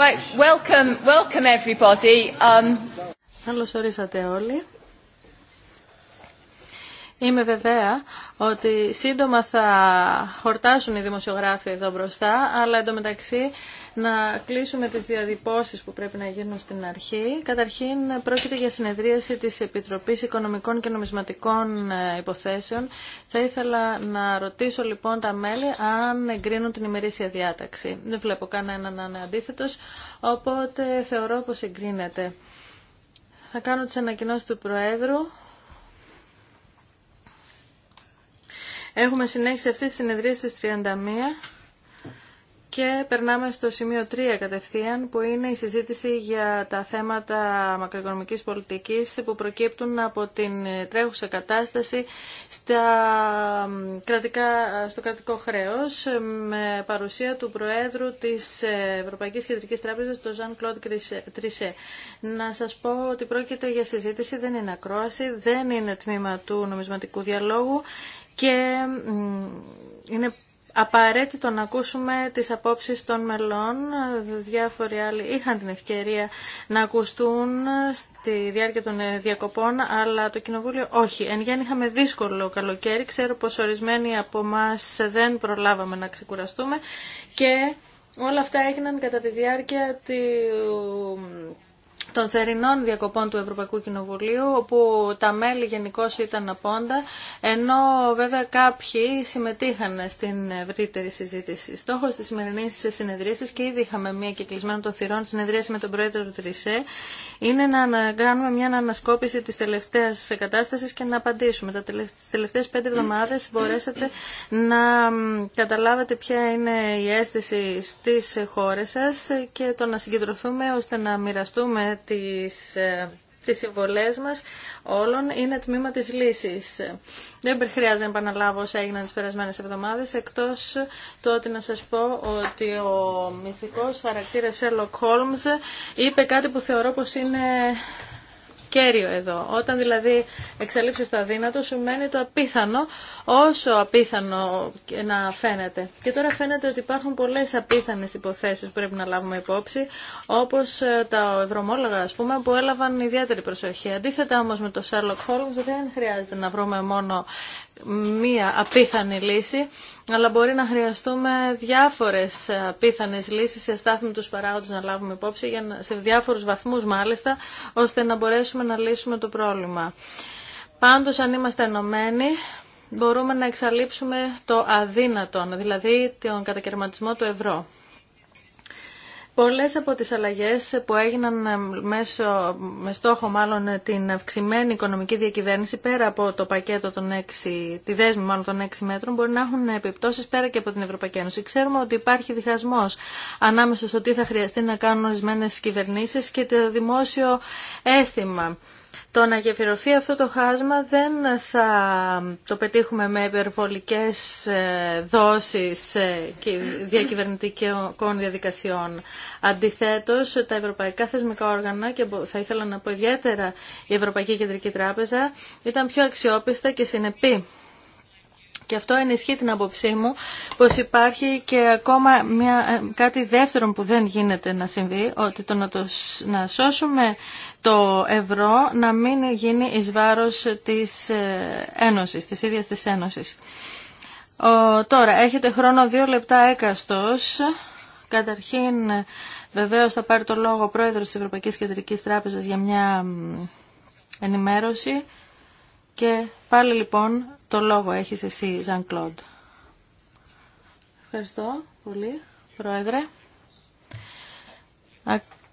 Right, welcome, welcome everybody. Um... Καλώς ορίσατε όλοι. Είμαι βεβαία ότι σύντομα θα χορτάσουν οι δημοσιογράφοι εδώ μπροστά, αλλά εντωμεταξύ να κλείσουμε τις διαδιπώσεις που πρέπει να γίνουν στην αρχή. Καταρχήν πρόκειται για συνεδρίαση της Επιτροπής Οικονομικών και Νομισματικών ε, Υποθέσεων. Θα ήθελα να ρωτήσω λοιπόν τα μέλη αν εγκρίνουν την ημερήσια διάταξη. Δεν βλέπω κανέναν να είναι αντίθετος, οπότε θεωρώ πως εγκρίνεται. Θα κάνω τις ανακοινώσεις του Προέδρου. Έχουμε συνέχιση αυτή τη συνεδρία στις 31 και περνάμε στο σημείο 3 κατευθείαν που είναι η συζήτηση για τα θέματα μακροοικονομικής πολιτικής που προκύπτουν από την τρέχουσα κατάσταση στα στο κρατικό χρέος με παρουσία του Προέδρου της Ευρωπαϊκής Κεντρικής Τράπεζας, τον Ζαν Κλοντ Τρισέ. Να σας πω ότι πρόκειται για συζήτηση, δεν είναι ακρόαση, δεν είναι τμήμα του νομισματικού διαλόγου και είναι απαραίτητο να ακούσουμε τις απόψεις των μελών. Διάφοροι άλλοι είχαν την ευκαιρία να ακουστούν στη διάρκεια των ε, διακοπών, αλλά το Κοινοβούλιο όχι. Εν γέννη είχαμε δύσκολο καλοκαίρι. Ξέρω πως ορισμένοι από εμά δεν προλάβαμε να ξεκουραστούμε και όλα αυτά έγιναν κατά τη διάρκεια του των θερινών διακοπών του Ευρωπαϊκού Κοινοβουλίου, όπου τα μέλη γενικώ ήταν απόντα, ενώ βέβαια κάποιοι συμμετείχαν στην ευρύτερη συζήτηση. Στόχο τη σημερινή συνεδρίαση, και ήδη είχαμε μία κυκλισμένη των θυρών συνεδρίαση με τον Πρόεδρο Τρισέ, είναι να κάνουμε μια ανασκόπηση τη τελευταία κατάσταση και να απαντήσουμε. Τι τελευταίε πέντε εβδομάδε μπορέσατε να καταλάβετε ποια είναι η αίσθηση στι χώρε σα και το να συγκεντρωθούμε ώστε να μοιραστούμε τις ε, τις συμβολές μας όλων είναι τμήμα της λύσης. Δεν χρειάζεται να επαναλάβω όσα έγιναν τις περασμένες εβδομάδες, εκτός το ότι να σας πω ότι ο μυθικός χαρακτήρας Sherlock Holmes είπε κάτι που θεωρώ πως είναι κέριο εδώ. Όταν δηλαδή εξαλείψεις το αδύνατο σου το απίθανο όσο απίθανο να φαίνεται. Και τώρα φαίνεται ότι υπάρχουν πολλές απίθανες υποθέσεις που πρέπει να λάβουμε υπόψη όπως ε, τα ευρωμόλογα α πούμε που έλαβαν ιδιαίτερη προσοχή. Αντίθετα όμως με το Sherlock Holmes δεν χρειάζεται να βρούμε μόνο μία απίθανη λύση, αλλά μπορεί να χρειαστούμε διάφορες απίθανες λύσεις σε στάθμη τους παράγοντες να λάβουμε υπόψη, για σε διάφορους βαθμούς μάλιστα, ώστε να μπορέσουμε να λύσουμε το πρόβλημα. Πάντως, αν είμαστε ενωμένοι, μπορούμε να εξαλείψουμε το αδύνατο, δηλαδή τον κατακαιρματισμό του ευρώ. Πολλές από τις αλλαγές που έγιναν ε, μέσω, με στόχο μάλλον ε, την αυξημένη οικονομική διακυβέρνηση πέρα από το πακέτο των έξι τη δέσμη μάλλον των έξι μέτρων μπορεί να έχουν επιπτώσεις πέρα και από την Ευρωπαϊκή Ένωση. Ξέρουμε ότι υπάρχει διχασμός ανάμεσα στο τι θα χρειαστεί να κάνουν ορισμένε κυβερνήσεις και το δημόσιο αίσθημα. Το να γεφυρωθεί αυτό το χάσμα δεν θα το πετύχουμε με υπερβολικές ε, δόσεις ε, διακυβερνητικών διαδικασιών. Αντιθέτως, τα ευρωπαϊκά θεσμικά όργανα, και θα ήθελα να πω ιδιαίτερα η Ευρωπαϊκή Κεντρική Τράπεζα, ήταν πιο αξιόπιστα και συνεπή και αυτό ενισχύει την άποψή μου πως υπάρχει και ακόμα μια, ε, κάτι δεύτερο που δεν γίνεται να συμβεί, ότι το να, να σώσουμε το ευρώ να μην γίνει εις βάρος της ε, Ένωσης, της ίδιας της Ένωσης. τώρα, έχετε χρόνο δύο λεπτά έκαστος. Καταρχήν, βεβαίως θα πάρει το λόγο ο Πρόεδρος της Ευρωπαϊκής Κεντρικής Τράπεζας για μια ενημέρωση. Και πάλι λοιπόν το λόγο έχει εσύ, Ζαν Κλοντ. Ευχαριστώ πολύ, Πρόεδρε.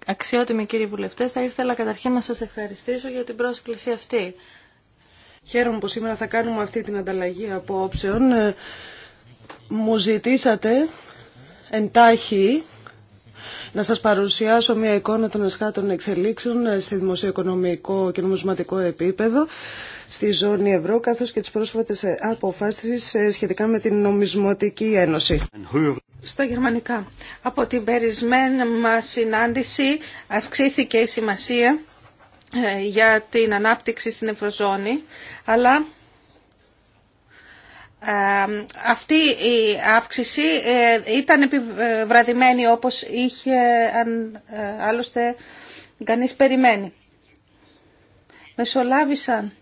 Αξιότιμοι κύριοι βουλευτές, θα ήθελα καταρχήν να σας ευχαριστήσω για την πρόσκληση αυτή. Χαίρομαι που σήμερα θα κάνουμε αυτή την ανταλλαγή απόψεων. Ε, μου ζητήσατε εντάχει να σας παρουσιάσω μια εικόνα των εσχάτων εξελίξεων ε, σε δημοσιοοικονομικό και νομισματικό επίπεδο στη ζώνη ευρώ, καθώς και τις πρόσφατες ε, αποφάσεις ε, σχετικά με την νομισματική ένωση. Στα γερμανικά. Από την περισμένη μας συνάντηση αυξήθηκε η σημασία ε, για την ανάπτυξη στην Ευρωζώνη, αλλά αυτή η αύξηση ήταν επιβραδυμένη όπως είχε αν, άλλωστε κανείς περιμένει. Μεσολάβησαν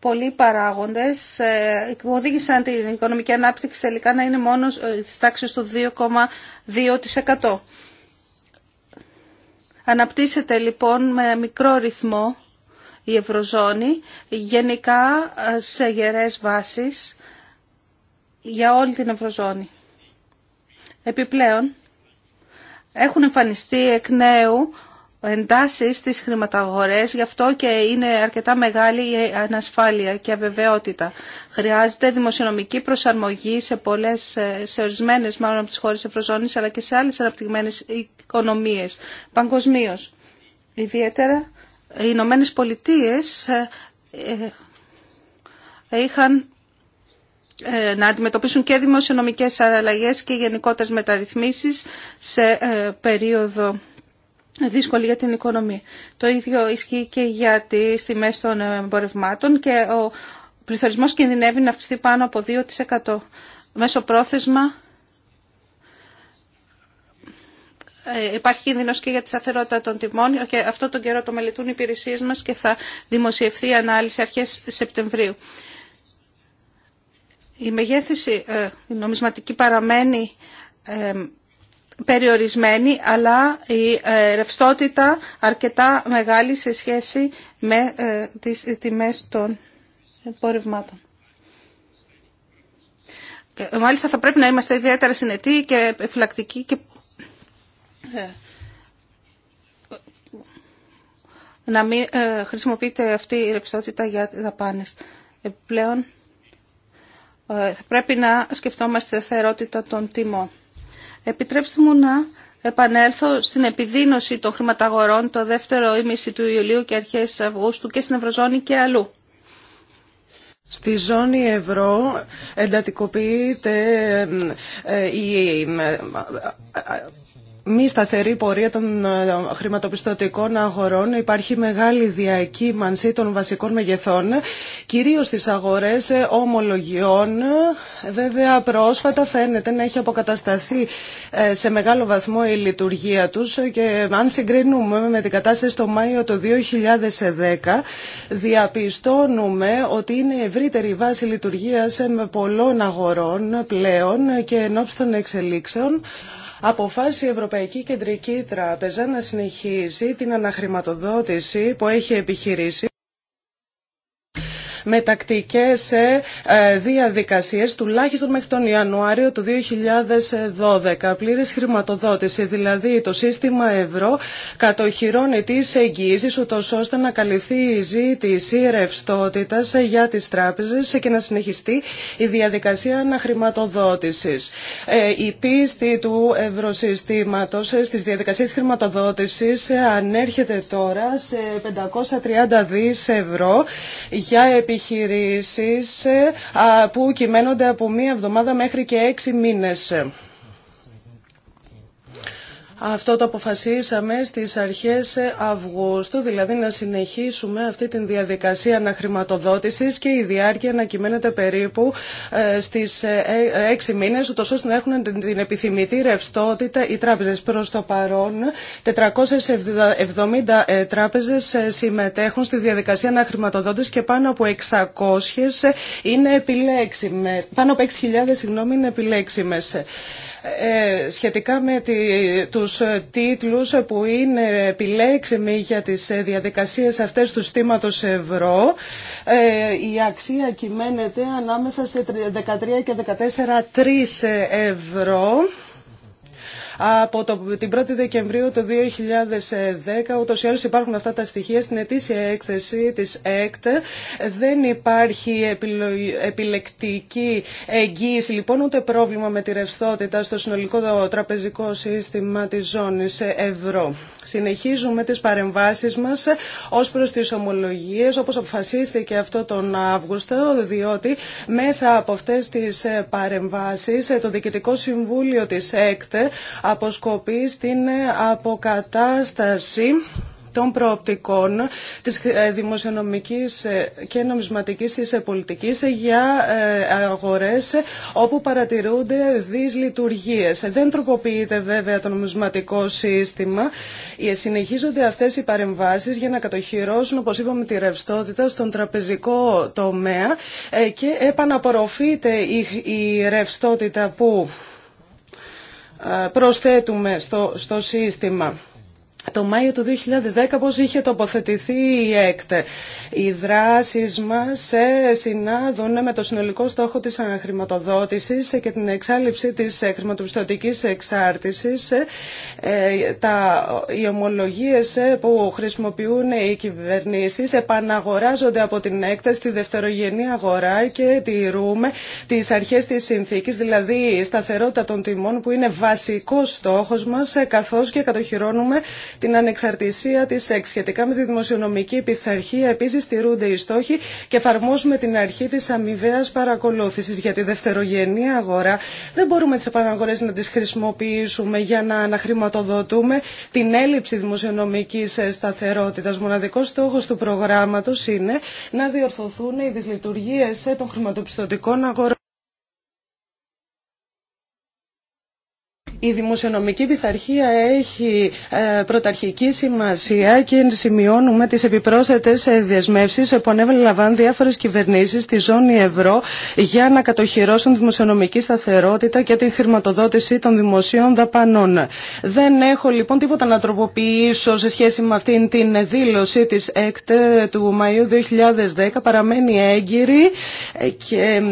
πολλοί παράγοντες ε, που οδήγησαν την οικονομική ανάπτυξη τελικά να είναι μόνο ε, της τάξης του 2,2%. Αναπτύσσεται λοιπόν με μικρό ρυθμό η Ευρωζώνη, γενικά ε, σε γερές βάσεις για όλη την Ευρωζώνη. Επιπλέον, έχουν εμφανιστεί εκ νέου εντάσεις στις χρηματαγορές, γι' αυτό και είναι αρκετά μεγάλη η ανασφάλεια και αβεβαιότητα. Χρειάζεται δημοσιονομική προσαρμογή σε, πολλές, ε, σε ορισμένες μάλλον από τις χώρες Ευρωζώνης, αλλά και σε άλλες αναπτυγμένες οικονομίες παγκοσμίω. Ιδιαίτερα οι Ηνωμένε Πολιτείε ε, ε, είχαν να αντιμετωπίσουν και δημοσιονομικές αλλαγές και γενικότερες μεταρρυθμίσεις σε περίοδο δύσκολη για την οικονομία. Το ίδιο ισχύει και για τις τιμές των εμπορευμάτων και ο πληθωρισμός κινδυνεύει να αυξηθεί πάνω από 2% μέσω πρόθεσμα. Ε, υπάρχει κίνδυνος και για τη σταθερότητα των τιμών και αυτό τον καιρό το μελετούν οι υπηρεσίες μας και θα δημοσιευθεί η ανάλυση αρχές Σεπτεμβρίου. Η μεγέθυνση ε, η νομισματική παραμένει ε, περιορισμένη αλλά η ε, ρευστότητα αρκετά μεγάλη σε σχέση με ε, τις τιμές των πορευμάτων. Μάλιστα θα πρέπει να είμαστε ιδιαίτερα συνετοί και επιφυλακτικοί και ε, να μην χρησιμοποιείται αυτή η ρευστότητα για δαπάνες. Επιπλέον θα πρέπει να σκεφτόμαστε θερότητα των τιμών. Επιτρέψτε μου να επανέλθω στην επιδείνωση των χρηματαγορών το δεύτερο ήμιση του Ιουλίου και αρχές Αυγούστου και στην Ευρωζώνη και αλλού. Στη ζώνη ευρώ εντατικοποιείται ε, η ε, μη σταθερή πορεία των ε, χρηματοπιστωτικών αγορών. Υπάρχει μεγάλη διακύμανση των βασικών μεγεθών, κυρίως στις αγορές ε, ομολογιών. Βέβαια, πρόσφατα φαίνεται να έχει αποκατασταθεί ε, σε μεγάλο βαθμό η λειτουργία τους και αν συγκρίνουμε με την κατάσταση στο Μάιο το 2010, διαπιστώνουμε ότι είναι ευρύτερη βάση λειτουργίας με πολλών αγορών πλέον και ενώπιση των εξελίξεων αποφάσισε η Ευρωπαϊκή Κεντρική Τράπεζα να συνεχίσει την αναχρηματοδότηση που έχει επιχειρήσει με τακτικές ε, ε, διαδικασίες τουλάχιστον μέχρι τον Ιανουάριο του 2012. Πλήρη χρηματοδότηση, δηλαδή το σύστημα ευρώ κατοχυρώνει τι εγγύησεις ούτω ώστε να καλυφθεί η ζήτηση ρευστότητας για τις τράπεζες και να συνεχιστεί η διαδικασία αναχρηματοδότησης. Ε, η πίστη του ευρωσυστήματος στις διαδικασίες χρηματοδότησης ανέρχεται τώρα σε 530 δι ευρώ για επιχειρήσεις ε, που κυμαίνονται από μία εβδομάδα μέχρι και έξι μήνες. Αυτό το αποφασίσαμε στις αρχές Αυγούστου, δηλαδή να συνεχίσουμε αυτή τη διαδικασία αναχρηματοδότησης και η διάρκεια κυμαίνεται περίπου ε, στις ε, έξι μήνες, ούτως ώστε να έχουν την επιθυμητή ρευστότητα οι τράπεζες. Προς το παρόν, 470 ε, τράπεζες συμμετέχουν στη διαδικασία αναχρηματοδότησης και πάνω από 600 είναι επιλέξιμες. Πάνω από 6.000 είναι επιλέξιμες. Ε, σχετικά με τους ε, τίτλους που είναι επιλέξιμοι για τις ε, διαδικασίες αυτές του στήματος ευρώ. Η αξία κυμαίνεται ανάμεσα σε 13 και 14 3 ευρώ από το, την 1η Δεκεμβρίου του 2010. Ούτω ή άλλω υπάρχουν αυτά τα στοιχεία στην ετήσια έκθεση τη ΕΚΤ. Δεν υπάρχει επιλεκτική εγγύηση λοιπόν ούτε πρόβλημα με τη ρευστότητα στο συνολικό τραπεζικό σύστημα τη ζώνη ευρώ. Συνεχίζουμε τι παρεμβάσει μα ω προ τι ομολογίε, όπω αποφασίστηκε αυτό τον Αύγουστο διότι μέσα από αυτέ τι παρεμβάσει, το Διοικητικό Συμβούλιο τη ΕΚΤ αποσκοπεί στην αποκατάσταση των προοπτικών της δημοσιονομικής και νομισματικής της πολιτικής για ε, αγορές όπου παρατηρούνται δις λειτουργίες. Δεν τροποποιείται βέβαια το νομισματικό σύστημα. Ε, συνεχίζονται αυτές οι παρεμβάσεις για να κατοχυρώσουν, όπως είπαμε, τη ρευστότητα στον τραπεζικό τομέα ε, και επαναπορροφείται η ρευστότητα που προσθέτουμε στο, στο σύστημα το Μάιο του 2010 πώς είχε τοποθετηθεί η ΕΚΤ. Οι δράσεις μας ε, συνάδουν με το συνολικό στόχο της χρηματοδότησης και την εξάλληψη της ε, χρηματοπιστωτικής εξάρτησης. Ε, τα, οι ομολογίες που χρησιμοποιούν οι κυβερνήσεις επαναγοράζονται από την ΕΚΤ στη δευτερογενή αγορά και τηρούμε τις αρχές της συνθήκης, δηλαδή η σταθερότητα των τιμών που είναι βασικός στόχος μας καθώς και κατοχυρώνουμε την ανεξαρτησία τη ΕΚ. Σχετικά με τη δημοσιονομική πειθαρχία, επίση στηρούνται οι στόχοι και εφαρμόζουμε την αρχή τη αμοιβαία παρακολούθηση για τη δευτερογενή αγορά. Δεν μπορούμε τι επαναγορέ να τι χρησιμοποιήσουμε για να αναχρηματοδοτούμε την έλλειψη δημοσιονομική ε, σταθερότητα. Μοναδικό στόχο του προγράμματο είναι να διορθωθούν οι δυσλειτουργίε ε, των χρηματοπιστωτικών αγορών. Η δημοσιονομική πειθαρχία έχει ε, πρωταρχική σημασία και σημειώνουμε τις επιπρόσθετες ε, διασμεύσεις που ανέβαλαν διάφορες κυβερνήσεις στη ζώνη ευρώ για να κατοχυρώσουν τη δημοσιονομική σταθερότητα και την χρηματοδότηση των δημοσίων δαπανών. Δεν έχω λοιπόν τίποτα να τροποποιήσω σε σχέση με αυτήν την δήλωση της ΕΚΤ του Μαΐου 2010. Παραμένει έγκυρη ε, και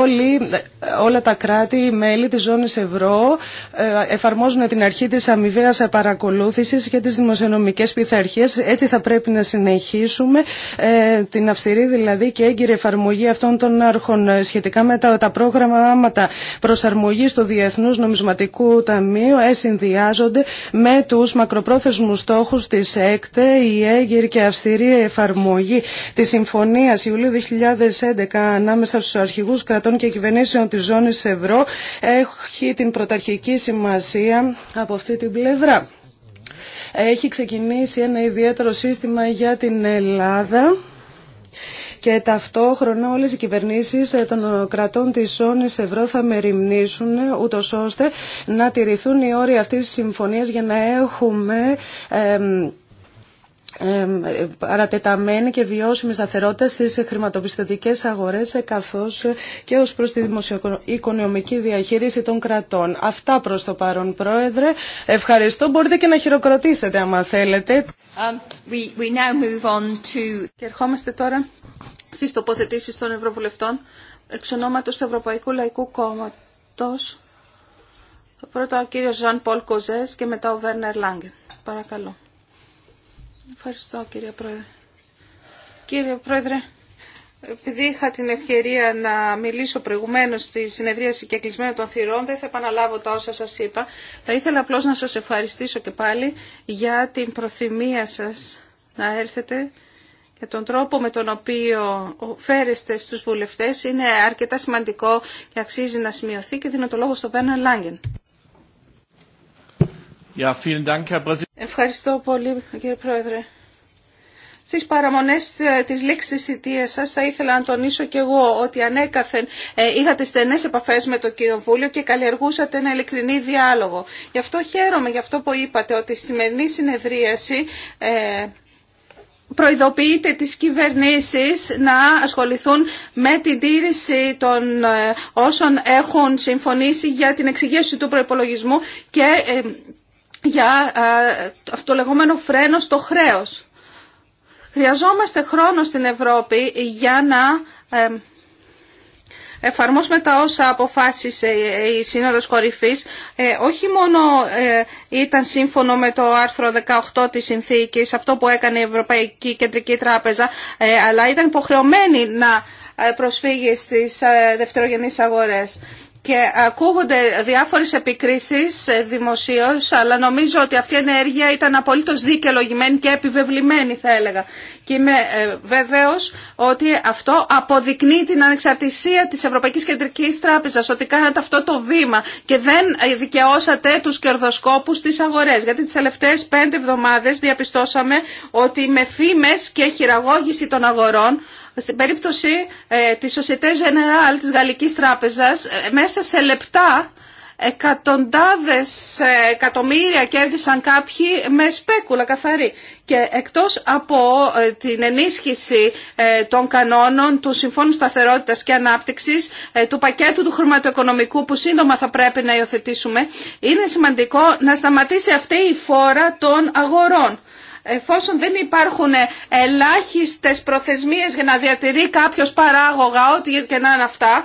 όλοι, όλα τα κράτη, μέλη της ζώνης ευρώ εφαρμόζουν την αρχή της αμοιβαίας παρακολούθησης και τις δημοσιονομικές πειθαρχίες. Έτσι θα πρέπει να συνεχίσουμε ε, την αυστηρή δηλαδή και έγκυρη εφαρμογή αυτών των αρχών ε, σχετικά με τα, τα πρόγραμματα προσαρμογής του Διεθνούς Νομισματικού Ταμείου Εσυνδυάζονται με τους μακροπρόθεσμους στόχους της ΕΚΤΕ, η έγκυρη και αυστηρή εφαρμογή της Συμφωνίας Ιουλίου 2011 ανάμεσα στους αρχηγούς κρατών και κυβερνήσεων της ζώνης ευρώ έχει την πρωταρχική σημασία από αυτή την πλευρά. Έχει ξεκινήσει ένα ιδιαίτερο σύστημα για την Ελλάδα και ταυτόχρονα όλες οι κυβερνήσεις ε, των κρατών της ζώνης ευρώ θα μεριμνήσουν ε, ούτω ώστε να τηρηθούν οι όροι αυτής της συμφωνίας για να έχουμε ε, παρατεταμένη και βιώσιμη σταθερότητα στις χρηματοπιστωτικές αγορές καθώς και ως προς τη δημοσιοοικονομική διαχείριση των κρατών. Αυτά προς το παρόν, Πρόεδρε. Ευχαριστώ. Μπορείτε και να χειροκροτήσετε, άμα θέλετε. Um, we, we to... Και ερχόμαστε τώρα στις τοποθετήσεις των Ευρωβουλευτών εξ ονόματος του Ευρωπαϊκού Λαϊκού Κόμματος. Πρώτα ο κύριος Ζαν Πολ Κοζές και μετά ο Βέρνερ Λάγκεν. Παρακαλώ. Ευχαριστώ κύριε Πρόεδρε. Κύριε Πρόεδρε, επειδή είχα την ευκαιρία να μιλήσω προηγουμένως στη συνεδρίαση και κλεισμένο των θυρών, δεν θα επαναλάβω τα όσα σας είπα. Θα ήθελα απλώς να σας ευχαριστήσω και πάλι για την προθυμία σας να έρθετε και τον τρόπο με τον οποίο φέρεστε στους βουλευτές είναι αρκετά σημαντικό και αξίζει να σημειωθεί και δίνω το λόγο στον Βέρνερ Λάγκεν. Ευχαριστώ πολύ κύριε Πρόεδρε. Στις παραμονές ε, της λήξης της ηττία σας θα ήθελα να τονίσω και εγώ ότι ανέκαθεν ε, είχατε στενές επαφές με το Κοινοβούλιο και καλλιεργούσατε ένα ειλικρινή διάλογο. Γι' αυτό χαίρομαι, γι' αυτό που είπατε, ότι στη σημερινή συνεδρίαση ε, προειδοποιείτε τις κυβερνήσεις να ασχοληθούν με την τήρηση των όσων έχουν συμφωνήσει για την εξηγήση του προϋπολογισμού και για ε, το λεγόμενο φρένο στο χρέος. Χρειαζόμαστε χρόνο στην Ευρώπη για να ε, εφαρμόσουμε τα όσα αποφάσισε η Σύνοδος Κορυφής. Ε, όχι μόνο ήταν σύμφωνο με το άρθρο 18 της Συνθήκης, αυτό που έκανε η Ευρωπαϊκή Κεντρική Τράπεζα, αλλά ήταν υποχρεωμένη να προσφύγει στις δευτερογενείς αγορές. Και ακούγονται διάφορες επικρίσεις ε, δημοσίως, αλλά νομίζω ότι αυτή η ενέργεια ήταν απολύτως δικαιολογημένη και επιβεβλημένη θα έλεγα. Και είμαι ε, βέβαιος ότι αυτό αποδεικνύει την ανεξαρτησία της Ευρωπαϊκής Κεντρικής Τράπεζας, ότι κάνατε αυτό το βήμα και δεν ε, δικαιώσατε τους κερδοσκόπους στις αγορές. Γιατί τις τελευταίες πέντε εβδομάδες διαπιστώσαμε ότι με φήμες και χειραγώγηση των αγορών στην περίπτωση ε, της Société Générale της Γαλλικής Τράπεζας, ε, μέσα σε λεπτά εκατοντάδες ε, εκατομμύρια κέρδισαν κάποιοι με σπέκουλα καθαρή. Και εκτός από ε, την ενίσχυση των κανόνων του Συμφώνου Σταθερότητας και Ανάπτυξης, του πακέτου του χρηματοοικονομικού που σύντομα θα πρέπει να υιοθετήσουμε, είναι σημαντικό να σταματήσει αυτή η φόρα των αγορών Εφόσον δεν υπάρχουν ελάχιστες προθεσμίες για να διατηρεί κάποιος παράγωγα, ό,τι και να είναι αυτά,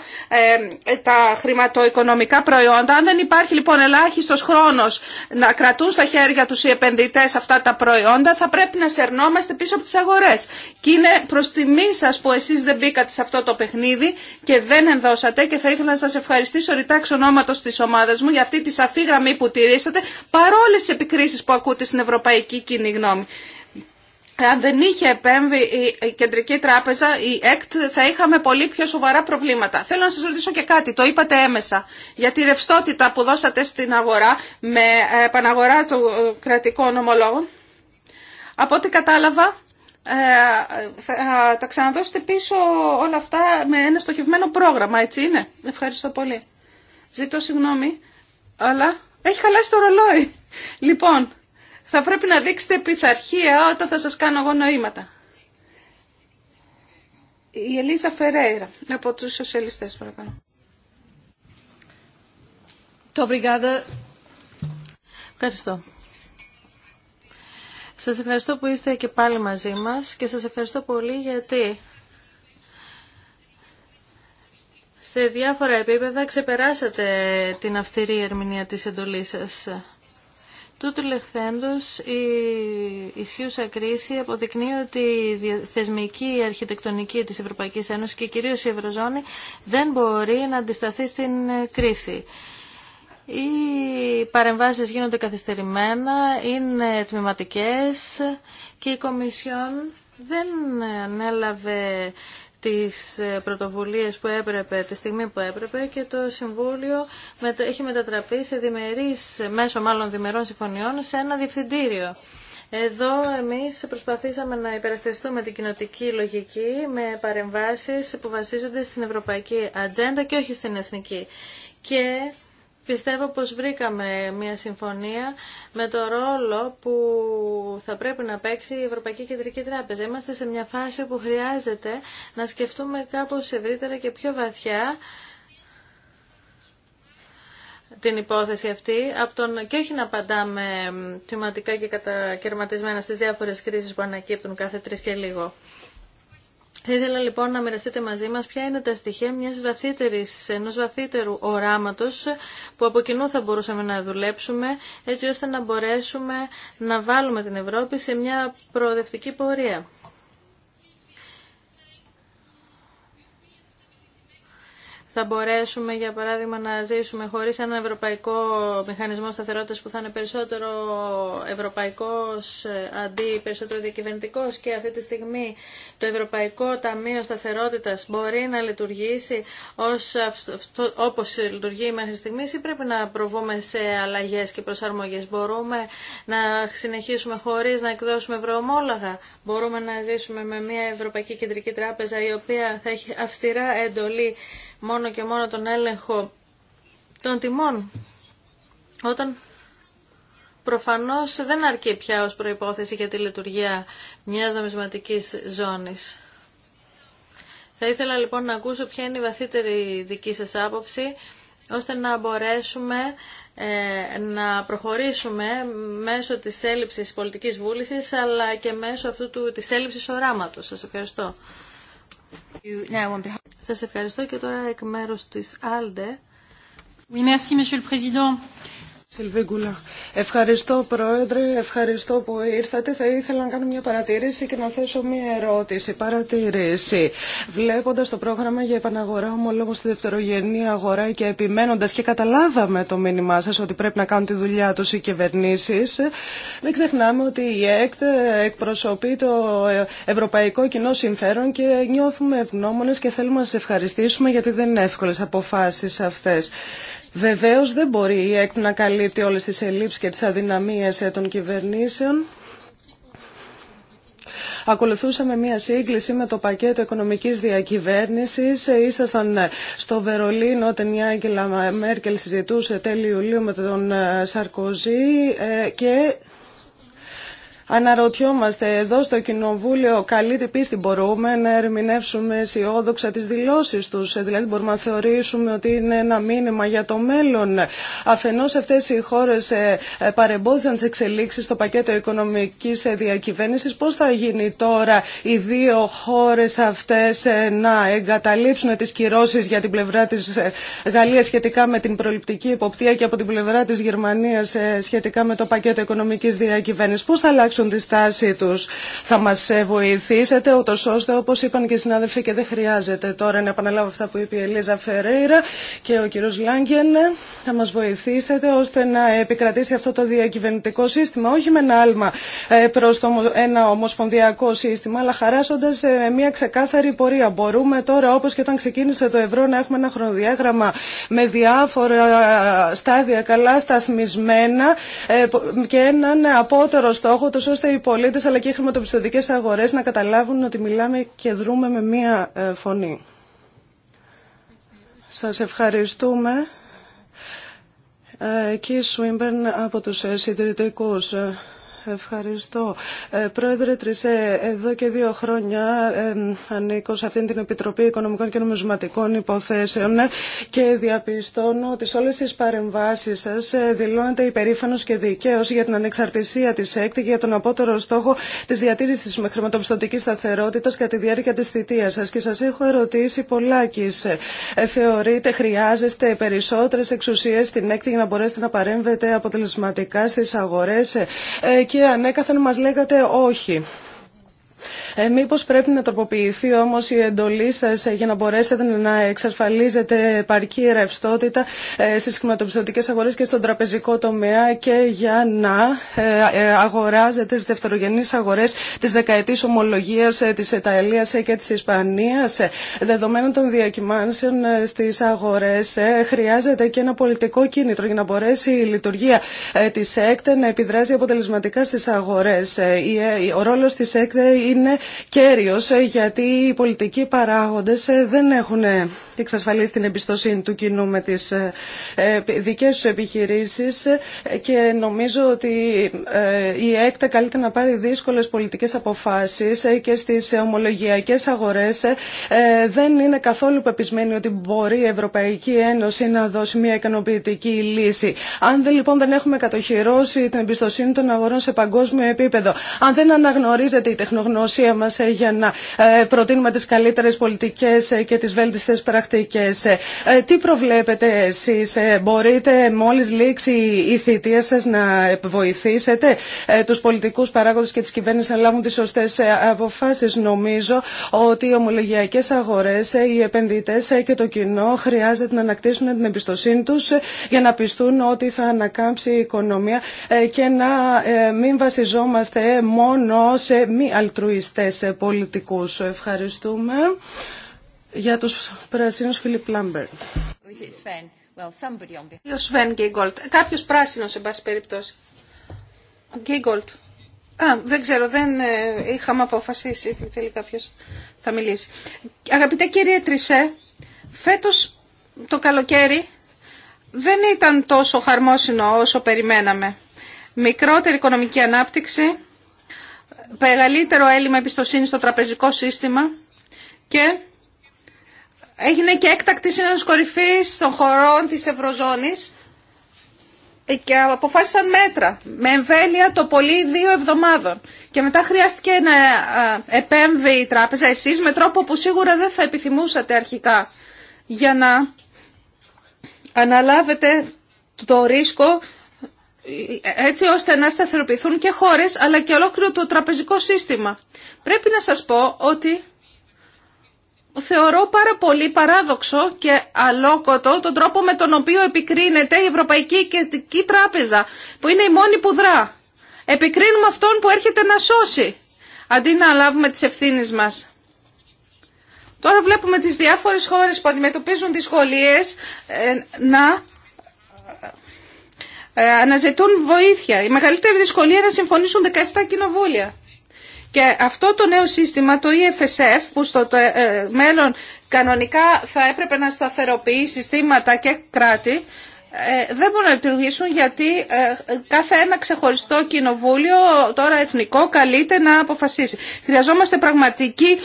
ε, τα χρηματοοικονομικά προϊόντα, αν δεν υπάρχει λοιπόν ελάχιστος χρόνος να κρατούν στα χέρια τους οι επενδυτές αυτά τα προϊόντα, θα πρέπει να σερνόμαστε πίσω από τις αγορές. Και είναι προς τιμή σας που εσείς δεν μπήκατε σε αυτό το παιχνίδι και δεν ενδώσατε και θα ήθελα να σας ευχαριστήσω ρητά εξ ονόματος της ομάδας μου για αυτή τη σαφή γραμμή που τηρήσατε παρόλε τι επικρίσεις που ακούτε στην ευρωπαϊκή κοινή γνώμη. Αν δεν είχε επέμβει η Κεντρική Τράπεζα, η ΕΚΤ, θα είχαμε πολύ πιο σοβαρά προβλήματα. Θέλω να σας ρωτήσω και κάτι, το είπατε έμεσα, για τη ρευστότητα που δώσατε στην αγορά με ε, επαναγορά των ε, κρατικών ομολόγων. Από ό,τι κατάλαβα, ε, θα τα ξαναδώσετε πίσω όλα αυτά με ένα στοχευμένο πρόγραμμα, έτσι είναι. Ευχαριστώ πολύ. Ζητώ συγγνώμη, αλλά έχει χαλάσει το ρολόι. Λοιπόν θα πρέπει να δείξετε πειθαρχία όταν θα σας κάνω εγώ νοήματα. Η Ελίζα Φερέιρα από τους σοσιαλιστές παρακαλώ. Το Ευχαριστώ. Σας ευχαριστώ που είστε και πάλι μαζί μας και σας ευχαριστώ πολύ γιατί σε διάφορα επίπεδα ξεπεράσατε την αυστηρή ερμηνεία της εντολής σας. Τούτου λεχθέντος η ισχύουσα κρίση αποδεικνύει ότι η θεσμική αρχιτεκτονική της Ευρωπαϊκής Ένωσης και κυρίως η Ευρωζώνη δεν μπορεί να αντισταθεί στην ε, κρίση. Οι παρεμβάσεις γίνονται καθυστερημένα, είναι τμηματικές και η Κομισιόν δεν ανέλαβε τις ε, πρωτοβουλίες που έπρεπε, τη στιγμή που έπρεπε και το Συμβούλιο έχει μετατραπεί σε διμερείς, μέσω μάλλον διμερών συμφωνιών, σε ένα διευθυντήριο. Εδώ εμείς προσπαθήσαμε να υπερασπιστούμε την κοινοτική λογική με παρεμβάσεις που βασίζονται στην ευρωπαϊκή ατζέντα και όχι στην εθνική. Και Πιστεύω πως βρήκαμε μια συμφωνία με το ρόλο που θα πρέπει να παίξει η Ευρωπαϊκή Κεντρική Τράπεζα. Είμαστε σε μια φάση που χρειάζεται να σκεφτούμε κάπως ευρύτερα και πιο βαθιά την υπόθεση αυτή από τον, και όχι να απαντάμε θυματικά και κατακαιρματισμένα στις διάφορες κρίσεις που ανακύπτουν κάθε τρεις και λίγο. Θα ήθελα λοιπόν να μοιραστείτε μαζί μας ποια είναι τα στοιχεία μιας βαθύτερης, ενός βαθύτερου οράματος που από κοινού θα μπορούσαμε να δουλέψουμε έτσι ώστε να μπορέσουμε να βάλουμε την Ευρώπη σε μια προοδευτική πορεία. θα μπορέσουμε για παράδειγμα να ζήσουμε χωρίς έναν ευρωπαϊκό μηχανισμό σταθερότητας που θα είναι περισσότερο ευρωπαϊκός ε, αντί περισσότερο διακυβερνητικός και αυτή τη στιγμή το Ευρωπαϊκό Ταμείο Σταθερότητας μπορεί να λειτουργήσει ως, όπως λειτουργεί μέχρι στιγμής ή πρέπει να προβούμε σε αλλαγές και προσαρμογές. Μπορούμε να συνεχίσουμε χωρίς να εκδώσουμε ευρωομόλογα. Μπορούμε να ζήσουμε με μια Ευρωπαϊκή Κεντρική Τράπεζα η οποία θα έχει αυστηρά εντολή μόνο και μόνο τον έλεγχο των τιμών. Όταν προφανώς δεν αρκεί πια ως προϋπόθεση για τη λειτουργία μιας νομισματικής ζώνης. Θα ήθελα λοιπόν να ακούσω ποια είναι η βαθύτερη δική σας άποψη, ώστε να μπορέσουμε ε, να προχωρήσουμε μέσω της έλλειψης πολιτικής βούλησης, αλλά και μέσω αυτού του, της έλλειψης οράματος. Σας ευχαριστώ. Σας ευχαριστώ και τώρα εκ μέρους της ALDE. Oui, merci, Monsieur le Président. Ευχαριστώ Πρόεδρε, ευχαριστώ που ήρθατε. Θα ήθελα να κάνω μια παρατήρηση και να θέσω μια ερώτηση. Παρατήρηση. Βλέποντας το πρόγραμμα για επαναγορά ομολόγων στη δευτερογενή αγορά και επιμένοντας και καταλάβαμε το μήνυμά σας ότι πρέπει να κάνουν τη δουλειά τους οι κυβερνήσεις, δεν ξεχνάμε ότι η ΕΚΤ εκπροσωπεί το ευρωπαϊκό κοινό συμφέρον και νιώθουμε ευγνώμονες και θέλουμε να σας ευχαριστήσουμε γιατί δεν είναι εύκολες αποφάσεις αυτές. Βεβαίως δεν μπορεί η ΕΚΤ να καλύπτει όλες τις ελλείψεις και τις αδυναμίες ε, των κυβερνήσεων. Ακολουθούσαμε μία σύγκληση με το πακέτο οικονομικής διακυβέρνησης. Ε, ήσασταν ε, στο Βερολίνο όταν η Άγγελα Μέρκελ συζητούσε τέλη Ιουλίου με τον Σαρκοζή και Αναρωτιόμαστε εδώ στο Κοινοβούλιο καλή την πίστη μπορούμε να ερμηνεύσουμε αισιόδοξα τις δηλώσεις τους. Ε, δηλαδή μπορούμε να θεωρήσουμε ότι είναι ένα μήνυμα για το μέλλον. Αφενός αυτές οι χώρες ε, ε, παρεμπόδισαν τις εξελίξεις στο πακέτο οικονομικής διακυβέρνησης. Πώς θα γίνει τώρα οι δύο χώρες αυτές να εγκαταλείψουν τις κυρώσεις για την πλευρά της Γαλλίας σχετικά με την προληπτική υποπτία και από την πλευρά της Γερμανίας σχετικά με το πακέτο οικονομικής διακυβέρνησης. Πώς θα αλλάξουν τη στάση τους. Θα μας ε, βοηθήσετε, ούτως ώστε, όπως είπαν και οι συνάδελφοι, και δεν χρειάζεται τώρα να επαναλάβω αυτά που είπε η Ελίζα Φερέιρα και ο κύριος Λάγκεν, θα μας βοηθήσετε ώστε να επικρατήσει αυτό το διακυβερνητικό σύστημα, όχι με ένα άλμα ε, προς ένα ομοσπονδιακό σύστημα, αλλά χαράσοντας ε, μια ξεκάθαρη πορεία. Μπορούμε τώρα, όπως και όταν ξεκίνησε το ευρώ, να έχουμε ένα χρονοδιάγραμμα με διάφορα στάδια καλά σταθμισμένα και έναν απότερο στόχο, ώστε οι πολίτε αλλά και οι χρηματοπιστωτικέ αγορές να καταλάβουν ότι μιλάμε και δρούμε με μία ε, φωνή. Σας ευχαριστούμε. Ε, Σουίμπερν από τους ε, συντηρητικούς. Ε, Ευχαριστώ. Ε, πρόεδρε Τρισέ, εδώ και δύο χρόνια ε, ανήκω σε αυτήν την Επιτροπή Οικονομικών και Νομισματικών Υποθέσεων και διαπιστώνω ότι σε όλες τις παρεμβάσεις σας ε, δηλώνεται υπερήφανος και δικαίως για την ανεξαρτησία της ΕΚΤ και για τον απότερο στόχο της διατήρησης με χρηματοπιστωτικής σταθερότητα κατά τη διάρκεια της θητείας σας. Και σας έχω ερωτήσει πολλά ε, Θεωρείτε χρειάζεστε περισσότερες εξουσίες στην ΕΚΤ για να μπορέσετε να παρέμβετε αποτελεσματικά στις αγορές και ανέκαθεν μας λέγατε όχι. Ε, μήπως πρέπει να τροποποιηθεί όμω η εντολή σας ε, για να μπορέσετε να εξασφαλίζετε επαρκή ρευστότητα ε, στι χρηματοπιστωτικέ αγορέ και στον τραπεζικό τομέα και για να ε, αγοράζετε στις δευτερογενείς αγορές της δεκαετής ομολογίας της Ιταλίας και της Ισπανίας. Δεδομένων των διακυμάνσεων στις αγορές χρειάζεται και ένα πολιτικό κίνητρο για να μπορέσει η λειτουργία τη ΕΚΤΕ να επιδράσει αποτελεσματικά στις αγορές. Ο ρόλο τη ΕΚΤΕ είναι κέριος ε, γιατί οι πολιτικοί παράγοντες ε, δεν έχουν ε, εξασφαλίσει την εμπιστοσύνη του κοινού με τις δικές τους επιχειρήσεις και νομίζω ότι η ΕΚΤΑ καλείται να πάρει δύσκολες πολιτικές αποφάσεις και στις ομολογιακές αγορές δεν είναι καθόλου πεπισμένη ότι μπορεί η Ευρωπαϊκή Ένωση να δώσει μια ικανοποιητική λύση. Αν δεν λοιπόν δεν έχουμε κατοχυρώσει την εμπιστοσύνη των αγορών σε παγκόσμιο επίπεδο, αν δεν αναγνωρίζεται η τεχνογνωσία ε, για να ε, προτείνουμε τι καλύτερε πολιτικέ ε, και τι βέλτιστε πρακτικέ. Τι προβλέπετε εσεί, μπορείτε μόλι λήξει η θητεία σα, να βοηθήσετε του πολιτικού παράγοντε και τι κυβέρνησης να λάβουν τι σωστέ αποφάσει. Νομίζω ότι οι ομολογιακέ αγορέ, οι επενδυτέ και το κοινό χρειάζεται να ανακτήσουν την εμπιστοσύνη του, για να πιστούν ότι θα ανακάμψει η οικονομία και να μην βασιζόμαστε μόνο σε μη αλτρουιστέ αυτές ε, πολιτικούς. Ευχαριστούμε. Για τους πρασίνους Φίλιπ Λάμπερ. Ο Σβέν Γκίγκολτ. Ε, κάποιος πράσινος, εν πάση περιπτώσει. Γκίγκολτ. Α, δεν ξέρω, δεν ε, είχαμε αποφασίσει Θέλει κάποιος θα μιλήσει. Αγαπητέ κύριε Τρισέ, φέτος το καλοκαίρι δεν ήταν τόσο χαρμόσυνο όσο περιμέναμε. Μικρότερη οικονομική ανάπτυξη, μεγαλύτερο έλλειμμα εμπιστοσύνη στο τραπεζικό σύστημα και έγινε και έκτακτη σύνοδος κορυφή των χωρών τη ευρωζώνη και αποφάσισαν μέτρα με εμβέλεια το πολύ δύο εβδομάδων. Και μετά χρειάστηκε να επέμβει η τράπεζα εσείς με τρόπο που σίγουρα δεν θα επιθυμούσατε αρχικά για να αναλάβετε το ρίσκο έτσι ώστε να σταθεροποιηθούν και χώρες αλλά και ολόκληρο το τραπεζικό σύστημα. Πρέπει να σας πω ότι θεωρώ πάρα πολύ παράδοξο και αλόκοτο τον τρόπο με τον οποίο επικρίνεται η Ευρωπαϊκή Κεντρική Τράπεζα που είναι η μόνη που δρά. Επικρίνουμε αυτόν που έρχεται να σώσει αντί να λάβουμε τις ευθύνες μας. Τώρα βλέπουμε τις διάφορες χώρες που αντιμετωπίζουν δυσκολίες ε, να ε, αναζητούν βοήθεια. Η μεγαλύτερη δυσκολία είναι να συμφωνήσουν 17 κοινοβούλια. Και αυτό το νέο σύστημα, το EFSF, που στο το, ε, ε, μέλλον κανονικά θα έπρεπε να σταθεροποιεί συστήματα και κράτη, δεν μπορούν να λειτουργήσουν γιατί ε, κάθε ένα ξεχωριστό κοινοβούλιο, τώρα εθνικό, καλείται να αποφασίσει. Χρειαζόμαστε πραγματική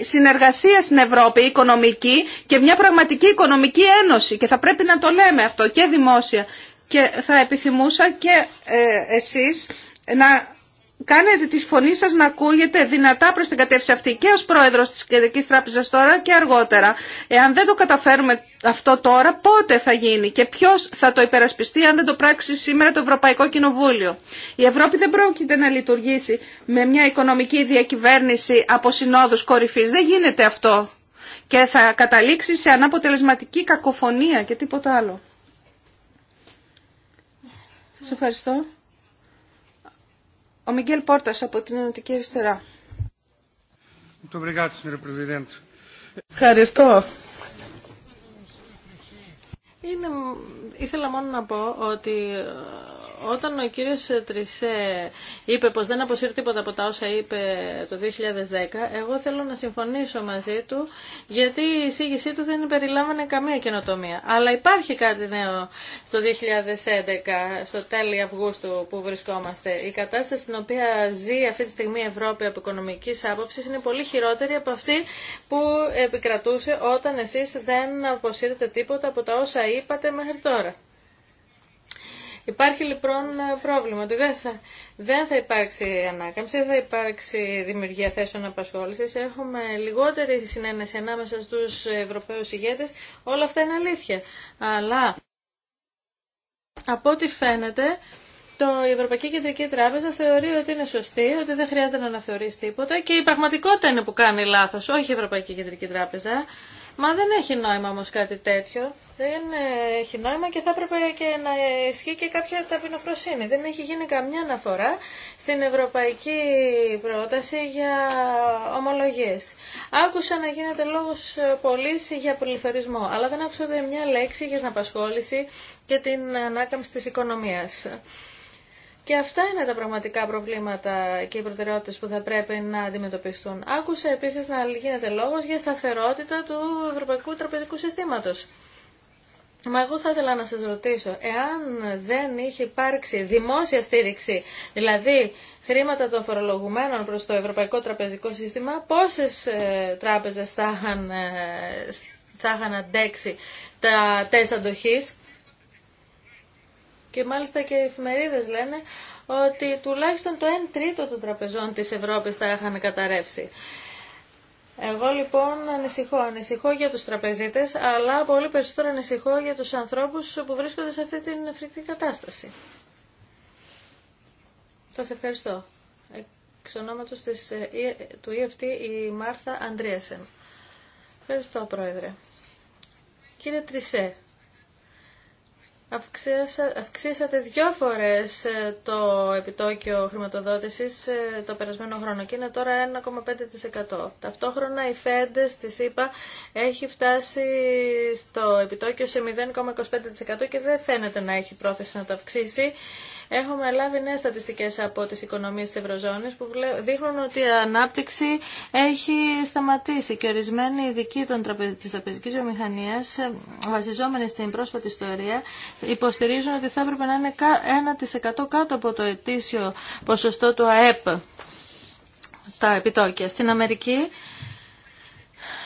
συνεργασία στην Ευρώπη, οικονομική και μια πραγματική οικονομική ένωση και θα πρέπει να το λέμε αυτό και δημόσια και θα επιθυμούσα και ε, εσείς να κάνετε τη φωνή σας να ακούγεται δυνατά προς την κατεύθυνση αυτή και ως πρόεδρος της Κεντρικής Τράπεζας τώρα και αργότερα. Εάν δεν το καταφέρουμε αυτό τώρα, πότε θα γίνει και ποιος θα το υπερασπιστεί αν δεν το πράξει σήμερα το Ευρωπαϊκό Κοινοβούλιο. Η Ευρώπη δεν πρόκειται να λειτουργήσει με μια οικονομική διακυβέρνηση από συνόδους κορυφής. Δεν γίνεται αυτό και θα καταλήξει σε αναποτελεσματική κακοφωνία και τίποτα άλλο. Σας ευχαριστώ. Ο Μιγγέλ Πόρτα από την Ενωτική Αριστερά. Ευχαριστώ είναι, ήθελα μόνο να πω ότι ε, όταν ο κύριος Τρισέ είπε πως δεν αποσύρει τίποτα από τα όσα είπε το 2010, εγώ θέλω να συμφωνήσω μαζί του γιατί η εισήγησή του δεν περιλάμβανε καμία καινοτομία. Αλλά υπάρχει κάτι νέο στο 2011, στο τέλη Αυγούστου που βρισκόμαστε. Η κατάσταση στην οποία ζει αυτή τη στιγμή η Ευρώπη από οικονομική άποψη είναι πολύ χειρότερη από αυτή που επικρατούσε όταν εσείς δεν αποσύρετε τίποτα από τα όσα είπατε μέχρι τώρα. Υπάρχει λοιπόν πρόβλημα ότι δεν θα, δεν θα υπάρξει ανάκαμψη, δεν θα υπάρξει δημιουργία θέσεων απασχόλησης, έχουμε λιγότερη συνένεση ανάμεσα στους Ευρωπαίους ηγέτες, όλα αυτά είναι αλήθεια. Αλλά από ό,τι φαίνεται το, η Ευρωπαϊκή Κεντρική Τράπεζα θεωρεί ότι είναι σωστή, ότι δεν χρειάζεται να αναθεωρήσει τίποτα και η πραγματικότητα είναι που κάνει λάθος, όχι η Ευρωπαϊκή Κεντρική Τράπεζα. Μα δεν έχει νόημα όμω κάτι τέτοιο. Δεν έχει νόημα και θα έπρεπε και να ισχύει και κάποια ταπεινοφροσύνη. Δεν έχει γίνει καμιά αναφορά στην ευρωπαϊκή πρόταση για ομολογίες. Άκουσα να γίνεται λόγος πωλής για πληθωρισμό, αλλά δεν άκουσα μια λέξη για την απασχόληση και την ανάκαμψη της οικονομίας. Και αυτά είναι τα πραγματικά προβλήματα και οι προτεραιότητες που θα πρέπει να αντιμετωπιστούν. Άκουσα επίση να γίνεται λόγος για σταθερότητα του Ευρωπαϊκού Τραπεζικού Συστήματος. Μα εγώ θα ήθελα να σας ρωτήσω, εάν δεν είχε υπάρξει δημόσια στήριξη, δηλαδή χρήματα των φορολογουμένων προς το Ευρωπαϊκό Τραπεζικό Σύστημα, πόσες ε, τράπεζες ε, θα είχαν, αντέξει τα τεστ αντοχής και μάλιστα και οι εφημερίδε λένε ότι τουλάχιστον το 1 τρίτο των τραπεζών της Ευρώπης θα είχαν καταρρεύσει. Εγώ λοιπόν ανησυχώ. Ανησυχώ για τους τραπεζίτες, αλλά πολύ περισσότερο ανησυχώ για τους ανθρώπους που βρίσκονται σε αυτή την φρικτή κατάσταση. Σας ευχαριστώ. Εξ ονόματος ε, ε, του EFT η Μάρθα Αντρίασεν. Ευχαριστώ Πρόεδρε. Κύριε Τρισέ, Αυξήσατε δυο φορές ε, το επιτόκιο χρηματοδότησης ε, το περασμένο χρόνο και είναι τώρα 1,5%. Ταυτόχρονα η Fed στη ΣΥΠΑ έχει φτάσει στο επιτόκιο σε 0,25% και δεν φαίνεται να έχει πρόθεση να το αυξήσει. Έχουμε λάβει νέες στατιστικές από τις οικονομίες της Ευρωζώνης που δείχνουν ότι η ανάπτυξη έχει σταματήσει και ορισμένοι ειδικοί των τραπεζ... της τραπεζικής βιομηχανίας ε, βασιζόμενοι στην πρόσφατη ιστορία υποστηρίζουν ότι θα έπρεπε να είναι 1% κάτω από το ετήσιο ποσοστό του ΑΕΠ τα επιτόκια. Στην Αμερική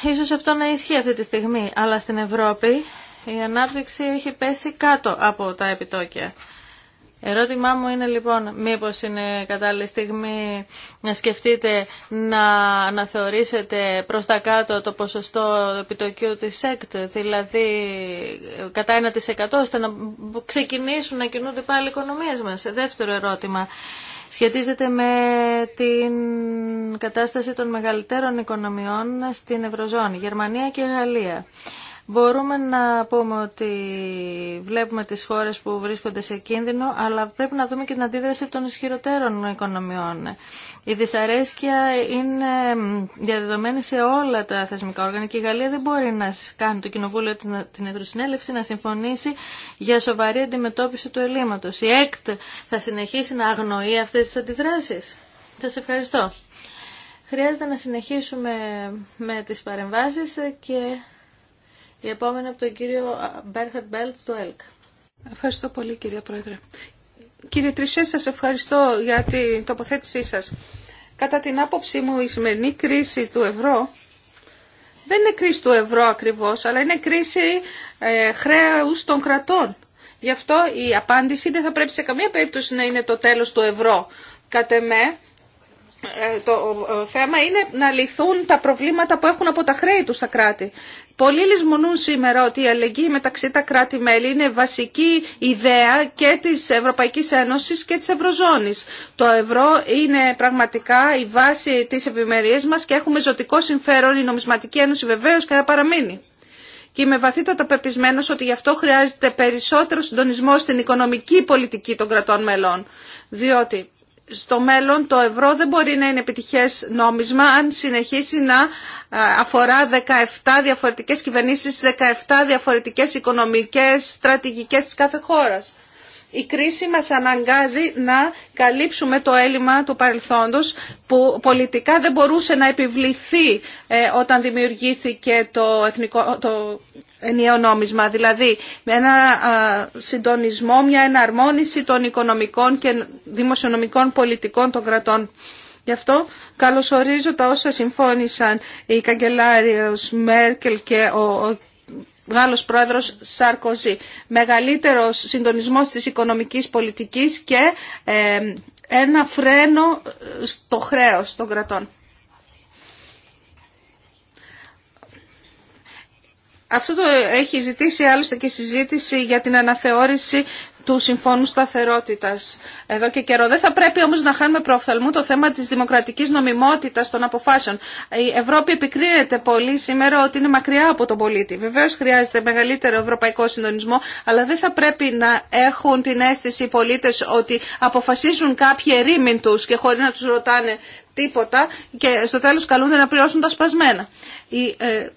ίσως αυτό να ισχύει αυτή τη στιγμή, αλλά στην Ευρώπη η ανάπτυξη έχει πέσει κάτω από τα επιτόκια. Ερώτημά μου είναι λοιπόν, μήπως είναι κατάλληλη στιγμή να σκεφτείτε να, να θεωρήσετε προς τα κάτω το ποσοστό επιτοκίου της ΕΚΤ, δηλαδή κατά 1% ώστε να ξεκινήσουν να κινούνται πάλι οι οικονομίες μας. Δεύτερο ερώτημα. Σχετίζεται με την κατάσταση των μεγαλύτερων οικονομιών στην Ευρωζώνη, Γερμανία και Γαλλία. Μπορούμε να πούμε ότι βλέπουμε τις χώρες που βρίσκονται σε κίνδυνο, αλλά πρέπει να δούμε και την αντίδραση των ισχυροτέρων οικονομιών. Η δυσαρέσκεια είναι διαδεδομένη σε όλα τα θεσμικά όργανα και η Γαλλία δεν μπορεί να κάνει το Κοινοβούλιο την Ευρωσυνέλευση να συμφωνήσει για σοβαρή αντιμετώπιση του ελλείμματος. Η ΕΚΤ θα συνεχίσει να αγνοεί αυτές τις αντιδράσεις. Σας ευχαριστώ. Χρειάζεται να συνεχίσουμε με τις παρεμβάσεις και η επόμενη από τον κύριο Μπέρχαρτ Μπέλτ του ΕΛΚ. Ευχαριστώ πολύ κύριε Πρόεδρε. Κύριε Τρισέ, σας ευχαριστώ για την τοποθέτησή σας. Κατά την άποψή μου η σημερινή κρίση του ευρώ δεν είναι κρίση του ευρώ ακριβώς, αλλά είναι κρίση ε, χρέους των κρατών. Γι' αυτό η απάντηση δεν θα πρέπει σε καμία περίπτωση να είναι το τέλος του ευρώ. Κατ' εμέ, ε, το θέμα είναι να λυθούν τα προβλήματα που έχουν από τα χρέη τους τα κράτη. Πολλοί λησμονούν σήμερα ότι η αλληλεγγύη μεταξύ τα κράτη-μέλη είναι βασική ιδέα και της Ευρωπαϊκής Ένωσης και της Ευρωζώνης. Το ευρώ είναι πραγματικά η βάση της ευημερίας μας και έχουμε ζωτικό συμφέρον η νομισματική ένωση βεβαίως και να παραμείνει. Και είμαι βαθύτατα πεπισμένο ότι γι' αυτό χρειάζεται περισσότερο συντονισμό στην οικονομική πολιτική των κρατών μελών. Διότι στο μέλλον το ευρώ δεν μπορεί να είναι επιτυχές νόμισμα αν συνεχίσει να ε, αφορά 17 διαφορετικές κυβερνήσεις, 17 διαφορετικές οικονομικές στρατηγικές της κάθε χώρας. Η κρίση μας αναγκάζει να καλύψουμε το έλλειμμα του παρελθόντος που πολιτικά δεν μπορούσε να επιβληθεί ε, όταν δημιουργήθηκε το, εθνικό, το ενιαίο νόμισμα, δηλαδή με ένα συντονισμό, μια εναρμόνιση των οικονομικών και δημοσιονομικών πολιτικών των κρατών. Γι' αυτό καλωσορίζω τα όσα συμφώνησαν οι καγκελάριος Μέρκελ και ο Γάλλος Πρόεδρος Σάρκοζη. Μεγαλύτερος συντονισμός της οικονομικής πολιτικής και ε, ένα φρένο στο χρέος των κρατών. Αυτό το έχει ζητήσει άλλωστε και συζήτηση για την αναθεώρηση του Συμφώνου Σταθερότητα εδώ και καιρό. Δεν θα πρέπει όμω να χάνουμε πρόφθαλμου το θέμα τη δημοκρατική νομιμότητα των αποφάσεων. Η Ευρώπη επικρίνεται πολύ σήμερα ότι είναι μακριά από τον πολίτη. Βεβαίω χρειάζεται μεγαλύτερο ευρωπαϊκό συντονισμό, αλλά δεν θα πρέπει να έχουν την αίσθηση οι πολίτε ότι αποφασίζουν κάποιοι ερήμην του και χωρί να του ρωτάνε τίποτα και στο τέλο καλούνται να πληρώσουν τα σπασμένα. Η ε,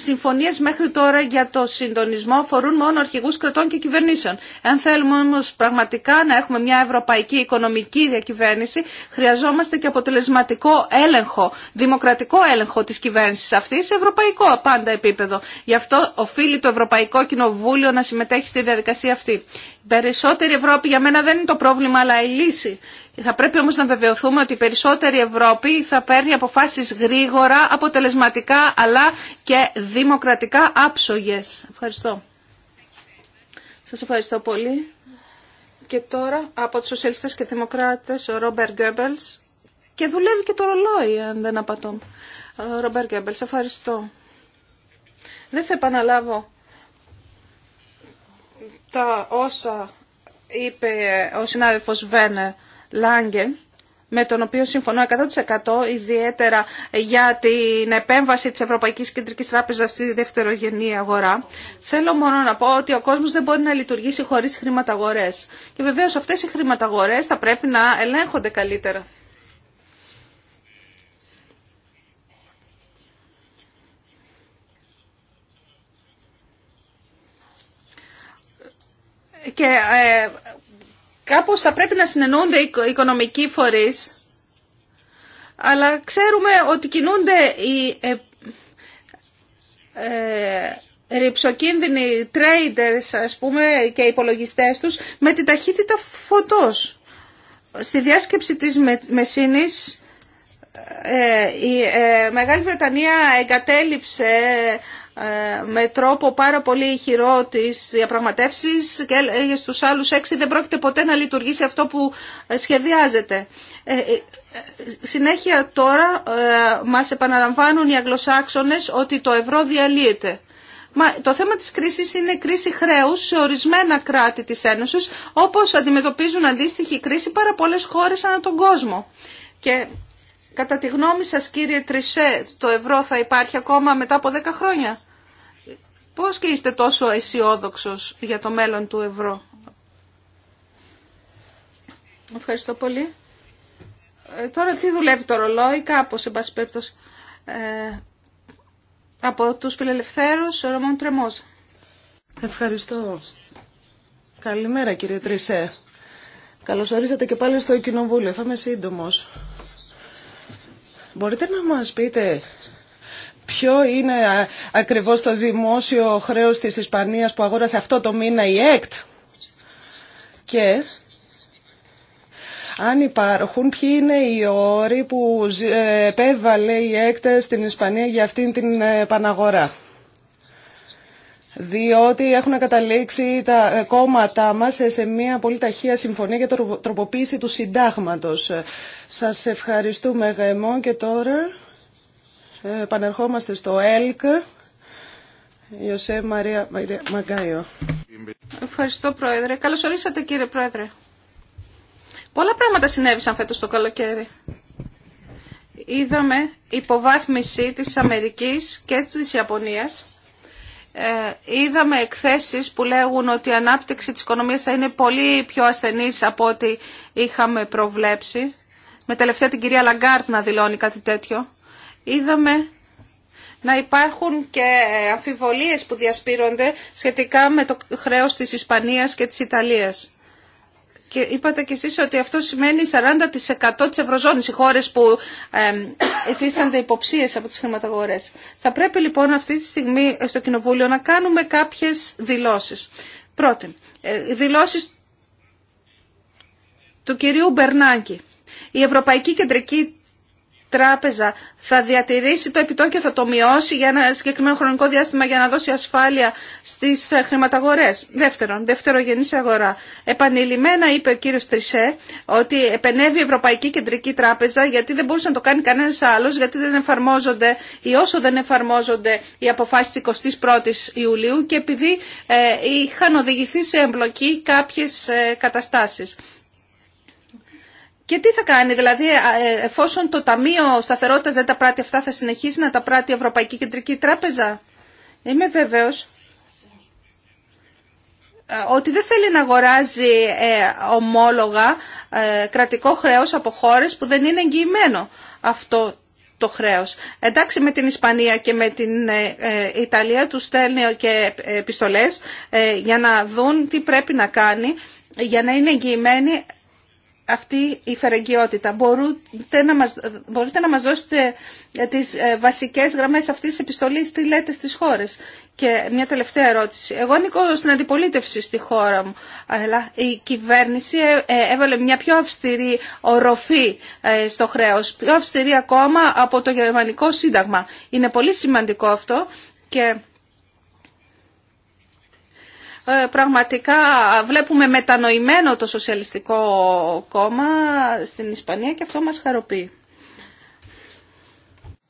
Συμφωνίε μέχρι τώρα για το συντονισμό αφορούν μόνο αρχηγού κρατών και κυβερνήσεων. Αν θέλουμε όμω πραγματικά να έχουμε μια ευρωπαϊκή οικονομική διακυβέρνηση, χρειαζόμαστε και αποτελεσματικό έλεγχο, δημοκρατικό έλεγχο τη κυβέρνηση αυτή, σε ευρωπαϊκό πάντα επίπεδο. Γι' αυτό οφείλει το Ευρωπαϊκό Κοινοβούλιο να συμμετέχει στη διαδικασία αυτή. περισσότερη Ευρώπη για μένα δεν είναι το πρόβλημα, αλλά η λύση. Θα πρέπει όμως να βεβαιωθούμε ότι η περισσότερη Ευρώπη θα παίρνει αποφάσεις γρήγορα, αποτελεσματικά, αλλά και δημοκρατικά άψογες. Ευχαριστώ. Σας ευχαριστώ πολύ. Και τώρα από τους σοσιαλιστές και δημοκράτες ο Ρόμπερ Γκέμπελς και δουλεύει και το ρολόι αν δεν απατώ. Ρόμπερ Γκέμπελς, ευχαριστώ. Δεν θα επαναλάβω τα όσα είπε ο συνάδελφος Βένε Λάγκεν με τον οποίο συμφωνώ 100% ιδιαίτερα για την επέμβαση της Ευρωπαϊκής Κεντρικής Τράπεζας στη δευτερογενή αγορά. Θέλω μόνο να πω ότι ο κόσμος δεν μπορεί να λειτουργήσει χωρίς χρηματαγορές. Και βεβαίως αυτές οι χρηματαγορές θα πρέπει να ελέγχονται καλύτερα. Και ε, Κάπως θα πρέπει να συνεννοούνται οι οικονομικοί φορείς, αλλά ξέρουμε ότι κινούνται οι ε, ε, ρηψοκίνδυνοι traders, ας πούμε, και οι υπολογιστές τους με την ταχύτητα φωτός. Στη διάσκεψη της με, ε, η ε, Μεγάλη Βρετανία εγκατέλειψε ε, με τρόπο πάρα πολύ ηχηρό τι διαπραγματεύσει, και έλεγε στους άλλους έξι δεν πρόκειται ποτέ να λειτουργήσει αυτό που σχεδιάζεται. Ε, ε, συνέχεια τώρα μας επαναλαμβάνουν οι αγγλοσάξονες ότι το ευρώ διαλύεται. Μα το θέμα της κρίσης είναι κρίση χρέους σε ορισμένα κράτη της Ένωσης, όπως αντιμετωπίζουν αντίστοιχη κρίση πάρα πολλές χώρες ανά τον κόσμο. Και κατά τη γνώμη σας κύριε Τρισέ, το ευρώ θα υπάρχει ακόμα μετά από 10 χρόνια. Πώς και είστε τόσο αισιόδοξο για το μέλλον του ευρώ. Ευχαριστώ πολύ. Ε, τώρα τι δουλεύει το ρολόι, κάπως, σε πάση ε, από τους φιλελευθέρους, ο Ρωμόν Τρεμόζα. Ευχαριστώ. Καλημέρα κύριε Τρισέ. Καλώς ορίσατε και πάλι στο Κοινοβούλιο. Θα είμαι σύντομος. Μπορείτε να μας πείτε ποιο είναι ακριβώς το δημόσιο χρέος της Ισπανίας που αγόρασε αυτό το μήνα η ΕΚΤ και αν υπάρχουν, ποιοι είναι οι όροι που ε, επέβαλε η ΕΚΤ στην Ισπανία για αυτήν την ε, παναγορά. Διότι έχουν καταλήξει τα ε, κόμματά μας σε μια πολύ ταχεία συμφωνία για τροποποίηση του συντάγματος. Σας ευχαριστούμε, Γαϊμό, και τώρα... Επανερχόμαστε στο ΕΛΚ. Ιωσέ Μαρία Μαγκάιο. Ευχαριστώ Πρόεδρε. Καλώς ορίσατε κύριε Πρόεδρε. Πολλά πράγματα συνέβησαν φέτος το καλοκαίρι. Είδαμε υποβάθμιση της Αμερικής και της Ιαπωνίας. Ε, είδαμε εκθέσεις που λέγουν ότι η ανάπτυξη της οικονομίας θα είναι πολύ πιο ασθενής από ό,τι είχαμε προβλέψει. Με τελευταία την κυρία Λαγκάρτ να δηλώνει κάτι τέτοιο είδαμε να υπάρχουν και ε, αμφιβολίες που διασπείρονται σχετικά με το χρέος της Ισπανίας και της Ιταλίας. Και είπατε κι εσείς ότι αυτό σημαίνει 40% της Ευρωζώνης, οι χώρες που εφίστανται υποψίες από τις χρηματαγορές. Θα πρέπει λοιπόν αυτή τη στιγμή στο Κοινοβούλιο να κάνουμε κάποιες δηλώσεις. Πρώτη, ε, δηλώσεις του κυρίου Μπερνάγκη. Η Ευρωπαϊκή Κεντρική τράπεζα θα διατηρήσει το επιτόκιο, θα το μειώσει για ένα συγκεκριμένο χρονικό διάστημα για να δώσει ασφάλεια στι ε, χρηματαγορές. Δεύτερον, δευτερογενής αγορά. Επανειλημμένα είπε ο κύριο Τρισέ ότι επενεύει η Ευρωπαϊκή Κεντρική Τράπεζα γιατί δεν μπορούσε να το κάνει κανένα άλλο, γιατί δεν εφαρμόζονται ή όσο δεν εφαρμόζονται οι αποφάσεις 21η Ιουλίου και επειδή ε, είχαν οδηγηθεί σε εμπλοκή κάποιες ε, καταστάσει. Και τι θα κάνει, δηλαδή ε, ε, εφόσον το Ταμείο Σταθερότητας δεν τα πράττει αυτά, θα συνεχίσει να τα πράττει η Ευρωπαϊκή Κεντρική Τράπεζα. Είμαι βέβαιος ε, ότι δεν θέλει να αγοράζει ομόλογα κρατικό χρέος από χώρες που δεν είναι εγγυημένο αυτό το χρέος. Εντάξει με την Ισπανία και με την Ιταλία τους στέλνει και επιστολές για να δουν τι πρέπει να κάνει για να είναι εγγυημένοι αυτή η φερεγγιότητα. Μπορείτε να μας, μπορείτε να μας δώσετε ε, τις ε, βασικές γραμμές αυτής της επιστολής, τι λέτε στις χώρες. Και μια τελευταία ερώτηση. Εγώ ανήκω στην αντιπολίτευση στη χώρα μου, αλλά η κυβέρνηση ε, έβαλε μια πιο αυστηρή οροφή στο χρέος, πιο αυστηρή ακόμα από το γερμανικό σύνταγμα. Είναι πολύ σημαντικό αυτό και ε, πραγματικά βλέπουμε μετανοημένο το Σοσιαλιστικό Κόμμα στην Ισπανία και αυτό μας χαροποιεί.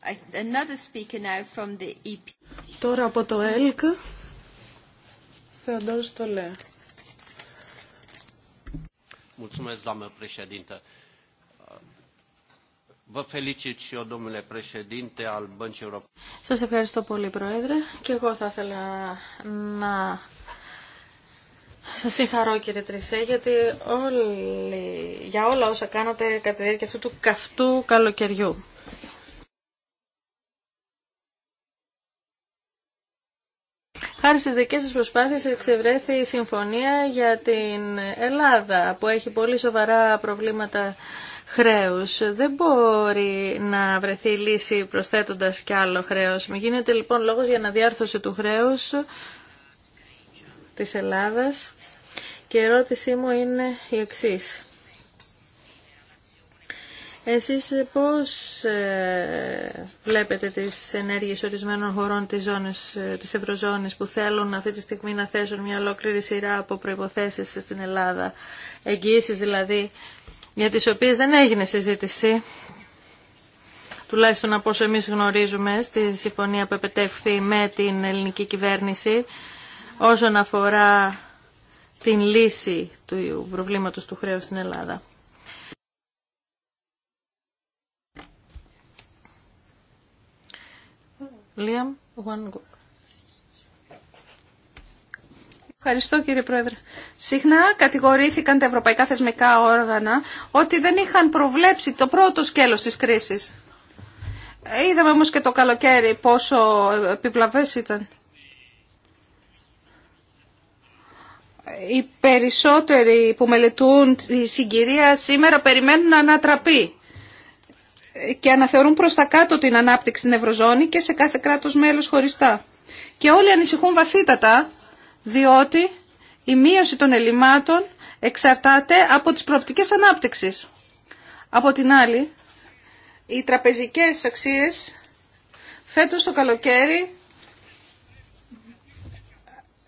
E Τώρα από το ΕΛΚ, Θεοντόρ Στολέ. Mulțumesc, doamnă președintă. Vă felicit și eu, domnule președinte, al Băncii Europene. Să Σας ευχαριστώ πολύ, Πρόεδρε. Και εγώ o să να σας συγχαρώ κύριε Τρισέ, γιατί όλοι, για όλα όσα κάνατε κατά τη διάρκεια αυτού του καυτού καλοκαιριού. Χάρη στις δικές σας προσπάθειες εξευρέθη η συμφωνία για την Ελλάδα που έχει πολύ σοβαρά προβλήματα χρέους. Δεν μπορεί να βρεθεί λύση προσθέτοντας κι άλλο χρέος. Μη γίνεται λοιπόν λόγος για αναδιάρθρωση του χρέους της Ελλάδας και η ερώτησή μου είναι η εξής. Εσείς πώς ε, βλέπετε τις ενέργειες ορισμένων χωρών της, ζώνης, ε, Ευρωζώνης που θέλουν αυτή τη στιγμή να θέσουν μια ολόκληρη σειρά από προϋποθέσεις στην Ελλάδα, εγγύησεις δηλαδή, για τις οποίες δεν έγινε συζήτηση, τουλάχιστον από όσο εμείς γνωρίζουμε στη συμφωνία που επετεύχθη με την ελληνική κυβέρνηση όσον αφορά την λύση του προβλήματος του χρέους στην Ελλάδα. Liam, Ευχαριστώ κύριε Πρόεδρε. Συχνά κατηγορήθηκαν τα ευρωπαϊκά θεσμικά όργανα ότι δεν είχαν προβλέψει το πρώτο σκέλος της κρίσης. Ε, είδαμε όμως και το καλοκαίρι πόσο επιβλαβές ήταν. οι περισσότεροι που μελετούν τη συγκυρία σήμερα περιμένουν να ανατραπεί και αναθεωρούν προς τα κάτω την ανάπτυξη στην Ευρωζώνη και σε κάθε κράτος μέλος χωριστά. Και όλοι ανησυχούν βαθύτατα διότι η μείωση των ελλημάτων εξαρτάται από τις προοπτικές ανάπτυξης. Από την άλλη, οι τραπεζικές αξίες φέτος το καλοκαίρι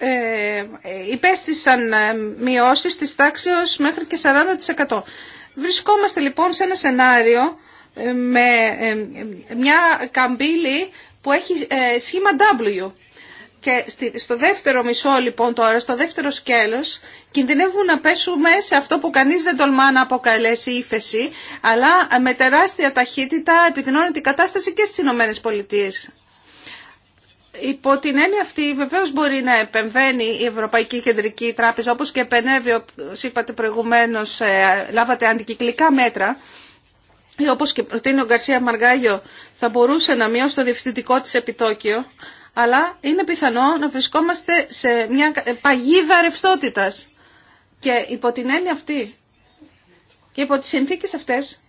ε, υπέστησαν ε, μειώσεις της τάξεως μέχρι και 40%. Βρισκόμαστε λοιπόν σε ένα σενάριο ε, με ε, μια καμπύλη που έχει σχήμα W. Και στο δεύτερο μισό λοιπόν τώρα, στο δεύτερο σκέλος, κινδυνεύουν να πέσουμε σε αυτό που κανείς δεν τολμά να αποκαλέσει ύφεση, αλλά με τεράστια ταχύτητα επιδεινώνεται η κατάσταση και στις Ηνωμένες Πολιτείες. Υπό την έννοια αυτή βεβαίω μπορεί να επεμβαίνει η Ευρωπαϊκή Κεντρική Τράπεζα όπως και επενεύει, όπως είπατε προηγουμένως, ε, λάβατε αντικυκλικά μέτρα ή όπως και προτείνει ο Γκαρσία Μαργάγιο θα μπορούσε να μειώσει το διευθυντικό της επιτόκιο αλλά είναι πιθανό να βρισκόμαστε σε μια παγίδα ρευστότητα. Και υπό την έννοια αυτή και υπό τις συνθήκες αυτές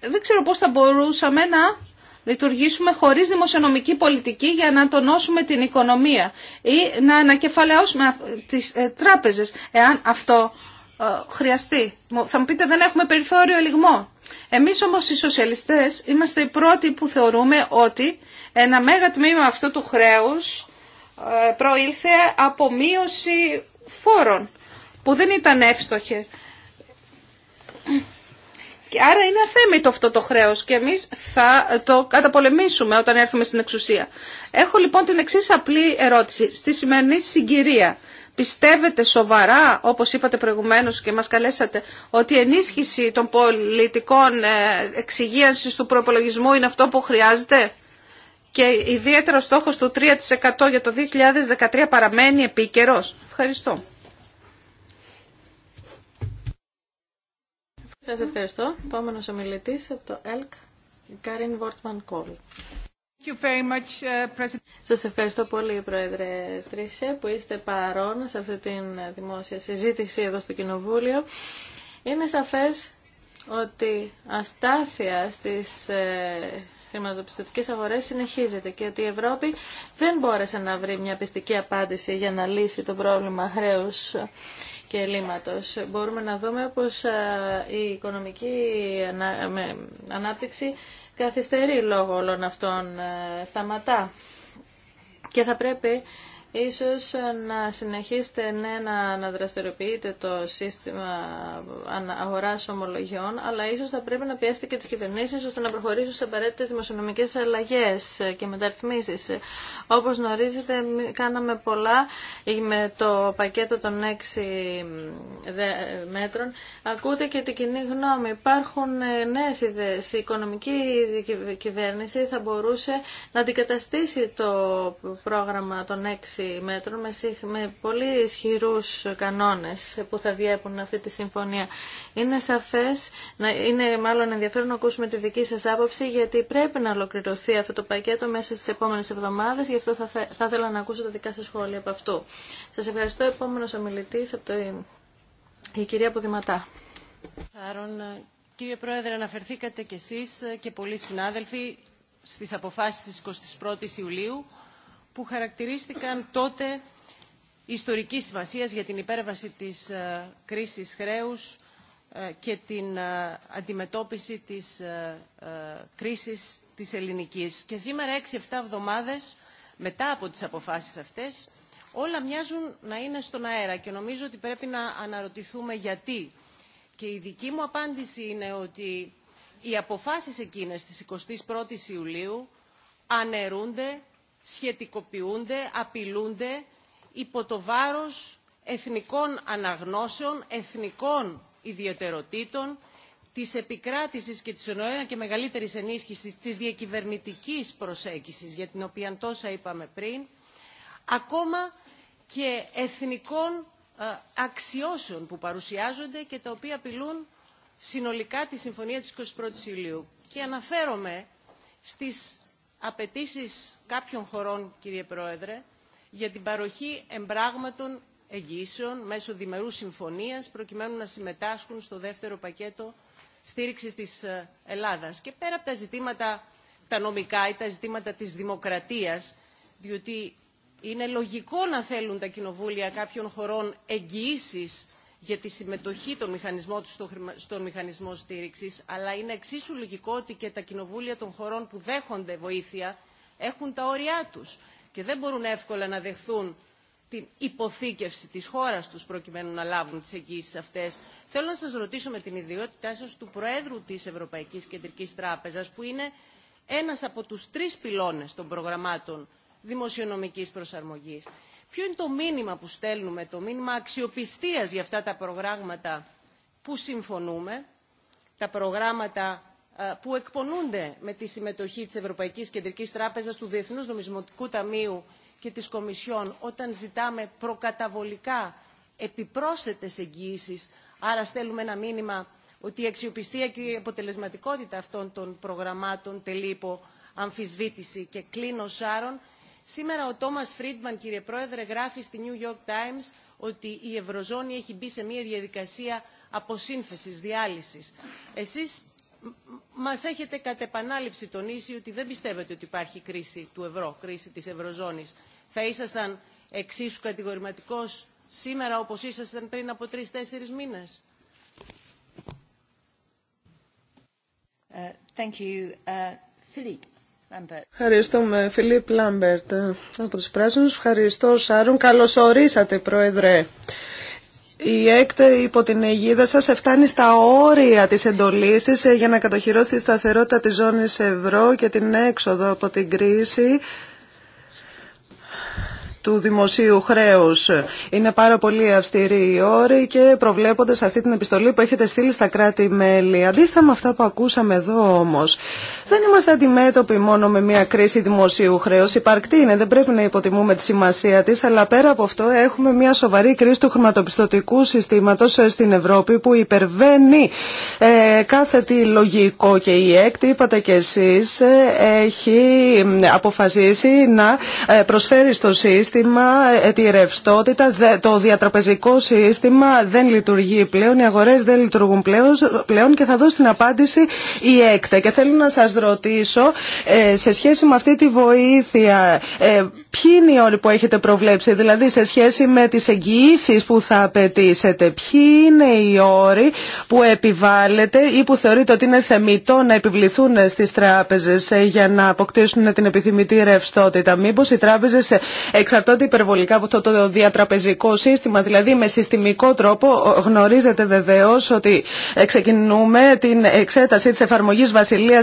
δεν ξέρω πώς θα μπορούσαμε να λειτουργήσουμε χωρίς δημοσιονομική πολιτική για να τονώσουμε την οικονομία ή να ανακεφαλαιώσουμε τις ε, τράπεζες, εάν αυτό ε, χρειαστεί. Θα μου πείτε δεν έχουμε περιθώριο λιγμό. Εμείς όμως οι σοσιαλιστές είμαστε οι πρώτοι που θεωρούμε ότι ένα μέγα τμήμα αυτού του χρέους ε, προήλθε από μείωση φόρων που δεν ήταν εύστοχε. Και άρα είναι αθέμητο αυτό το χρέος και εμείς θα το καταπολεμήσουμε όταν έρθουμε στην εξουσία. Έχω λοιπόν την εξή απλή ερώτηση. Στη σημερινή συγκυρία πιστεύετε σοβαρά, όπως είπατε προηγουμένως και μας καλέσατε, ότι η ενίσχυση των πολιτικών ε, εξυγίανση του προπολογισμού είναι αυτό που χρειάζεται και ιδιαίτερο στόχο στόχος του 3% για το 2013 παραμένει επίκαιρος. Ευχαριστώ. Σας ευχαριστώ. Επόμενος ομιλητής από το ΕΛΚ, Κάριν Βόρτμαν Κόλ. Uh, Σας ευχαριστώ πολύ, Πρόεδρε Τρίσε, που είστε παρόν σε αυτή τη δημόσια συζήτηση εδώ στο Κοινοβούλιο. Είναι σαφές ότι αστάθεια στις ε, χρηματοπιστωτικές αγορές συνεχίζεται και ότι η Ευρώπη δεν μπόρεσε να βρει μια πιστική απάντηση για να λύσει το πρόβλημα χρέους και Μπορούμε να δούμε πως η οικονομική ανάπτυξη καθυστερεί λόγω όλων αυτών, σταματά. Και θα πρέπει Ίσως ε, να συνεχίσετε ναι, να, να δραστηριοποιείτε το σύστημα ε, αγοράς ομολογιών, αλλά ίσως θα πρέπει να πιέσετε και τις κυβερνήσεις ώστε να προχωρήσουν σε απαραίτητε δημοσιονομικές αλλαγές ε, και μεταρρυθμίσεις. Όπως γνωρίζετε, κάναμε πολλά με το πακέτο των έξι μέτρων. Ακούτε και την κοινή γνώμη. Υπάρχουν νέες ιδέες. Η οικονομική κυβέρνηση θα μπορούσε να αντικαταστήσει το πρόγραμμα των έξι μέτρων με πολύ ισχυρούς κανόνες που θα διέπουν αυτή τη συμφωνία. Είναι σαφές, είναι μάλλον ενδιαφέρον να ακούσουμε τη δική σας άποψη γιατί πρέπει να ολοκληρωθεί αυτό το πακέτο μέσα στις επόμενες εβδομάδες γι' αυτό θα, ήθελα να ακούσω τα δικά σας σχόλια από αυτού. Σας ευχαριστώ. Επόμενος ομιλητής από το... η κυρία Ποδηματά. Κύριε Πρόεδρε, αναφερθήκατε κι εσείς και πολλοί συνάδελφοι στις αποφάσεις της 21ης Ιουλίου που χαρακτηρίστηκαν τότε ιστορικής σημασίας για την υπέρβαση της ε, κρίσης χρέους ε, και την ε, αντιμετώπιση της κρίσης της ελληνικής. Και σήμερα, 6-7 εβδομάδες μετά από τις αποφάσεις αυτές, όλα μοιάζουν να είναι στον αέρα και νομίζω ότι πρέπει να αναρωτηθούμε γιατί. Και η δική μου απάντηση είναι ότι οι αποφάσεις εκείνες της 21ης Ιουλίου αναιρούνται σχετικοποιούνται, απειλούνται υπό το βάρος εθνικών αναγνώσεων, εθνικών ιδιαιτεροτήτων, της επικράτησης και της ονοένα και μεγαλύτερης ενίσχυσης της διακυβερνητικής προσέγγισης, για την οποία τόσα είπαμε πριν, ακόμα και εθνικών ε, αξιώσεων που παρουσιάζονται και τα οποία απειλούν συνολικά τη Συμφωνία της 21ης Ιουλίου. Και αναφέρομαι στις απαιτήσει κάποιων χωρών, κύριε Πρόεδρε, για την παροχή εμπράγματων εγγύσεων μέσω διμερού συμφωνίας προκειμένου να συμμετάσχουν στο δεύτερο πακέτο στήριξης της ε, Ελλάδας. Και πέρα από τα ζητήματα τα νομικά ή τα ζητήματα της δημοκρατίας, διότι είναι λογικό να θέλουν τα κοινοβούλια κάποιων χωρών εγγυήσεις για τη συμμετοχή των μηχανισμών του στον μηχανισμό στήριξης, αλλά είναι εξίσου λογικό ότι και τα κοινοβούλια των χωρών που δέχονται βοήθεια έχουν τα όρια τους και δεν μπορούν εύκολα να δεχθούν την υποθήκευση της χώρας τους προκειμένου να λάβουν τις εγγύσεις αυτές. Θέλω να σας ρωτήσω με την ιδιότητά σας του Προέδρου της Ευρωπαϊκής Κεντρικής Τράπεζας που είναι ένας από τους τρεις πυλώνες των προγραμμάτων δημοσιονομικής προσαρμογής. Ποιο είναι το μήνυμα που στέλνουμε, το μήνυμα αξιοπιστίας για αυτά τα προγράμματα που συμφωνούμε, τα προγράμματα ε, που εκπονούνται με τη συμμετοχή της Ευρωπαϊκής Κεντρικής Τράπεζας, του Διεθνούς Νομισματικού Ταμείου και της Κομισιόν, όταν ζητάμε προκαταβολικά επιπρόσθετες εγγυήσεις, άρα στέλνουμε ένα μήνυμα ότι η αξιοπιστία και η αποτελεσματικότητα αυτών των προγραμμάτων τελείπω αμφισβήτηση. Και κλείνω, Σάρων, Σήμερα ο Τόμας Φρίντμαν, κύριε Πρόεδρε, γράφει στη New York Times ότι η Ευρωζώνη έχει μπει σε μια διαδικασία αποσύνθεσης, διάλυσης. Εσείς μας έχετε κατ' επανάληψη τονίσει ότι δεν πιστεύετε ότι υπάρχει κρίση του ευρώ, κρίση της Ευρωζώνης. Θα ήσασταν εξίσου κατηγορηματικός σήμερα όπως ήσασταν πριν από τρεις-τέσσερις μήνες. Ε, thank you. Ε, Ευχαριστούμε, Φιλίπ Λάμπερτ από τους Πράσινους. Ευχαριστώ, Σάρουν. Καλώς ορίσατε, Πρόεδρε. Η ΕΚΤ υπό την αιγίδα σας φτάνει στα όρια της εντολής της για να κατοχυρώσει τη σταθερότητα της ζώνης ευρώ και την έξοδο από την κρίση του δημοσίου χρέου. Είναι πάρα πολύ αυστηροί οι όροι και προβλέπονται σε αυτή την επιστολή που έχετε στείλει στα κράτη-μέλη. Αντίθετα με αυτά που ακούσαμε εδώ όμω. δεν είμαστε αντιμέτωποι μόνο με μια κρίση δημοσίου χρέου, Υπαρκτή είναι, δεν πρέπει να υποτιμούμε τη σημασία τη, αλλά πέρα από αυτό έχουμε μια σοβαρή κρίση του χρηματοπιστωτικού συστήματο στην Ευρώπη που υπερβαίνει ε, κάθε τι λογικό και η έκτη είπατε κι εσείς, ε, έχει αποφασίσει να ε, προσφέρει στο σύστημα σύστημα, ε, τη ρευστότητα, το διατραπεζικό σύστημα δεν λειτουργεί πλέον, οι αγορές δεν λειτουργούν πλέον και θα δώσει την απάντηση η ΕΚΤΑ. Και θέλω να σας ρωτήσω, ε, σε σχέση με αυτή τη βοήθεια, ε, ποιοι είναι οι όροι που έχετε προβλέψει, δηλαδή σε σχέση με τις εγγυήσεις που θα απαιτήσετε, ποιοι είναι οι όροι που επιβάλλετε ή που θεωρείτε ότι είναι θεμητό να επιβληθούν στις τράπεζες για να αποκτήσουν την επιθυμητή ρευστότητα. Μήπως οι τράπεζες εξαρτώνται υπερβολικά από αυτό το διατραπεζικό σύστημα. Δηλαδή με συστημικό τρόπο γνωρίζετε βεβαίω ότι ε, ξεκινούμε την εξέταση τη εφαρμογή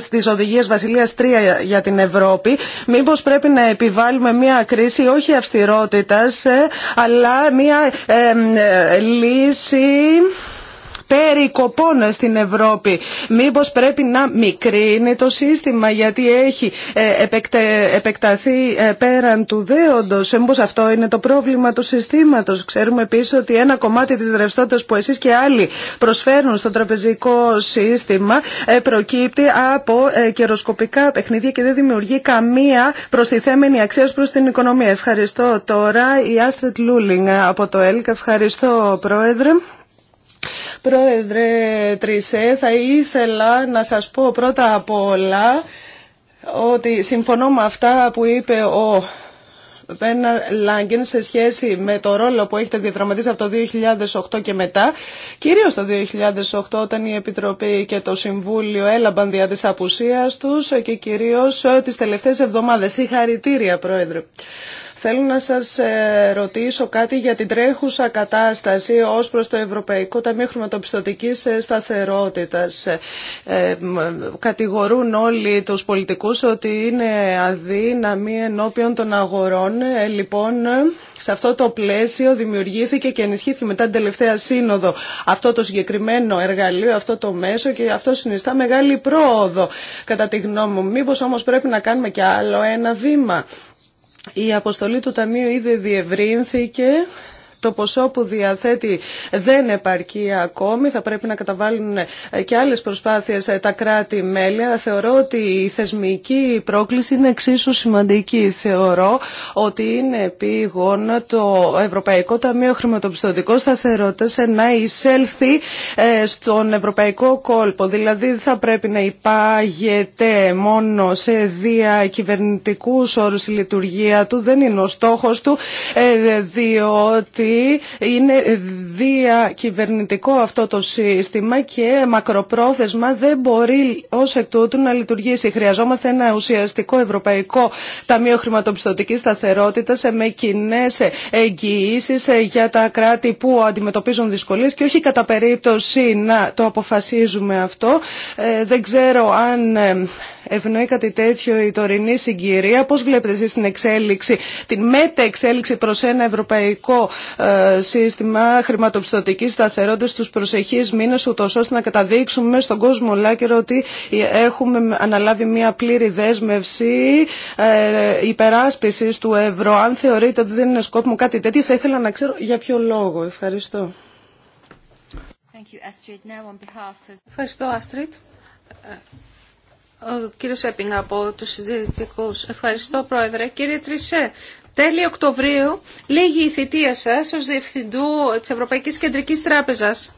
τη οδηγία Βασιλεία 3 για την Ευρώπη. Μήπω πρέπει να επιβάλλουμε μια κρίση όχι αυστηρότητα ε, αλλά μια ε, λύση περικοπών στην Ευρώπη. Μήπως πρέπει να μικρύνει το σύστημα γιατί έχει ε, επεκταθεί ε, πέραν του δέοντος. Ε, μήπως αυτό είναι το πρόβλημα του συστήματος. Ξέρουμε επίση ότι ένα κομμάτι της ρευστότητας που εσείς και άλλοι προσφέρουν στο τραπεζικό σύστημα προκύπτει από καιροσκοπικά παιχνίδια και δεν δημιουργεί καμία προστιθέμενη αξία προς την οικονομία. Ευχαριστώ τώρα η Άστρετ Λούλινγκ από το ΕΛΚ. Ευχαριστώ Πρόεδρε. Πρόεδρε Τρισέ, θα ήθελα να σας πω πρώτα απ' όλα ότι συμφωνώ με αυτά που είπε ο Βένα Λάγκεν σε σχέση με το ρόλο που έχετε διαδραματίσει από το 2008 και μετά, κυρίως το 2008 όταν η Επιτροπή και το Συμβούλιο έλαμπαν δια της απουσίας τους και κυρίως τις τελευταίες εβδομάδες. Συγχαρητήρια, Πρόεδρε. Θέλω να σας ε, ρωτήσω κάτι για την τρέχουσα κατάσταση ως προς το Ευρωπαϊκό Ταμείο Χρηματοπιστωτικής ε, Σταθερότητας. Ε, κατηγορούν όλοι τους πολιτικούς ότι είναι αδύναμοι ενώπιον των αγορών. Λοιπόν, σε αυτό το πλαίσιο δημιουργήθηκε και ενισχύθηκε μετά την τελευταία σύνοδο αυτό το συγκεκριμένο εργαλείο, αυτό το μέσο και αυτό συνιστά μεγάλη πρόοδο κατά τη γνώμη μου. Μήπως όμως πρέπει να κάνουμε και άλλο ένα βήμα. Η αποστολή του Ταμείου ήδη διευρύνθηκε το ποσό που διαθέτει δεν επαρκεί ακόμη. Θα πρέπει να καταβάλουν και άλλες προσπάθειες ε, τα κράτη-μέλη. Θεωρώ ότι η θεσμική πρόκληση είναι εξίσου σημαντική. Θεωρώ ότι είναι επίγον το Ευρωπαϊκό Ταμείο Χρηματοπιστωτικό Σταθερότητας ε, να εισέλθει ε, στον ευρωπαϊκό κόλπο. Δηλαδή θα πρέπει να υπάγεται μόνο σε διακυβερνητικούς όρους η λειτουργία του. Δεν είναι ο στόχος του διότι είναι διακυβερνητικό αυτό το σύστημα και μακροπρόθεσμα δεν μπορεί ως εκ τούτου να λειτουργήσει. Χρειαζόμαστε ένα ουσιαστικό Ευρωπαϊκό Ταμείο Χρηματοπιστωτικής Σταθερότητας με κοινέ εγγυήσει για τα κράτη που αντιμετωπίζουν δυσκολίες και όχι κατά περίπτωση να το αποφασίζουμε αυτό. Ε, δεν ξέρω αν ε, ευνοεί κάτι τέτοιο η τωρινή συγκυρία. Πώς βλέπετε εσείς την εξέλιξη, την μετεξέλιξη προς ένα ευρωπαϊκό ε, σύστημα χρηματοπιστωτικής σταθερότητας τους προσεχείς μήνες, ούτως ώστε να καταδείξουμε στον κόσμο ολάκερο ότι έχουμε αναλάβει μια πλήρη δέσμευση ε, υπεράσπισης του ευρώ. Αν θεωρείτε ότι δεν είναι σκόπιμο κάτι τέτοιο, θα ήθελα να ξέρω για ποιο λόγο. Ευχαριστώ. Ευχαριστώ, Άστριτ. Ε, Κύριε κύριος από τους συντηρητικούς. Ευχαριστώ Πρόεδρε. Κύριε Τρισέ, τέλη Οκτωβρίου λέγει η θητεία σας ως Διευθυντού της Ευρωπαϊκής Κεντρικής Τράπεζας.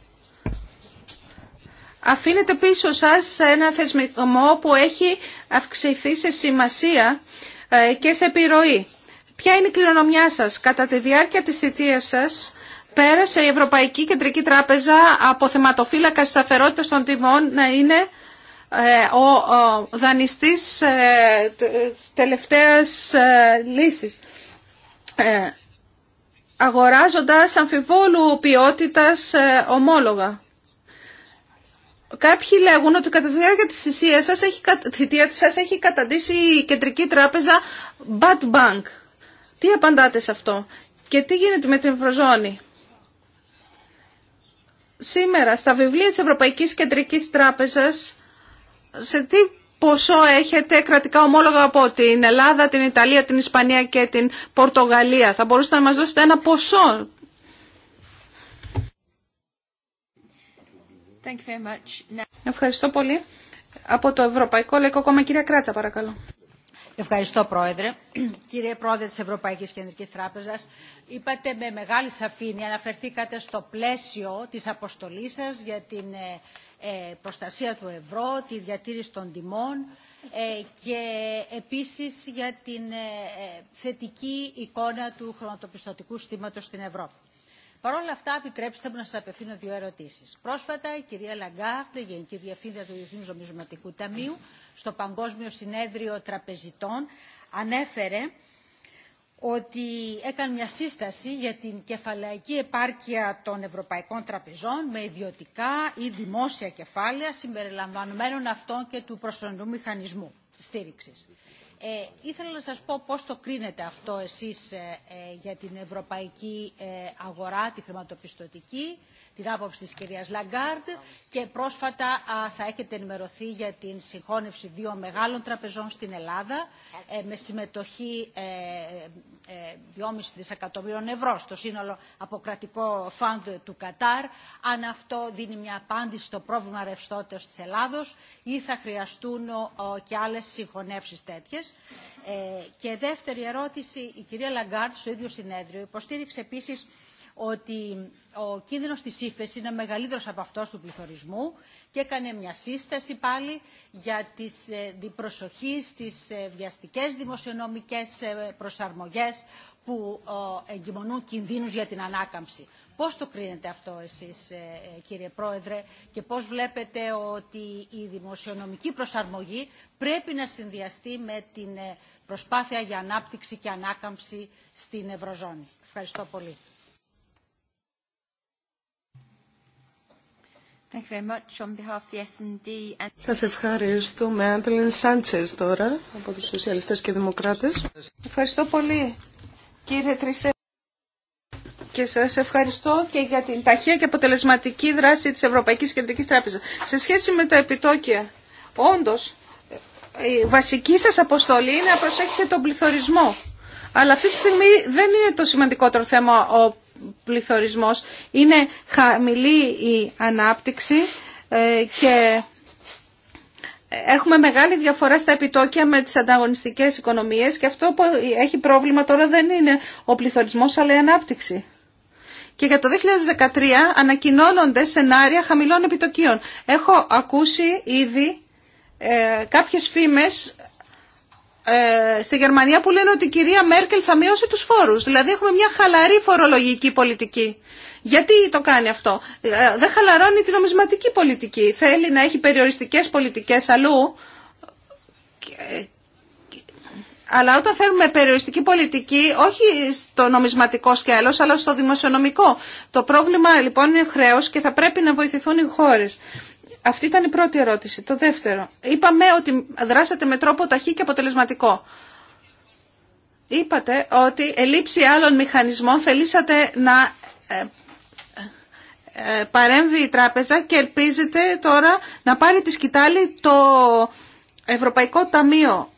Αφήνετε πίσω σας ένα θεσμικό που έχει αυξηθεί σε σημασία ε, και σε επιρροή. Ποια είναι η κληρονομιά σας. Κατά τη διάρκεια της θητείας σας πέρασε η Ευρωπαϊκή Κεντρική Τράπεζα από θεματοφύλακα σταθερότητα των τιμών να είναι ε, ο δανειστής ε, τελευταίας ε, λύσης αγοράζοντας αμφιβόλου ποιότητας ομόλογα. Κάποιοι λέγουν ότι κατά τη διάρκεια της θητείας σας έχει, θητεία σας έχει καταντήσει η κεντρική τράπεζα Bad Bank. Τι απαντάτε σε αυτό και τι γίνεται με την Ευρωζώνη. Σήμερα στα βιβλία της Ευρωπαϊκής Κεντρικής Τράπεζας σε τι ποσό έχετε κρατικά ομόλογα από την Ελλάδα, την Ιταλία, την Ισπανία και την Πορτογαλία. Θα μπορούσατε να μας δώσετε ένα ποσό. Ευχαριστώ πολύ. Από το Ευρωπαϊκό Λαϊκό Κόμμα, κυρία Κράτσα, παρακαλώ. Ευχαριστώ, Πρόεδρε. Κύριε Πρόεδρε της Ευρωπαϊκής Κεντρικής Τράπεζας, είπατε με μεγάλη σαφήνεια, αναφερθήκατε στο πλαίσιο της αποστολής σας για την ε, ε, προστασία του ευρώ, τη διατήρηση των τιμών ε, και επίσης για την ε, θετική εικόνα του χρηματοπιστωτικού στήματος στην Ευρώπη. Παρ' όλα αυτά, επιτρέψτε μου να σα απευθύνω δύο ερωτήσει. Πρόσφατα, η κυρία Λαγκάρτ, η Γενική Διευθύντρια του Διεθνού Νομισματικού Ταμείου, στο Παγκόσμιο Συνέδριο Τραπεζιτών, ανέφερε ότι έκανε μια σύσταση για την κεφαλαϊκή επάρκεια των ευρωπαϊκών τραπεζών με ιδιωτικά ή δημόσια κεφάλαια συμπεριλαμβανομένων αυτών και του προσωρινού μηχανισμού στήριξης. Ε, ήθελα να σας πω πώς το κρίνετε αυτό εσείς ε, ε, για την ευρωπαϊκή ε, αγορά, τη χρηματοπιστωτική την άποψη της κυρίας Λαγκάρντ και πρόσφατα α, θα έχετε ενημερωθεί για την συγχώνευση δύο μεγάλων τραπεζών στην Ελλάδα ε, με συμμετοχή ε, 2,5 ε, δισεκατομμύρων ευρώ στο σύνολο αποκρατικό φαντ του Κατάρ. Αν αυτό δίνει μια απάντηση στο πρόβλημα ρευστότητας της Ελλάδος ή θα χρειαστούν και άλλες συγχωνεύσεις τέτοιες. Ε, και δεύτερη ερώτηση, η κυρία Λαγκάρντ στο ίδιο συνέδριο υποστήριξε επίσης ότι ο κίνδυνος της ύφεση είναι μεγαλύτερος από αυτός του πληθωρισμού και έκανε μια σύσταση πάλι για τις, την ε, προσοχή στις ε, βιαστικές δημοσιονομικές ε, προσαρμογές που εγκυμονούν κινδύνους για την ανάκαμψη. Πώς το κρίνετε αυτό εσείς κύριε Πρόεδρε και πώς βλέπετε ότι η δημοσιονομική προσαρμογή πρέπει να συνδυαστεί με την προσπάθεια για ανάπτυξη και ανάκαμψη στην Ευρωζώνη. Ευχαριστώ πολύ. Σας ευχαριστούμε. Άντελεν Σάντσες τώρα από τους Σοσιαλιστές και Δημοκράτες. Ευχαριστώ πολύ κύριε Τρισέ. Και σας ευχαριστώ και για την ταχεία και αποτελεσματική δράση της Ευρωπαϊκής Κεντρικής Τράπεζας. Σε σχέση με τα επιτόκια, όντως η βασική σας αποστολή είναι να προσέχετε τον πληθωρισμό. Αλλά αυτή τη στιγμή δεν είναι το σημαντικότερο θέμα ο πληθωρισμός. Είναι χαμηλή η ανάπτυξη ε, και έχουμε μεγάλη διαφορά στα επιτόκια με τις ανταγωνιστικές οικονομίες και αυτό που έχει πρόβλημα τώρα δεν είναι ο πληθωρισμός αλλά η ανάπτυξη. Και για το 2013 ανακοινώνονται σενάρια χαμηλών επιτοκίων. Έχω ακούσει ήδη ε, κάποιες φήμες ε, στη Γερμανία που λένε ότι η κυρία Μέρκελ θα μειώσει τους φόρους. Δηλαδή έχουμε μια χαλαρή φορολογική πολιτική. Γιατί το κάνει αυτό. Ε, δεν χαλαρώνει την νομισματική πολιτική. Θέλει να έχει περιοριστικές πολιτικές αλλού. Ε, αλλά όταν θέλουμε περιοριστική πολιτική, όχι στο νομισματικό σκέλος, αλλά στο δημοσιονομικό. Το πρόβλημα λοιπόν είναι χρέος και θα πρέπει να βοηθηθούν οι χώρες. Αυτή ήταν η πρώτη ερώτηση. Το δεύτερο. Είπαμε ότι δράσατε με τρόπο ταχύ και αποτελεσματικό. Είπατε ότι ελήψη άλλων μηχανισμών θελήσατε να ε, ε, ε, παρέμβει η τράπεζα και ελπίζετε τώρα να πάρει τη σκητάλη το Ευρωπαϊκό Ταμείο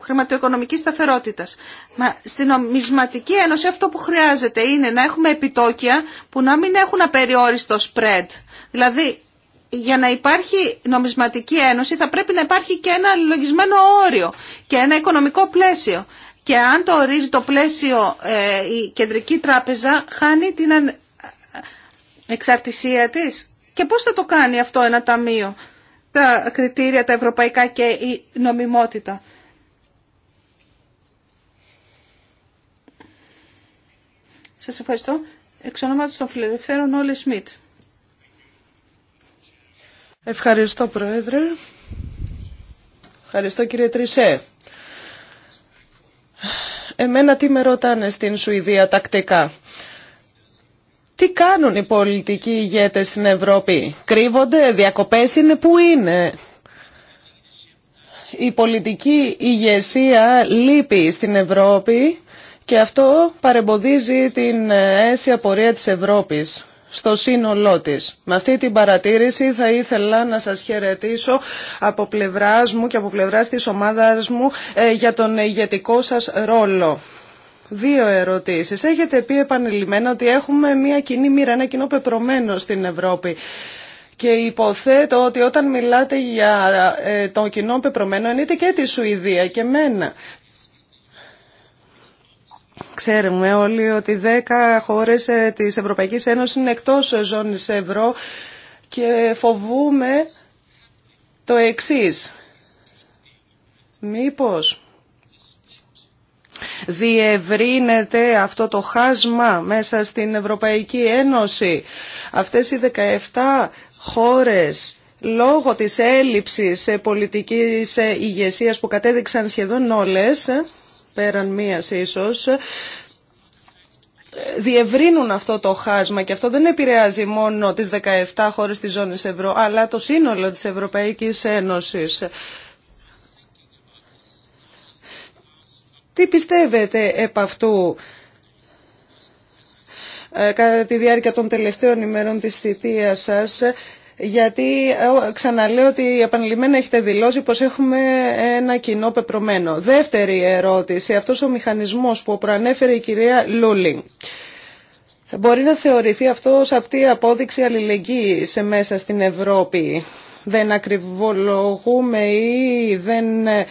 Χρηματοοικονομικής Σταθερότητας. Μα στην νομισματική ένωση αυτό που χρειάζεται είναι να έχουμε επιτόκια που να μην έχουν απεριόριστο spread. Δηλαδή για να υπάρχει νομισματική ένωση θα πρέπει να υπάρχει και ένα λογισμένο όριο και ένα οικονομικό πλαίσιο. Και αν το ορίζει το πλαίσιο ε, η κεντρική τράπεζα χάνει την εξαρτησία της. Και πώς θα το κάνει αυτό ένα ταμείο, τα κριτήρια, τα ευρωπαϊκά και η νομιμότητα. Σας ευχαριστώ. Εξ ονόματος των Φιλελευθέρων Όλη Σμιτ. Ευχαριστώ Πρόεδρε. Ευχαριστώ κύριε Τρισέ. Εμένα τι με ρωτάνε στην Σουηδία τακτικά. Τι κάνουν οι πολιτικοί ηγέτες στην Ευρώπη. Κρύβονται, διακοπές είναι, πού είναι. Η πολιτική ηγεσία λείπει στην Ευρώπη και αυτό παρεμποδίζει την αίσια πορεία της Ευρώπης στο σύνολό της. Με αυτή την παρατήρηση θα ήθελα να σας χαιρετήσω από πλευράς μου και από πλευράς της ομάδας μου ε, για τον ηγετικό σας ρόλο. Δύο ερωτήσεις. Έχετε πει επανειλημμένα ότι έχουμε μια κοινή μοίρα, ένα κοινό πεπρωμένο στην Ευρώπη. Και υποθέτω ότι όταν μιλάτε για ε, τον κοινό πεπρωμένο εννοείται και τη Σουηδία και μένα. Ξέρουμε όλοι ότι 10 χώρες ε, της Ευρωπαϊκής Ένωσης είναι εκτός ζώνης ευρώ και φοβούμε το εξής. Μήπως διευρύνεται αυτό το χάσμα μέσα στην Ευρωπαϊκή Ένωση. Αυτές οι 17 χώρες λόγω της έλλειψης ε, πολιτικής ε, ηγεσίας που κατέδειξαν σχεδόν όλες πέραν μίας ίσως, διευρύνουν αυτό το χάσμα και αυτό δεν επηρεάζει μόνο τις 17 χώρες της ζώνης ευρώ, αλλά το σύνολο της Ευρωπαϊκής Ένωσης. Τι πιστεύετε επ' αυτού ε, κατά τη διάρκεια των τελευταίων ημερών της θητείας σας γιατί ε, ξαναλέω ότι επανειλημμένα έχετε δηλώσει πως έχουμε ένα κοινό πεπρωμένο. Δεύτερη ερώτηση, αυτός ο μηχανισμός που προανέφερε η κυρία Λούλινγκ. Μπορεί να θεωρηθεί αυτό ως απτή απόδειξη αλληλεγγύης μέσα στην Ευρώπη. Δεν ακριβολογούμε ή δεν ε,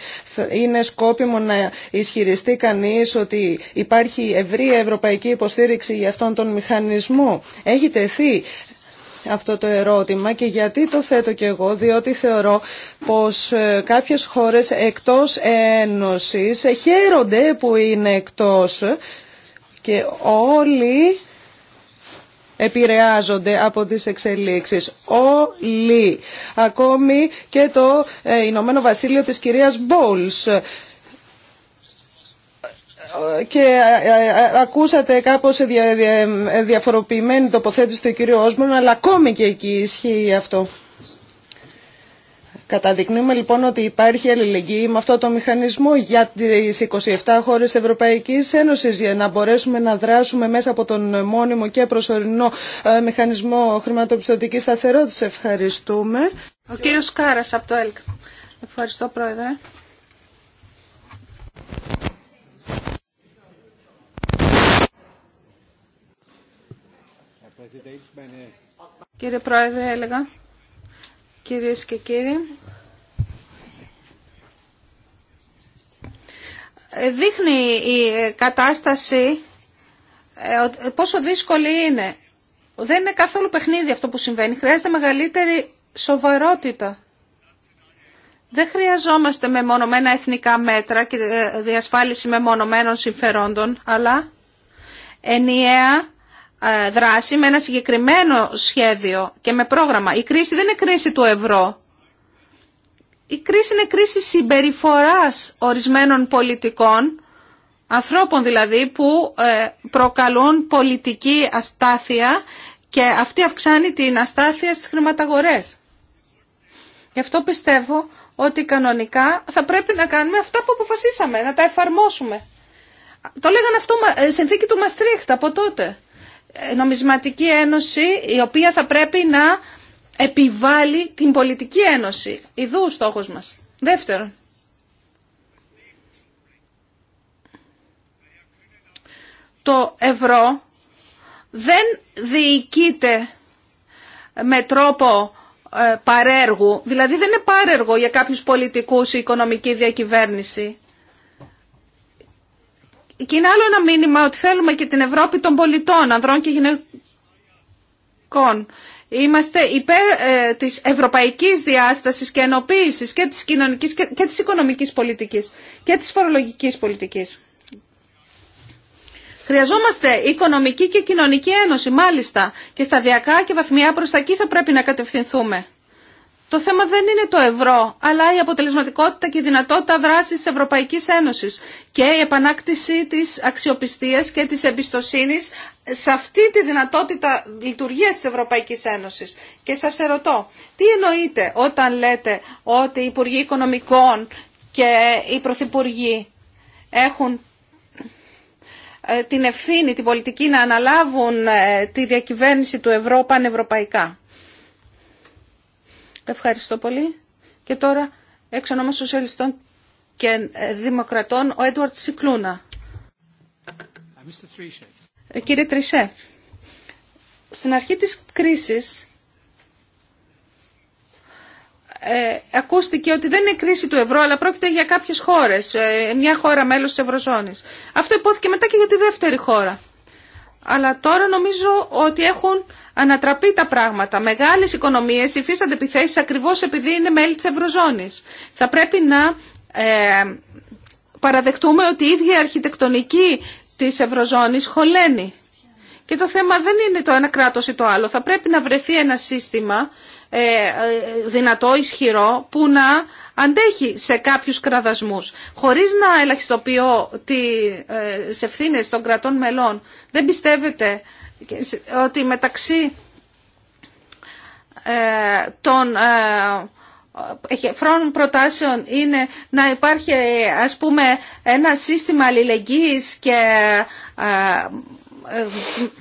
είναι σκόπιμο να ισχυριστεί κανείς ότι υπάρχει ευρή ευρωπαϊκή υποστήριξη για αυτόν τον μηχανισμό. Έχει τεθεί αυτό το ερώτημα και γιατί το θέτω και εγώ, διότι θεωρώ πως ε, κάποιες χώρες εκτός Ένωσης ε, χαίρονται που είναι εκτός και όλοι επηρεάζονται από τις εξελίξεις. Όλοι, ακόμη και το ε, Ηνωμένο Βασίλειο της κυρίας Μπόλς και ε, ε, ε, ακούσατε κάπως διαφοροποιημένη τοποθέτηση του κύριο Όσμον, αλλά ακόμη και εκεί ισχύει αυτό. Καταδεικνύουμε λοιπόν ότι υπάρχει αλληλεγγύη με αυτό το μηχανισμό για τις 27 χώρες Ευρωπαϊκής Ένωσης για να μπορέσουμε να δράσουμε μέσα από τον μόνιμο και προσωρινό μηχανισμό χρηματοπιστωτικής σταθερότητας. Ευχαριστούμε. Ο κύριος Κάρας από το ΕΛΚ. Ευχαριστώ Πρόεδρε. Κύριε Πρόεδρε, έλεγα, κυρίες και κύριοι, δείχνει η κατάσταση ε, πόσο δύσκολη είναι. Δεν είναι καθόλου παιχνίδι αυτό που συμβαίνει. Χρειάζεται μεγαλύτερη σοβαρότητα. Δεν χρειαζόμαστε μεμονωμένα εθνικά μέτρα και ε, διασφάλιση μεμονωμένων συμφερόντων, αλλά ενιαία ε, δράση με ένα συγκεκριμένο σχέδιο και με πρόγραμμα. Η κρίση δεν είναι κρίση του ευρώ. Η κρίση είναι κρίση συμπεριφοράς ορισμένων πολιτικών, ανθρώπων δηλαδή που ε, προκαλούν πολιτική αστάθεια και αυτή αυξάνει την αστάθεια στις χρηματαγορές. Γι' αυτό πιστεύω ότι κανονικά θα πρέπει να κάνουμε αυτά που αποφασίσαμε, να τα εφαρμόσουμε. Το λέγανε αυτό ε, συνθήκη του Μαστρίχτ από τότε. Ε, νομισματική ένωση η οποία θα πρέπει να επιβάλλει την πολιτική ένωση. Ιδού ο στόχος μας. Δεύτερον, το ευρώ δεν διοικείται με τρόπο ε, παρέργου, δηλαδή δεν είναι παρέργο για κάποιους πολιτικούς η οικονομική διακυβέρνηση. Και είναι άλλο ένα μήνυμα ότι θέλουμε και την Ευρώπη των πολιτών, ανδρών και γυναικών. Είμαστε υπέρ ε, της ευρωπαϊκής διάστασης και ενοποίησης και της κοινωνικής και, και της οικονομικής πολιτικής και της φορολογικής πολιτικής. Χρειαζόμαστε οικονομική και κοινωνική ένωση, μάλιστα, και σταδιακά και βαθμιά προς τα εκεί θα πρέπει να κατευθυνθούμε. Το θέμα δεν είναι το ευρώ, αλλά η αποτελεσματικότητα και η δυνατότητα δράσης τη Ευρωπαϊκής Ένωσης και η επανάκτηση της αξιοπιστίας και της εμπιστοσύνης σε αυτή τη δυνατότητα λειτουργίας τη Ευρωπαϊκής Ένωσης. Και σα ερωτώ, τι εννοείτε όταν λέτε ότι οι Υπουργοί Οικονομικών και οι Πρωθυπουργοί έχουν ε, την ευθύνη, την πολιτική να αναλάβουν ε, τη διακυβέρνηση του ευρώ πανευρωπαϊκά. Ευχαριστώ πολύ. Και τώρα, έξω ονόμα σοσιαλιστών και ε, δημοκρατών, ο Έντουαρτ Σικλούνα. Uh, ε, κύριε Τρισέ, στην αρχή της κρίσης ε, ακούστηκε ότι δεν είναι κρίση του ευρώ, αλλά πρόκειται για κάποιες χώρες, μια χώρα μέλος της Ευρωζώνης. Αυτό υπόθηκε μετά και για τη δεύτερη χώρα. Αλλά τώρα νομίζω ότι έχουν ανατραπεί τα πράγματα. Μεγάλες οικονομίες υφίστανται επιθεσει ακριβώς επειδή είναι μέλη τη Ευρωζώνης. Θα πρέπει να ε, παραδεχτούμε ότι η ίδια η αρχιτεκτονική της Ευρωζώνης χωλαίνει. Και το θέμα δεν είναι το ένα κράτος ή το άλλο. Θα πρέπει να βρεθεί ένα σύστημα ε, δυνατό, ισχυρό, που να αντέχει σε κάποιους κραδασμούς. Χωρίς να ελαχιστοποιώ ε, τι ευθύνες των κρατών μελών, δεν πιστεύετε ότι μεταξύ ε, των εχεφρών προτάσεων είναι να υπάρχει ας πούμε ένα σύστημα αλληλεγγύης και ε, ε,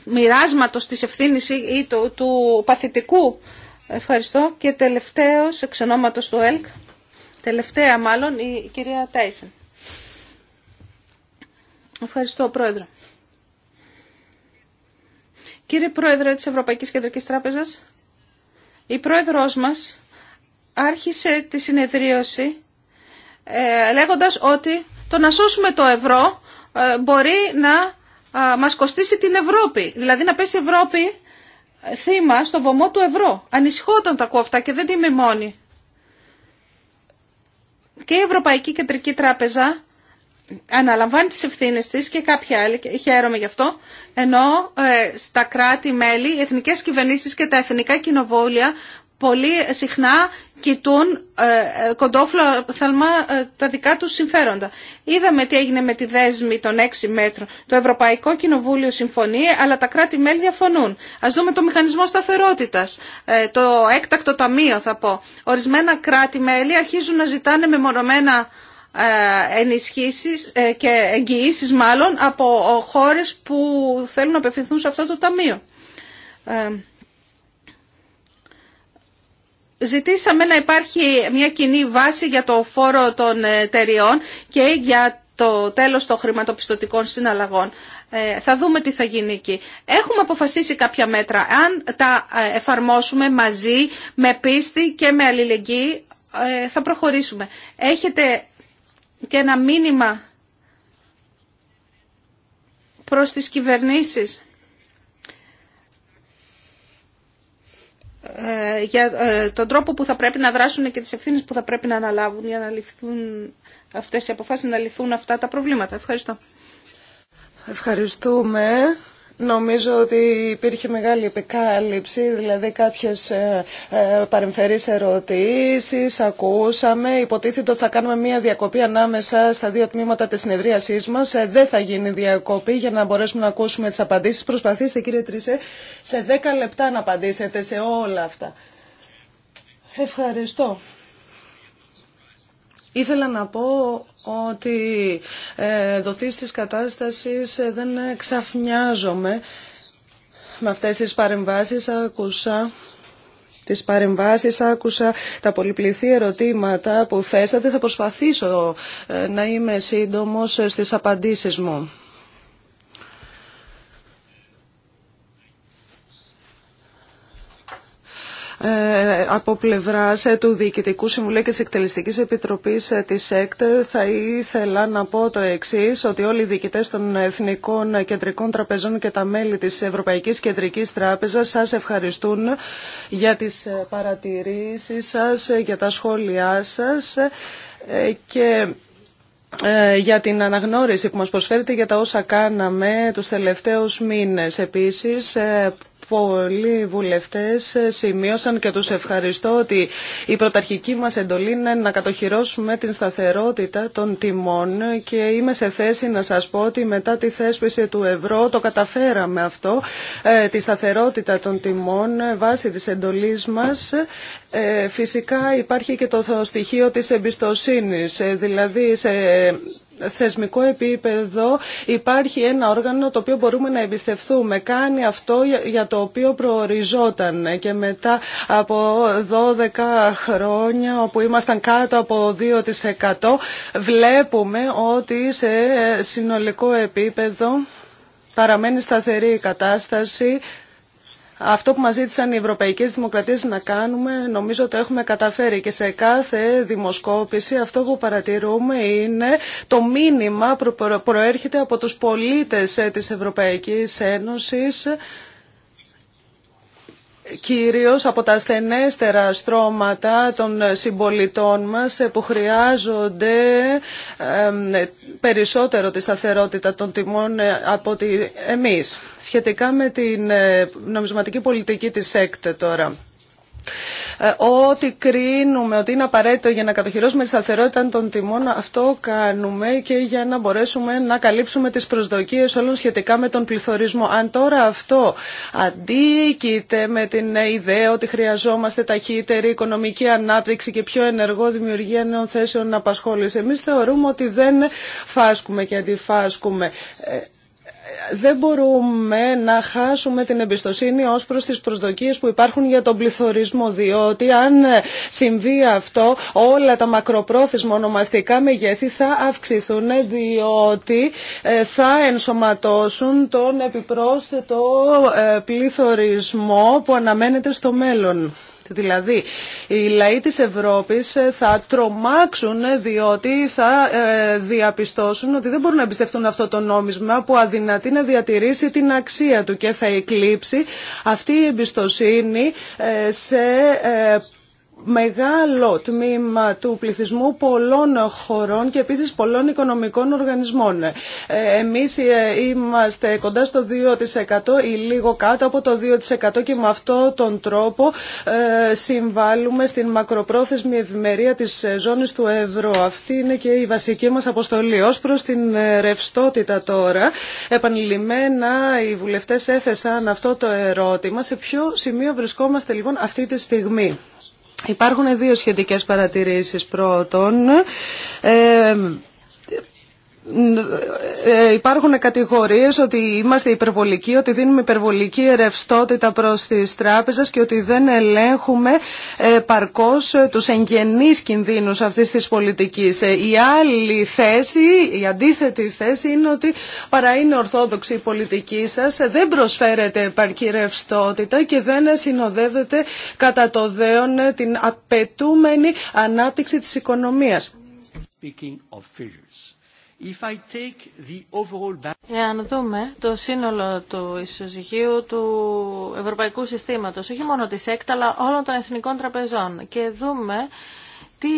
μοιράσματος της ευθύνης ή του, παθητικού. Ευχαριστώ. Και τελευταίος, εξ του ΕΛΚ, τελευταία μάλλον, η κυρία Τάισεν. Ευχαριστώ, Πρόεδρο. Κύριε Πρόεδρε της Ευρωπαϊκής Κεντρικής Τράπεζας, η πρόεδρός μας άρχισε τη συνεδρίωση ε, λέγοντας ότι το να σώσουμε το ευρώ ε, μπορεί να ε, μας κοστίσει την Ευρώπη. Δηλαδή να πέσει η Ευρώπη ε, θύμα στο βωμό του ευρώ. Ανησυχώ όταν τα ακούω και δεν είμαι μόνη. Και η Ευρωπαϊκή Κεντρική Τράπεζα αναλαμβάνει τις ευθύνες της και κάποια άλλη, χαίρομαι γι' αυτό, ενώ ε, στα κράτη-μέλη, οι εθνικές κυβερνήσεις και τα εθνικά κοινοβούλια πολύ συχνά κοιτούν ε, ε κοντόφλα θαλμά ε, τα δικά τους συμφέροντα. Είδαμε τι έγινε με τη δέσμη των έξι μέτρων. Το Ευρωπαϊκό Κοινοβούλιο συμφωνεί, αλλά τα κράτη-μέλη διαφωνούν. Ας δούμε το μηχανισμό σταθερότητας, το έκτακτο ταμείο θα πω. Ορισμένα κράτη-μέλη αρχίζουν να ζητάνε μεμονωμένα ε, ενισχύσεις ε, και εγγυήσεις μάλλον από χώρες που θέλουν να απευθυνθούν σε αυτό το ταμείο. Ε, ζητήσαμε να υπάρχει μια κοινή βάση για το φόρο των εταιριών και για το τέλος των χρηματοπιστωτικών συναλλαγών. Θα δούμε τι θα γίνει εκεί. Έχουμε αποφασίσει κάποια μέτρα. Αν τα εφαρμόσουμε μαζί, με πίστη και με αλληλεγγύη, θα προχωρήσουμε. Έχετε και ένα μήνυμα προς τις κυβερνήσεις ε, για ε, τον τρόπο που θα πρέπει να δράσουν και τις ευθύνες που θα πρέπει να αναλάβουν για να ληφθούν αυτές οι αποφάσεις, να λυθούν αυτά τα προβλήματα. Ευχαριστώ. Ευχαριστούμε. Νομίζω ότι υπήρχε μεγάλη επικάλυψη, δηλαδή κάποιες ε, ε, παρεμφερείς ερωτήσεις, ακούσαμε. Υποτίθεται ότι θα κάνουμε μία διακοπή ανάμεσα στα δύο τμήματα της συνεδρίασής μας. Ε, δεν θα γίνει διακοπή για να μπορέσουμε να ακούσουμε τις απαντήσεις. Προσπαθήστε κύριε Τρισέ σε δέκα λεπτά να απαντήσετε σε όλα αυτά. Ευχαριστώ. Ήθελα να πω ότι ε, δοθείς της κατάστασης ε, δεν ξαφνιάζομαι. Με αυτές τις παρεμβάσεις άκουσα τις παρεμβάσεις, άκουσα τα πολυπληθή ερωτήματα που θέσατε. Θα προσπαθήσω ε, να είμαι σύντομος ε, στις απαντήσεις μου. Ε, από πλευράς ε, του Διοικητικού Συμβουλίου και της Εκτελεστικής Επιτροπής ε, της ΕΚΤ θα ήθελα να πω το εξή ότι όλοι οι διοικητέ των Εθνικών Κεντρικών Τραπεζών και τα μέλη της Ευρωπαϊκής Κεντρικής Τράπεζας σας ευχαριστούν για τις παρατηρήσεις σας, για τα σχόλιά σας και για την αναγνώριση που μας προσφέρετε για τα όσα κάναμε τους τελευταίους μήνες. Επίσης, πολλοί βουλευτές σημείωσαν και τους ευχαριστώ ότι η πρωταρχική μας εντολή είναι να κατοχυρώσουμε την σταθερότητα των τιμών και είμαι σε θέση να σας πω ότι μετά τη θέσπιση του ευρώ το καταφέραμε αυτό, ε, τη σταθερότητα των τιμών βάσει της εντολής μας. Ε, φυσικά υπάρχει και το στοιχείο της εμπιστοσύνης, ε, δηλαδή σε θεσμικό επίπεδο υπάρχει ένα όργανο το οποίο μπορούμε να εμπιστευτούμε. Κάνει αυτό για το οποίο προοριζόταν και μετά από 12 χρόνια όπου ήμασταν κάτω από 2% βλέπουμε ότι σε συνολικό επίπεδο παραμένει σταθερή η κατάσταση. Αυτό που μας ζήτησαν οι ευρωπαϊκές δημοκρατίες να κάνουμε νομίζω το έχουμε καταφέρει και σε κάθε δημοσκόπηση αυτό που παρατηρούμε είναι το μήνυμα που προέρχεται από τους πολίτες ε, της Ευρωπαϊκής Ένωσης κυρίως από τα ασθενέστερα στρώματα των συμπολιτών μας ε, που χρειάζονται περισσότερο τη σταθερότητα των τιμών ε, από ότι εμείς. Σχετικά με την ε, νομισματική πολιτική της ΕΚΤ τώρα. Ε, ό,τι κρίνουμε ότι είναι απαραίτητο για να κατοχυρώσουμε τη σταθερότητα των τιμών, αυτό κάνουμε και για να μπορέσουμε να καλύψουμε τις προσδοκίες όλων σχετικά με τον πληθωρισμό. Αν τώρα αυτό αντίκειται με την ιδέα ότι χρειαζόμαστε ταχύτερη οικονομική ανάπτυξη και πιο ενεργό δημιουργία νέων θέσεων απασχόληση, εμείς θεωρούμε ότι δεν φάσκουμε και αντιφάσκουμε. Ε, δεν μπορούμε να χάσουμε την εμπιστοσύνη ως προς τις προσδοκίες που υπάρχουν για τον πληθωρισμό, διότι αν συμβεί αυτό, όλα τα μακροπρόθεσμα ονομαστικά μεγέθη θα αυξηθούν, διότι ε, θα ενσωματώσουν τον επιπρόσθετο ε, πληθωρισμό που αναμένεται στο μέλλον. Δηλαδή, οι λαοί της Ευρώπης ε, θα τρομάξουν ε, διότι θα ε, διαπιστώσουν ότι δεν μπορούν να εμπιστευτούν αυτό το νόμισμα που αδυνατεί να διατηρήσει την αξία του και θα εκλείψει αυτή η εμπιστοσύνη σε μεγάλο τμήμα του πληθυσμού πολλών χωρών και επίσης πολλών οικονομικών οργανισμών. Ε, εμείς ε, είμαστε κοντά στο 2% ή λίγο κάτω από το 2% και με αυτό τον τρόπο ε, συμβάλλουμε στην μακροπρόθεσμη ευημερία της ζώνης του ευρώ. Αυτή είναι και η βασική μας αποστολή. Ως προς την ρευστότητα τώρα, επανειλημμένα οι βουλευτές έθεσαν αυτό το ερώτημα. Σε ποιο σημείο βρισκόμαστε λοιπόν αυτή τη στιγμή. Υπάρχουν δύο σχετικές παρατηρήσεις. Πρώτον, ε, ε, υπάρχουν κατηγορίες ότι είμαστε υπερβολικοί, ότι δίνουμε υπερβολική ρευστότητα προς τις τράπεζες και ότι δεν ελέγχουμε ε, παρκώς ε, τους εγγενείς κινδύνους αυτής της πολιτικής. Η άλλη θέση, η αντίθετη θέση είναι ότι παρά είναι ορθόδοξη η πολιτική σας, δεν προσφέρεται επαρκή ρευστότητα και δεν συνοδεύεται κατά το δέον την απαιτούμενη ανάπτυξη της οικονομίας. Εάν δούμε το σύνολο του ισοζυγίου του Ευρωπαϊκού Συστήματος, όχι μόνο της ΕΚΤ, αλλά όλων των εθνικών τραπεζών, και δούμε τι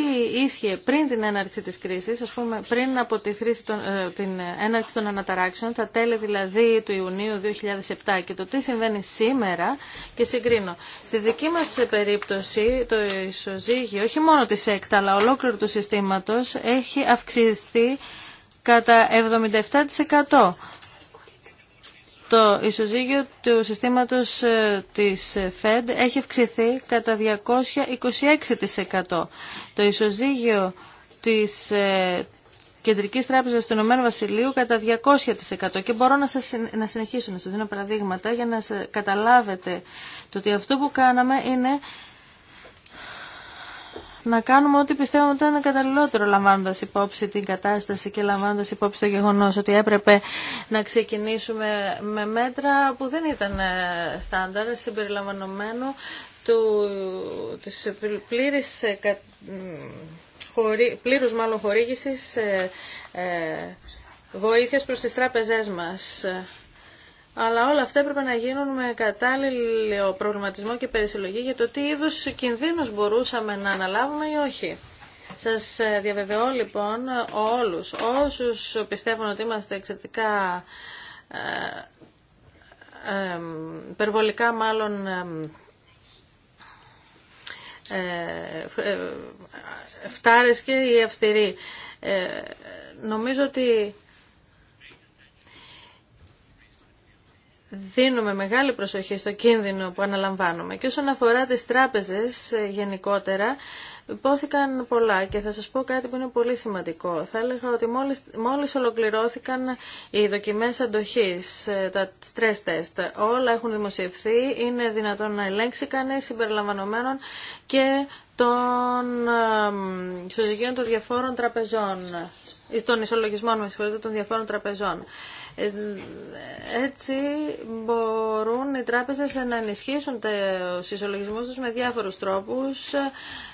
ίσχυε πριν την έναρξη της κρίσης, ας πούμε πριν από τη χρήση ε, την έναρξη των αναταράξεων, τα τέλη δηλαδή του Ιουνίου 2007 και το τι συμβαίνει σήμερα και συγκρίνω. Στη δική μας περίπτωση το ισοζύγιο, όχι μόνο της ΕΚΤ αλλά ολόκληρου του συστήματος, έχει αυξηθεί κατά 77%. Το ισοζύγιο του συστήματος ε, της ΦΕΔ έχει αυξηθεί κατά 226%. Το ισοζύγιο της ε, Κεντρικής Τράπεζας του Ηνωμένου Βασιλείου κατά 200% και μπορώ να, σας, να συνεχίσω να σας δίνω παραδείγματα για να καταλάβετε το ότι αυτό που κάναμε είναι να κάνουμε ό,τι πιστεύουμε ότι είναι καταλληλότερο λαμβάνοντας υπόψη την κατάσταση και λαμβάνοντας υπόψη το γεγονός ότι έπρεπε να ξεκινήσουμε με μέτρα που δεν ήταν ε, στάνταρ συμπεριλαμβανομένου του, της πλήρης, ε, χωρί, πλήρους μάλλον χορήγησης ε, ε, βοήθειας προς τις τράπεζές μας αλλά όλα αυτά έπρεπε να γίνουν με κατάλληλο προγραμματισμό και περισυλλογή για το τι είδους κινδύνους μπορούσαμε να αναλάβουμε ή όχι. Σας διαβεβαιώ λοιπόν όλους όσους πιστεύουν ότι είμαστε εξαιρετικά ε, υπερβολικά μάλλον ε, φτάρες και οι αυστηροί. νομίζω ότι δίνουμε μεγάλη προσοχή στο κίνδυνο που αναλαμβάνουμε. Και όσον αφορά τις τράπεζες ε, γενικότερα, υπόθηκαν πολλά και θα σας πω κάτι που είναι πολύ σημαντικό. Θα έλεγα ότι μόλις, μόλις ολοκληρώθηκαν οι δοκιμές αντοχής, ε, τα stress test, όλα έχουν δημοσιευθεί, είναι δυνατόν να ελέγξει κανείς συμπεριλαμβανομένων και των ε, ισοζυγίων των διαφόρων τραπεζών. Ε, των ισολογισμών με συγχωρείτε, των διαφόρων τραπεζών. Ε, έτσι μπορούν οι τράπεζες να ενισχύσουν τους ισολογισμούς τους με διάφορους τρόπους.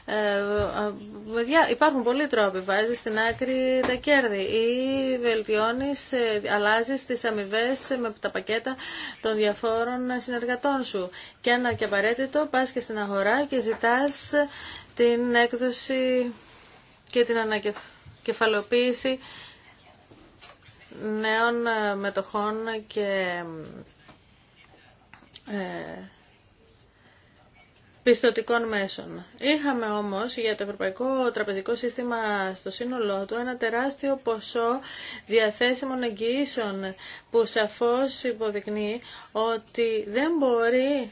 Ε, υπάρχουν πολλοί τρόποι. Βάζεις στην άκρη τα κέρδη ή βελτιώνεις, αλλάζεις τις αμοιβέ με τα πακέτα των διαφόρων συνεργατών σου. Και ένα και απαραίτητο, πας και στην αγορά και ζητάς την έκδοση και την ανακεφαλή κεφαλοποίηση νέων μετοχών και ε, πιστοτικών μέσων. Είχαμε όμως για το Ευρωπαϊκό Τραπεζικό Σύστημα στο σύνολό του ένα τεράστιο ποσό διαθέσιμων εγγυήσεων που σαφώς υποδεικνύει ότι δεν μπορεί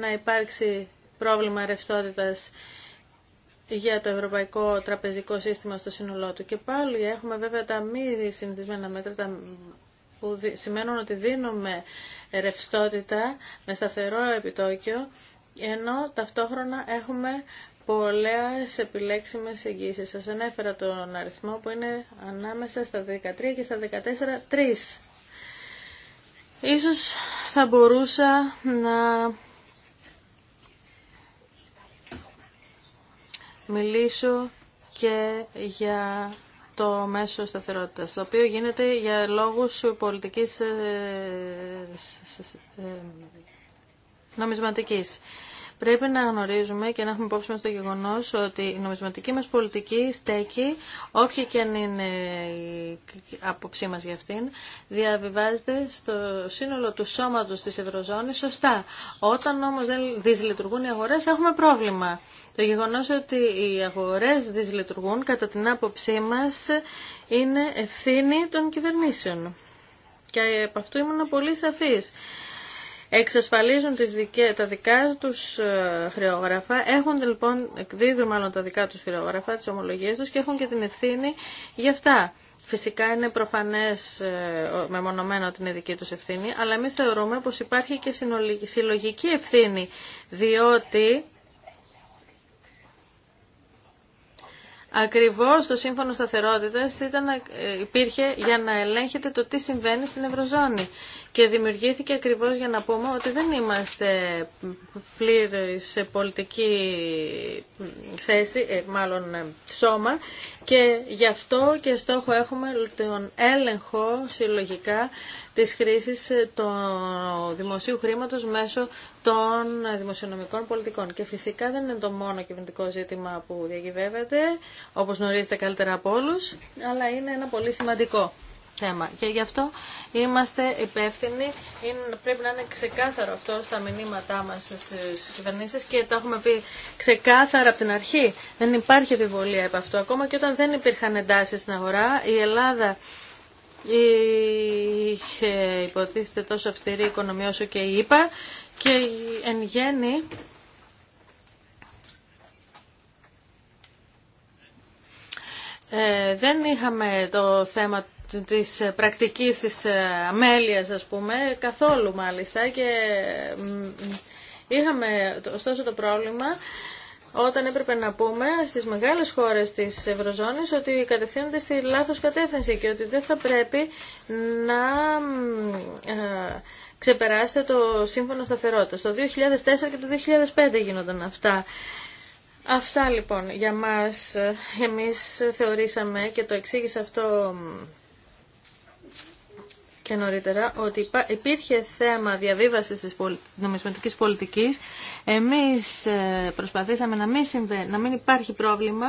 να υπάρξει πρόβλημα ρευστότητας για το ευρωπαϊκό τραπεζικό σύστημα στο σύνολό του. Και πάλι έχουμε βέβαια τα μη συνηθισμένα μέτρα που σημαίνουν ότι δίνουμε ρευστότητα με σταθερό επιτόκιο, ενώ ταυτόχρονα έχουμε πολλές επιλέξιμες εγγύσεις. Σας ανέφερα τον αριθμό που είναι ανάμεσα στα 13 και στα 14, 3. Ίσως θα μπορούσα να μιλήσω και για το μέσο σταθερότητας, το οποίο γίνεται για λόγους πολιτικής ε, ε, νομισματικής. Πρέπει να γνωρίζουμε και να έχουμε υπόψη μας το γεγονός ότι η νομισματική μας πολιτική στέκει, όποια και αν είναι η άποψή μας για αυτήν, διαβιβάζεται στο σύνολο του σώματος της Ευρωζώνης σωστά. Όταν όμως δεν δυσλειτουργούν οι αγορές έχουμε πρόβλημα. Το γεγονός ότι οι αγορές δυσλειτουργούν, κατά την άποψή μας, είναι ευθύνη των κυβερνήσεων. Και από αυτού ήμουν πολύ σαφής εξασφαλίζουν τις τα δικά τους ε, χρεόγραφα, έχουν λοιπόν, εκδίδουν μάλλον τα δικά τους χρεόγραφα, τις ομολογίες τους και έχουν και την ευθύνη γι' αυτά. Φυσικά είναι προφανές ε, μεμονωμένο ότι είναι δική τους ευθύνη, αλλά εμείς θεωρούμε πως υπάρχει και συλλογική ευθύνη, διότι Ακριβώς το σύμφωνο σταθερότητας ε, υπήρχε για να ελέγχεται το τι συμβαίνει στην Ευρωζώνη και δημιουργήθηκε ακριβώς για να πούμε ότι δεν είμαστε πλήρες σε πολιτική θέση, ε, μάλλον ε, σώμα και γι' αυτό και στόχο έχουμε τον έλεγχο συλλογικά της χρήσης του δημοσίου χρήματος μέσω των δημοσιονομικών πολιτικών. Και φυσικά δεν είναι το μόνο κυβερνητικό ζήτημα που διακυβεύεται, όπως γνωρίζετε καλύτερα από όλους, αλλά είναι ένα πολύ σημαντικό θέμα. Και γι' αυτό είμαστε υπεύθυνοι. Είναι, πρέπει να είναι ξεκάθαρο αυτό στα μηνύματά μας στις κυβερνήσει. και το έχουμε πει ξεκάθαρα από την αρχή. Δεν υπάρχει επιβολία από αυτό. Ακόμα και όταν δεν υπήρχαν εντάσει στην αγορά, η Ελλάδα είχε υποτίθεται τόσο αυστηρή οικονομία όσο και είπα και εν γέννη Ε, δεν είχαμε το θέμα της ε, πρακτικής της ε, αμέλειας ας πούμε, καθόλου μάλιστα και είχαμε ωστόσο το πρόβλημα όταν έπρεπε να πούμε στις μεγάλες χώρες της Ευρωζώνης ότι κατευθύνονται στη λάθος κατεύθυνση και ότι δεν θα πρέπει να ε, ξεπεράσετε το σύμφωνο σταθερότητας. Το 2004 και το 2005 γίνονταν αυτά. Αυτά λοιπόν για μας, εμείς θεωρήσαμε και το εξήγησε αυτό και νωρίτερα ότι υπήρχε θέμα διαβίβασης της νομισματικής πολιτικής. Εμείς ε, προσπαθήσαμε να μην, να μην υπάρχει πρόβλημα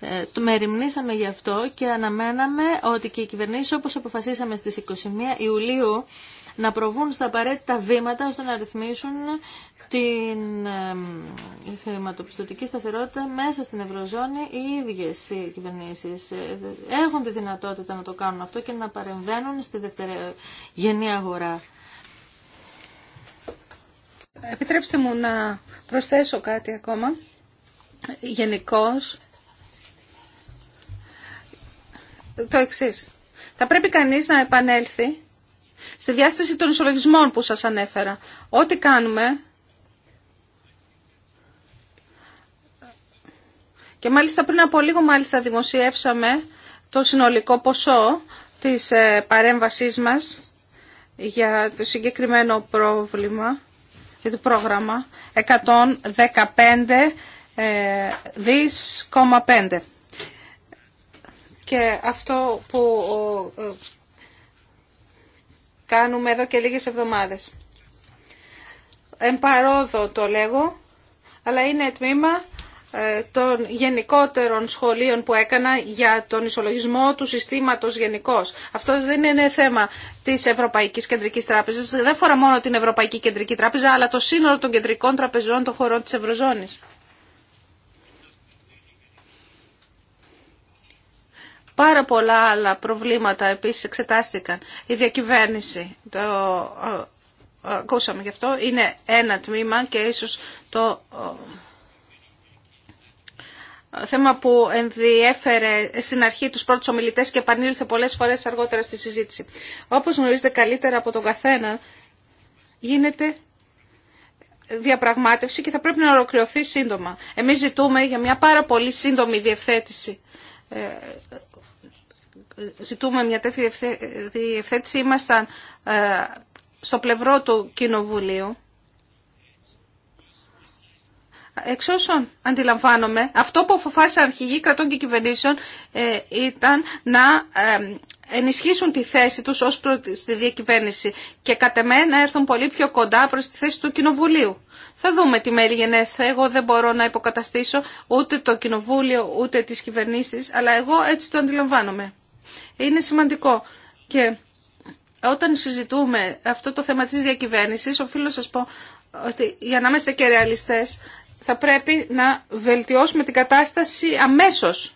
ε, το μεριμνήσαμε γι' αυτό και αναμέναμε ότι και οι κυβερνήσει όπως αποφασίσαμε στις 21 Ιουλίου να προβούν στα απαραίτητα βήματα ώστε να ρυθμίσουν την χρηματοπιστωτική σταθερότητα μέσα στην Ευρωζώνη οι ίδιες οι κυβερνήσεις ε, έχουν τη δυνατότητα να το κάνουν αυτό και να παρεμβαίνουν στη δευτερογενή αγορά. Επιτρέψτε μου να προσθέσω κάτι ακόμα. Γενικώ το εξής. Θα πρέπει κανείς να επανέλθει στη διάσταση των ισολογισμών που σας ανέφερα. Ό,τι κάνουμε Και μάλιστα πριν από λίγο μάλιστα δημοσιεύσαμε το συνολικό ποσό της ε, παρέμβασής μας για το συγκεκριμένο πρόβλημα, για το πρόγραμμα 115 ε, δις Και αυτό που κάνουμε εδώ και λίγες εβδομάδες. Εμπαρόδο το λέγω, αλλά είναι τμήμα ε, των γενικότερων σχολείων που έκανα για τον ισολογισμό του συστήματος γενικώ. Αυτό δεν είναι θέμα της Ευρωπαϊκής Κεντρικής Τράπεζας. Δεν φορά μόνο την Ευρωπαϊκή Κεντρική Τράπεζα, αλλά το σύνολο των κεντρικών τραπεζών των χωρών της Ευρωζώνης. Πάρα πολλά άλλα προβλήματα επίσης εξετάστηκαν. Η διακυβέρνηση, το ε, ε, ακούσαμε γι' αυτό, είναι ένα τμήμα και ίσως το θέμα που ενδιέφερε στην αρχή τους πρώτους ομιλητές και επανήλθε πολλές φορές αργότερα στη συζήτηση. Όπως γνωρίζετε καλύτερα από τον καθένα, γίνεται διαπραγμάτευση και θα πρέπει να ολοκληρωθεί σύντομα. Εμείς ζητούμε για μια πάρα πολύ σύντομη διευθέτηση. Ε, ζητούμε μια τέτοια διευθέτηση. Ήμασταν ε, στο πλευρό του Κοινοβουλίου Εξ όσων αντιλαμβάνομαι, αυτό που αποφάσισαν αρχηγοί κρατών και κυβερνήσεων ε, ήταν να ε, ενισχύσουν τη θέση τους ως προς τη διακυβέρνηση και κατ' εμέ να έρθουν πολύ πιο κοντά προς τη θέση του Κοινοβουλίου. Θα δούμε τι μέλη γενέσθε. Εγώ δεν μπορώ να υποκαταστήσω ούτε το Κοινοβούλιο ούτε τις κυβερνήσεις, αλλά εγώ έτσι το αντιλαμβάνομαι. Είναι σημαντικό και όταν συζητούμε αυτό το θέμα της διακυβέρνησης, οφείλω να σας πω ότι για να είμαστε και ρεαλιστές, θα πρέπει να βελτιώσουμε την κατάσταση αμέσως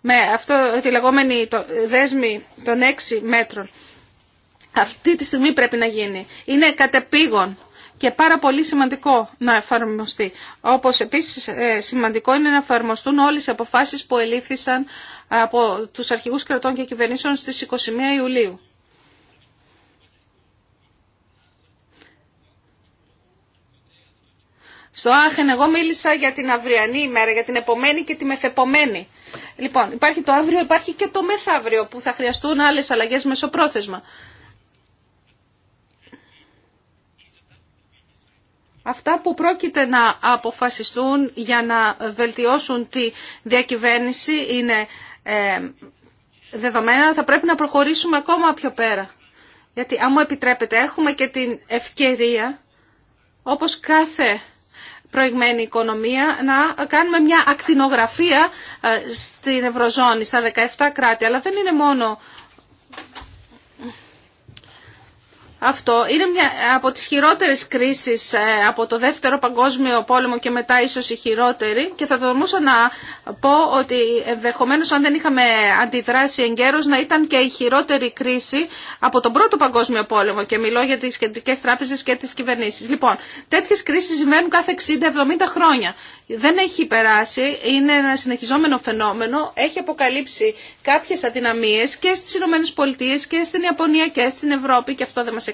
με αυτό τη λεγόμενη δέσμη των έξι μέτρων. Αυτή τη στιγμή πρέπει να γίνει. Είναι κατεπήγον και πάρα πολύ σημαντικό να εφαρμοστεί. Όπως επίσης ε, σημαντικό είναι να εφαρμοστούν όλες οι αποφάσεις που ελήφθησαν από τους αρχηγούς κρατών και κυβερνήσεων στις 21 Ιουλίου. Στο Άχεν εγώ μίλησα για την αυριανή ημέρα, για την επομένη και τη μεθεπομένη. Λοιπόν, υπάρχει το αύριο, υπάρχει και το μεθαύριο που θα χρειαστούν άλλες αλλαγές μεσοπρόθεσμα. Αυτά που πρόκειται να αποφασιστούν για να βελτιώσουν τη διακυβέρνηση είναι ε, δεδομένα, θα πρέπει να προχωρήσουμε ακόμα πιο πέρα. Γιατί, αν μου επιτρέπετε, έχουμε και την ευκαιρία, όπως κάθε προηγμένη οικονομία να κάνουμε μια ακτινογραφία ε, στην Ευρωζώνη, στα 17 κράτη. Αλλά δεν είναι μόνο Αυτό είναι μια από τις χειρότερες κρίσεις ε, από το Δεύτερο Παγκόσμιο Πόλεμο και μετά ίσως η χειρότερη και θα το τολμούσα να πω ότι ενδεχομένω αν δεν είχαμε αντιδράσει εγκαίρως να ήταν και η χειρότερη κρίση από τον Πρώτο Παγκόσμιο Πόλεμο και μιλώ για τις κεντρικές τράπεζες και τις κυβερνήσεις. Λοιπόν, τέτοιες κρίσεις συμβαίνουν κάθε 60-70 χρόνια. Δεν έχει περάσει, είναι ένα συνεχιζόμενο φαινόμενο, έχει αποκαλύψει κάποιες αδυναμίες και στις Ηνωμένες και στην Ιαπωνία και στην Ευρώπη και αυτό δεν μας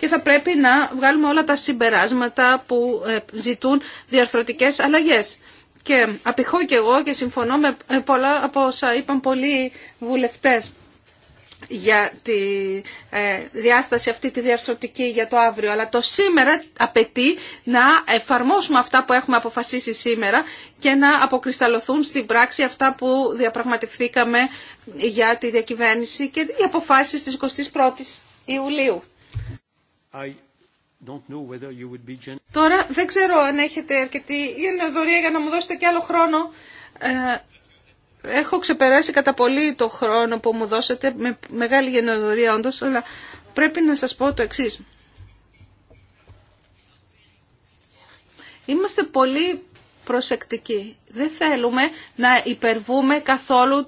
και θα πρέπει να βγάλουμε όλα τα συμπεράσματα που ε, ζητούν διαρθρωτικές αλλαγές. Και απηχώ και εγώ και συμφωνώ με ε, πολλά από όσα είπαν πολλοί βουλευτές για τη ε, διάσταση αυτή τη διαρθρωτική για το αύριο, αλλά το σήμερα απαιτεί να εφαρμόσουμε αυτά που έχουμε αποφασίσει σήμερα και να αποκρισταλωθούν στην πράξη αυτά που διαπραγματευθήκαμε για τη διακυβέρνηση και οι αποφάσεις της 21ης Ιουλίου. Τώρα δεν ξέρω αν έχετε αρκετή γενναιοδορία για να μου δώσετε και άλλο χρόνο. Ε, έχω ξεπεράσει κατά πολύ το χρόνο που μου δώσετε, με μεγάλη γενναιοδορία όντως, αλλά πρέπει να σας πω το εξής. Είμαστε πολύ προσεκτικοί. Δεν θέλουμε να υπερβούμε καθόλου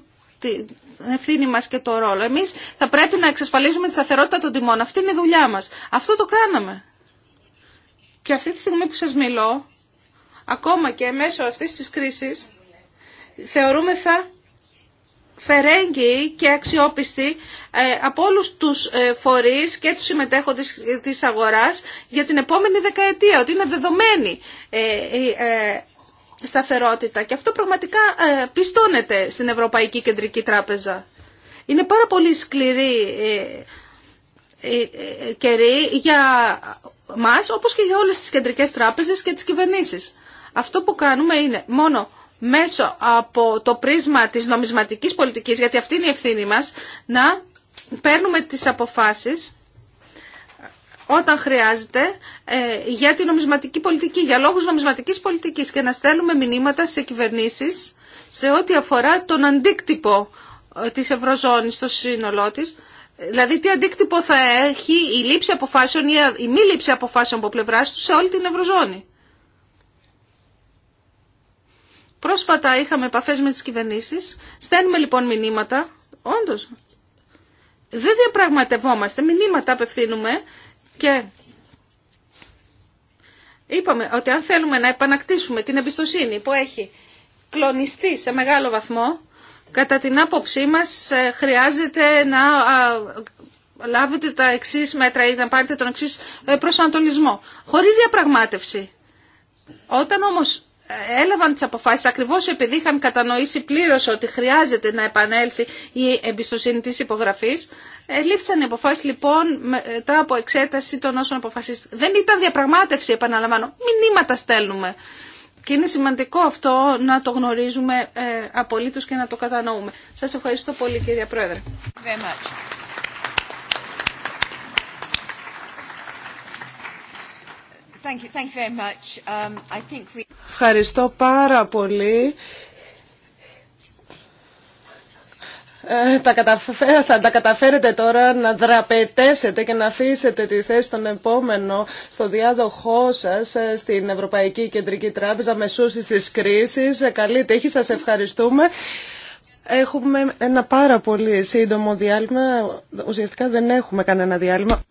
ευθύνη μας και το ρόλο. Εμείς θα πρέπει να εξασφαλίζουμε τη σταθερότητα των τιμών. Αυτή είναι η δουλειά μας. Αυτό το κάναμε. Και αυτή τη στιγμή που σα μιλώ, ακόμα και μέσω αυτής της κρίσης, θα φερέγγιοι και αξιόπιστοι ε, από όλους τους ε, φορείς και τους συμμετέχοντες της αγοράς για την επόμενη δεκαετία, ότι είναι δεδομένη ε, σταθερότητα. Και αυτό πραγματικά ε, πιστώνεται στην Ευρωπαϊκή Κεντρική Τράπεζα. Είναι πάρα πολύ σκληρή ε, ε, καιρή για μας, όπως και για όλες τις κεντρικές τράπεζες και τις κυβερνήσεις. Αυτό που κάνουμε είναι μόνο μέσω από το πρίσμα της νομισματικής πολιτικής, γιατί αυτή είναι η ευθύνη μας, να παίρνουμε τις αποφάσεις όταν χρειάζεται ε, για την νομισματική πολιτική, για λόγους νομισματικής πολιτικής και να στέλνουμε μηνύματα σε κυβερνήσεις σε ό,τι αφορά τον αντίκτυπο ε, της Ευρωζώνης στο σύνολό της, δηλαδή τι αντίκτυπο θα έχει η λήψη αποφάσεων ή η μη λήψη αποφάσεων από πλευρά του σε όλη την Ευρωζώνη. Πρόσφατα είχαμε επαφές με τις κυβερνήσεις, στέλνουμε λοιπόν μηνύματα, όντως, δεν διαπραγματευόμαστε, μηνύματα απευθύνουμε και είπαμε ότι αν θέλουμε να επανακτήσουμε την εμπιστοσύνη που έχει κλονιστεί σε μεγάλο βαθμό, κατά την άποψή μας ε, χρειάζεται να λάβετε τα εξή μέτρα ή να πάρετε τον εξή ε, προσανατολισμό. Χωρίς διαπραγμάτευση. Όταν όμως έλαβαν τις αποφάσεις ακριβώς επειδή είχαν κατανοήσει πλήρως ότι χρειάζεται να επανέλθει η εμπιστοσύνη της υπογραφής. Ε, λήφθησαν οι αποφάσεις λοιπόν μετά ε, από εξέταση των όσων αποφασίστηκαν. Δεν ήταν διαπραγμάτευση, επαναλαμβάνω. Μηνύματα στέλνουμε. Και είναι σημαντικό αυτό να το γνωρίζουμε ε, απολύτως και να το κατανοούμε. Σας ευχαριστώ πολύ κυρία Πρόεδρε. Ευχαριστώ πάρα πολύ. Ε, τα θα τα καταφέρετε τώρα να δραπετεύσετε και να αφήσετε τη θέση στον επόμενο στο διάδοχό σας ε, στην Ευρωπαϊκή Κεντρική Τράπεζα με σούσεις της κρίσης. Ε, καλή τύχη, σας ευχαριστούμε. Έχουμε ένα πάρα πολύ σύντομο διάλειμμα. Ουσιαστικά δεν έχουμε κανένα διάλειμμα.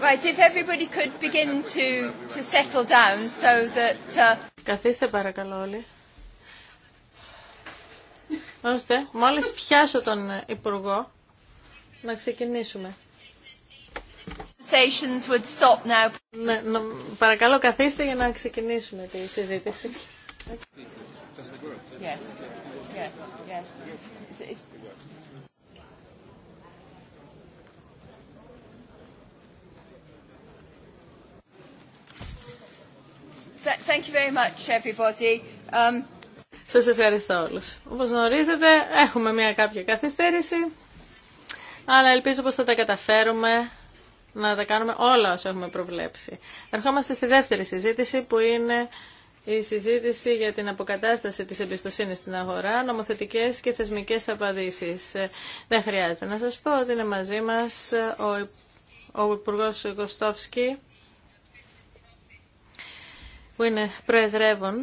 Right, Καθίστε παρακαλώ όλοι. Ώστε, μόλις πιάσω τον Υπουργό, να ξεκινήσουμε. Would stop ναι, παρακαλώ καθίστε για να ξεκινήσουμε τη συζήτηση. much um, Σας ευχαριστώ όλους. Όπως γνωρίζετε έχουμε μια κάποια καθυστέρηση, αλλά ελπίζω πως θα τα καταφέρουμε να τα κάνουμε όλα όσα έχουμε προβλέψει. Ερχόμαστε στη δεύτερη συζήτηση που είναι η συζήτηση για την αποκατάσταση της εμπιστοσύνη στην αγορά, νομοθετικές και θεσμικές απαντήσεις. Δεν χρειάζεται να σας πω ότι είναι μαζί μας ο, ο Υπουργός που είναι προεδρεύων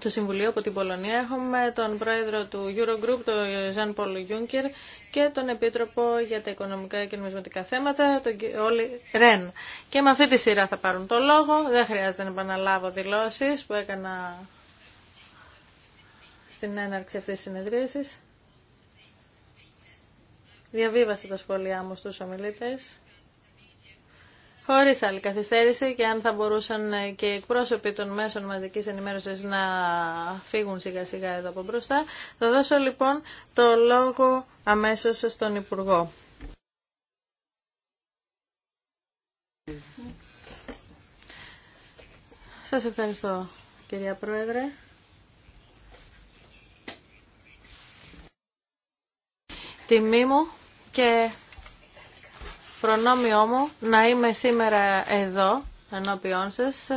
του Συμβουλίου από την Πολωνία. Έχουμε τον πρόεδρο του Eurogroup, τον Ζαν Πολ Γιούγκερ και τον Επίτροπο για τα Οικονομικά και Νομισματικά Θέματα, τον Όλη Ρεν. Και με αυτή τη σειρά θα πάρουν το λόγο. Δεν χρειάζεται να επαναλάβω δηλώσεις που έκανα στην έναρξη αυτής της συνεδρίασης. Διαβίβασα τα σχόλιά μου στους ομιλητές χωρίς άλλη καθυστέρηση και αν θα μπορούσαν ε, και οι εκπρόσωποι των μέσων μαζικής ενημέρωσης να φύγουν σιγά σιγά εδώ από μπροστά. Θα δώσω λοιπόν το λόγο αμέσως στον Υπουργό. Σας ευχαριστώ κυρία Πρόεδρε. Τιμή μου και προνόμιό μου να είμαι σήμερα εδώ ενώπιόν σας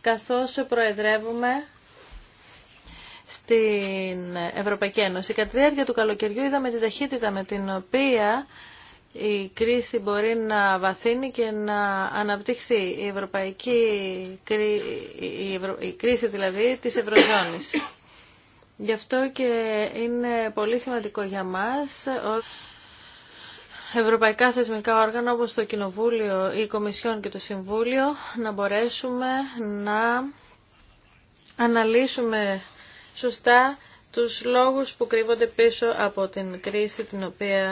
καθώς προεδρεύουμε στην Ευρωπαϊκή Ένωση. Κατά τη διάρκεια του καλοκαιριού είδαμε την ταχύτητα με την οποία η κρίση μπορεί να βαθύνει και να αναπτυχθεί. Η ευρωπαϊκή κρίση δηλαδή της Ευρωζώνης. Γι' αυτό και είναι πολύ σημαντικό για μας ευρωπαϊκά θεσμικά όργανα όπως το Κοινοβούλιο, η Κομισιόν και το Συμβούλιο να μπορέσουμε να αναλύσουμε σωστά τους λόγους που κρύβονται πίσω από την κρίση την οποία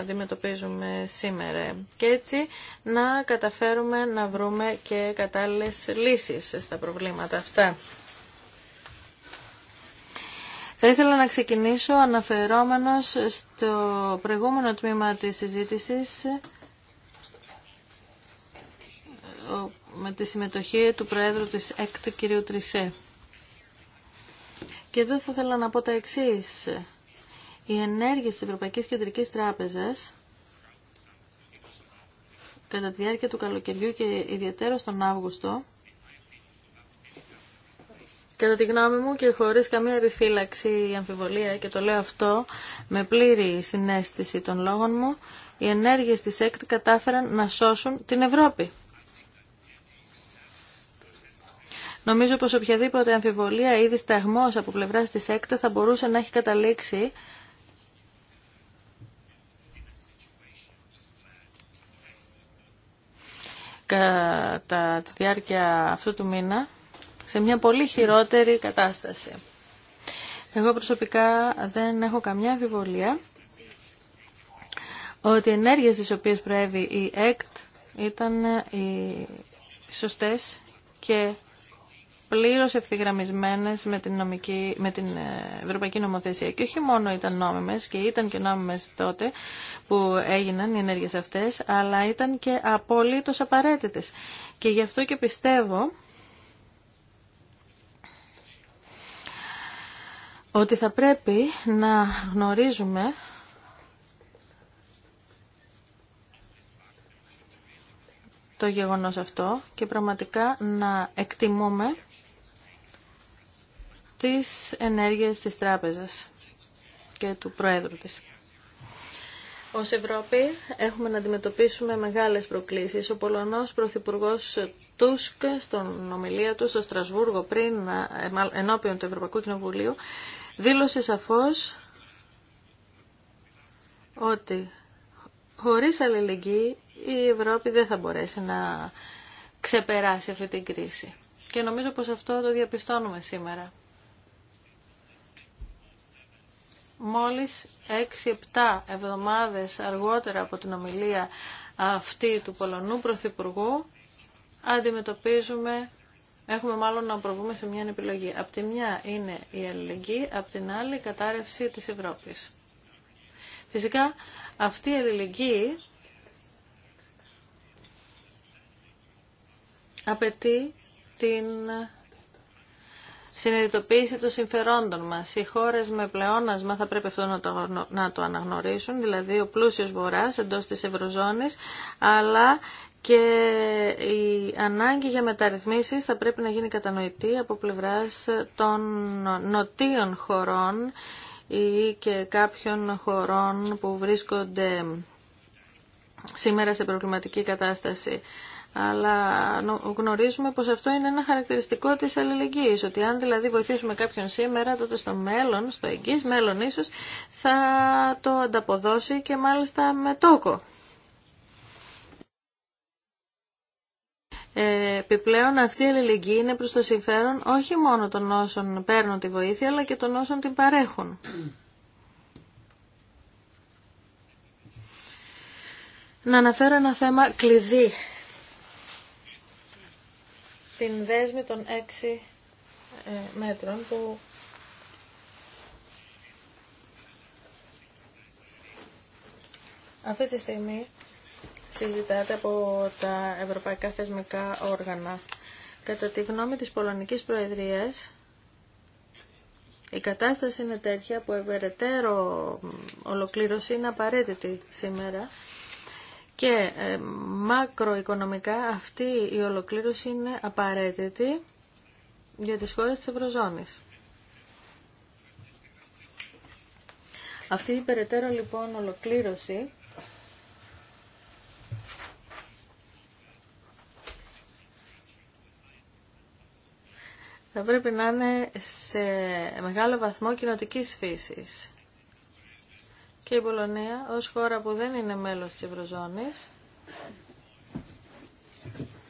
αντιμετωπίζουμε σήμερα και έτσι να καταφέρουμε να βρούμε και κατάλληλες λύσεις στα προβλήματα αυτά. Θα ήθελα να ξεκινήσω αναφερόμενος στο προηγούμενο τμήμα της συζήτησης με τη συμμετοχή του Προέδρου της ΕΚΤ, κ. Τρισέ. Και εδώ θα ήθελα να πω τα εξής. Οι ενέργειες της Ευρωπαϊκής Κεντρικής Τράπεζας κατά τη διάρκεια του καλοκαιριού και ιδιαίτερα τον Αύγουστο Κατά τη γνώμη μου και χωρίς καμία επιφύλαξη ή αμφιβολία και το λέω αυτό με πλήρη συνέστηση των λόγων μου, οι ενέργειες της ΕΚΤ κατάφεραν να σώσουν την Ευρώπη. Νομίζω πως οποιαδήποτε αμφιβολία ή δισταγμός από πλευράς της ΕΚΤ θα μπορούσε να έχει καταλήξει κατά τη διάρκεια αυτού του μήνα σε μια πολύ χειρότερη κατάσταση. Εγώ προσωπικά δεν έχω καμιά αμφιβολία ότι οι ενέργειες τις οποίες προέβη η ΕΚΤ ήταν ε, οι σωστές και πλήρως ευθυγραμμισμένες με την, νομική, με την ε, Ευρωπαϊκή Νομοθεσία. Και όχι μόνο ήταν νόμιμες και ήταν και νόμιμες τότε που έγιναν οι ενέργειες αυτές, αλλά ήταν και απολύτως απαραίτητες. Και γι' αυτό και πιστεύω ότι θα πρέπει να γνωρίζουμε το γεγονός αυτό και πραγματικά να εκτιμούμε τις ενέργειες της τράπεζας και του Προέδρου της. Ως Ευρώπη έχουμε να αντιμετωπίσουμε μεγάλες προκλήσεις. Ο Πολωνός Πρωθυπουργός Τούσκ στον ομιλία του στο Στρασβούργο πριν ε, ενώπιον του Ευρωπαϊκού Κοινοβουλίου δήλωσε σαφώς ότι χωρίς αλληλεγγύη η Ευρώπη δεν θα μπορέσει να ξεπεράσει αυτή την κρίση. Και νομίζω πως αυτό το διαπιστώνουμε σήμερα. Μόλις 6-7 εβδομάδες αργότερα από την ομιλία αυτή του Πολωνού Πρωθυπουργού αντιμετωπίζουμε Έχουμε μάλλον να προβούμε σε μια επιλογή. Απ' τη μια είναι η αλληλεγγύη, απ' την άλλη η κατάρρευση της Ευρώπης. Φυσικά αυτή η αλληλεγγύη απαιτεί την συνειδητοποίηση των συμφερόντων μας. Οι χώρες με πλεόνασμα θα πρέπει αυτό να το, να το αναγνωρίσουν, δηλαδή ο πλούσιος βορράς εντός της Ευρωζώνης, αλλά και η ανάγκη για μεταρρυθμίσεις θα πρέπει να γίνει κατανοητή από πλευράς των νοτίων χωρών ή και κάποιων χωρών που βρίσκονται σήμερα σε προβληματική κατάσταση. Αλλά γνωρίζουμε πως αυτό είναι ένα χαρακτηριστικό της αλληλεγγύης, ότι αν δηλαδή βοηθήσουμε κάποιον σήμερα, τότε στο μέλλον, στο εγγύς μέλλον ίσως, θα το ανταποδώσει και μάλιστα με τόκο. Ε, επιπλέον αυτή η αλληλεγγύη είναι προς το συμφέρον όχι μόνο των όσων παίρνουν τη βοήθεια αλλά και των όσων την παρέχουν. Να αναφέρω ένα θέμα κλειδί. Την δέσμη των έξι ε, μέτρων που αυτή τη στιγμή συζητάται από τα ευρωπαϊκά θεσμικά όργανα. Κατά τη γνώμη της Πολωνικής Προεδρίας, η κατάσταση είναι τέτοια που ευερετέρω ολοκλήρωση είναι απαραίτητη σήμερα και ε, μακροοικονομικά αυτή η ολοκλήρωση είναι απαραίτητη για τις χώρες της Ευρωζώνης. Αυτή η περαιτέρω λοιπόν ολοκλήρωση θα πρέπει να είναι σε μεγάλο βαθμό κοινοτική φύσης. Και η Πολωνία, ως χώρα που δεν είναι μέλος της Ευρωζώνης,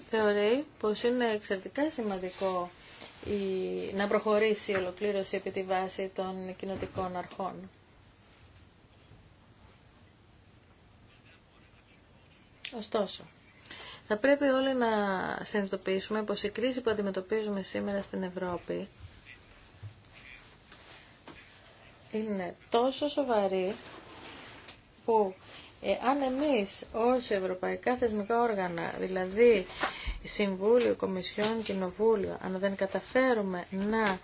θεωρεί πως είναι εξαιρετικά σημαντικό η... να προχωρήσει η ολοκλήρωση επί τη βάση των κοινοτικών αρχών. Ωστόσο, θα πρέπει όλοι να συνειδητοποιήσουμε πως η κρίση που αντιμετωπίζουμε σήμερα στην Ευρώπη είναι τόσο σοβαρή που ε, αν εμείς ως ευρωπαϊκά θεσμικά όργανα, δηλαδή Συμβούλιο, Κομισιόν, Κοινοβούλιο, αν δεν καταφέρουμε να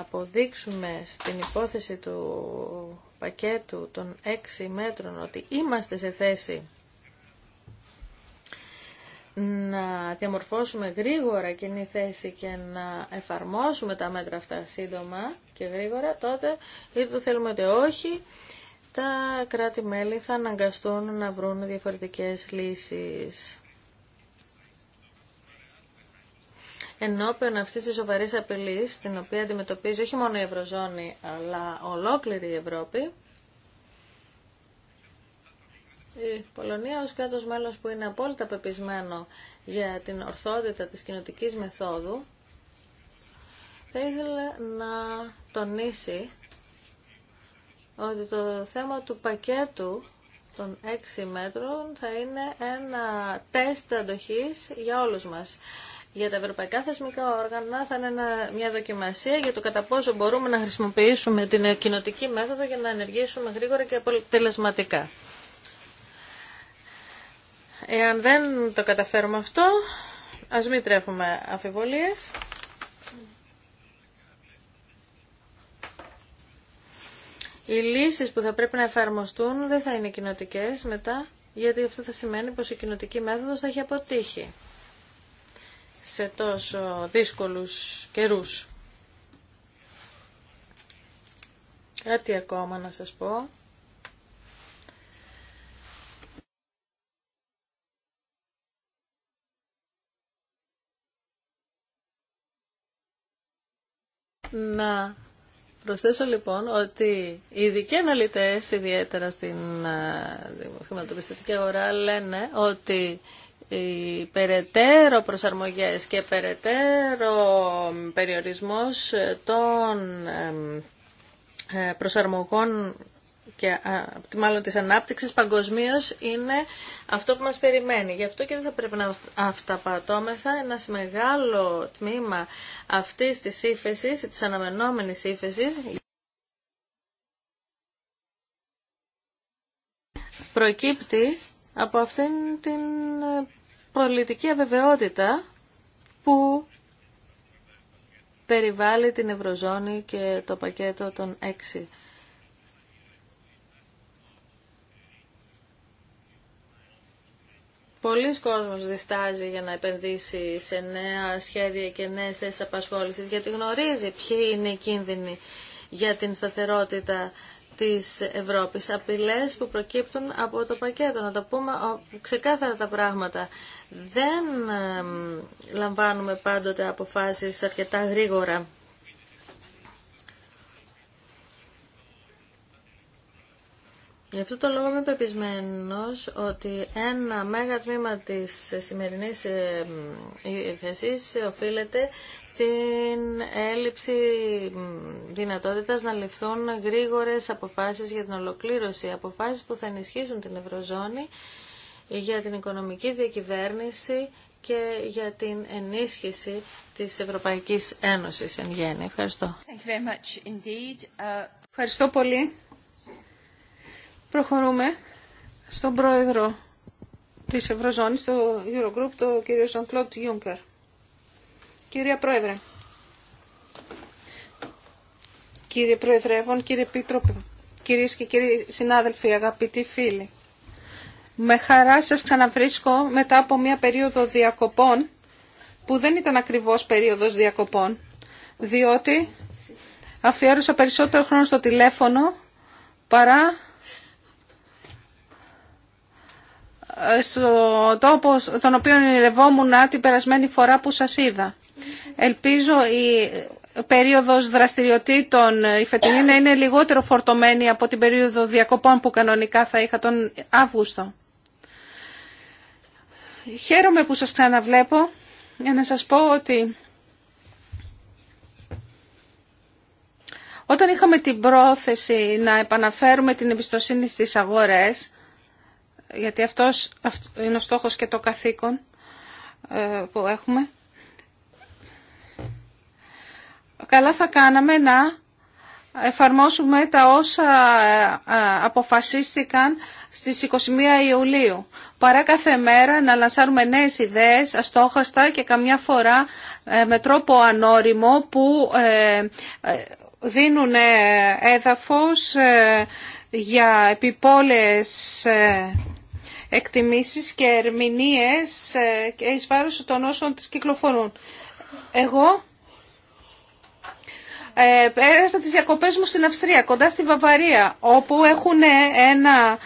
αποδείξουμε στην υπόθεση του πακέτου των έξι μέτρων ότι είμαστε σε θέση να διαμορφώσουμε γρήγορα κοινή θέση και να εφαρμόσουμε τα μέτρα αυτά σύντομα και γρήγορα, τότε είτε το θέλουμε είτε όχι, τα κράτη-μέλη θα αναγκαστούν να βρουν διαφορετικές λύσεις. Ενώπιον αυτής της σοβαρής απειλής, την οποία αντιμετωπίζει όχι μόνο η Ευρωζώνη, αλλά ολόκληρη η Ευρώπη, η Πολωνία ως κράτος μέλος που είναι απόλυτα πεπισμένο για την ορθότητα της κοινοτική μεθόδου θα ήθελε να τονίσει ότι το θέμα του πακέτου των 6 μέτρων θα είναι ένα τεστ αντοχής για όλους μας. Για τα ευρωπαϊκά θεσμικά όργανα θα είναι μια δοκιμασία για το κατά πόσο μπορούμε να χρησιμοποιήσουμε την κοινοτική μέθοδο για να ενεργήσουμε γρήγορα και αποτελεσματικά. Εάν δεν το καταφέρουμε αυτό, ας μην τρέχουμε αφιβολίες. Οι λύσεις που θα πρέπει να εφαρμοστούν δεν θα είναι κοινοτικέ μετά, γιατί αυτό θα σημαίνει πως η κοινοτική μέθοδος θα έχει αποτύχει σε τόσο δύσκολους καιρούς. Κάτι ακόμα να σας πω. Να προσθέσω λοιπόν ότι οι ειδικοί αναλυτές, ιδιαίτερα στην ε, χρηματοπιστωτική αγορά, λένε ότι οι περαιτέρω προσαρμογές και περαιτέρω περιορισμός των ε, ε, προσαρμογών και μάλλον της ανάπτυξης παγκοσμίω είναι αυτό που μας περιμένει. Γι' αυτό και δεν θα πρέπει να αυταπατώμεθα ένα μεγάλο τμήμα αυτής της ύφεσης, της αναμενόμενης ύφεσης, προκύπτει από αυτήν την ε, πολιτική αβεβαιότητα που περιβάλλει την Ευρωζώνη και το πακέτο των έξι πολλοί κόσμος διστάζει για να επενδύσει σε νέα σχέδια και νέες θέσεις απασχόλησης, γιατί γνωρίζει ποιοι είναι οι κίνδυνοι για την σταθερότητα της Ευρώπης, απειλές που προκύπτουν από το πακέτο. Να τα πούμε ξεκάθαρα τα πράγματα. Δεν λαμβάνουμε πάντοτε αποφάσεις αρκετά γρήγορα. Γι' αυτό το λόγο είμαι πεπισμένος ότι ένα μέγα τμήμα τη σημερινή ύφεση ε, οφείλεται στην έλλειψη δυνατότητας να ληφθούν γρήγορε αποφάσεις για την ολοκλήρωση, αποφάσεις που θα ενισχύσουν την Ευρωζώνη για την οικονομική διακυβέρνηση και για την ενίσχυση της Ευρωπαϊκής Ένωσης εν γέννη. Ευχαριστώ. Ε, ευχαριστώ πολύ. Προχωρούμε στον πρόεδρο της Ευρωζώνης, το Eurogroup, τον κύριο Jean-Claude Juncker. Κυρία Πρόεδρε, κύριε Προεδρεύον, κύριε Επίτροπε, κυρίες και κύριοι συνάδελφοι, αγαπητοί φίλοι, με χαρά σας ξαναβρίσκω μετά από μια περίοδο διακοπών, που δεν ήταν ακριβώς περίοδος διακοπών, διότι αφιέρωσα περισσότερο χρόνο στο τηλέφωνο παρά στο τόπο τον οποίο ονειρευόμουν την περασμένη φορά που σας είδα. Ελπίζω η περίοδος δραστηριοτήτων η φετινή να είναι λιγότερο φορτωμένη από την περίοδο διακοπών που κανονικά θα είχα τον Αύγουστο. Χαίρομαι που σας ξαναβλέπω για να σας πω ότι όταν είχαμε την πρόθεση να επαναφέρουμε την εμπιστοσύνη στις αγορές γιατί αυτός είναι ο στόχος και το καθήκον ε, που έχουμε. Καλά θα κάναμε να εφαρμόσουμε τα όσα ε, ε, αποφασίστηκαν στις 21 Ιουλίου. Παρά κάθε μέρα να λανσάρουμε νέες ιδέες, αστόχαστα και καμιά φορά με τρόπο ανώριμο που δίνουν έδαφος για επιπόλες εκτιμήσεις και ερμηνείες ε, και εις βάρος των όσων τις κυκλοφορούν. Εγώ ε, πέρασα τις διακοπές μου στην Αυστρία, κοντά στη Βαβαρία, όπου έχουν ένα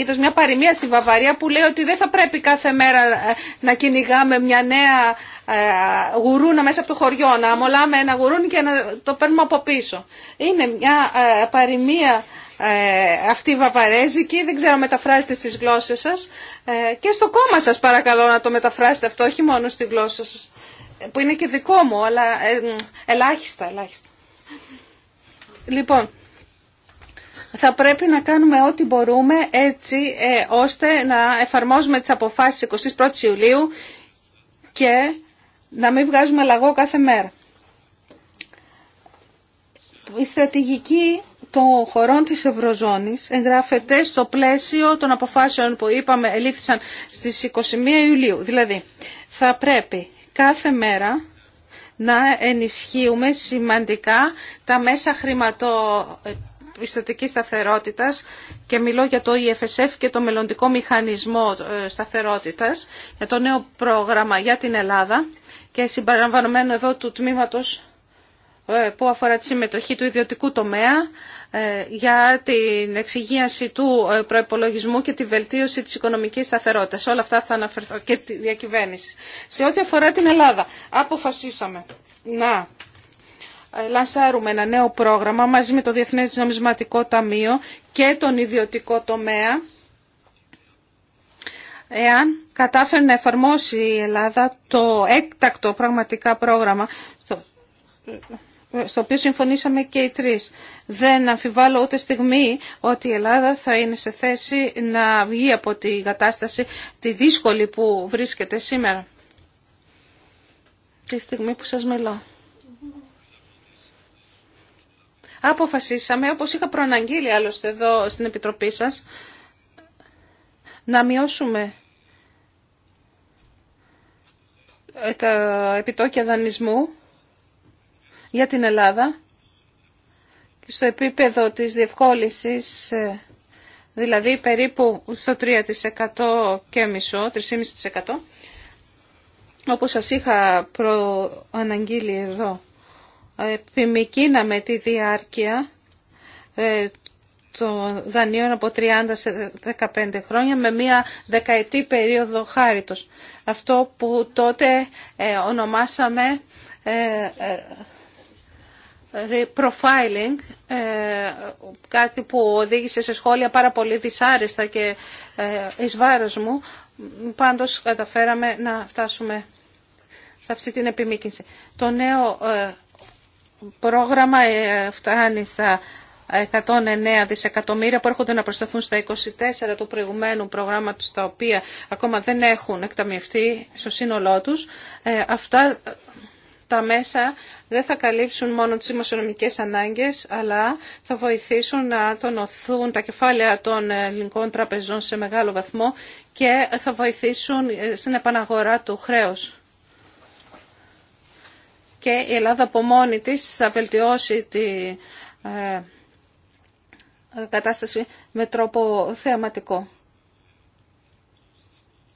είδος μια παροιμία στη Βαβαρία που λέει ότι δεν θα πρέπει κάθε μέρα ε, να κυνηγάμε μια νέα ε, γουρούνα μέσα από το χωριό, να αμολάμε ένα γουρούνι και να το παίρνουμε από πίσω. Είναι μια παροιμία ε, αυτή η βαβαρέζικη, δεν ξέρω μεταφράζετε στις γλώσσες σας ε, και στο κόμμα σας παρακαλώ να το μεταφράσετε αυτό, όχι μόνο στη γλώσσα σας που είναι και δικό μου, αλλά ε, ελάχιστα, ελάχιστα. Λοιπόν, θα πρέπει να κάνουμε ό,τι μπορούμε έτσι ώστε να εφαρμόζουμε τις αποφάσεις 21 Ιουλίου και να μην βγάζουμε λαγό κάθε μέρα. Η στρατηγική των χωρών της Ευρωζώνης εγγράφεται στο πλαίσιο των αποφάσεων που είπαμε ελήφθησαν στις 21 Ιουλίου. Δηλαδή, θα πρέπει κάθε μέρα να ενισχύουμε σημαντικά τα μέσα χρηματοπιστωτικής σταθερότητας και μιλώ για το EFSF και το μελλοντικό μηχανισμό ε, σταθερότητας, για το νέο πρόγραμμα για την Ελλάδα και συμπαραμβανωμένο εδώ του τμήματος ε, που αφορά τη συμμετοχή του ιδιωτικού τομέα ε, για την εξυγίαση του ε, προϋπολογισμού και τη βελτίωση της οικονομικής σταθερότητας. Όλα αυτά θα αναφερθώ και τη διακυβέρνηση. Σε ό,τι αφορά την Ελλάδα, αποφασίσαμε να λανσάρουμε ένα νέο πρόγραμμα μαζί με το Διεθνές Νομισματικό Ταμείο και τον ιδιωτικό τομέα εάν κατάφερε να εφαρμόσει η Ελλάδα το έκτακτο πραγματικά πρόγραμμα στο οποίο συμφωνήσαμε και οι τρεις. Δεν αμφιβάλλω ούτε στιγμή ότι η Ελλάδα θα είναι σε θέση να βγει από τη κατάσταση τη δύσκολη που βρίσκεται σήμερα. Τη στιγμή που σας μιλώ. Αποφασίσαμε, όπως είχα προαναγγείλει άλλωστε εδώ στην Επιτροπή σας, να μειώσουμε ε, τα επιτόκια δανεισμού για την Ελλάδα στο επίπεδο της διευκόλυσης, ε, δηλαδή περίπου στο 3% και μισό, 3,5%, όπως σας είχα προαναγγείλει εδώ, ε, με τη διάρκεια ε, των δανείων από 30 σε 15 χρόνια με μία δεκαετή περίοδο χάριτος. Αυτό που τότε ονομάσαμε profiling, ε, κάτι που οδήγησε σε σχόλια πάρα πολύ δυσάρεστα και ε, εις βάρος μου. Πάντως καταφέραμε να φτάσουμε σε αυτή την επιμήκυνση. Το νέο ε, πρόγραμμα φτάνει στα 109 δισεκατομμύρια που έρχονται να προσταθούν στα 24 του προηγουμένου προγράμματος τα οποία ακόμα δεν έχουν εκταμιευτεί στο σύνολό τους. αυτά τα μέσα δεν θα καλύψουν μόνο τις δημοσιονομικές ανάγκες, αλλά θα βοηθήσουν να τονωθούν τα κεφάλαια των ελληνικών τραπεζών σε μεγάλο βαθμό και θα βοηθήσουν ε, στην επαναγορά του χρέους. Και η Ελλάδα από μόνη της θα βελτιώσει τη ε, κατάσταση με τρόπο θεαματικό.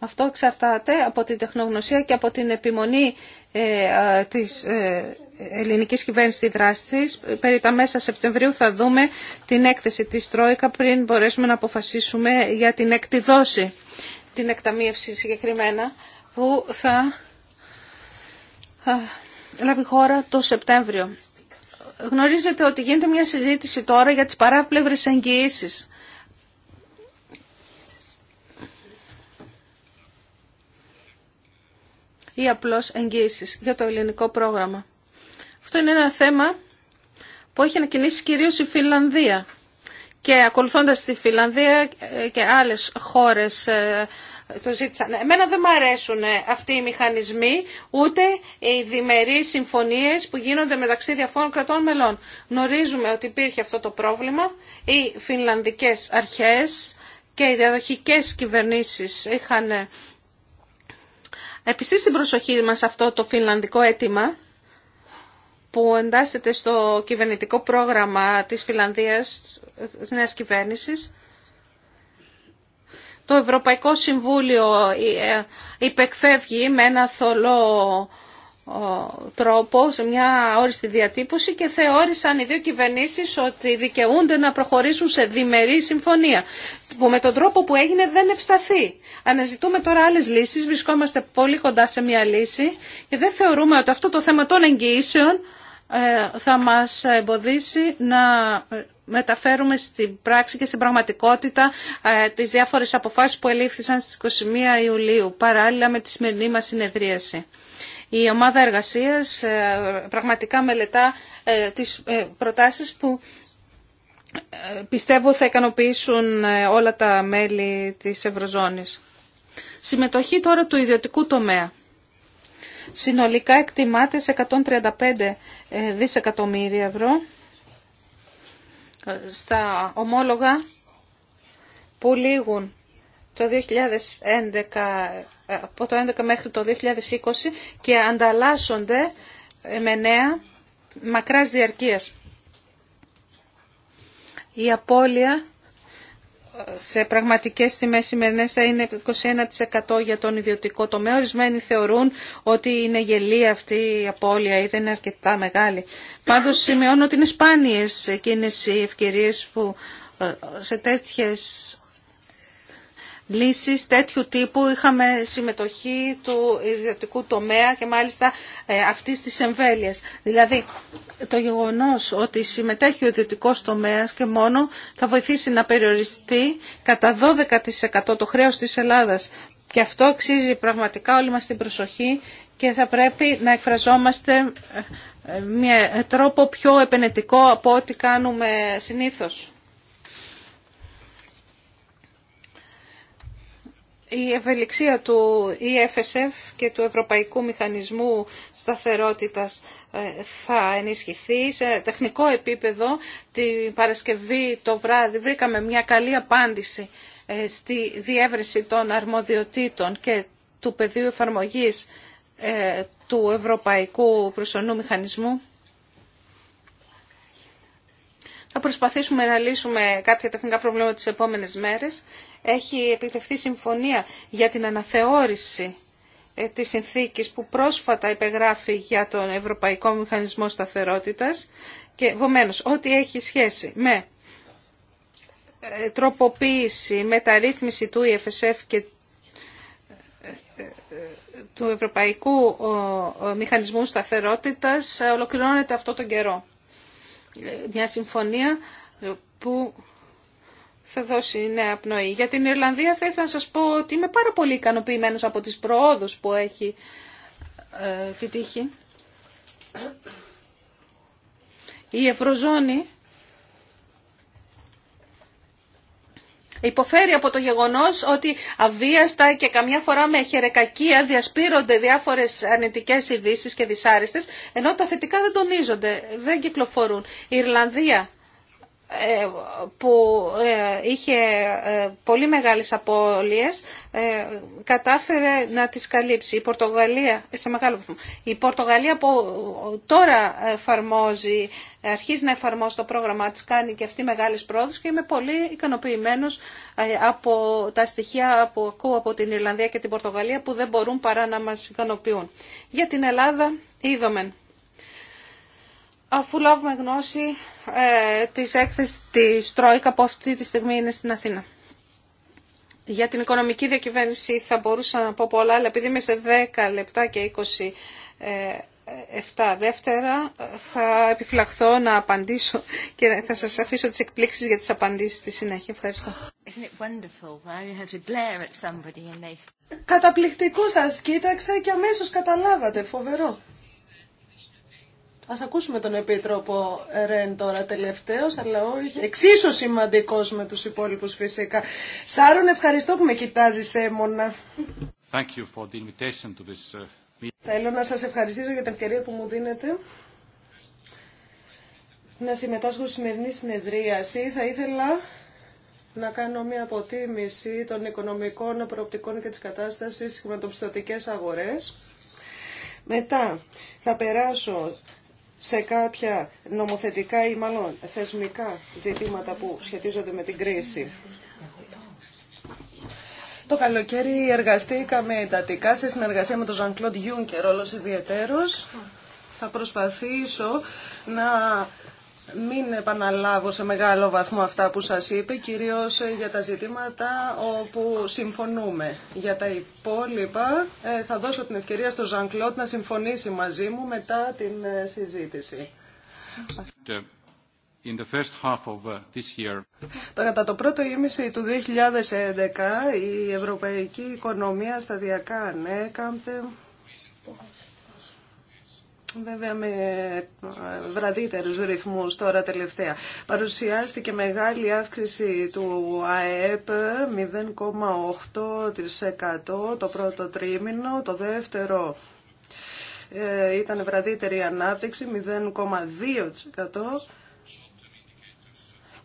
Αυτό εξαρτάται από την τεχνογνωσία και από την επιμονή ε, της ε, ελληνικής κυβέρνησης στη δράση Περί τα μέσα Σεπτεμβρίου θα δούμε την έκθεση της Τρόικα πριν μπορέσουμε να αποφασίσουμε για την εκτιδώση, την εκταμίευση συγκεκριμένα, που θα λάβει χώρα το Σεπτέμβριο. Γνωρίζετε ότι γίνεται μια συζήτηση τώρα για τις παράπλευρες εγγυήσεις ή απλώς εγγύησης για το ελληνικό πρόγραμμα. Αυτό είναι ένα θέμα που έχει ανακοινήσει κυρίως η Φιλανδία και ακολουθώντας τη Φιλανδία ε, και άλλες χώρες ε, το ζήτησαν. Εμένα δεν μου αρέσουν ε, αυτοί οι μηχανισμοί, ούτε οι διμερείς συμφωνίες που γίνονται μεταξύ διαφόρων κρατών μελών. Γνωρίζουμε ότι υπήρχε αυτό το πρόβλημα. Οι φινλανδικές αρχές και οι διαδοχικές κυβερνήσεις είχαν επιστήσει την προσοχή μας αυτό το φιλανδικό αίτημα που εντάσσεται στο κυβερνητικό πρόγραμμα της Φιλανδίας, της νέας κυβέρνησης. Το Ευρωπαϊκό Συμβούλιο ε, ε, υπεκφεύγει με ένα θολό τρόπο, σε μια όριστη διατύπωση και θεώρησαν οι δύο κυβερνήσεις ότι δικαιούνται να προχωρήσουν σε διμερή συμφωνία που με τον τρόπο που έγινε δεν ευσταθεί. Αναζητούμε τώρα άλλες λύσεις, βρισκόμαστε πολύ κοντά σε μια λύση και δεν θεωρούμε ότι αυτό το θέμα των εγγυήσεων ε, θα μας εμποδίσει να μεταφέρουμε στην πράξη και στην πραγματικότητα ε, τις διάφορες αποφάσεις που ελήφθησαν στις 21 Ιουλίου, παράλληλα με τη σημερινή μας συνεδρίαση. Η ομάδα εργασίας ε, πραγματικά μελετά ε, τις ε, προτάσεις που πιστεύω θα ικανοποιήσουν όλα τα μέλη της Ευρωζώνης. Συμμετοχή τώρα του ιδιωτικού τομέα. Συνολικά εκτιμάται σε 135 δισεκατομμύρια ευρώ στα ομόλογα που λήγουν το 2011 από το 2011 μέχρι το 2020 και ανταλλάσσονται ε, με νέα μακράς διαρκείας. Η απώλεια ε, σε πραγματικές τιμές σημερινές θα είναι 21% για τον ιδιωτικό τομέα. Ορισμένοι θεωρούν ότι είναι γελή αυτή η απώλεια ή δεν είναι αρκετά μεγάλη. Πάντως σημειώνω ότι είναι σπάνιες εκείνες οι ευκαιρίες που ε, σε τέτοιες λύσεις τέτοιου τύπου. Είχαμε συμμετοχή του ιδιωτικού τομέα και μάλιστα ε, αυτής της εμβέλειας. Δηλαδή το γεγονός ότι συμμετέχει ο ιδιωτικός τομέας και μόνο θα βοηθήσει να περιοριστεί κατά 12% το χρέος της Ελλάδας. Και αυτό αξίζει πραγματικά όλη μας την προσοχή και θα πρέπει να εκφραζόμαστε ε, ε, με τρόπο πιο επενετικό από ό,τι κάνουμε συνήθως. η ευελιξία του EFSF και του Ευρωπαϊκού Μηχανισμού Σταθερότητας ε, θα ενισχυθεί σε τεχνικό επίπεδο. Την Παρασκευή το βράδυ βρήκαμε μια καλή απάντηση ε, στη διεύρυνση των αρμοδιοτήτων και του πεδίου εφαρμογής ε, του Ευρωπαϊκού Προσωνού Μηχανισμού. Θα προσπαθήσουμε να λύσουμε κάποια τεχνικά προβλήματα τις επόμενες μέρες έχει επιτευχθεί συμφωνία για την αναθεώρηση ε, της συνθήκης που πρόσφατα υπεγράφει για τον Ευρωπαϊκό Μηχανισμό Σταθερότητας και βομένως ό,τι έχει σχέση με ε, τροποποίηση, μεταρρύθμιση του EFSF και ε, του Ευρωπαϊκού Μηχανισμού Σταθερότητας ολοκληρώνεται αυτό τον καιρό. Μια συμφωνία που θα δώσει νέα πνοή. Για την Ιρλανδία θα ήθελα να σας πω ότι είμαι πάρα πολύ ικανοποιημένο από τις προόδους που έχει ε, επιτύχει. Η Ευρωζώνη Υποφέρει από το γεγονός ότι αβίαστα και καμιά φορά με χερεκακία διασπείρονται διάφορες αρνητικές ειδήσει και δυσάρεστες, ενώ τα θετικά δεν τονίζονται, δεν κυκλοφορούν. Η Ιρλανδία που ε, είχε ε, πολύ μεγάλες απώλειες ε, κατάφερε να τις καλύψει. Η Πορτογαλία, σε μεγάλο βαθμό, η Πορτογαλία που τώρα εφαρμόζει, αρχίζει να εφαρμόζει το πρόγραμμα της, κάνει και αυτή μεγάλες πρόοδους και είμαι πολύ ικανοποιημένος από τα στοιχεία που ακούω από την Ιρλανδία και την Πορτογαλία που δεν μπορούν παρά να μας ικανοποιούν. Για την Ελλάδα είδομεν αφού λάβουμε γνώση ε, της έκθεσης της Τρόικα που αυτή τη στιγμή είναι στην Αθήνα. Για την οικονομική διακυβέρνηση θα μπορούσα να πω πολλά, αλλά επειδή είμαι σε 10 λεπτά και 27 ε, δεύτερα θα επιφυλαχθώ να απαντήσω και θα σας αφήσω τις εκπλήξεις για τις απαντήσεις στη συνέχεια. Ευχαριστώ. Καταπληκτικό σας κοίταξα και αμέσως καταλάβατε. Φοβερό. Α ακούσουμε τον Επίτροπο Ρεν τώρα τελευταίο, αλλά όχι εξίσου σημαντικός με τους υπόλοιπου φυσικά. Σάρων, ευχαριστώ που με κοιτάζει έμονα. Uh, Θέλω να σας ευχαριστήσω για την ευκαιρία που μου δίνετε να συμμετάσχω στη σημερινή συνεδρίαση. Θα ήθελα να κάνω μια αποτίμηση των οικονομικών προοπτικών και της κατάστασης στις χρηματοπιστωτικέ αγορές. Μετά θα περάσω σε κάποια νομοθετικά ή μάλλον θεσμικά ζητήματα που σχετίζονται με την κρίση. Το καλοκαίρι εργαστήκαμε εντατικά σε συνεργασία με τον Jean-Claude όλος ιδιαιτέρως. Θα προσπαθήσω να μην επαναλάβω σε μεγάλο βαθμό αυτά που σας είπε, κυρίως ε, για τα ζητήματα όπου συμφωνούμε. Για τα υπόλοιπα ε, θα δώσω την ευκαιρία στον Ζαν Κλώτ να συμφωνήσει μαζί μου μετά την ε, συζήτηση. In the first half of uh, this year. Κατά το πρώτο ήμιση του 2011 η ευρωπαϊκή οικονομία σταδιακά ανέκαμπτε βέβαια με ε, βραδύτερους ρυθμούς τώρα τελευταία. Παρουσιάστηκε μεγάλη αύξηση του ΑΕΠ 0,8% το πρώτο τρίμηνο, το δεύτερο ε, ήταν βραδύτερη ανάπτυξη 0,2%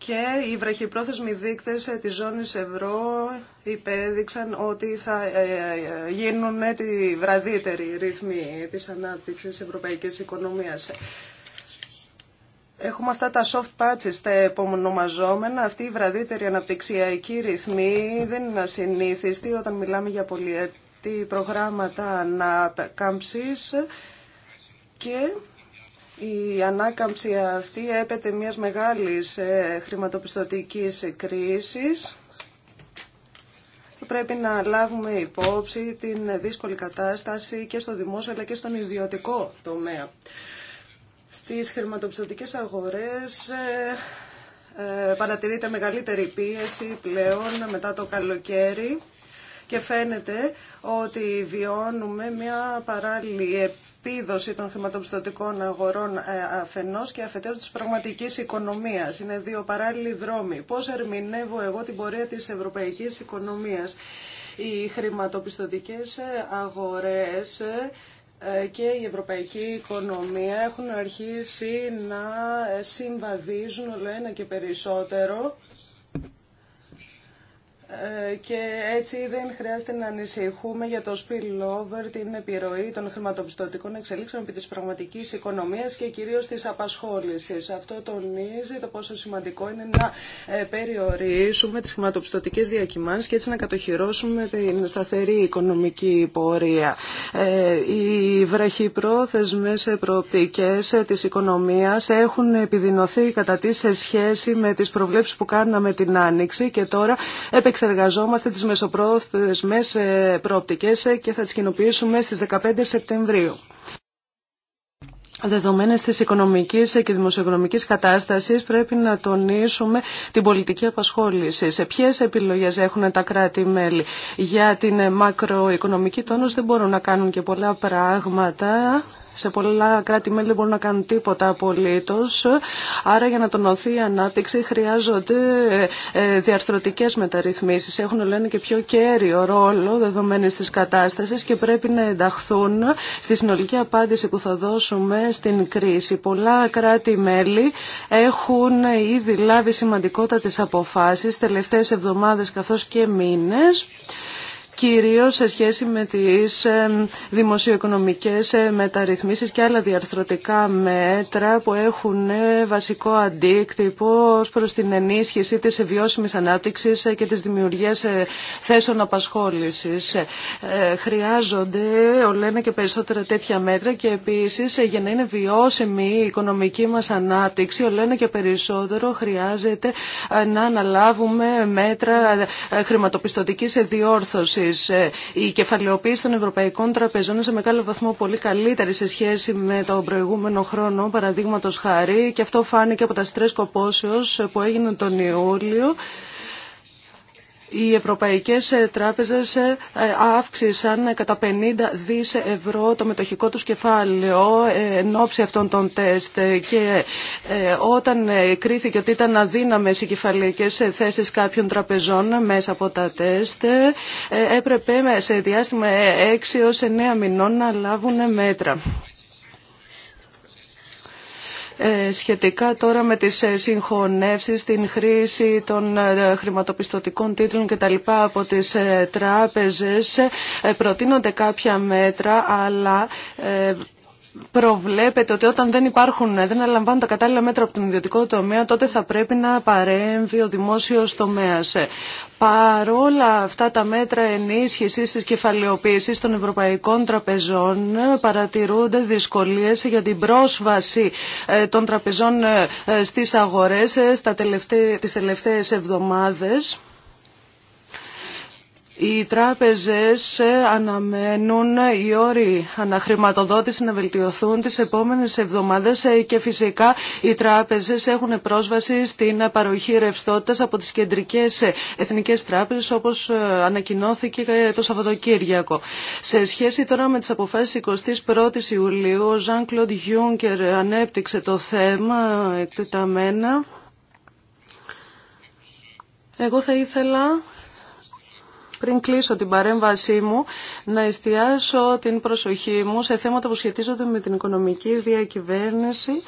και οι βραχυπρόθεσμοι δείκτες ε, της ζώνης ευρώ υπέδειξαν ότι θα ε, ε, γίνουν τη βραδύτερη ρυθμή της ανάπτυξης της ευρωπαϊκής οικονομίας. Έχουμε αυτά τα soft patches, τα επομονωμαζόμενα. Αυτή η βραδύτερη αναπτυξιακή ρυθμή δεν είναι ασυνήθιστη όταν μιλάμε για πολυετή προγράμματα ανάκαμψης και η ανάκαμψη αυτή έπεται μιας μεγάλης ε, χρηματοπιστωτικής κρίσης. Πρέπει να λάβουμε υπόψη την δύσκολη κατάσταση και στο δημόσιο αλλά και στον ιδιωτικό τομέα. Στις χρηματοπιστωτικές αγορές ε, ε, παρατηρείται μεγαλύτερη πίεση πλέον μετά το καλοκαίρι και φαίνεται ότι βιώνουμε μια παράλληλη επίδοση των χρηματοπιστωτικών αγορών ε, αφενός και αφετέρου της πραγματικής οικονομίας. Είναι δύο παράλληλοι δρόμοι. Πώς ερμηνεύω εγώ την πορεία της ευρωπαϊκής οικονομίας. Οι χρηματοπιστωτικές ε, αγορές ε, και η ευρωπαϊκή οικονομία έχουν αρχίσει να συμβαδίζουν όλο ένα και περισσότερο ε, και έτσι δεν χρειάζεται να ανησυχούμε για το spillover, την επιρροή των χρηματοπιστωτικών εξελίξεων επί της πραγματικής οικονομίας και κυρίως της απασχόλησης. Αυτό τονίζει το πόσο σημαντικό είναι να ε, περιορίσουμε τις χρηματοπιστωτικές διακυμάνσεις και έτσι να κατοχυρώσουμε την σταθερή οικονομική πορεία. Ε, οι βραχυπρόθεσμες προοπτικές της οικονομίας έχουν επιδεινωθεί κατά τη σε σχέση με τις προβλέψεις που κάναμε την Άνοιξη και τώρα Εργαζόμαστε τις μεσοπρόθεσμες ε, προοπτικές ε, και θα τις κοινοποιήσουμε στις 15 Σεπτεμβρίου. Δεδομένες της οικονομικής ε, και δημοσιοοικονομικής κατάστασης πρέπει να τονίσουμε την πολιτική απασχόληση. Σε ποιες επιλογές έχουν τα κράτη-μέλη για την μακροοικονομική τόνος δεν μπορούν να κάνουν και πολλά πράγματα σε πολλά κράτη-μέλη δεν μπορούν να κάνουν τίποτα απολύτω. Άρα για να τονωθεί η ανάπτυξη χρειάζονται ε, ε, διαρθρωτικές μεταρρυθμίσει, Έχουν λένε και πιο κέριο ρόλο δεδομένη της κατάσταση και πρέπει να ενταχθούν στη συνολική απάντηση που θα δώσουμε στην κρίση. Πολλά κράτη-μέλη έχουν ήδη λάβει σημαντικότατε αποφάσει τελευταίε εβδομάδε καθώς και μήνες κυρίως σε σχέση με τις ε, δημοσιοοικονομικές ε, μεταρρυθμίσεις και άλλα διαρθρωτικά μέτρα που έχουν ε, βασικό αντίκτυπο ως προς την ενίσχυση της βιώσιμης ανάπτυξης και της δημιουργίας θέσεων απασχόλησης. Χρειάζονται ολένα και περισσότερα τέτοια μέτρα και επίσης για να είναι βιώσιμη η οικονομική μας ανάπτυξη ολένα και περισσότερο χρειάζεται να αναλάβουμε μέτρα χρηματοπιστωτικής διόρθωση. Ε, η κεφαλαιοποίηση των ευρωπαϊκών τραπεζών είναι σε μεγάλο βαθμό πολύ καλύτερη σε σχέση με τον προηγούμενο χρόνο, παραδείγματο χάρη, και αυτό φάνηκε από τα στρες κοπόσεως που έγινε τον Ιούλιο. Οι ευρωπαϊκές ε, τράπεζες ε, αύξησαν κατά 50 δις ευρώ το μετοχικό τους κεφάλαιο ε, εν ώψη αυτών των τεστ και όταν κρίθηκε ότι ήταν αδύναμες οι κεφαλαικές θέσεις κάποιων τραπεζών μέσα από τα τεστ έπρεπε σε διάστημα 6 έως 9 μηνών να λάβουν μέτρα. Ε, σχετικά τώρα με τις ε, συγχωνεύσεις, την χρήση των ε, χρηματοπιστωτικών τίτλων λοιπά από τις τράπεζες προτείνονται κάποια μέτρα, αλλά προβλέπετε ότι όταν δεν υπάρχουν, δεν αναλαμβάνουν τα κατάλληλα μέτρα από τον ιδιωτικό τομέα, τότε θα πρέπει να παρέμβει ο δημόσιος τομέας. Παρόλα αυτά τα μέτρα ενίσχυσης της κεφαλαιοποίησης των ευρωπαϊκών τραπεζών παρατηρούνται δυσκολίες για την πρόσβαση ε, των τραπεζών ε, στις αγορές ε, τις τελευταίες εβδομάδες. Οι τράπεζες ε, αναμένουν οι όροι αναχρηματοδότηση να βελτιωθούν τις επόμενες εβδομάδες ε, και φυσικά οι τράπεζες έχουν πρόσβαση στην παροχή ρευστότητας από τις κεντρικές ε, εθνικές τράπεζες όπως ανακοινώθηκε το Σαββατοκύριακο. Σε σχέση τώρα με τις αποφάσεις 21ης Ιουλίου, ο Ζαν Κλοντ Γιούγκερ ανέπτυξε το θέμα εκτεταμένα. Εγώ θα ήθελα πριν κλείσω την παρέμβασή μου, να εστιάσω την προσοχή μου σε θέματα που σχετίζονται με την οικονομική διακυβέρνηση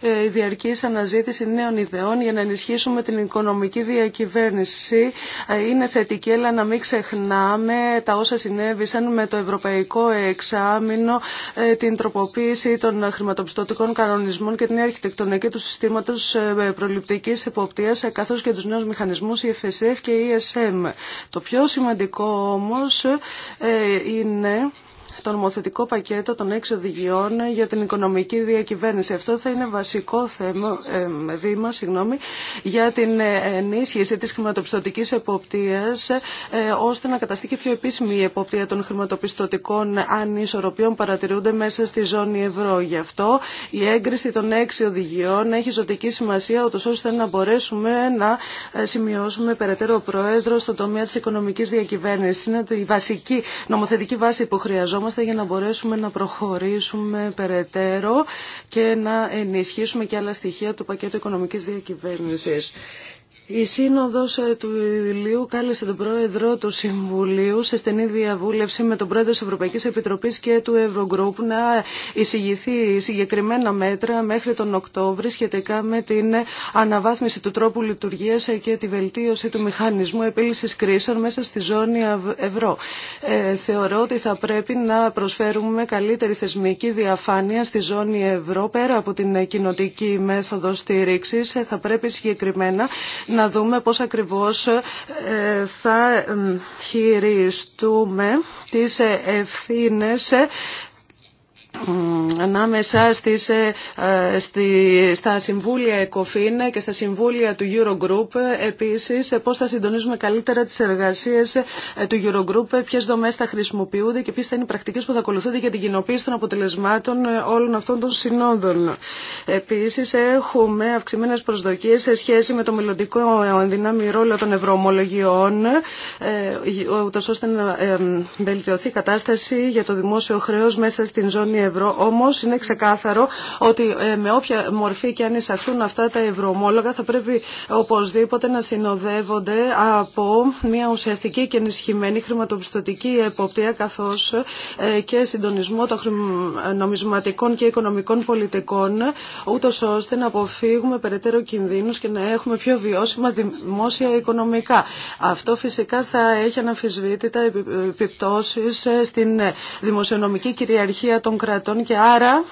η ε, διαρκής αναζήτηση νέων ιδεών για να ενισχύσουμε την οικονομική διακυβέρνηση. Ε, είναι θετική, αλλά να μην ξεχνάμε τα όσα συνέβησαν με το Ευρωπαϊκό Εξάμεινο, ε, την τροποποίηση των χρηματοπιστωτικών κανονισμών και την αρχιτεκτονική του συστήματος προληπτικής εποπτείας, καθώ και τους νέους μηχανισμούς EFSF και ESM. Το πιο σημαντικό όμω είναι το νομοθετικό πακέτο των έξι οδηγιών για την οικονομική διακυβέρνηση. Αυτό θα είναι βασικό θέμα, ε, βήμα συγγνώμη, για την ε, ενίσχυση της χρηματοπιστωτικής εποπτείας ε, ώστε να καταστεί και πιο επίσημη η εποπτεία των χρηματοπιστωτικών ανισορροπιών παρατηρούνται μέσα στη ζώνη ευρώ. Γι' αυτό η έγκριση των έξι οδηγιών έχει ζωτική σημασία ούτως ώστε να μπορέσουμε να σημειώσουμε περαιτέρω πρόεδρο στον τομέα της οικονομικής διακυβέρνησης. Είναι η βασική νομοθετική βάση που χρειαζόμαστε χρειαζόμαστε για να μπορέσουμε να προχωρήσουμε περαιτέρω και να ενισχύσουμε και άλλα στοιχεία του πακέτου οικονομικής διακυβέρνησης. Η σύνοδο ε, του Ιουλίου κάλεσε τον Πρόεδρο του Συμβουλίου σε στενή διαβούλευση με τον Πρόεδρο τη Ευρωπαϊκή Επιτροπή και του Eurogroup να εισηγηθεί συγκεκριμένα μέτρα μέχρι τον Οκτώβρη σχετικά με την αναβάθμιση του τρόπου λειτουργία και τη βελτίωση του μηχανισμού επίλυση κρίσεων μέσα στη ζώνη ευρώ. Ε, θεωρώ ότι θα πρέπει να προσφέρουμε καλύτερη θεσμική διαφάνεια στη ζώνη ευρώ πέρα από την κοινοτική μέθοδο στήριξη. Ε, θα πρέπει συγκεκριμένα να δούμε πώς ακριβώς ε, θα χειριστούμε τις ε, ευθύνες ε, ανάμεσα στις, ε, ε, στη, στα συμβούλια ΕΚΟΦΗΝ και στα συμβούλια του Eurogroup επίσης πώς θα συντονίζουμε καλύτερα τις εργασίες ε, του Eurogroup, ποιες δομές θα χρησιμοποιούνται και ποιες θα είναι οι πρακτικές που θα ακολουθούνται για την κοινοποίηση των αποτελεσμάτων όλων αυτών των συνόδων. Επίσης έχουμε αυξημένες προσδοκίες σε σχέση με το μελλοντικό ενδυνάμει ρόλο των ευρωομολογιών ούτως ώστε να βελτιωθεί η κατάσταση για το δημόσιο χρέος μέσα στην ζώνη ευρώ. Όμως είναι ξεκάθαρο ότι ε, με όποια μορφή και αν εισαχθούν αυτά τα ευρωομόλογα θα πρέπει οπωσδήποτε να συνοδεύονται από μια ουσιαστική και ενισχυμένη χρηματοπιστωτική εποπτεία καθώς ε, και συντονισμό των νομισματικών και οικονομικών πολιτικών ούτω ώστε να αποφύγουμε περαιτέρω κινδύνους και να έχουμε πιο βιώσιμα δημόσια οικονομικά. Αυτό φυσικά θα έχει αναμφισβήτητα επιπτώσει ε, στην δημοσιονομική κυριαρχία των κρατών και άρα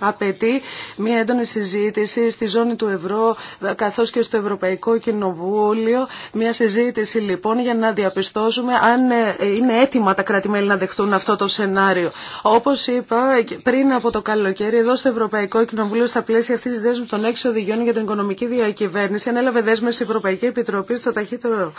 απαιτεί μια έντονη συζήτηση στη ζώνη του ευρώ καθώς και στο Ευρωπαϊκό Κοινοβούλιο. Μια συζήτηση λοιπόν για να διαπιστώσουμε αν ε, είναι έτοιμα τα κράτη-μέλη να δεχτούν αυτό το σενάριο. Όπως είπα πριν από το καλοκαίρι εδώ στο Ευρωπαϊκό Κοινοβούλιο στα πλαίσια αυτής της δέσμης των έξι οδηγιών για την οικονομική διακυβέρνηση ανέλαβε δέσμευση η Ευρωπαϊκή Επιτροπή στο ταχύτερο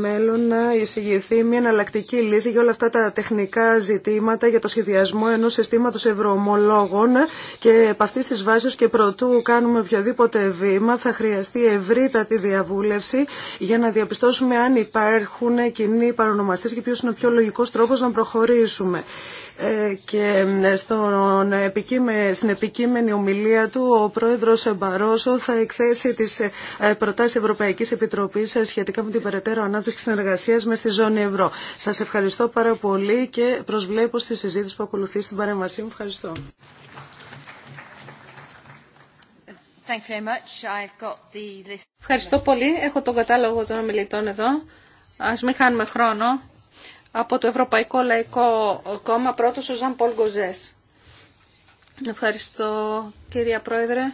μέλλον να εισηγηθεί μια εναλλακτική λύση για όλα αυτά τα τεχνικά ζητήματα για το σχεδιασμό ενό συστήματο ευρωομολόγων και επ' αυτή τη βάση και προτού κάνουμε οποιοδήποτε βήμα θα χρειαστεί ευρύτατη διαβούλευση για να διαπιστώσουμε αν υπάρχουν κοινοί παρονομαστέ και ποιο είναι ο πιο λογικό τρόπο να προχωρήσουμε. Ε, και ε, στον ε, στην επικείμενη ομιλία του ο πρόεδρος Μπαρόσο θα εκθέσει τις προτάσεις Ευρωπαϊκής Επιτροπής σχετικά με την περαιτέρω ανάπτυξη συνεργασίας με στη ζώνη ευρώ. Σας ευχαριστώ πάρα πολύ και προσβλέπω στη συζήτηση που ακολουθεί στην παρέμβασή μου. Ευχαριστώ. Ευχαριστώ πολύ. Έχω τον κατάλογο των ομιλητών εδώ. Ας μην χάνουμε χρόνο από το Ευρωπαϊκό Λαϊκό Κόμμα, πρώτος ο Ζαν Πολ Γκοζές. Ευχαριστώ κυρία Πρόεδρε,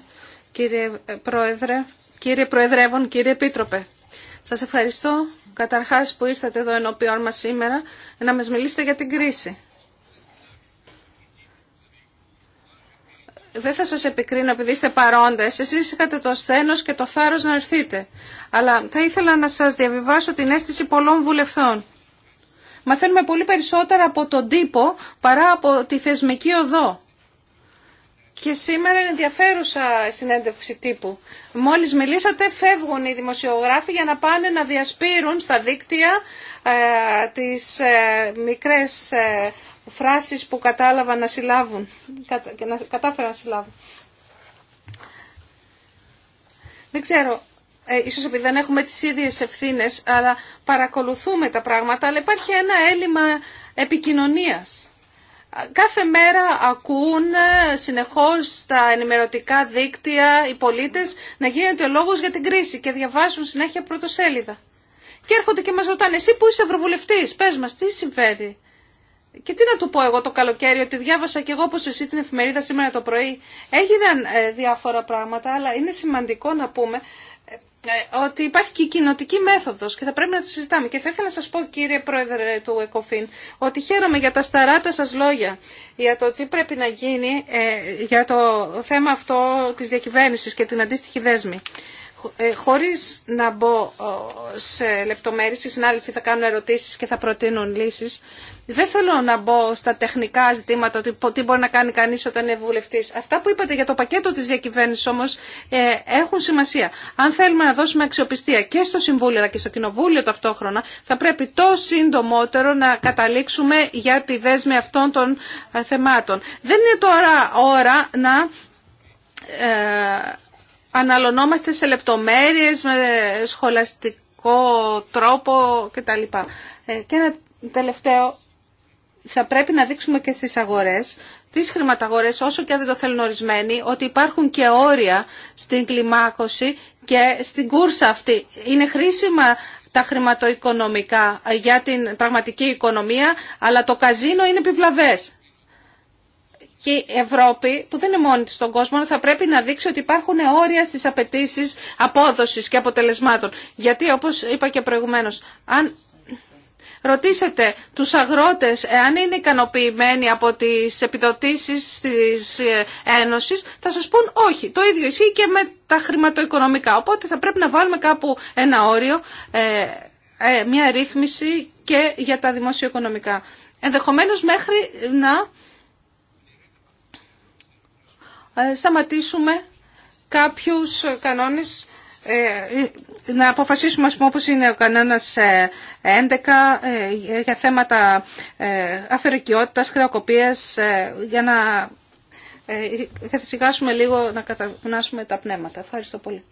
κύριε ε, Πρόεδρε, κύριε Προεδρεύον, κύριε Επίτροπε. Σας ευχαριστώ καταρχάς που ήρθατε εδώ ενώπιόν μας σήμερα να μας μιλήσετε για την κρίση. δεν θα σας επικρίνω επειδή είστε παρόντες, εσείς είχατε το σθένος και το θάρρος να ερθείτε. Αλλά θα ήθελα να σας διαβιβάσω την αίσθηση πολλών βουλευτών. Μαθαίνουμε πολύ περισσότερα από τον τύπο παρά από τη θεσμική οδό. Και σήμερα είναι ενδιαφέρουσα συνέντευξη τύπου. Μόλις μιλήσατε φεύγουν οι δημοσιογράφοι για να πάνε να διασπείρουν στα δίκτυα ε, τις ε, μικρές ε, φράσεις που κατάλαβαν να συλλάβουν να κατάφεραν να συλλάβουν. Δεν ξέρω ε, ίσως επειδή δεν έχουμε τις ίδιες ευθύνες, αλλά παρακολουθούμε τα πράγματα, αλλά υπάρχει ένα έλλειμμα επικοινωνίας. Κάθε μέρα ακούν ε, συνεχώς στα ενημερωτικά δίκτυα οι πολίτες να γίνεται ο λόγος για την κρίση και διαβάζουν συνέχεια πρωτοσέλιδα. Και έρχονται και μας ρωτάνε, εσύ που είσαι ευρωβουλευτής, πες μας τι συμβαίνει. Και τι να του πω εγώ το καλοκαίρι, ότι διάβασα και εγώ όπως εσύ την εφημερίδα σήμερα το πρωί. Έγιναν ε, διάφορα πράγματα, αλλά είναι σημαντικό να πούμε ε, ότι υπάρχει και η κοινοτική μέθοδος και θα πρέπει να τη συζητάμε. Και θα ήθελα να σας πω κύριε Πρόεδρε του ΕΚΟΦΗΝ ότι χαίρομαι για τα σταράτα σας λόγια για το τι πρέπει να γίνει ε, για το θέμα αυτό της διακυβέρνησης και την αντίστοιχη δέσμη. Ε, χωρίς να μπω σε λεπτομέρειες, οι συνάδελφοι θα κάνουν ερωτήσεις και θα προτείνουν λύσεις. Δεν θέλω να μπω στα τεχνικά ζητήματα ότι τι μπορεί να κάνει κανεί όταν είναι βουλευτή. Αυτά που είπατε για το πακέτο της διακυβέρνηση όμω ε, έχουν σημασία. Αν θέλουμε να δώσουμε αξιοπιστία και στο Συμβούλιο αλλά και στο Κοινοβούλιο ταυτόχρονα θα πρέπει το σύντομότερο να καταλήξουμε για τη δέσμη αυτών των ε, θεμάτων. Δεν είναι τώρα ώρα να... Ε, αναλωνόμαστε σε λεπτομέρειες με σχολαστικό τρόπο κτλ. Ε, και ένα τελευταίο θα πρέπει να δείξουμε και στις αγορές, τις χρηματαγορές, όσο και αν δεν το θέλουν ορισμένοι, ότι υπάρχουν και όρια στην κλιμάκωση και στην κούρσα αυτή. Είναι χρήσιμα τα χρηματοοικονομικά για την πραγματική οικονομία, αλλά το καζίνο είναι επιβλαβές. Και η Ευρώπη, που δεν είναι μόνη της στον κόσμο, θα πρέπει να δείξει ότι υπάρχουν όρια στις απαιτήσει απόδοσης και αποτελεσμάτων. Γιατί, όπως είπα και προηγουμένως, αν Ρωτήσετε τους αγρότες εάν είναι ικανοποιημένοι από τις επιδοτήσεις της ε, Ένωσης, θα σας πούν όχι. Το ίδιο ισχύει και με τα χρηματοοικονομικά. Οπότε θα πρέπει να βάλουμε κάπου ένα όριο, ε, ε, μια ρύθμιση και για τα δημοσιοοικονομικά. Ενδεχομένως μέχρι να σταματήσουμε κάποιους κανόνες ε, να αποφασίσουμε ας πούμε, όπως είναι ο κανένας 11 ε, για θέματα ε, αφαιρικιότητας, χρεοκοπίας για να καθησυχάσουμε λίγο να καταγνάσουμε τα πνεύματα. Ευχαριστώ πολύ.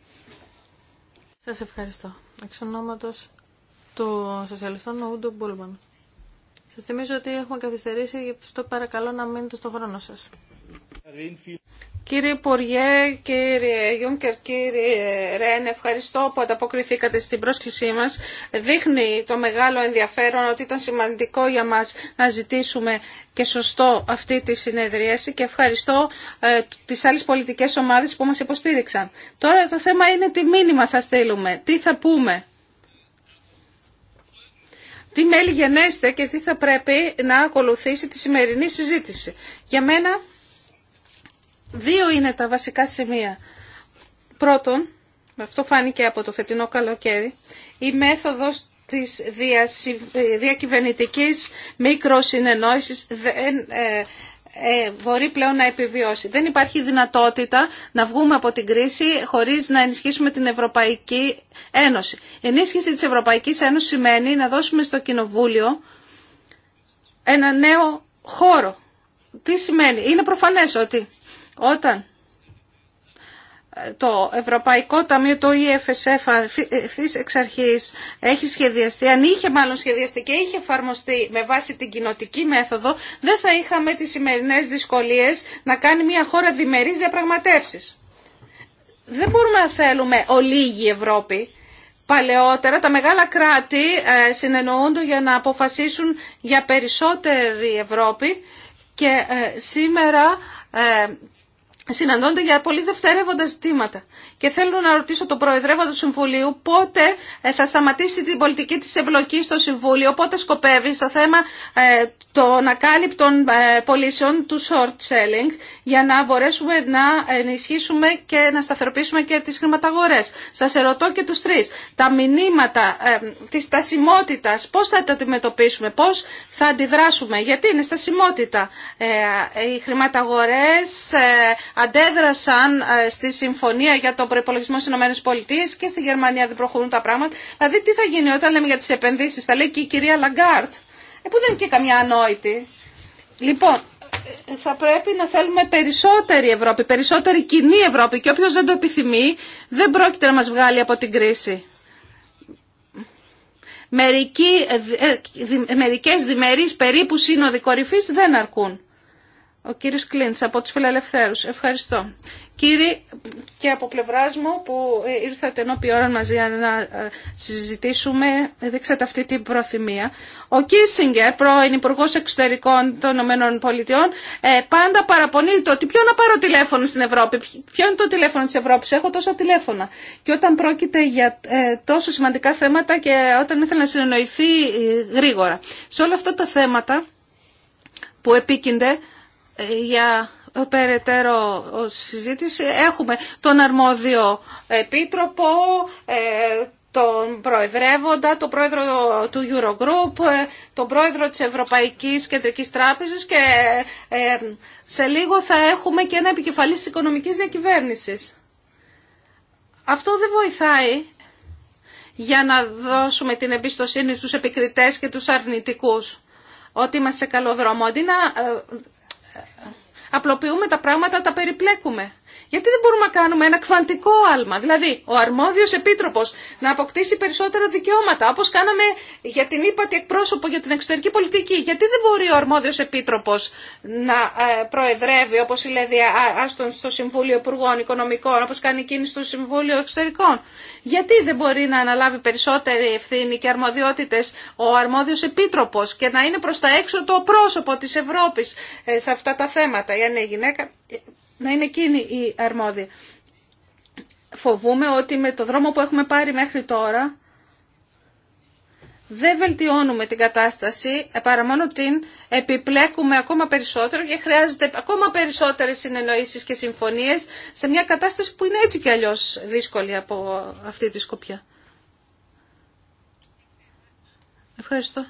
Σας ευχαριστώ. Εξ ονόματος του Σοσιαλιστών Ούντο Μπούλμαν. Σας θυμίζω ότι έχουμε καθυστερήσει, γι' αυτό παρακαλώ να μείνετε στο χρόνο σας. Κύριε Υπουργέ, κύριε Γιούνκερ, κύριε Ρέν, ευχαριστώ που ανταποκριθήκατε στην πρόσκλησή μας. Δείχνει το μεγάλο ενδιαφέρον ότι ήταν σημαντικό για μας να ζητήσουμε και σωστό αυτή τη συνεδρίαση και ευχαριστώ ε, τις άλλες πολιτικές ομάδες που μας υποστήριξαν. Τώρα το θέμα είναι τι μήνυμα θα στείλουμε, τι θα πούμε. Τι μέλη γενέστε και τι θα πρέπει να ακολουθήσει τη σημερινή συζήτηση. Για μένα Δύο είναι τα βασικά σημεία. Πρώτον, αυτό φάνηκε από το φετινό καλοκαίρι, η μέθοδος της ε, διακυβερνητικής μικροσυνεννόησης δεν ε, ε, μπορεί πλέον να επιβιώσει. Δεν υπάρχει δυνατότητα να βγούμε από την κρίση χωρίς να ενισχύσουμε την Ευρωπαϊκή Ένωση. Η ενίσχυση της Ευρωπαϊκής Ένωσης σημαίνει να δώσουμε στο Κοινοβούλιο ένα νέο χώρο. Τι σημαίνει. Είναι προφανές ότι όταν ε, το Ευρωπαϊκό Ταμείο, το EFSF, ε, ευθύς εξ αρχής έχει σχεδιαστεί, αν είχε μάλλον σχεδιαστεί και είχε εφαρμοστεί με βάση την κοινοτική μέθοδο, δεν θα είχαμε τις σημερινές δυσκολίες να κάνει μια χώρα διμερείς διαπραγματεύσεις. Δεν μπορούμε να θέλουμε ολίγη Ευρώπη. Παλαιότερα τα μεγάλα κράτη ε, συνεννοούνται για να αποφασίσουν για περισσότερη Ευρώπη και σήμερα συναντώνται για πολύ δευτερεύοντα ζητήματα. Και θέλω να ρωτήσω τον Προεδρεύοντα του Συμβουλίου πότε ε, θα σταματήσει την πολιτική της εμπλοκή στο Συμβούλιο, πότε σκοπεύει στο θέμα ε, των ακάλυπτων ε, πωλήσεων του short selling για να μπορέσουμε να ενισχύσουμε και να σταθεροποιήσουμε και τις χρηματαγορές. Σας ερωτώ και τους τρεις. Τα μηνύματα ε, της στασιμότητας, πώς θα τα αντιμετωπίσουμε, πώς θα αντιδράσουμε, γιατί είναι στασιμότητα. οι χρηματαγορές αντέδρασαν ε, στη συμφωνία για τον προπολογισμό στι ΗΠΑ και στη Γερμανία δεν προχωρούν τα πράγματα. Δηλαδή τι θα γίνει όταν λέμε για τι επενδύσει, τα λέει και η κυρία Λαγκάρτ, ε, που δεν είναι και καμιά ανόητη. Λοιπόν, ε, θα πρέπει να θέλουμε περισσότερη Ευρώπη, περισσότερη κοινή Ευρώπη και όποιος δεν το επιθυμεί δεν πρόκειται να μας βγάλει από την κρίση. Μερικοί, ε, μερικές διμερείς περίπου σύνοδοι κορυφής δεν αρκούν. Ο κύριος Κλίντς από τους Φιλελευθέρους. Ευχαριστώ. Κύριοι και από πλευρά μου που ήρθατε ώρα μαζί να ε, συζητήσουμε, δείξατε αυτή την προθυμία. Ο Κίσιγκερ, πρώην Υπουργό Εξωτερικών των Ηνωμένων Πολιτειών, ε, πάντα παραπονείται το ότι ποιο να πάρω τηλέφωνο στην Ευρώπη, ποιο είναι το τηλέφωνο της Ευρώπης, έχω τόσα τηλέφωνα. Και όταν πρόκειται για ε, τόσο σημαντικά θέματα και όταν ήθελε να συνεννοηθεί γρήγορα. Σε όλα αυτά τα θέματα που επίκυνται, για περαιτέρω συζήτηση. Έχουμε τον αρμόδιο επίτροπο, ε, τον προεδρεύοντα, τον πρόεδρο του Eurogroup, ε, τον πρόεδρο της Ευρωπαϊκής Κεντρικής Τράπεζας και ε, σε λίγο θα έχουμε και ένα επικεφαλής της οικονομικής διακυβέρνησης. Αυτό δεν βοηθάει για να δώσουμε την εμπιστοσύνη στους επικριτές και τους αρνητικούς ότι είμαστε σε καλό δρόμο. Αντί να απλοποιούμε τα πράγματα, τα περιπλέκουμε. Γιατί δεν μπορούμε να κάνουμε ένα κβαντικό άλμα, δηλαδή ο αρμόδιος επίτροπος να αποκτήσει περισσότερα δικαιώματα, όπως κάναμε για την ύπατη εκπρόσωπο για την εξωτερική πολιτική. Γιατί δεν μπορεί ο αρμόδιος επίτροπος να ε, προεδρεύει, όπως λέει Άστον στο Συμβούλιο Υπουργών Οικονομικών, όπως κάνει εκείνη στο Συμβούλιο Εξωτερικών. Γιατί δεν μπορεί να αναλάβει περισσότερη ευθύνη και αρμοδιότητες ο αρμόδιο επίτροπο και να είναι προ τα έξω το πρόσωπο τη Ευρώπη ε, σε αυτά τα θέματα, για γυναίκα να είναι εκείνη η αρμόδια. Φοβούμε ότι με το δρόμο που έχουμε πάρει μέχρι τώρα δεν βελτιώνουμε την κατάσταση, παρά μόνο την επιπλέκουμε ακόμα περισσότερο και χρειάζεται ακόμα περισσότερες συνεννοήσεις και συμφωνίες σε μια κατάσταση που είναι έτσι και αλλιώς δύσκολη από αυτή τη σκοπιά. Ευχαριστώ.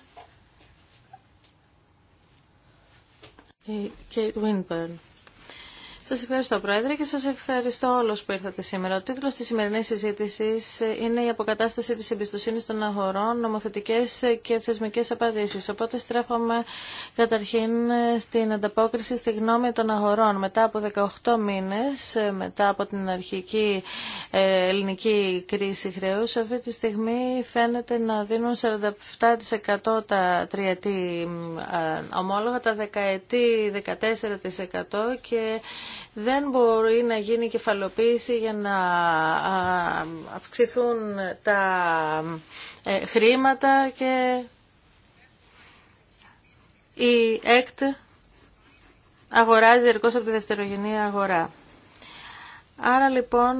Η Κέιτ σας ευχαριστώ Πρόεδρε και σας ευχαριστώ όλου που ήρθατε σήμερα. Ο τίτλος της σημερινής συζήτηση είναι η αποκατάσταση της εμπιστοσύνης των αγορών, νομοθετικές και θεσμικές απαντήσει. Οπότε στρέφομαι καταρχήν στην ανταπόκριση στη γνώμη των αγορών. Μετά από 18 μήνες, μετά από την αρχική ε, ελληνική κρίση χρέου. αυτή τη στιγμή φαίνεται να δίνουν 47% τα τριετή ε, ομόλογα, τα δεκαετή 14% και δεν μπορεί να γίνει κεφαλοποίηση για να αυξηθούν τα ε, χρήματα και η ΕΚΤ αγοράζει ερκώς από τη δευτερογενή αγορά. Άρα λοιπόν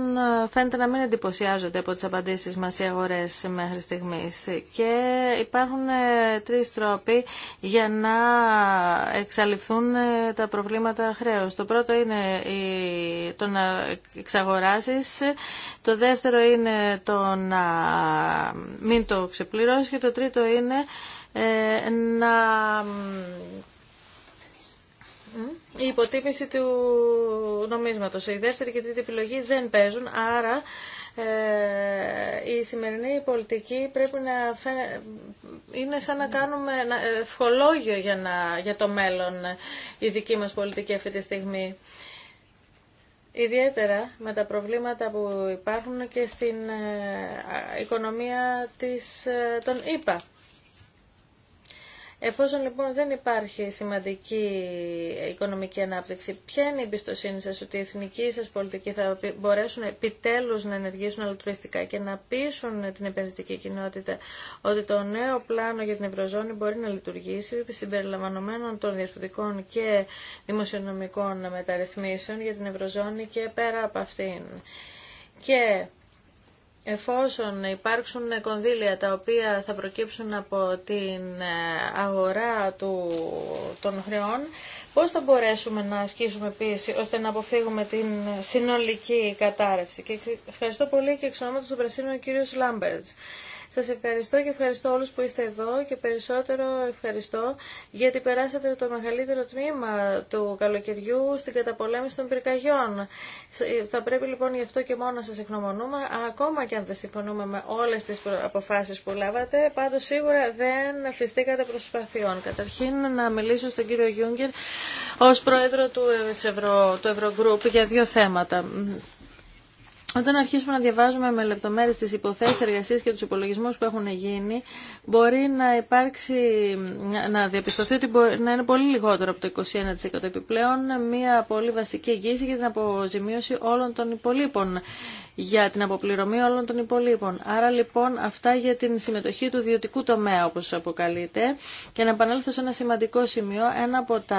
φαίνεται να μην εντυπωσιάζονται από τις απαντήσεις μας οι αγορές μέχρι στιγμής και υπάρχουν ε, τρεις τρόποι για να εξαλειφθούν ε, τα προβλήματα χρέους. Το πρώτο είναι το να εξαγοράσεις, το δεύτερο είναι το να μην το ξεπληρώσεις και το τρίτο είναι ε, να η υποτίμηση του νομίσματος. Η δεύτερη και τρίτη επιλογή δεν παίζουν, άρα ε, η σημερινή πολιτική πρέπει να είναι σαν να κάνουμε ε, ευχολόγιο για, να... για το μέλλον ε, η δική μας πολιτική αυτή τη στιγμή. Ιδιαίτερα με τα προβλήματα που υπάρχουν και στην οικονομία της, των ΗΠΑ. Εφόσον λοιπόν δεν υπάρχει σημαντική οικονομική ανάπτυξη, ποια είναι η εμπιστοσύνη σας ότι οι εθνικοί σας πολιτικοί θα μπορέσουν επιτέλους να ενεργήσουν αλτρουιστικά και να πείσουν την επενδυτική κοινότητα ότι το νέο πλάνο για την Ευρωζώνη μπορεί να λειτουργήσει συμπεριλαμβανομένων των διευθυντικών και δημοσιονομικών μεταρρυθμίσεων για την Ευρωζώνη και πέρα από αυτήν. Και Εφόσον υπάρξουν κονδύλια τα οποία θα προκύψουν από την ε, αγορά του, των χρεών, πώς θα μπορέσουμε να ασκήσουμε πίεση ώστε να αποφύγουμε την συνολική κατάρρευση. Και ευχαριστώ πολύ και εξ ονόματος του Πρασίνου ο κύριος Λάμπερτς. Σας ευχαριστώ και ευχαριστώ όλους που είστε εδώ και περισσότερο ευχαριστώ γιατί περάσατε το μεγαλύτερο τμήμα του καλοκαιριού στην καταπολέμηση των πυρκαγιών. Θα πρέπει λοιπόν γι' αυτό και μόνο να σας ευγνωμονούμε, ακόμα και αν δεν συμφωνούμε με όλες τις αποφάσεις που λάβατε, πάντως σίγουρα δεν αφιστήκατε προσπαθειών. Καταρχήν να μιλήσω στον κύριο Γιούγκερ ως πρόεδρο του, του Ευρωγκρουπ για δύο θέματα. Όταν αρχίσουμε να διαβάζουμε με λεπτομέρειες τις υποθέσεις εργασίας και τους υπολογισμούς που έχουν γίνει, μπορεί να υπάρξει, να διαπιστωθεί ότι μπορεί να είναι πολύ λιγότερο από το 21% επιπλέον, μια πολύ βασική εγγύηση για την αποζημίωση όλων των υπολείπων για την αποπληρωμή όλων των υπολείπων. Άρα λοιπόν αυτά για την συμμετοχή του ιδιωτικού τομέα όπως αποκαλείται και να επανέλθω σε ένα σημαντικό σημείο, ένα από τα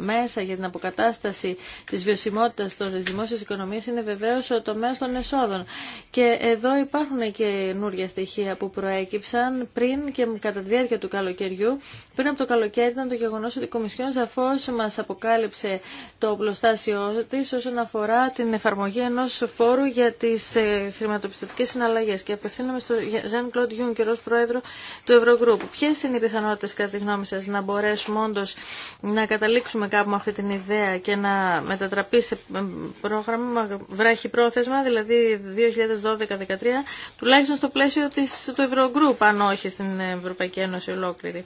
μέσα για την αποκατάσταση της βιωσιμότητας των δημόσιας οικονομίας είναι βεβαίως ο τομέας των εσόδων. Και εδώ υπάρχουν και νούρια στοιχεία που προέκυψαν πριν και κατά τη διάρκεια του καλοκαιριού. Πριν από το καλοκαίρι ήταν το γεγονός ότι η Κομισιόν σαφώς μας αποκάλυψε το πλωστάσιό τη όσον αφορά την εφαρμογή ενό φόρου για τις ε, χρηματοπιστωτικές συναλλαγές και απευθύνομαι στο Ζαν Κλοντ και ως πρόεδρο του Ευρωγρούπου. Ποιες είναι οι πιθανότητες κατά τη γνώμη σας να μπορέσουμε όντω να καταλήξουμε κάπου με αυτή την ιδέα και να μετατραπεί σε πρόγραμμα βράχη πρόθεσμα, δηλαδή 2012-2013, τουλάχιστον στο πλαίσιο της, του Ευρωγκρούπ, αν όχι στην Ευρωπαϊκή Ένωση ολόκληρη.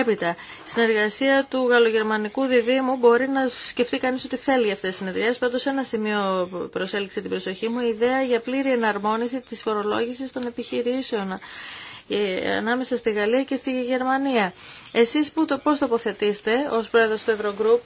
Έπειτα, η συνεργασία του γαλλογερμανικού διδήμου μπορεί να σκεφτεί κανεί ότι θέλει αυτέ τι συνεδριάσει. Πάντω, ένα σημείο προσέλιξε την προσοχή μου, η ιδέα για πλήρη εναρμόνιση τη φορολόγηση των επιχειρήσεων. Ε, ανάμεσα στη Γαλλία και στη Γερμανία. Εσείς που το πώς τοποθετήσετε ως πρόεδρος του Ευρωγκρουπ,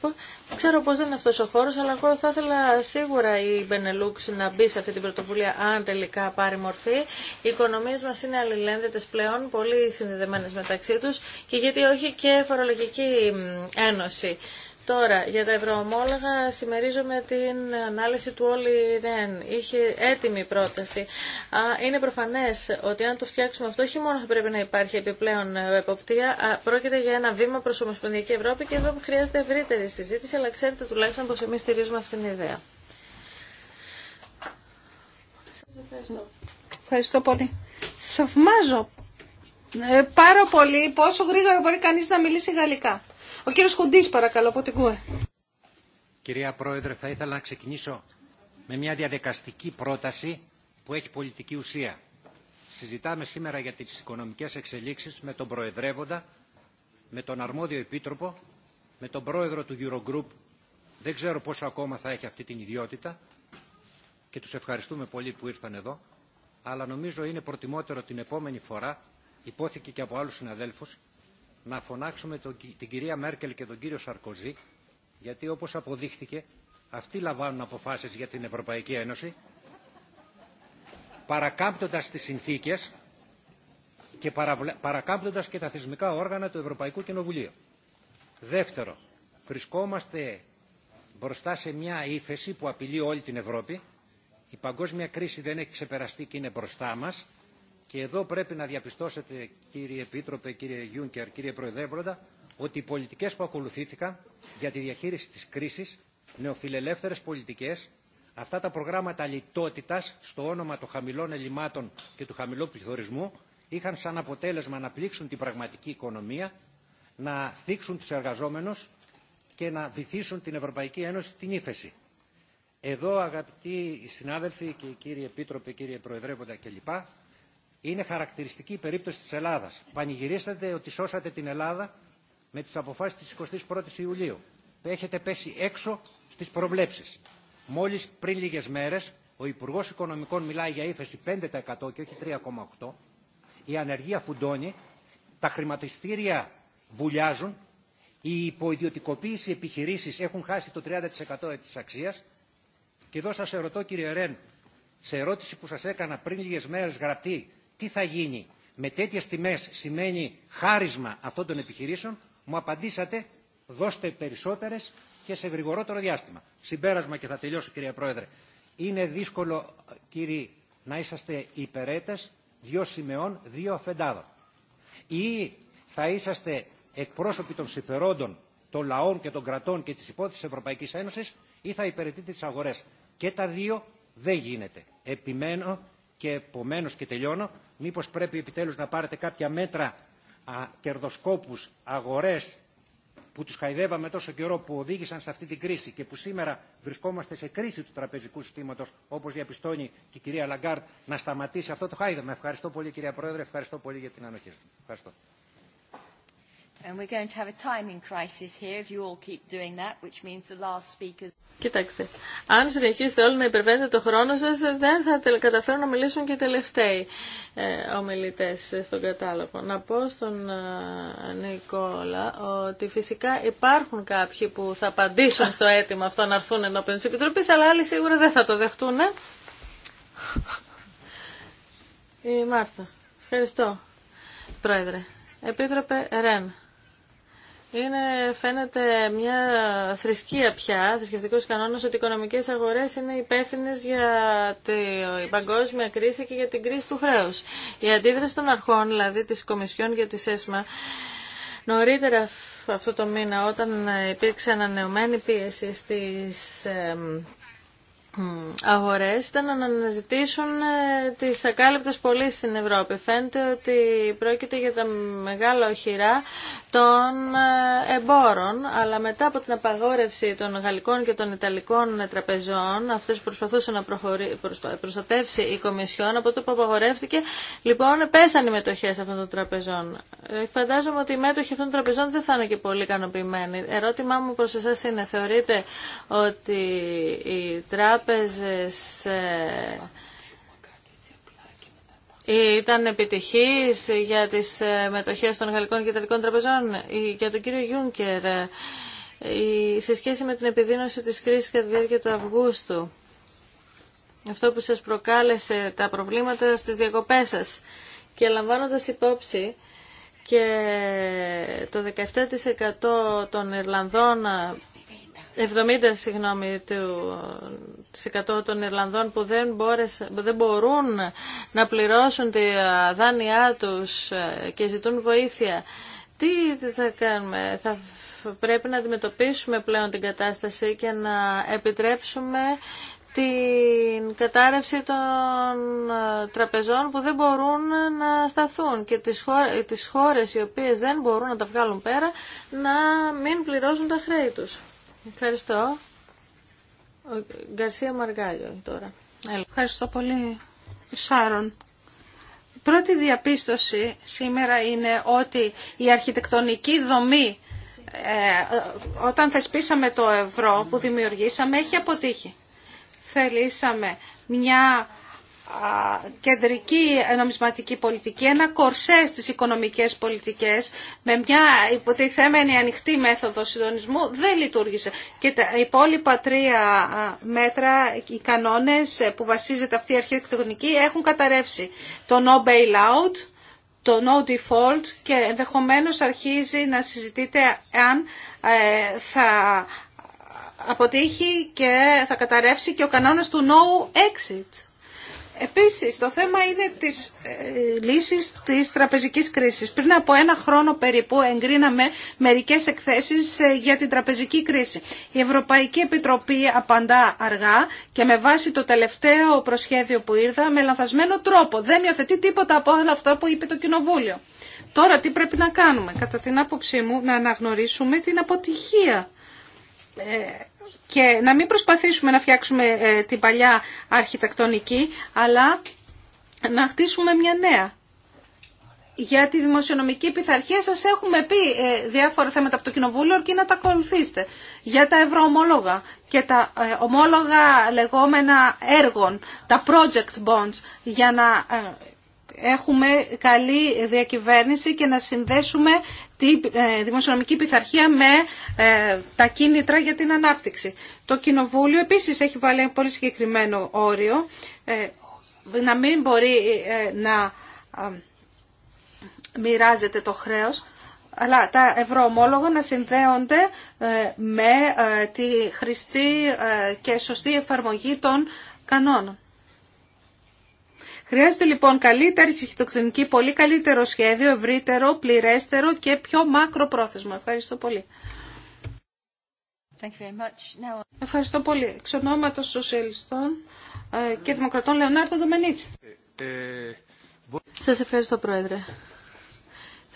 ξέρω πώς δεν είναι αυτός ο χώρος, αλλά εγώ θα ήθελα σίγουρα η Μπενελούξ να μπει σε αυτή την πρωτοβουλία αν τελικά πάρει μορφή. Οι οικονομίες μας είναι αλληλένδετες πλέον, πολύ συνδεδεμένες μεταξύ τους και γιατί όχι και φορολογική ένωση. Τώρα, για τα ευρωομόλογα συμμερίζομαι την ανάλυση του Όλη Ρεν. Είχε έτοιμη πρόταση. Είναι προφανέ ότι αν το φτιάξουμε αυτό, όχι μόνο θα πρέπει να υπάρχει επιπλέον ε, εποπτεία, πρόκειται για ένα βήμα προ Ομοσπονδιακή Ευρώπη και εδώ χρειάζεται ευρύτερη συζήτηση, αλλά ξέρετε τουλάχιστον πω εμεί στηρίζουμε αυτήν την ιδέα. ευχαριστώ. Ευχαριστώ πολύ. Θαυμάζω ε, πάρα πολύ πόσο γρήγορα μπορεί κανείς να μιλήσει γαλλικά. Ο κύριος Χοντής, παρακαλώ από την ΚΟΕ. Κυρία Πρόεδρε, θα ήθελα να ξεκινήσω με μια διαδικαστική πρόταση που έχει πολιτική ουσία. Συζητάμε σήμερα για τις οικονομικές εξελίξεις με τον Προεδρεύοντα, με τον Αρμόδιο Επίτροπο, με τον Πρόεδρο του Eurogroup. Δεν ξέρω πόσο ακόμα θα έχει αυτή την ιδιότητα και τους ευχαριστούμε πολύ που ήρθαν εδώ, αλλά νομίζω είναι προτιμότερο την επόμενη φορά, υπόθηκε και από άλλους συναδέλφους, να φωνάξουμε την κυρία Μέρκελ και τον κύριο Σαρκοζή, γιατί όπως αποδείχτηκε, αυτοί λαμβάνουν αποφάσεις για την Ευρωπαϊκή Ένωση, παρακάμπτοντας τις συνθήκες και παρακάμπτοντας και τα θεσμικά όργανα του Ευρωπαϊκού Κοινοβουλίου. Δεύτερο, βρισκόμαστε μπροστά σε μια ύφεση που απειλεί όλη την Ευρώπη. Η παγκόσμια κρίση δεν έχει ξεπεραστεί και είναι μπροστά μας και εδώ πρέπει να διαπιστώσετε κύριε Επίτροπε, κύριε Γιούνκερ, κύριε Προεδρεύοντα ότι οι πολιτικές που ακολουθήθηκαν για τη διαχείριση της κρίσης, νεοφιλελεύθερες πολιτικές, αυτά τα προγράμματα λιτότητας στο όνομα των χαμηλών ελλημάτων και του χαμηλού πληθωρισμού είχαν σαν αποτέλεσμα να πλήξουν την πραγματική οικονομία, να θίξουν τους εργαζόμενους και να βυθίσουν την Ευρωπαϊκή Ένωση στην ύφεση. Εδώ αγαπητοί συνάδελφοι και κύριοι Επίτροπε, κύριε Προεδρεύοντα κλπ. Είναι χαρακτηριστική η περίπτωση της Ελλάδας. Πανηγυρίσατε ότι σώσατε την Ελλάδα με τις αποφάσεις της 21ης Ιουλίου. Έχετε πέσει έξω στις προβλέψεις. Μόλις πριν λίγες μέρες ο Υπουργός Οικονομικών μιλάει για ύφεση 5% και όχι 3,8%. Η ανεργία φουντώνει, τα χρηματιστήρια βουλιάζουν, η υποειδιωτικοποίηση επιχειρήσεις έχουν χάσει το 30% της αξίας. Και εδώ σας ερωτώ κύριε Ρεν, σε ερώτηση που σας έκανα πριν λίγες μέρες γραπτή τι θα γίνει με τέτοιε τιμέ σημαίνει χάρισμα αυτών των επιχειρήσεων, μου απαντήσατε δώστε περισσότερε και σε γρηγορότερο διάστημα. Συμπέρασμα και θα τελειώσω κύριε Πρόεδρε. Είναι δύσκολο κύριοι να είσαστε υπερέτε δύο σημεών, δύο αφεντάδων. Ή θα είσαστε εκπρόσωποι των συμφερόντων των λαών και των κρατών και τη υπόθεση Ευρωπαϊκής Ευρωπαϊκή Ένωση ή θα υπηρετείτε τι αγορέ. Και τα δύο δεν γίνεται. Επιμένω και επομένω και τελειώνω μήπως πρέπει επιτέλους να πάρετε κάποια μέτρα α, κερδοσκόπους, αγορές που τους χαϊδεύαμε τόσο καιρό που οδήγησαν σε αυτή την κρίση και που σήμερα βρισκόμαστε σε κρίση του τραπεζικού συστήματος όπως διαπιστώνει και η κυρία Λαγκάρτ να σταματήσει αυτό το χάιδεμα. Ευχαριστώ πολύ κυρία Πρόεδρε, ευχαριστώ πολύ για την ανοχή σας. Ευχαριστώ. Κοιτάξτε, αν συνεχίσετε όλοι να υπερβαίνετε το χρόνο σας, δεν θα καταφέρουν να μιλήσουν και οι τελευταίοι ε, ομιλητές στον κατάλογο. Να πω στον ε, Νικόλα ότι φυσικά υπάρχουν κάποιοι που θα απαντήσουν στο αίτημα αυτό να έρθουν ενώπιον της Επιτροπής, αλλά άλλοι σίγουρα δεν θα το δεχτούν. Ε? Η Μάρθα. Ευχαριστώ, Πρόεδρε. Επίτροπε Ρεν είναι, φαίνεται μια θρησκεία πια, θρησκευτικό κανόνας, ότι οι οικονομικές αγορές είναι υπεύθυνε για την παγκόσμια κρίση και για την κρίση του χρέους. Η αντίδραση των αρχών, δηλαδή της Κομισιόν για τη ΣΕΣΜΑ, νωρίτερα αυτό το μήνα, όταν υπήρξε ανανεωμένη πίεση στις αγορές ήταν να αναζητήσουν ε, τις ακάλυπτες πωλήσει στην Ευρώπη. Φαίνεται ότι πρόκειται για τα μεγάλα οχυρά των ε, εμπόρων, αλλά μετά από την απαγόρευση των γαλλικών και των ιταλικών ε, τραπεζών, αυτές που προσπαθούσαν να προστατεύσει η Κομισιόν, από το που απαγορεύτηκε, λοιπόν πέσαν οι μετοχές αυτών των τραπεζών. Φαντάζομαι ότι οι μέτοχοι αυτών των τραπεζών δεν θα είναι και πολύ ικανοποιημένοι. Ερώτημά μου προς εσάς είναι, θεωρείτε ότι η τράπεζα ε, ήταν επιτυχής για τις ε, μετοχές των γαλλικών και ιταλικών τραπεζών. Για τον κύριο Γιούνκερ, ε, σε σχέση με την επιδείνωση της κρίσης κατά τη διάρκεια του Αυγούστου, αυτό που σας προκάλεσε τα προβλήματα στις διακοπές σας και λαμβάνοντας υπόψη και το 17% των Ιρλανδών 70% συγγνώμη, του, των Ιρλανδών που δεν, δεν μπορούν να πληρώσουν τη δάνειά τους ε, και ζητούν βοήθεια. Τι θα κάνουμε, θα πρέπει να αντιμετωπίσουμε πλέον την κατάσταση και να επιτρέψουμε την κατάρρευση των ε, τραπεζών που δεν μπορούν να σταθούν και τις χώρες, χώρες οι οποίες δεν μπορούν να τα βγάλουν πέρα να μην πληρώσουν τα χρέη τους. Ευχαριστώ. Ο Γκαρσία Μαργάλιο τώρα. Ευχαριστώ πολύ, Σάρων. Η πρώτη διαπίστωση σήμερα είναι ότι η αρχιτεκτονική δομή ε, όταν θεσπίσαμε το ευρώ που δημιουργήσαμε έχει αποτύχει. Θελήσαμε μια κεντρική νομισματική πολιτική, ένα κορσέ στις οικονομικές πολιτικές με μια υποτιθέμενη ανοιχτή μέθοδο συντονισμού δεν λειτουργήσε. Και τα υπόλοιπα τρία μέτρα, οι κανόνες που βασίζεται αυτή η αρχιτεκτονική έχουν καταρρεύσει. Το no bailout, το no default και ενδεχομένως αρχίζει να συζητείτε αν ε, θα αποτύχει και θα καταρρεύσει και ο κανόνας του no exit. Επίσης, το θέμα είναι της ε, λύσης της τραπεζικής κρίσης. Πριν από ένα χρόνο περίπου εγκρίναμε μερικές εκθέσεις ε, για την τραπεζική κρίση. Η Ευρωπαϊκή Επιτροπή απαντά αργά και με βάση το τελευταίο προσχέδιο που ήρθα με λανθασμένο τρόπο. Δεν υιοθετεί τίποτα από όλα αυτά που είπε το Κοινοβούλιο. Τώρα τι πρέπει να κάνουμε. Κατά την άποψή μου να αναγνωρίσουμε την αποτυχία ε, και να μην προσπαθήσουμε να φτιάξουμε ε, την παλιά αρχιτεκτονική, αλλά να χτίσουμε μια νέα. Για τη δημοσιονομική πειθαρχία σας έχουμε πει ε, διάφορα θέματα από το Κοινοβούλιο, και να τα ακολουθήσετε. Για τα ευρωομόλογα και τα ε, ομόλογα λεγόμενα έργων, τα project bonds, για να έχουμε καλή διακυβέρνηση και να συνδέσουμε τη ε, δημοσιονομική πειθαρχία με ε, τα κίνητρα για την ανάπτυξη. Το Κοινοβούλιο επίσης έχει βάλει ένα πολύ συγκεκριμένο όριο ε, να μην μπορεί να μοιράζεται το χρέος αλλά τα ευρωομόλογα να συνδέονται με τη χρηστή και σωστή εφαρμογή των κανόνων. Χρειάζεται λοιπόν καλύτερη αρχιτεκτονική, πολύ καλύτερο σχέδιο, ευρύτερο, πληρέστερο και πιο μακροπρόθεσμο. Ευχαριστώ πολύ. Thank you very much. Now... Ευχαριστώ πολύ. Εξ ονόματος Σοσιαλιστών ε, και Δημοκρατών Λεωνάρτο μπο... Ε, ε, Σας ευχαριστώ Πρόεδρε.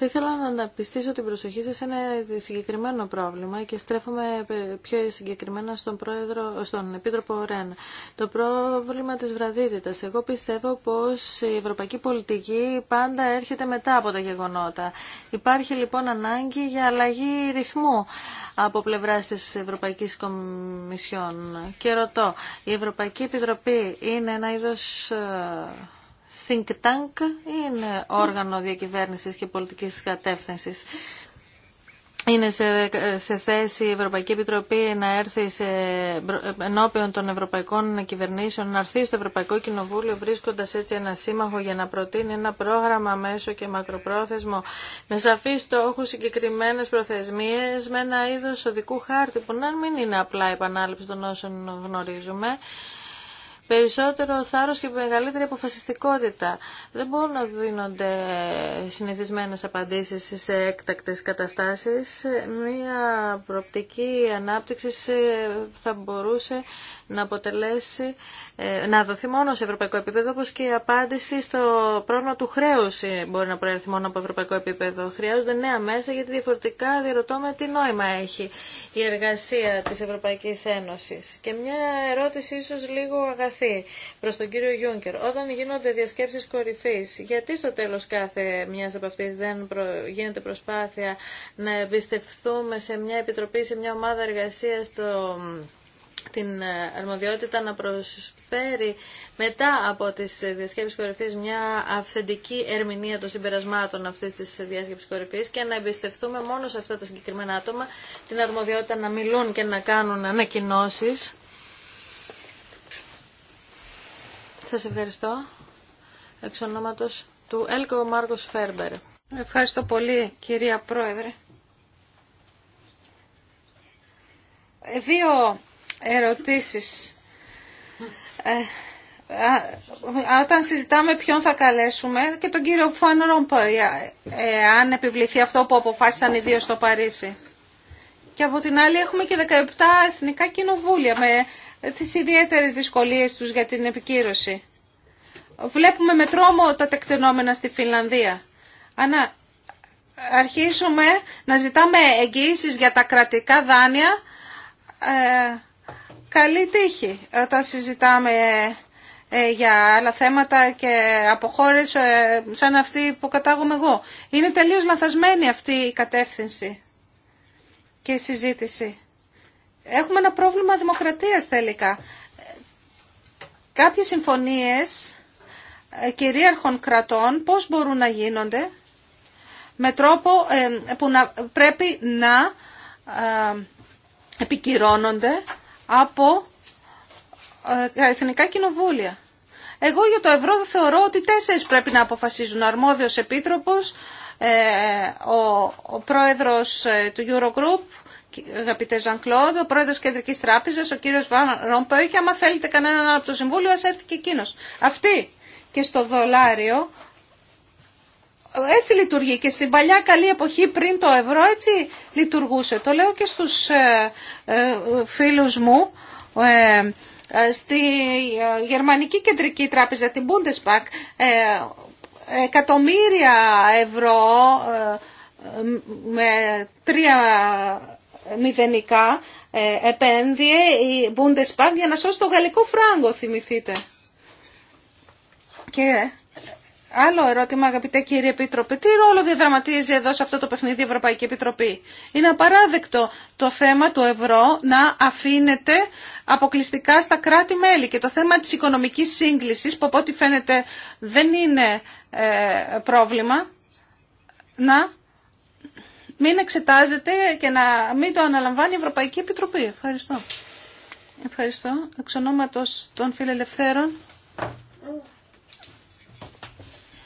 Θα ήθελα να αναπιστήσω την προσοχή σας σε ένα συγκεκριμένο πρόβλημα και στρέφομαι πιο συγκεκριμένα στον, πρόεδρο, στον Επίτροπο Ρεν. Το πρόβλημα της βραδίτητας. Εγώ πιστεύω πως η ευρωπαϊκή πολιτική πάντα έρχεται μετά από τα γεγονότα. Υπάρχει λοιπόν ανάγκη για αλλαγή ρυθμού από πλευρά της Ευρωπαϊκή Κομισιόν. Και ρωτώ, η Ευρωπαϊκή Επιτροπή είναι ένα είδος ε, think tank είναι όργανο διακυβέρνησης και πολιτικής κατεύθυνσης. Είναι σε, σε θέση η Ευρωπαϊκή Επιτροπή να έρθει σε, ενώπιον των ευρωπαϊκών κυβερνήσεων, να έρθει στο Ευρωπαϊκό Κοινοβούλιο βρίσκοντας έτσι ένα σύμμαχο για να προτείνει ένα πρόγραμμα μέσο και μακροπρόθεσμο με σαφή στόχου συγκεκριμένες προθεσμίες, με ένα είδος οδικού χάρτη που να μην είναι απλά επανάληψη των όσων γνωρίζουμε περισσότερο θάρρος και μεγαλύτερη αποφασιστικότητα. Δεν μπορούν να δίνονται συνηθισμένες απαντήσεις σε έκτακτες καταστάσεις. Μία προοπτική ανάπτυξη ε, θα μπορούσε να αποτελέσει, ε, να δοθεί μόνο σε ευρωπαϊκό επίπεδο, όπως και η απάντηση στο πρόβλημα του χρέους ε, μπορεί να προέρθει μόνο από ευρωπαϊκό επίπεδο. Χρειάζονται νέα μέσα, γιατί διαφορετικά διερωτώ τι νόημα έχει η εργασία της Ευρωπαϊκής Ένωσης. Και μια ερώτηση ίσως λίγο αγαθή απευθυνθεί προς τον κύριο Γιούνκερ. Όταν γίνονται διασκέψεις κορυφής, γιατί στο τέλος κάθε μιας από αυτές δεν γίνεται προσπάθεια να εμπιστευθούμε σε μια επιτροπή, σε μια ομάδα εργασίας το την ε, αρμοδιότητα να προσφέρει μετά από τις διασκέψεις κορυφής μια αυθεντική ερμηνεία των συμπερασμάτων αυτής της διάσκεψης κορυφής και να εμπιστευτούμε μόνο σε αυτά τα συγκεκριμένα άτομα την αρμοδιότητα να μιλούν και να κάνουν ανακοινώσεις Σας ευχαριστώ. Εξ ονόματος του Έλκο Μάρκος Φέρμπερ. Ευχαριστώ πολύ κυρία Πρόεδρε. Ε, δύο ερωτήσεις. Ε, όταν συζητάμε ποιον θα καλέσουμε και τον κύριο Φαν Ρομπέ, αν ε, επιβληθεί αυτό που αποφάσισαν οι δύο στο Παρίσι. Και από την άλλη έχουμε και 17 εθνικά κοινοβούλια με τις ιδιαίτερες δυσκολίες τους για την επικύρωση. Βλέπουμε με τρόμο τα τεκτενόμενα στη Φινλανδία. Ανα... αρχίσουμε να ζητάμε εγγύησεις για τα κρατικά δάνεια. Ε, καλή τύχη όταν συζητάμε ε, για άλλα θέματα και από ε, σαν αυτή που κατάγομαι εγώ. Είναι τελείως λαθασμένη αυτή η κατεύθυνση και η συζήτηση. Έχουμε ένα πρόβλημα δημοκρατίας τελικά. Κάποιες συμφωνίες ε, κυρίαρχων κρατών πώς μπορούν να γίνονται με τρόπο ε, που πρέπει να ε, επικυρώνονται από εθνικά κοινοβούλια. Εγώ για το ευρώ θεωρώ ότι τέσσερις πρέπει να αποφασίζουν. Ο αρμόδιος επίτροπος, ο, ο πρόεδρος του Eurogroup, αγαπητέ Ζαν ο πρόεδρο Κεντρική Τράπεζα, ο κύριο Βαν Ρομπέι, και άμα θέλετε κανέναν από το Συμβούλιο, α έρθει και εκείνο. Αυτή και στο δολάριο. Έτσι λειτουργεί και στην παλιά καλή εποχή πριν το ευρώ έτσι λειτουργούσε. Το λέω και στους ε, ε φίλους μου. Ε, ε, στη Γερμανική Κεντρική Τράπεζα, την Bundesbank, εκατομμύρια ευρώ με τρία μηδενικά ε, επένδυε η Bundesbank για να σώσει το γαλλικό φράγκο, θυμηθείτε. Και άλλο ερώτημα, αγαπητέ κύριε Επίτροπε, τι ρόλο διαδραματίζει εδώ σε αυτό το παιχνίδι η Ευρωπαϊκή Επιτροπή. Είναι απαράδεκτο το θέμα του ευρώ να αφήνεται αποκλειστικά στα κράτη-μέλη και το θέμα της οικονομικής σύγκλησης, που από ό,τι φαίνεται δεν είναι ε, πρόβλημα, να μην εξετάζεται και να μην το αναλαμβάνει η Ευρωπαϊκή Επιτροπή. Ευχαριστώ. Ευχαριστώ. Εξ ονόματος των φιλελευθέρων.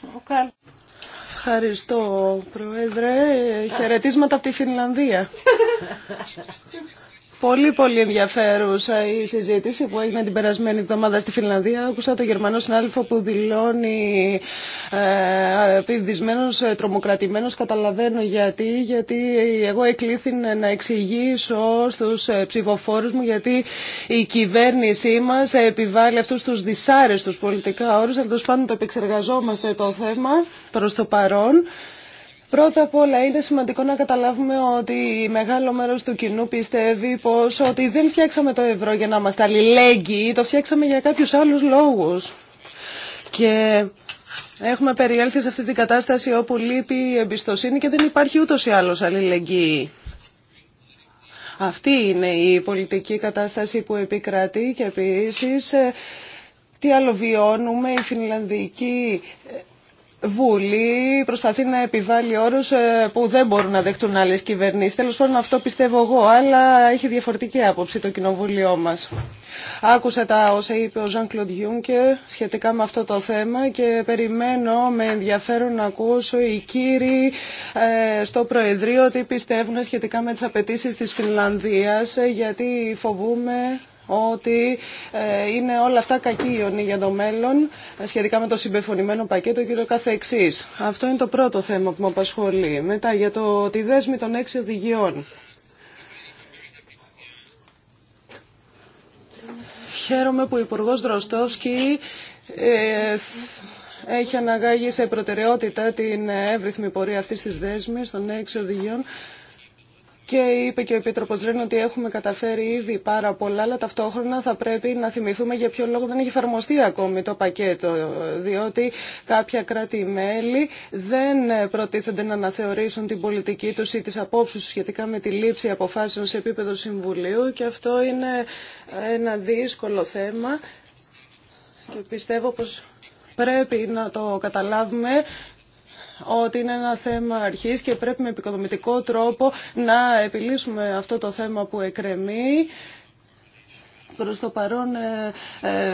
Ο Ευχαριστώ, Πρόεδρε. Χαιρετίσματα από τη Φινλανδία. Πολύ πολύ ενδιαφέρουσα η συζήτηση που έγινε την περασμένη εβδομάδα στη Φιλανδία. Ακούσα το Γερμανό συνάδελφο που δηλώνει ε, τρομοκρατημένο, ε, τρομοκρατημένος. Καταλαβαίνω γιατί. Γιατί εγώ εκλήθη να εξηγήσω στους ε, ψηφοφόρους μου γιατί η κυβέρνησή μας επιβάλλει αυτούς τους δυσάρεστους πολιτικά όρους. Αλλά πάντων το επεξεργαζόμαστε το θέμα προς το παρόν. Πρώτα απ' όλα είναι σημαντικό να καταλάβουμε ότι μεγάλο μέρος του κοινού πιστεύει πως ότι δεν φτιάξαμε το ευρώ για να είμαστε αλληλέγγυοι, το φτιάξαμε για κάποιους άλλους λόγους. Και έχουμε περιέλθει σε αυτή την κατάσταση όπου λείπει η εμπιστοσύνη και δεν υπάρχει ούτως ή άλλως αλληλεγγύη. Αυτή είναι η πολιτική κατάσταση που επικρατεί και επίσης ε, τι άλλο βιώνουμε η φινλανδική ε, Βουλή προσπαθεί να επιβάλλει όρους ε, που δεν μπορούν να δεχτούν άλλε κυβερνήσει. Τέλος πάντων αυτό πιστεύω εγώ, αλλά έχει διαφορετική άποψη το κοινοβούλιο μα. Άκουσα τα όσα είπε ο Ζαν Κλοντ σχετικά με αυτό το θέμα και περιμένω με ενδιαφέρον να ακούσω οι κύριοι ε, στο Προεδρείο τι πιστεύουν σχετικά με τι απαιτήσει της Φινλανδίας ε, γιατί φοβούμε ότι ε, είναι όλα αυτά κακή για το μέλλον ε, σχετικά με το συμπεφωνημένο πακέτο και το κάθε εξής. Αυτό είναι το πρώτο θέμα που με απασχολεί. Μετά για το, τη δέσμη των έξι οδηγιών. Χαίρομαι που ο υπουργό Δροστόφσκι ε, έχει αναγάγει σε προτεραιότητα την εύρυθμη πορεία αυτής της δέσμης των έξι οδηγιών και είπε και ο Επίτροπος Ρέν ότι έχουμε καταφέρει ήδη πάρα πολλά, αλλά ταυτόχρονα θα πρέπει να θυμηθούμε για ποιο λόγο δεν έχει εφαρμοστεί ακόμη το πακέτο, διότι κάποια κράτη-μέλη δεν προτίθενται να αναθεωρήσουν την πολιτική τους ή τις απόψεις σχετικά με τη λήψη αποφάσεων σε επίπεδο Συμβουλίου και αυτό είναι ένα δύσκολο θέμα και πιστεύω πως πρέπει να το καταλάβουμε ότι είναι ένα θέμα αρχής και πρέπει με επικοδομητικό τρόπο να επιλύσουμε αυτό το θέμα που εκρεμεί. Προ το παρόν ε,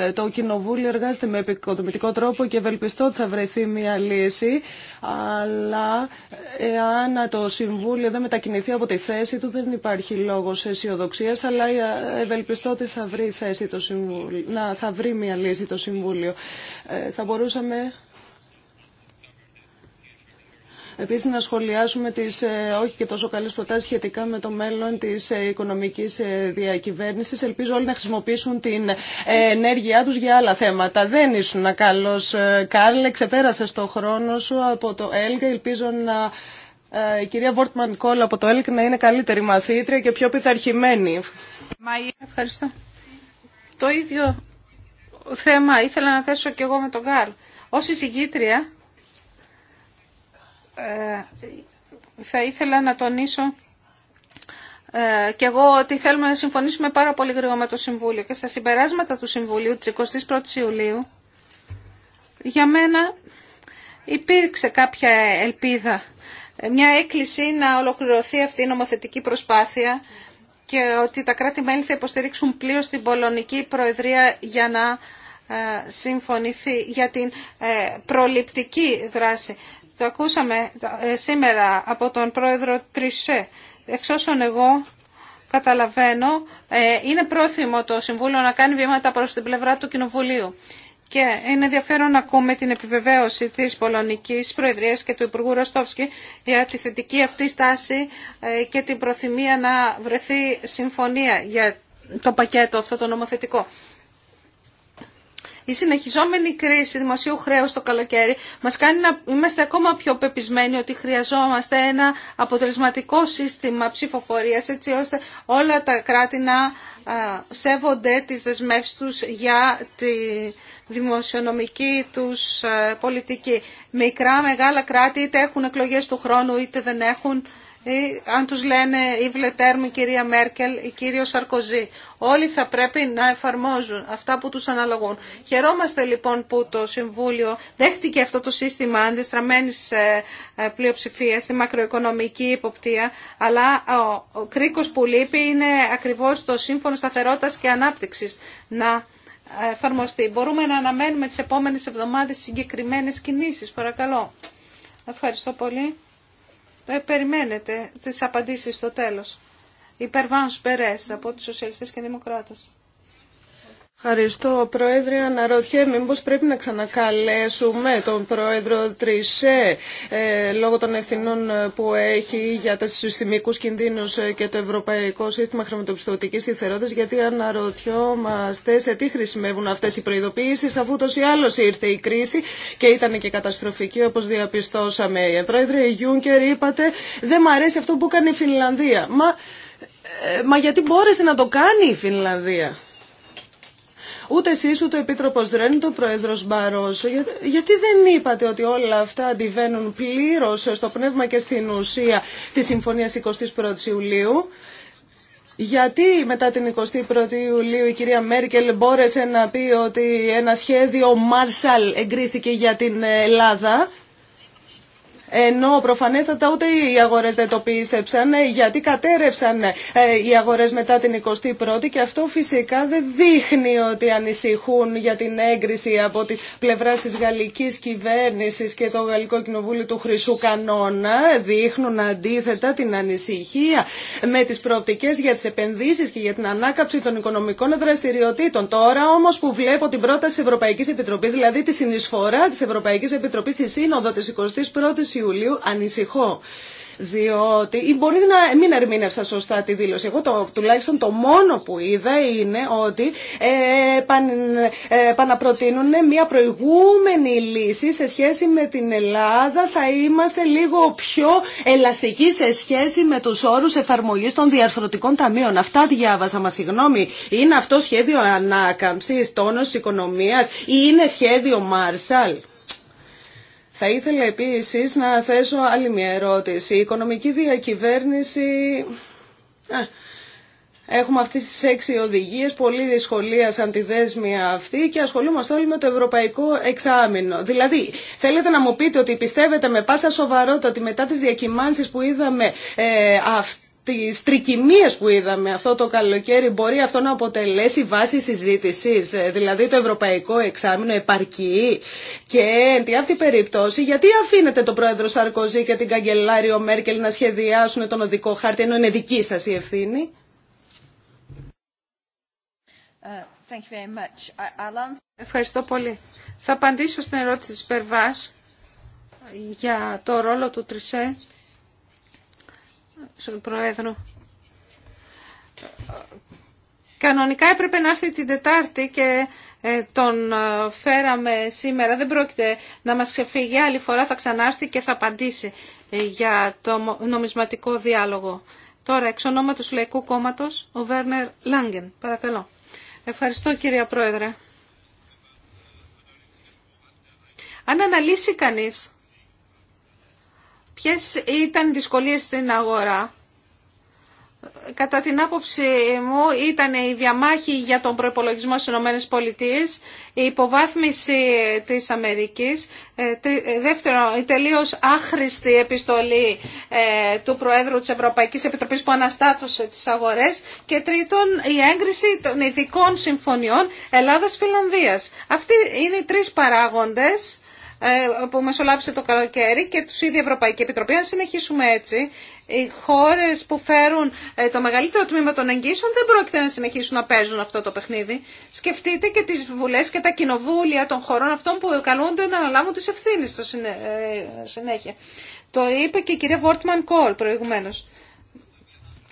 ε, το Κοινοβούλιο εργάζεται με επικοδομητικό τρόπο και ευελπιστώ ότι θα βρεθεί μια λύση. Αλλά ε, εάν το Συμβούλιο δεν μετακινηθεί από τη θέση του, δεν υπάρχει λόγο αισιοδοξία. Αλλά ευελπιστώ ότι θα βρει, θέση το να, θα βρει μια λύση το Συμβούλιο. θα μπορούσαμε Επίση, να σχολιάσουμε τις ε, όχι και τόσο καλέ προτάσει σχετικά με το μέλλον της ε, οικονομικής ε, διακυβέρνηση, Ελπίζω όλοι να χρησιμοποιήσουν την ενέργειά τους για άλλα θέματα. Δεν ήσουν καλός Κάρλε, Ξεπέρασε το χρόνο σου από το ΕΛΚΑ. Ελπίζω να... Η κυρία Βόρτμαν Κόλ από το ΕΛΚ να είναι καλύτερη μαθήτρια και πιο πειθαρχημένη. Ευχαριστώ. Το ίδιο θέμα ήθελα να θέσω και εγώ με τον Γκάλ. Ως εισηγήτρια ε, θα ήθελα να τονίσω ε, και εγώ ότι θέλουμε να συμφωνήσουμε πάρα πολύ γρήγορα με το Συμβούλιο και στα συμπεράσματα του Συμβουλίου της 21ης Ιουλίου για μένα υπήρξε κάποια ελπίδα, μια έκκληση να ολοκληρωθεί αυτή η νομοθετική προσπάθεια και ότι τα κράτη-μέλη θα υποστηρίξουν πλήρως την Πολωνική Προεδρία για να ε, συμφωνηθεί για την προληπτική δράση. Το ακούσαμε ε, σήμερα από τον πρόεδρο Τρισέ. Εξ όσων εγώ καταλαβαίνω, ε, είναι πρόθυμο το Συμβούλιο να κάνει βήματα προς την πλευρά του Κοινοβουλίου. Και είναι ενδιαφέρον να ακούμε την επιβεβαίωση της Πολωνικής Προεδρίας και του Υπουργού Ροστόφσκη για τη θετική αυτή στάση ε, και την προθυμία να βρεθεί συμφωνία για το πακέτο αυτό το νομοθετικό. Η συνεχιζόμενη κρίση δημοσίου χρέου το καλοκαίρι μα κάνει να είμαστε ακόμα πιο πεπισμένοι ότι χρειαζόμαστε ένα αποτελεσματικό σύστημα ψηφοφορία έτσι ώστε όλα τα κράτη να σέβονται τι δεσμεύσει του για τη δημοσιονομική τους πολιτική. Μικρά, μεγάλα κράτη είτε έχουν εκλογές του χρόνου είτε δεν έχουν ή αν τους λένε η Βλετέρμη η κυρία Μέρκελ, η κύριο Σαρκοζή. Όλοι θα πρέπει να εφαρμόζουν αυτά που τους αναλογούν. Χαιρόμαστε λοιπόν που το Συμβούλιο δέχτηκε αυτό το σύστημα αντιστραμμένης ε, ε, πλειοψηφία στη μακροοικονομική υποπτία, αλλά ο κρίκος που λείπει είναι ακριβώς το Σύμφωνο Σταθερότητας και Ανάπτυξης να ε, εφαρμοστεί. Μπορούμε να αναμένουμε τις επόμενες εβδομάδες συγκεκριμένες κινήσεις, παρακαλώ. Ευχαριστώ πολύ. Ε, περιμένετε τις απαντήσεις στο τέλος. Υπερβάνους Περές από τους Σοσιαλιστές και Δημοκράτες. Ευχαριστώ, Πρόεδρε. Αναρωτιέμαι μήπως πρέπει να ξανακαλέσουμε τον Πρόεδρο Τρισέ ε, λόγω των ευθυνών που έχει για τα συστημικούς κινδύνους ε, και το Ευρωπαϊκό Σύστημα Χρηματοπιστωτικής Στιθερότητας γιατί αναρωτιόμαστε σε τι χρησιμεύουν αυτές οι προειδοποίησεις αφού τόσο ή άλλως ήρθε η κρίση και ήταν και καταστροφική όπως διαπιστώσαμε. Ε, Πρόεδρε Γιούνκερ είπατε δεν μου αρέσει αυτό που κάνει η Φινλανδία. Μα, μα γιατί μπόρεσε να το κάνει η Φινλανδία. Ούτε εσείς, ούτε ο Επίτροπος Δρέν, ο Πρόεδρος Μπαρός. γιατί δεν είπατε ότι όλα αυτά αντιβαίνουν πλήρως στο πνεύμα και στην ουσία της Συμφωνίας η Ιουλίου. Γιατί μετά την 21η Ιουλίου η κυρία Μέρκελ μπόρεσε να πει ότι ένα σχέδιο Μάρσαλ εγκρίθηκε για την Ελλάδα ενώ προφανέστατα ούτε οι αγορέ δεν το πίστεψαν ε, γιατί κατέρευσαν ε, οι αγορέ μετά την 21η και αυτό φυσικά δεν δείχνει ότι ανησυχούν για την έγκριση από τη πλευρά τη γαλλική κυβέρνηση και το Γαλλικό Κοινοβούλιο του Χρυσού Κανόνα δείχνουν αντίθετα την ανησυχία με τι προοπτικέ για τις επενδύσεις και για την ανάκαψη των οικονομικών δραστηριοτήτων. Τώρα όμω που βλέπω την πρόταση Ευρωπαϊκή Επιτροπή, δηλαδή τη συνεισφορά τη Ευρωπαϊκή Επιτροπή στη Σύνοδο τη 21 Ιουλίου ανησυχώ διότι ή μπορεί να μην ερμήνευσα σωστά τη δήλωση. Εγώ το, τουλάχιστον το μόνο που είδα είναι ότι ε, ε, μια προηγούμενη λύση σε σχέση με την Ελλάδα. Θα είμαστε λίγο πιο ελαστικοί σε σχέση με τους όρους εφαρμογής των διαρθρωτικών ταμείων. Αυτά διάβασα, μα συγγνώμη. Είναι αυτό σχέδιο ανάκαμψη, τόνο οικονομίας ή είναι σχέδιο Μάρσαλ. Θα ήθελα επίσης να θέσω άλλη μια ερώτηση. Η οικονομική διακυβέρνηση... Έχουμε αυτέ τι έξι οδηγίε, πολλοί σχολίασαν τη δέσμια αυτή και ασχολούμαστε όλοι με το ευρωπαϊκό εξάμεινο. Δηλαδή, θέλετε να μου πείτε ότι πιστεύετε με πάσα σοβαρότητα ότι μετά τι διακυμάνσει που είδαμε ε, τις τρικυμίες που είδαμε αυτό το καλοκαίρι μπορεί αυτό να αποτελέσει βάση συζήτησης, ε, δηλαδή το ευρωπαϊκό εξάμεινο επαρκεί και εν τη αυτή περίπτωση γιατί αφήνετε τον πρόεδρο Σαρκοζή και την καγκελάριο Μέρκελ να σχεδιάσουν τον οδικό χάρτη ενώ είναι δική σας η ευθύνη. Ευχαριστώ πολύ. Θα απαντήσω στην ερώτηση της Περβάς για το ρόλο του Τρισέ στον Πρόεδρο. Κανονικά έπρεπε να έρθει την Τετάρτη και ε, τον ε, φέραμε σήμερα. Δεν πρόκειται να μας ξεφύγει. Άλλη φορά θα ξανάρθει και θα απαντήσει ε, για το νομισματικό διάλογο. Τώρα, εξ ονόματος Λαϊκού Κόμματος, ο Βέρνερ Λάγκεν. Παρακαλώ. Ευχαριστώ κυρία Πρόεδρε. Αν αναλύσει κανείς Ποιες ήταν οι δυσκολίες στην αγορά. Κατά την άποψη μου ήταν η διαμάχη για τον προϋπολογισμό στις Ηνωμένες Πολιτείες, η υποβάθμιση της Αμερικής, ε, ε, δεύτερο, η τελείως άχρηστη επιστολή ε, του Προέδρου της Ευρωπαϊκής Επιτροπής που αναστάτωσε τις αγορές και τρίτον η έγκριση των ειδικών συμφωνιών Ελλάδας-Φιλανδίας. Αυτοί είναι οι τρεις παράγοντες ε, που μεσολάβησε το καλοκαίρι και του ίδιοι Ευρωπαϊκή Επιτροπή. Αν συνεχίσουμε έτσι, οι χώρες που φέρουν ε, το μεγαλύτερο τμήμα των εγγύσεων δεν πρόκειται να συνεχίσουν να παίζουν αυτό το παιχνίδι. Σκεφτείτε και τις βουλές και τα κοινοβούλια των χωρών αυτών που καλούνται να αναλάβουν τις ευθύνε στο ε, συνέχεια. Το είπε και η κυρία Βόρτμαν Κόλ προηγουμένω.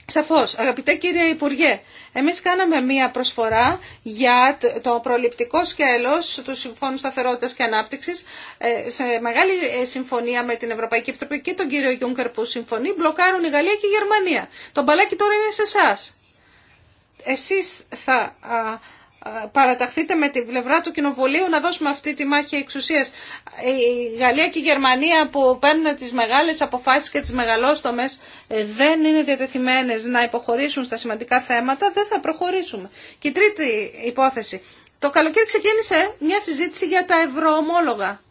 Σαφώς, αγαπητέ κύριε Υπουργέ, εμείς κάναμε μία προσφορά για το προληπτικό σκέλος του Συμφώνου Σταθερότητας και Ανάπτυξης ε, σε μεγάλη ε, συμφωνία με την Ευρωπαϊκή Επιτροπή και τον κύριο Γιούγκερ που συμφωνεί, μπλοκάρουν η Γαλλία και η Γερμανία. Το μπαλάκι τώρα είναι σε εσά. Εσείς θα παραταχθείτε με την πλευρά του Κοινοβουλίου να δώσουμε αυτή τη μάχη εξουσίας. Η Γαλλία και η Γερμανία που παίρνουν τις μεγάλες αποφάσεις και τις μεγαλόστομες ε, δεν είναι διατεθειμένες να υποχωρήσουν στα σημαντικά θέματα, δεν θα προχωρήσουμε. Και η τρίτη υπόθεση. Το καλοκαίρι ξεκίνησε μια συζήτηση για τα ευρωομόλογα.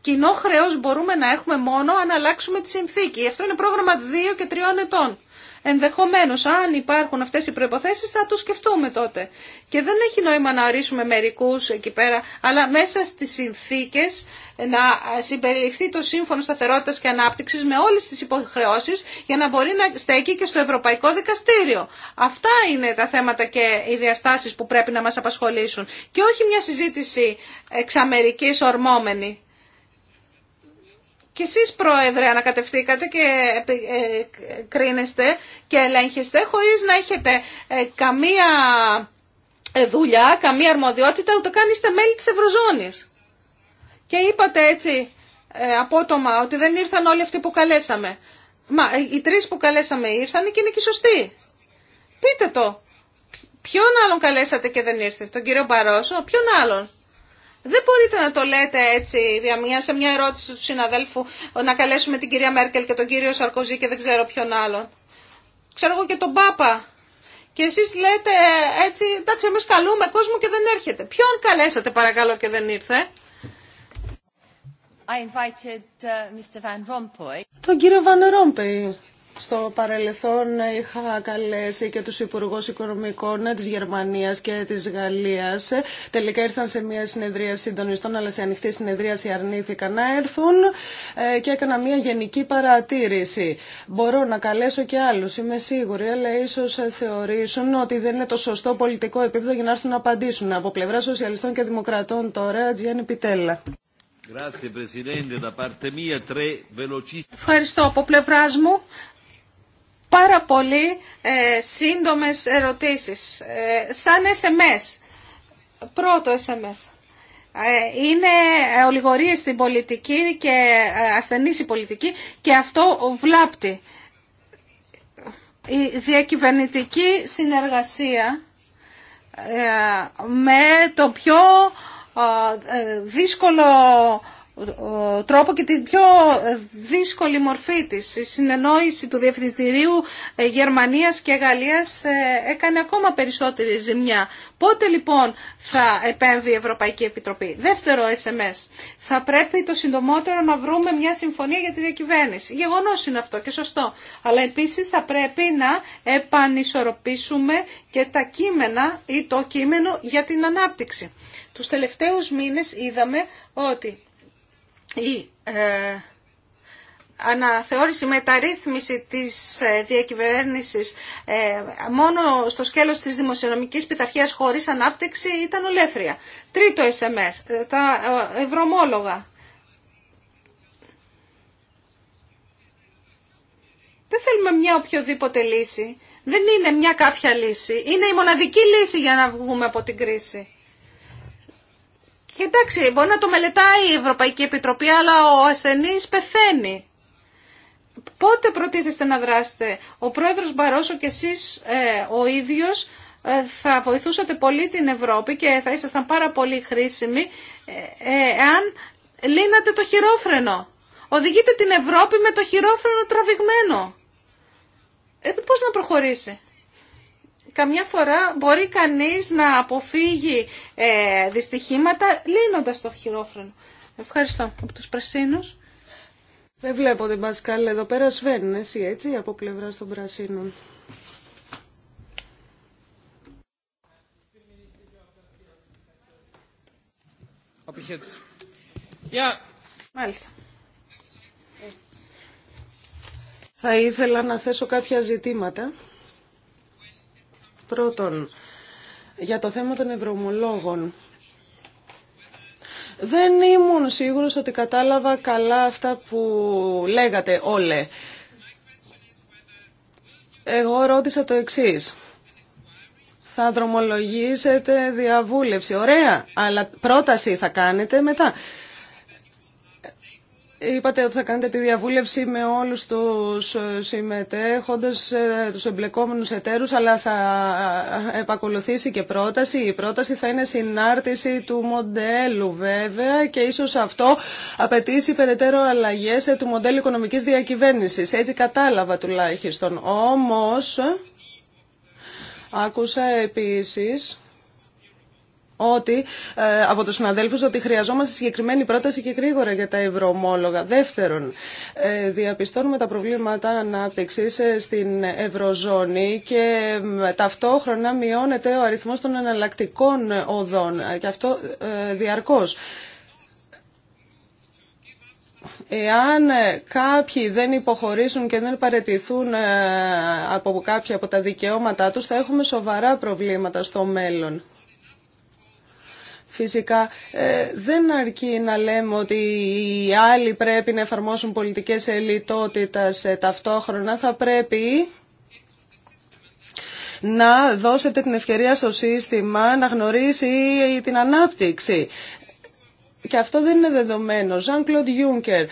Κοινό χρέο μπορούμε να έχουμε μόνο αν αλλάξουμε τη συνθήκη. Αυτό είναι πρόγραμμα 2 και 3 ετών. Ενδεχομένως, αν υπάρχουν αυτές οι προϋποθέσεις, θα το σκεφτούμε τότε. Και δεν έχει νόημα να ορίσουμε μερικούς εκεί πέρα, αλλά μέσα στις συνθήκες να συμπεριληφθεί το Σύμφωνο Σταθερότητας και Ανάπτυξης με όλες τις υποχρεώσεις για να μπορεί να στέκει και στο Ευρωπαϊκό Δικαστήριο. Αυτά είναι τα θέματα και οι διαστάσεις που πρέπει να μας απασχολήσουν. Και όχι μια συζήτηση εξαμερικής ορμόμενη. Και εσείς πρόεδρε ανακατευθήκατε και ε, ε, κρίνεστε και ελέγχεστε χωρίς να έχετε ε, καμία δουλειά, καμία αρμοδιότητα, ούτε καν είστε μέλη της Ευρωζώνης. Και είπατε έτσι απότομα ότι δεν ήρθαν όλοι αυτοί που καλέσαμε. Μα οι τρεις που καλέσαμε ήρθαν και είναι και σωστοί. Πείτε το. Ποιον άλλον καλέσατε και δεν ήρθε, τον κύριο Μπαρόσο, ποιον άλλον. Δεν μπορείτε να το λέτε έτσι διαμία σε μια ερώτηση του συναδέλφου να καλέσουμε την κυρία Μέρκελ και τον κύριο Σαρκοζή και δεν ξέρω ποιον άλλον. Ξέρω εγώ και τον Πάπα. Και εσείς λέτε έτσι, εντάξει εμεί καλούμε κόσμο και δεν έρχεται. Ποιον καλέσατε παρακαλώ και δεν ήρθε. Uh, τον κύριο Βαν Ρόμπεϊ. Στο παρελθόν είχα καλέσει και τους Υπουργούς Οικονομικών της Γερμανίας και της Γαλλίας. Τελικά ήρθαν σε μια συνεδρία συντονιστών, αλλά σε ανοιχτή συνεδρία αρνήθηκαν να έρθουν ε, και έκανα μια γενική παρατήρηση. Μπορώ να καλέσω και άλλους, είμαι σίγουρη, αλλά ίσως θεωρήσουν ότι δεν είναι το σωστό πολιτικό επίπεδο για να έρθουν να απαντήσουν. Από πλευρά Σοσιαλιστών και Δημοκρατών τώρα, Τζιάννη Πιτέλα. Ευχαριστώ. Από πλευρά μου, πάρα πολύ ε, σύντομες ερωτήσεις, ε, σαν SMS. Πρώτο SMS. Ε, είναι ολιγορίες στην πολιτική και ε, ασθενής η πολιτική και αυτό βλάπτει. Η διακυβερνητική συνεργασία ε, με το πιο δύσκολο τρόπο και την πιο δύσκολη μορφή της. Η συνεννόηση του Διευθυντηρίου ε, Γερμανίας και Γαλλίας ε, έκανε ακόμα περισσότερη ζημιά. Πότε λοιπόν θα επέμβει η Ευρωπαϊκή Επιτροπή. Δεύτερο SMS. Θα πρέπει το συντομότερο να βρούμε μια συμφωνία για τη διακυβέρνηση. Γεγονό είναι αυτό και σωστό. Αλλά επίσης θα πρέπει να επανισορροπήσουμε και τα κείμενα ή το κείμενο για την ανάπτυξη. Τους τελευταίους μήνες είδαμε ότι η ε, αναθεώρηση, μεταρρύθμιση της ε, διακυβέρνησης ε, μόνο στο σκέλος της δημοσιονομικής πειθαρχίας χωρίς ανάπτυξη ήταν ολέθρια. Τρίτο SMS, τα ευρωμόλογα. Δεν θέλουμε μια οποιοδήποτε λύση. Δεν είναι μια κάποια λύση. Είναι η μοναδική λύση για να βγούμε από την κρίση. Και εντάξει, μπορεί να το μελετάει η Ευρωπαϊκή Επιτροπή, αλλά ο ασθενή πεθαίνει. Πότε προτίθεστε να δράσετε. Ο πρόεδρος Μπαρόσο και εσείς ε, ο ίδιος ε, θα βοηθούσατε πολύ την Ευρώπη και θα ήσασταν πάρα πολύ χρήσιμοι ε, εάν λύνατε το χειρόφρενο. Οδηγείτε την Ευρώπη με το χειρόφρενο τραβηγμένο. Ε, πώς να προχωρήσει καμιά φορά μπορεί κανείς να αποφύγει ε, δυστυχήματα λύνοντας το χειρόφρενο. Ευχαριστώ. Από τους Πρασίνους. Δεν βλέπω την Πασκάλ εδώ πέρα. Σβέν, εσύ έτσι, από πλευρά των Πρασίνων. Μάλιστα. Θα ήθελα να θέσω κάποια ζητήματα. Πρώτον, για το θέμα των ευρωομολόγων. Δεν ήμουν σίγουρος ότι κατάλαβα καλά αυτά που λέγατε όλε. Εγώ ρώτησα το εξής. Θα δρομολογήσετε διαβούλευση. Ωραία, αλλά πρόταση θα κάνετε μετά. Είπατε ότι θα κάνετε τη διαβούλευση με όλους τους ε, συμμετέχοντες, ε, τους εμπλεκόμενους εταίρους, αλλά θα ε, επακολουθήσει και πρόταση. Η πρόταση θα είναι συνάρτηση του μοντέλου βέβαια και ίσως αυτό απαιτήσει περαιτέρω αλλαγές του μοντέλου οικονομικής διακυβέρνησης. Έτσι κατάλαβα τουλάχιστον. Όμως, άκουσα επίσης ότι, ε, από τους συναδέλφους ότι χρειαζόμαστε συγκεκριμένη πρόταση και γρήγορα για τα ευρωομόλογα. Δεύτερον, ε, διαπιστώνουμε τα προβλήματα ανάπτυξη ε, στην ευρωζώνη και ταυτόχρονα μειώνεται ο αριθμός των εναλλακτικών οδών και αυτό διαρκώς. Εάν κάποιοι δεν υποχωρήσουν και δεν παρετηθούν από κάποια από τα δικαιώματά τους, θα έχουμε σοβαρά προβλήματα στο μέλλον. Φυσικά ε, δεν αρκεί να λέμε ότι οι άλλοι πρέπει να εφαρμόσουν πολιτικές ελιτότητας ε, ταυτόχρονα. Θα πρέπει να δώσετε την ευκαιρία στο σύστημα να γνωρίσει την ανάπτυξη. Και αυτό δεν είναι Ζαν Κλοντ Ιουνκέρ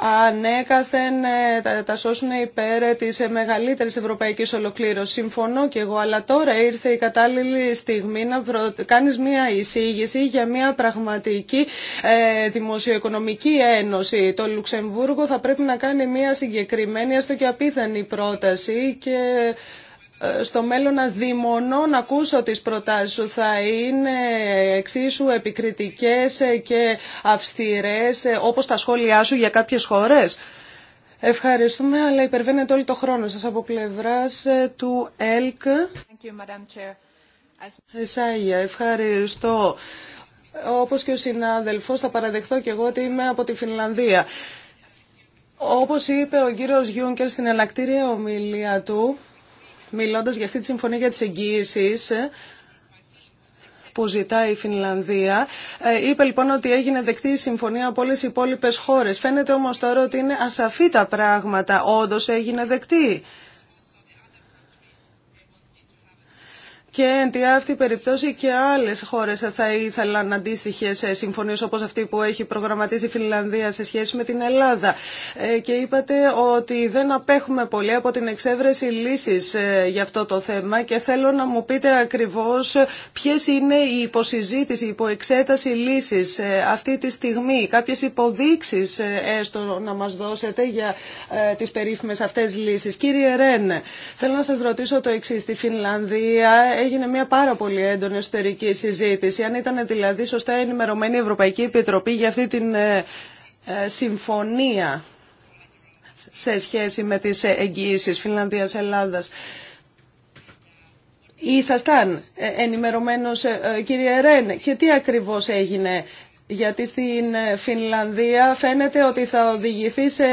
ανέκαθεν ε, τα σώσουν υπέρ της μεγαλύτερη Ευρωπαϊκή Ολοκλήρωση. Συμφωνώ και εγώ, αλλά τώρα ήρθε η κατάλληλη στιγμή να προ... κάνεις μια εισήγηση για μια πραγματική ε, δημοσιοοικονομική ένωση. Το Λουξεμβούργο θα πρέπει να κάνει μια συγκεκριμένη, έστω και απίθανη πρόταση και ε, στο μέλλον να αδειμονώ να ακούσω τις προτάσεις σου. Θα είναι εξίσου επικριτικές και αυστηρές όπως τα σχόλιά σου για κάποιες χώρες. Ευχαριστούμε, αλλά υπερβαίνετε όλο το χρόνο σας από πλευράς ε, του ΕΛΚ. Εσάγια, ευχαριστώ. Όπως και ο συνάδελφος, θα παραδεχτώ και εγώ ότι είμαι από τη Φινλανδία. Όπως είπε ο κύριος Γιούνκερ στην ελακτήρια ομιλία του, μιλώντας για αυτή τη συμφωνία για τις εγγύησεις ε, που ζητάει η Φινλανδία. Ε, είπε λοιπόν ότι έγινε δεκτή η συμφωνία από όλες οι υπόλοιπες χώρες. Φαίνεται όμως τώρα ότι είναι ασαφή τα πράγματα. Όντως έγινε δεκτή. και εν τη αυτή περιπτώσει και άλλε χώρε θα ήθελαν αντίστοιχε ε, συμφωνίε όπω αυτή που έχει προγραμματίσει η Φινλανδία σε σχέση με την Ελλάδα. Ε, και είπατε ότι δεν απέχουμε πολύ από την εξέβρεση λύση ε, για αυτό το θέμα και θέλω να μου πείτε ακριβώ ποιε είναι οι υποσυζήτηση, η υποεξέταση λύση αυτή τη στιγμή, κάποιες έ έστω να μα δώσετε για τι περίφημε αυτέ λύσει. Κύριε Ρένε, θέλω να σα ρωτήσω το εξή Στη Φινλανδία έγινε μια πάρα πολύ έντονη εσωτερική συζήτηση. Αν ήταν δηλαδή σωστά ενημερωμένη η Ευρωπαϊκή Επιτροπή για αυτή την ε, ε, συμφωνία σε σχέση με τις ε, εγγυήσεις Φινλανδίας-Ελλάδας. Ήσασταν ενημερωμένος κύριε Ρέν και τι ακριβώς έγινε γιατί στην ε, Φινλανδία φαίνεται ότι θα οδηγηθεί σε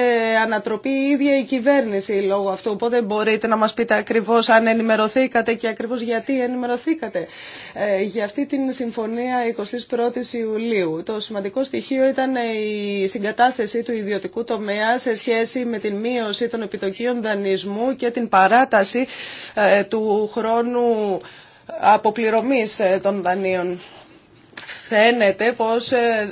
ανατροπή η ίδια η κυβέρνηση λόγω αυτού. Οπότε μπορείτε να μας πείτε ακριβώς αν ενημερωθήκατε και ακριβώς γιατί ενημερωθήκατε ε, για αυτή την συμφωνία η Ιουλίου. Το σημαντικό στοιχείο ήταν η συγκατάθεση του ιδιωτικού τομέα σε σχέση με την μείωση των επιτοκίων δανεισμού και την παράταση ε, του χρόνου αποπληρωμής των δανείων φαίνεται πως ε,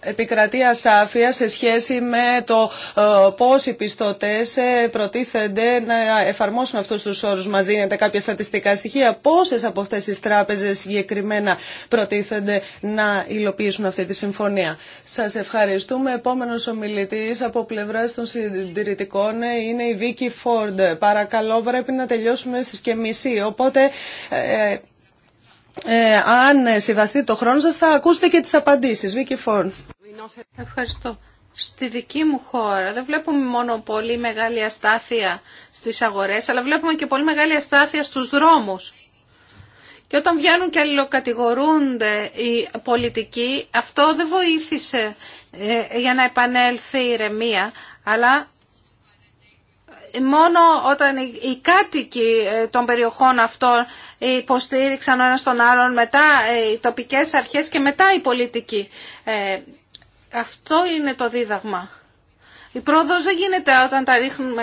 επικρατεί ασάφεια σε σχέση με το ε, πώς οι πιστωτές ε, προτίθενται να εφαρμόσουν αυτούς τους όρους. Μας δίνεται κάποια στατιστικά στοιχεία. Πόσες από αυτές τις τράπεζες συγκεκριμένα προτίθενται να υλοποιήσουν αυτή τη συμφωνία. Σας ευχαριστούμε. Επόμενος ομιλητής από πλευράς των συντηρητικών είναι η Βίκη Φόρντ. Παρακαλώ πρέπει να τελειώσουμε στις και μισή. Οπότε ε, αν συμβαστεί το χρόνο σας θα ακούσετε και τις απαντήσεις. Βίκυ Φόρν. Ευχαριστώ. Στη δική μου χώρα δεν βλέπουμε μόνο πολύ μεγάλη αστάθεια στις αγορές, αλλά βλέπουμε και πολύ μεγάλη αστάθεια στους δρόμους. Και όταν βγαίνουν και αλληλοκατηγορούνται οι πολιτικοί, αυτό δεν βοήθησε ε, για να επανέλθει η ηρεμία, αλλά μόνο όταν οι κάτοικοι ε, των περιοχών αυτών υποστήριξαν ο ένας τον άλλον, μετά ε, οι τοπικές αρχές και μετά η πολιτική. Ε, αυτό είναι το δίδαγμα. Η πρόοδος δεν γίνεται όταν τα ρίχνουμε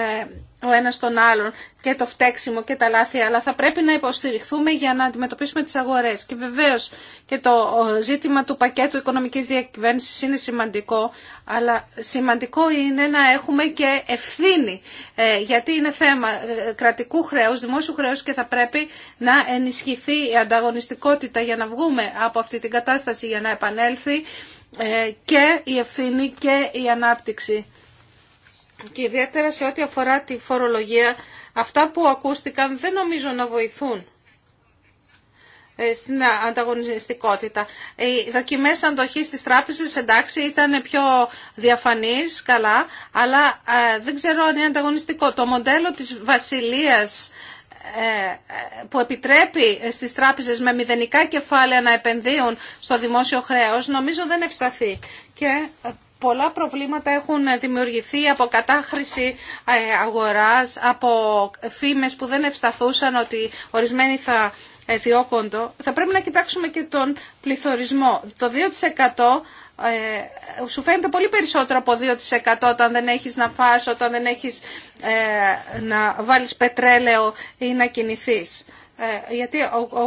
ο ένας τον άλλον και το φταίξιμο και τα λάθη, αλλά θα πρέπει να υποστηριχθούμε για να αντιμετωπίσουμε τις αγορές. Και βεβαίως και το ζήτημα του πακέτου οικονομικής διακυβέρνησης είναι σημαντικό, αλλά σημαντικό είναι να έχουμε και ευθύνη, ε, γιατί είναι θέμα ε, κρατικού χρέους, δημόσιου χρέους και θα πρέπει να ενισχυθεί η ανταγωνιστικότητα για να βγούμε από αυτή την κατάσταση, για να επανέλθει ε, και η ευθύνη και η ανάπτυξη και ιδιαίτερα σε ό,τι αφορά τη φορολογία, αυτά που ακούστηκαν δεν νομίζω να βοηθούν ε, στην ανταγωνιστικότητα. Οι δοκιμές αντοχής της τράπεζας εντάξει ήταν πιο διαφανείς, καλά, αλλά ε, δεν ξέρω αν είναι ανταγωνιστικό. Το μοντέλο της βασιλείας ε, που επιτρέπει στις τράπεζες με μηδενικά κεφάλαια να επενδύουν στο δημόσιο χρέος νομίζω δεν ευσταθεί. Και πολλά προβλήματα έχουν δημιουργηθεί από κατάχρηση ε, αγοράς, από φήμες που δεν ευσταθούσαν ότι ορισμένοι θα ε, διώκοντο. Θα πρέπει να κοιτάξουμε και τον πληθωρισμό. Το 2% ε, σου φαίνεται πολύ περισσότερο από 2% όταν δεν έχεις να φας, όταν δεν έχεις να βάλεις πετρέλαιο ή να κινηθείς. Γιατί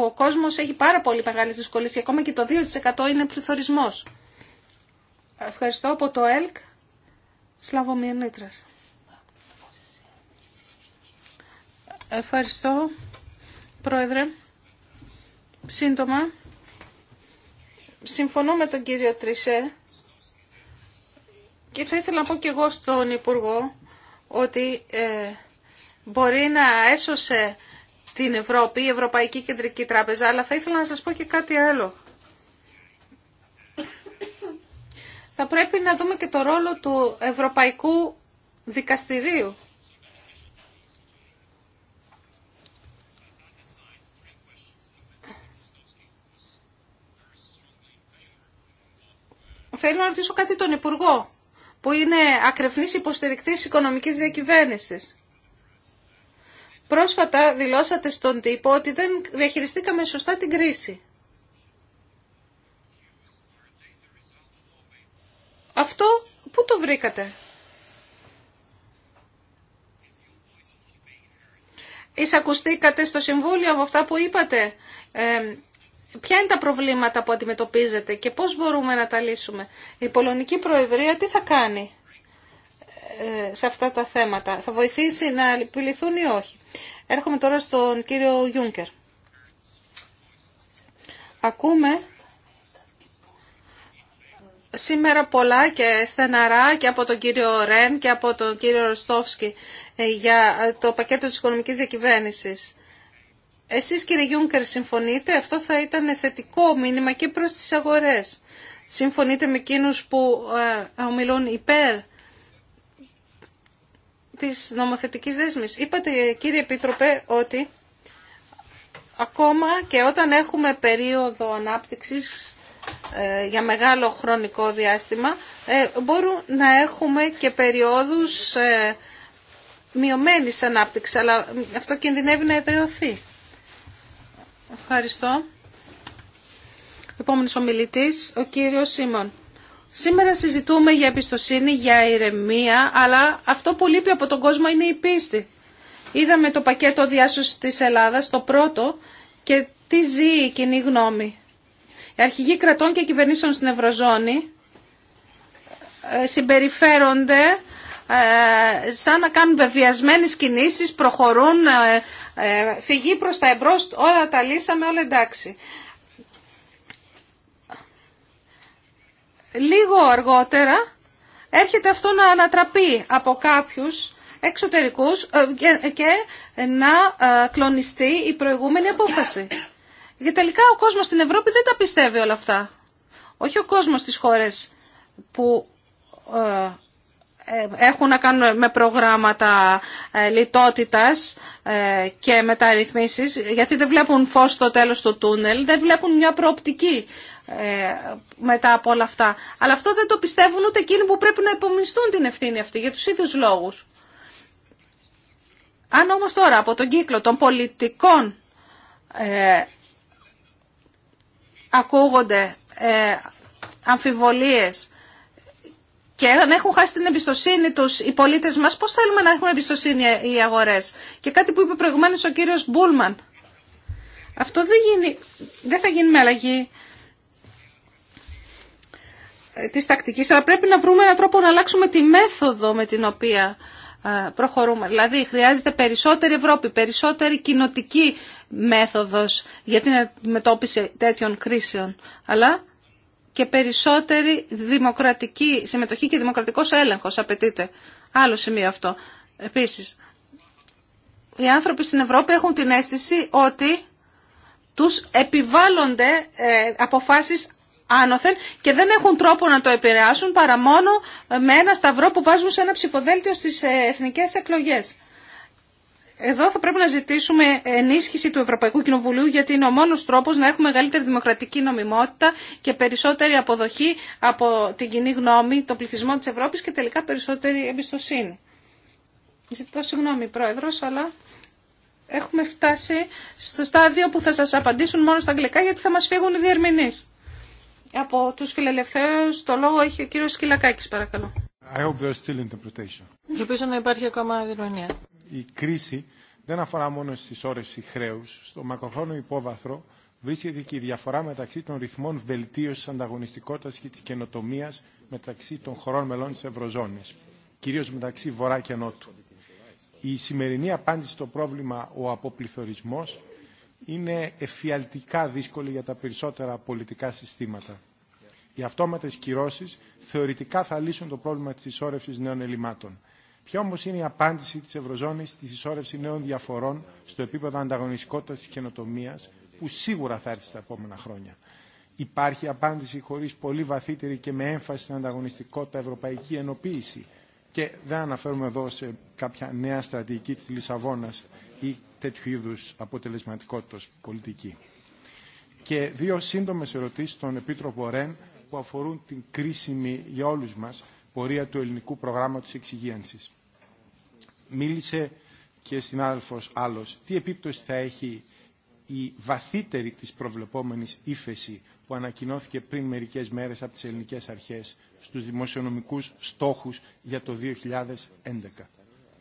ο κόσμος έχει πάρα πολύ μεγάλες δυσκολίες και ακόμα και το 2% είναι πληθωρισμός. Ευχαριστώ από το ΕΛΚ. Σλαβομίν Νίτρας. Ευχαριστώ, Πρόεδρε. Σύντομα, συμφωνώ με τον κύριο Τρισέ και θα ήθελα να πω και εγώ στον Υπουργό ότι ε, μπορεί να έσωσε την Ευρώπη, η Ευρωπαϊκή Κεντρική Τράπεζα, αλλά θα ήθελα να σας πω και κάτι άλλο. θα πρέπει να δούμε και το ρόλο του Ευρωπαϊκού Δικαστηρίου. Θέλω να ρωτήσω κάτι τον Υπουργό, που είναι ακρεφνής υποστηρικτής της οικονομικής διακυβέρνησης. Πρόσφατα δηλώσατε στον τύπο ότι δεν διαχειριστήκαμε σωστά την κρίση. Αυτό πού το βρήκατε. Εισακουστήκατε στο Συμβούλιο από αυτά που είπατε. Ε, ποια είναι τα προβλήματα που αντιμετωπίζετε και πώς μπορούμε να τα λύσουμε. Η Πολωνική Προεδρία τι θα κάνει ε, σε αυτά τα θέματα. Θα βοηθήσει να επιληθούν ή όχι. Έρχομαι τώρα στον κύριο Γιούνκερ. Ακούμε σήμερα πολλά και στεναρά και από τον κύριο Ρεν και από τον κύριο Ροστόφσκι ε, για ε, το πακέτο της οικονομικής διακυβέρνησης. Εσείς κύριε Γιούγκερ συμφωνείτε, αυτό θα ήταν θετικό μήνυμα και προς τις αγορές. Συμφωνείτε με εκείνους που ε, ομιλούν υπέρ της νομοθετικής δέσμης. Είπατε κύριε Επίτροπε ότι ακόμα και όταν έχουμε περίοδο ανάπτυξης ε, για μεγάλο χρονικό διάστημα, ε, μπορούν να έχουμε και περιόδους ε, μειωμένης ανάπτυξης, αλλά αυτό κινδυνεύει να ευρεωθεί. Ευχαριστώ. Επόμενος ομιλητής, ο κύριος Σίμων. Σήμερα συζητούμε για εμπιστοσύνη, για ηρεμία, αλλά αυτό που λείπει από τον κόσμο είναι η πίστη. Είδαμε το πακέτο διάσωσης της Ελλάδας, το πρώτο, και τι ζει η κοινή γνώμη. Οι αρχηγοί κρατών και κυβερνήσεων στην Ευρωζώνη ε, συμπεριφέρονται ε, σαν να κάνουν βεβαιασμένες κινήσεις, προχωρούν, ε, φυγεί προς τα εμπρός, όλα τα λύσαμε, όλα εντάξει. Λίγο αργότερα έρχεται αυτό να ανατραπεί από κάποιους εξωτερικούς και να κλονιστεί η προηγούμενη απόφαση. Και τελικά ο κόσμος στην Ευρώπη δεν τα πιστεύει όλα αυτά. Όχι ο κόσμος στις χώρες που ε, ε, έχουν να κάνουν με προγράμματα ε, λιτότητας και μεταρρυθμίσεις, γιατί δεν βλέπουν φως στο τέλος του τούνελ, δεν βλέπουν μια προοπτική μετά από όλα αυτά. Αλλά αυτό δεν το πιστεύουν ούτε εκείνοι που πρέπει να υπομισθούν την ευθύνη αυτή για τους ίδιους λόγους. Αν όμως τώρα από τον κύκλο των πολιτικών ακούγονται ε, αμφιβολίες και αν έχουν χάσει την εμπιστοσύνη τους οι πολίτες μας, πώς θέλουμε να έχουν εμπιστοσύνη οι αγορές. Και κάτι που είπε προηγουμένως ο κύριος Μπούλμαν. Αυτό δεν, δεν θα γίνει με αλλαγή ε, της τακτικής, αλλά πρέπει να βρούμε έναν τρόπο να αλλάξουμε τη μέθοδο με την οποία προχωρούμε. Δηλαδή χρειάζεται περισσότερη Ευρώπη, περισσότερη κοινοτική μέθοδος για την αντιμετώπιση τέτοιων κρίσεων, αλλά και περισσότερη δημοκρατική συμμετοχή και δημοκρατικός έλεγχος απαιτείται. Άλλο σημείο αυτό. Επίσης, οι άνθρωποι στην Ευρώπη έχουν την αίσθηση ότι τους επιβάλλονται ε, αποφάσεις άνωθεν και δεν έχουν τρόπο να το επηρεάσουν παρά μόνο με ένα σταυρό που βάζουν σε ένα ψηφοδέλτιο στις ε, εθνικές εκλογές. Εδώ θα πρέπει να ζητήσουμε ενίσχυση του Ευρωπαϊκού Κοινοβουλίου γιατί είναι ο μόνος τρόπος να έχουμε μεγαλύτερη δημοκρατική νομιμότητα και περισσότερη αποδοχή από την κοινή γνώμη, τον πληθυσμό της Ευρώπης και τελικά περισσότερη εμπιστοσύνη. Ζητώ συγγνώμη πρόεδρος, αλλά έχουμε φτάσει στο στάδιο που θα σας απαντήσουν μόνο στα αγγλικά γιατί θα μας φύγουν οι διερμηνείς. Από τους φιλελευθέρους το λόγο έχει ο κύριος Σκυλακάκης παρακαλώ. Ελπίζω να υπάρχει ακόμα διερμηνία. Η κρίση δεν αφορά μόνο στις ώρες χρέους. Στο μακροχρόνιο υπόβαθρο βρίσκεται και η διαφορά μεταξύ των ρυθμών βελτίωσης ανταγωνιστικότητας και της καινοτομίας μεταξύ των χωρών μελών της Ευρωζώνης, κυρίως μεταξύ Βορρά και Νότου. Η σημερινή απάντηση στο πρόβλημα ο αποπληθωρισμός είναι εφιαλτικά δύσκολη για τα περισσότερα πολιτικά συστήματα. Οι αυτόματες κυρώσεις θεωρητικά θα λύσουν το πρόβλημα της ισόρευσης νέων ελλημάτων. Ποια όμως είναι η απάντηση της Ευρωζώνης στη συσσόρευση νέων διαφορών στο επίπεδο ανταγωνιστικότητας τη καινοτομία, που σίγουρα θα έρθει στα επόμενα χρόνια. Υπάρχει απάντηση χωρίς πολύ βαθύτερη και με έμφαση στην ανταγωνιστικότητα ευρωπαϊκή ενοποίηση. Και δεν αναφέρουμε εδώ σε κάποια νέα στρατηγική της Λισαβόνας ή τέτοιου είδου αποτελεσματικότητα πολιτική. Και δύο σύντομε ερωτήσει στον Επίτροπο Ρεν που αφορούν την κρίσιμη για όλου μας πορεία του ελληνικού προγράμματος εξυγίανση. Μίλησε και συνάδελφο Άλλο Τι επίπτωση θα έχει η βαθύτερη της προβλεπόμενης ύφεση που ανακοινώθηκε πριν μερικές μέρες από τις ελληνικές αρχές στους δημοσιονομικούς στόχους για το 2011.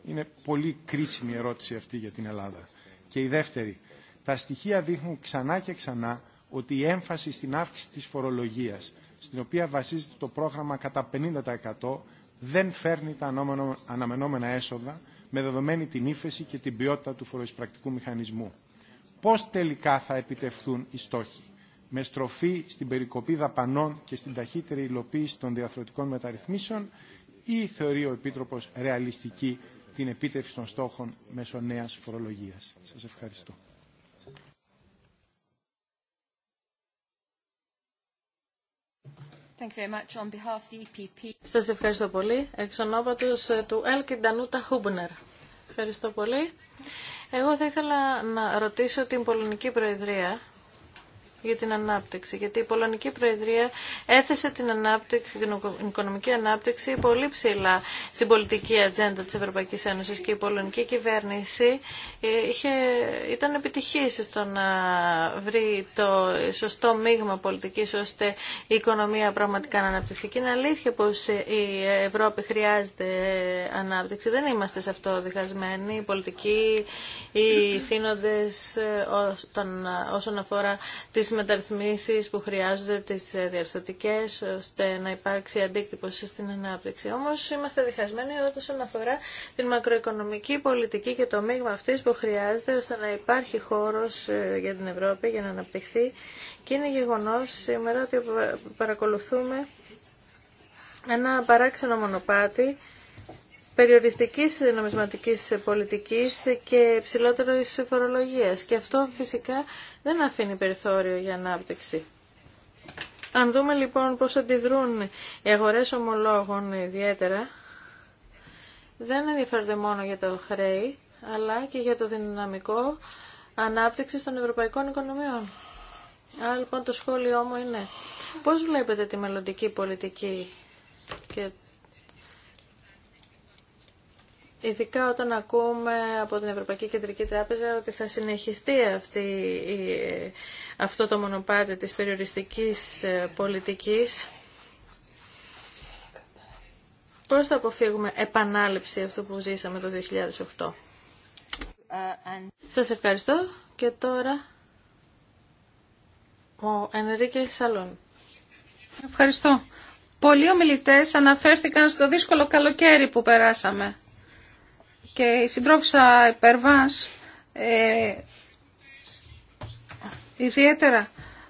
Είναι πολύ κρίσιμη η ερώτηση αυτή για την Ελλάδα. Και η δεύτερη, τα στοιχεία δείχνουν ξανά και ξανά ότι η έμφαση στην αύξηση της φορολογίας, στην οποία βασίζεται το πρόγραμμα κατά 50%, δεν φέρνει τα αναμενόμενα έσοδα με δεδομένη την ύφεση και την ποιότητα του φοροεισπρακτικού μηχανισμού. Πώς τελικά θα επιτευχθούν οι στόχοι, με στροφή στην περικοπή δαπανών και στην ταχύτερη υλοποίηση των διαθροτικών μεταρρυθμίσεων ή θεωρεί ο Επίτροπος ρεαλιστική την επίτευξη των στόχων μέσω νέας φορολογίας. Σας ευχαριστώ. Σα e Σας ευχαριστώ πολύ. Εξ ονόματος ε, του Έλκη Ντανούτα Χούμπνερ. Ευχαριστώ πολύ. Εγώ θα ήθελα να ρωτήσω την Πολωνική Προεδρία για την ανάπτυξη. Γιατί η Πολωνική Προεδρία έθεσε την, ανάπτυξη, την οικονομική ανάπτυξη πολύ ψηλά στην πολιτική ατζέντα της Ευρωπαϊκής Ένωσης και η πολωνική κυβέρνηση ε, είχε, ήταν επιτυχής στο να βρει το σωστό μείγμα πολιτικής ώστε η οικονομία πραγματικά να αναπτυχθεί. Και είναι αλήθεια πως ε, η Ευρώπη χρειάζεται ε, ανάπτυξη. Δεν είμαστε σε αυτό διχασμένοι. Οι πολιτικοί, οι θύνοντες όσον αφορά τις μεταρρυθμίσεις που χρειάζονται τις διαρθωτικές ώστε να υπάρξει αντίκτυπος στην ανάπτυξη. Όμως είμαστε διχασμένοι όσον αφορά την μακροοικονομική πολιτική και το μείγμα αυτής που χρειάζεται ώστε να υπάρχει χώρος ε, για την Ευρώπη για να αναπτυχθεί και είναι γεγονός σήμερα ότι παρακολουθούμε ένα παράξενο μονοπάτι περιοριστικής νομισματική πολιτικής και ψηλότερη φορολογία. Και αυτό φυσικά δεν αφήνει περιθώριο για ανάπτυξη. Αν δούμε λοιπόν πώς αντιδρούν οι αγορές ομολόγων ιδιαίτερα, δεν ενδιαφέρονται μόνο για το χρέη, αλλά και για το δυναμικό ανάπτυξη των ευρωπαϊκών οικονομιών. Άρα λοιπόν το σχόλιο μου είναι πώς βλέπετε τη μελλοντική πολιτική και Ειδικά όταν ακούμε από την Ευρωπαϊκή Κεντρική Τράπεζα ότι θα συνεχιστεί αυτή, αυτό το μονοπάτι της περιοριστικής ε, πολιτικής, πώς θα αποφύγουμε επανάληψη αυτού που ζήσαμε το 2008. Ε, Σας ευχαριστώ και τώρα ο Ενρίκε Σαλόν. Ευχαριστώ. Πολλοί ομιλητές αναφέρθηκαν στο δύσκολο καλοκαίρι που περάσαμε και η συντρόφισσα υπερβάς ε, ιδιαίτερα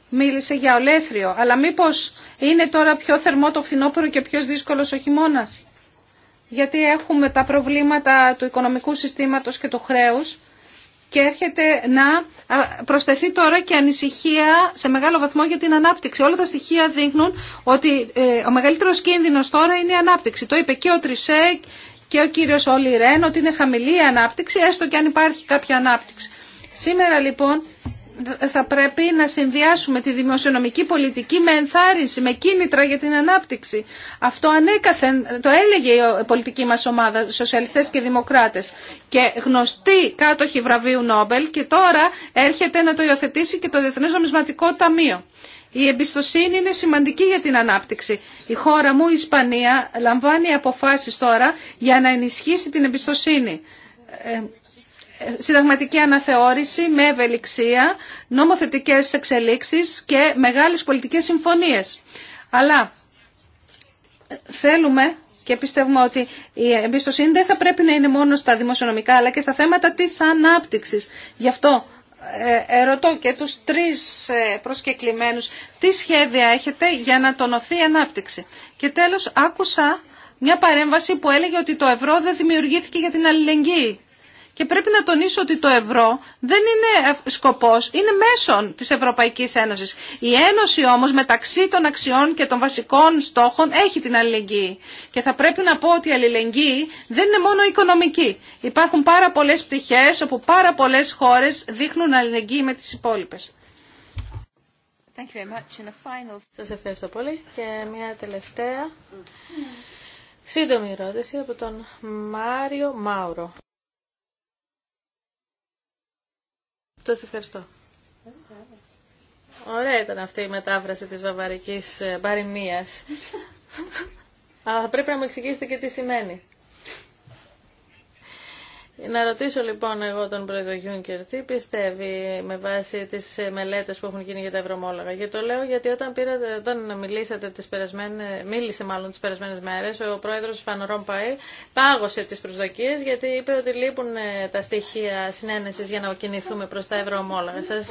μίλησε για ολέθριο. Αλλά μήπως είναι τώρα πιο θερμό το φθινόπωρο και πιο δύσκολος ο χειμώνας. Γιατί έχουμε τα προβλήματα του οικονομικού συστήματος και του χρέους και έρχεται να προσθεθεί τώρα και ανησυχία σε μεγάλο βαθμό για την ανάπτυξη. Όλα τα στοιχεία δείχνουν ότι ε, ο μεγαλύτερος κίνδυνος τώρα είναι η ανάπτυξη. Το είπε και ο Τρισέκ και ο κύριος Όλη Ρέν ότι είναι χαμηλή η ανάπτυξη, έστω και αν υπάρχει κάποια ανάπτυξη. Σήμερα λοιπόν θα πρέπει να συνδυάσουμε τη δημοσιονομική πολιτική με ενθάρρυνση, με κίνητρα για την ανάπτυξη. Αυτό ανέκαθεν το έλεγε η πολιτική μας ομάδα, σοσιαλιστές και δημοκράτες. Και γνωστοί κάτοχοι βραβείου Νόμπελ και τώρα έρχεται να το υιοθετήσει και το Διεθνές Νομισματικό Ταμείο. Η εμπιστοσύνη είναι σημαντική για την ανάπτυξη. Η χώρα μου, η Ισπανία, λαμβάνει αποφάσεις τώρα για να ενισχύσει την εμπιστοσύνη. Ε, ε, συνταγματική αναθεώρηση με ευελιξία, νομοθετικές εξελίξεις και μεγάλες πολιτικές συμφωνίες. Αλλά ε, θέλουμε και πιστεύουμε ότι η εμπιστοσύνη δεν θα πρέπει να είναι μόνο στα δημοσιονομικά αλλά και στα θέματα της ανάπτυξης. Γι' αυτό ερωτώ ε, και τους τρεις ε, προσκεκλημένους τι σχέδια έχετε για να τονωθεί η ανάπτυξη. Και τέλος άκουσα μια παρέμβαση που έλεγε ότι το ευρώ δεν δημιουργήθηκε για την αλληλεγγύη. Και πρέπει να τονίσω ότι το ευρώ δεν είναι σκοπός, είναι μέσον της Ευρωπαϊκής Ένωσης. Η Ένωση όμως μεταξύ των αξιών και των βασικών στόχων έχει την αλληλεγγύη. Και θα πρέπει να πω ότι η αλληλεγγύη δεν είναι μόνο οικονομική. Υπάρχουν πάρα πολλές πτυχές όπου πάρα πολλές χώρες δείχνουν αλληλεγγύη με τις υπόλοιπες. Thank ευχαριστώ πολύ και μια τελευταία σύντομη ερώτηση από τον Μάριο Μάουρο. Σα ευχαριστώ. Ωραία ήταν αυτή η μετάφραση της βαβαρικής ε, παροιμίας. Αλλά πρέπει να μου εξηγήσετε και τι σημαίνει. Να ρωτήσω λοιπόν εγώ τον πρόεδρο Γιούνκερ τι πιστεύει με βάση τις μελέτες που έχουν γίνει για τα ευρωμόλογα. Και το λέω γιατί όταν, πήρατε, όταν μιλήσατε τις περασμένες, μίλησε μάλλον τις περασμένες μέρες, ο πρόεδρος Φαν Ρομπαϊ πάγωσε τις προσδοκίες γιατί είπε ότι λείπουν ε, τα στοιχεία συνένεσης για να κινηθούμε προς τα ευρωομόλογα. Σας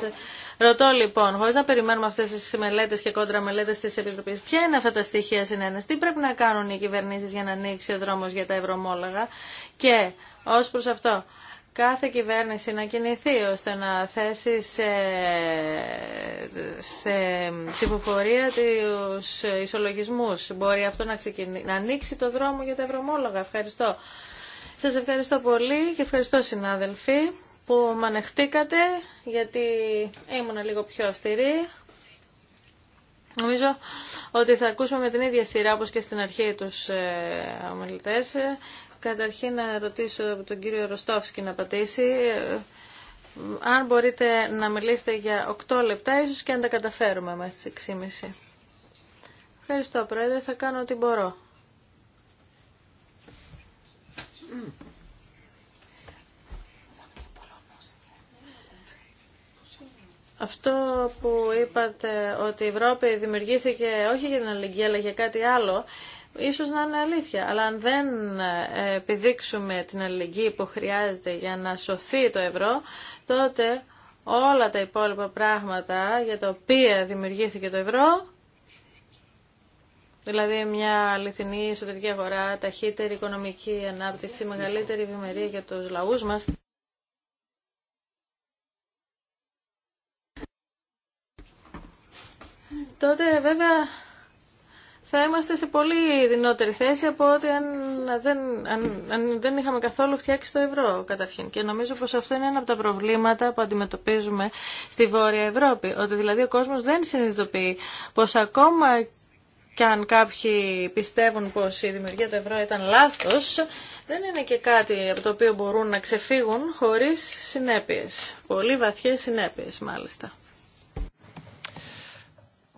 ρωτώ λοιπόν, χωρίς να περιμένουμε αυτές τις μελέτες και κόντρα μελέτες της Επιτροπής, ποια είναι αυτά τα στοιχεία συνένεσης, τι πρέπει να κάνουν οι κυβερνήσει για να ανοίξει ο δρόμος για τα ευρωομόλογα και ως προς αυτό κάθε κυβέρνηση να κινηθεί ώστε να θέσει σε, σε ψηφοφορία τους ισολογισμούς. Μπορεί αυτό να, να ανοίξει το δρόμο για τα ευρωμόλογα. Ευχαριστώ. Σας ευχαριστώ πολύ και ευχαριστώ συνάδελφοι που με ανεχτήκατε γιατί ήμουν λίγο πιο αυστηρή. Νομίζω ότι θα ακούσουμε με την ίδια σειρά όπως και στην αρχή τους ε, ομιλητές. Καταρχήν να ρωτήσω τον κύριο Ροστόφσκι να πατήσει. Ε, αν μπορείτε να μιλήσετε για 8 λεπτά, ίσως και αν τα καταφέρουμε μέχρι τις 6.30. Ευχαριστώ, Πρόεδρε. Θα κάνω ό,τι μπορώ. Αυτό που είπατε ότι η Ευρώπη δημιουργήθηκε όχι για την αλληλεγγύη αλλά για κάτι άλλο ίσως να είναι αλήθεια. Αλλά αν δεν ε, επιδείξουμε την αλληλεγγύη που χρειάζεται για να σωθεί το ευρώ, τότε όλα τα υπόλοιπα πράγματα για τα οποία δημιουργήθηκε το ευρώ, δηλαδή μια αληθινή εσωτερική αγορά, ταχύτερη οικονομική ανάπτυξη, μεγαλύτερη ευημερία για τους λαούς μας, τότε βέβαια θα είμαστε σε πολύ δυνότερη θέση από ότι αν δεν, αν, δεν είχαμε καθόλου φτιάξει το ευρώ καταρχήν. Και νομίζω πως αυτό είναι ένα από τα προβλήματα που αντιμετωπίζουμε στη Βόρεια Ευρώπη. Ότι δηλαδή ο κόσμος δεν συνειδητοποιεί πως ακόμα και αν κάποιοι πιστεύουν πως η δημιουργία του ευρώ ήταν λάθος, δεν είναι και κάτι από το οποίο μπορούν να ξεφύγουν χωρίς συνέπειες. Πολύ βαθιές συνέπειες μάλιστα.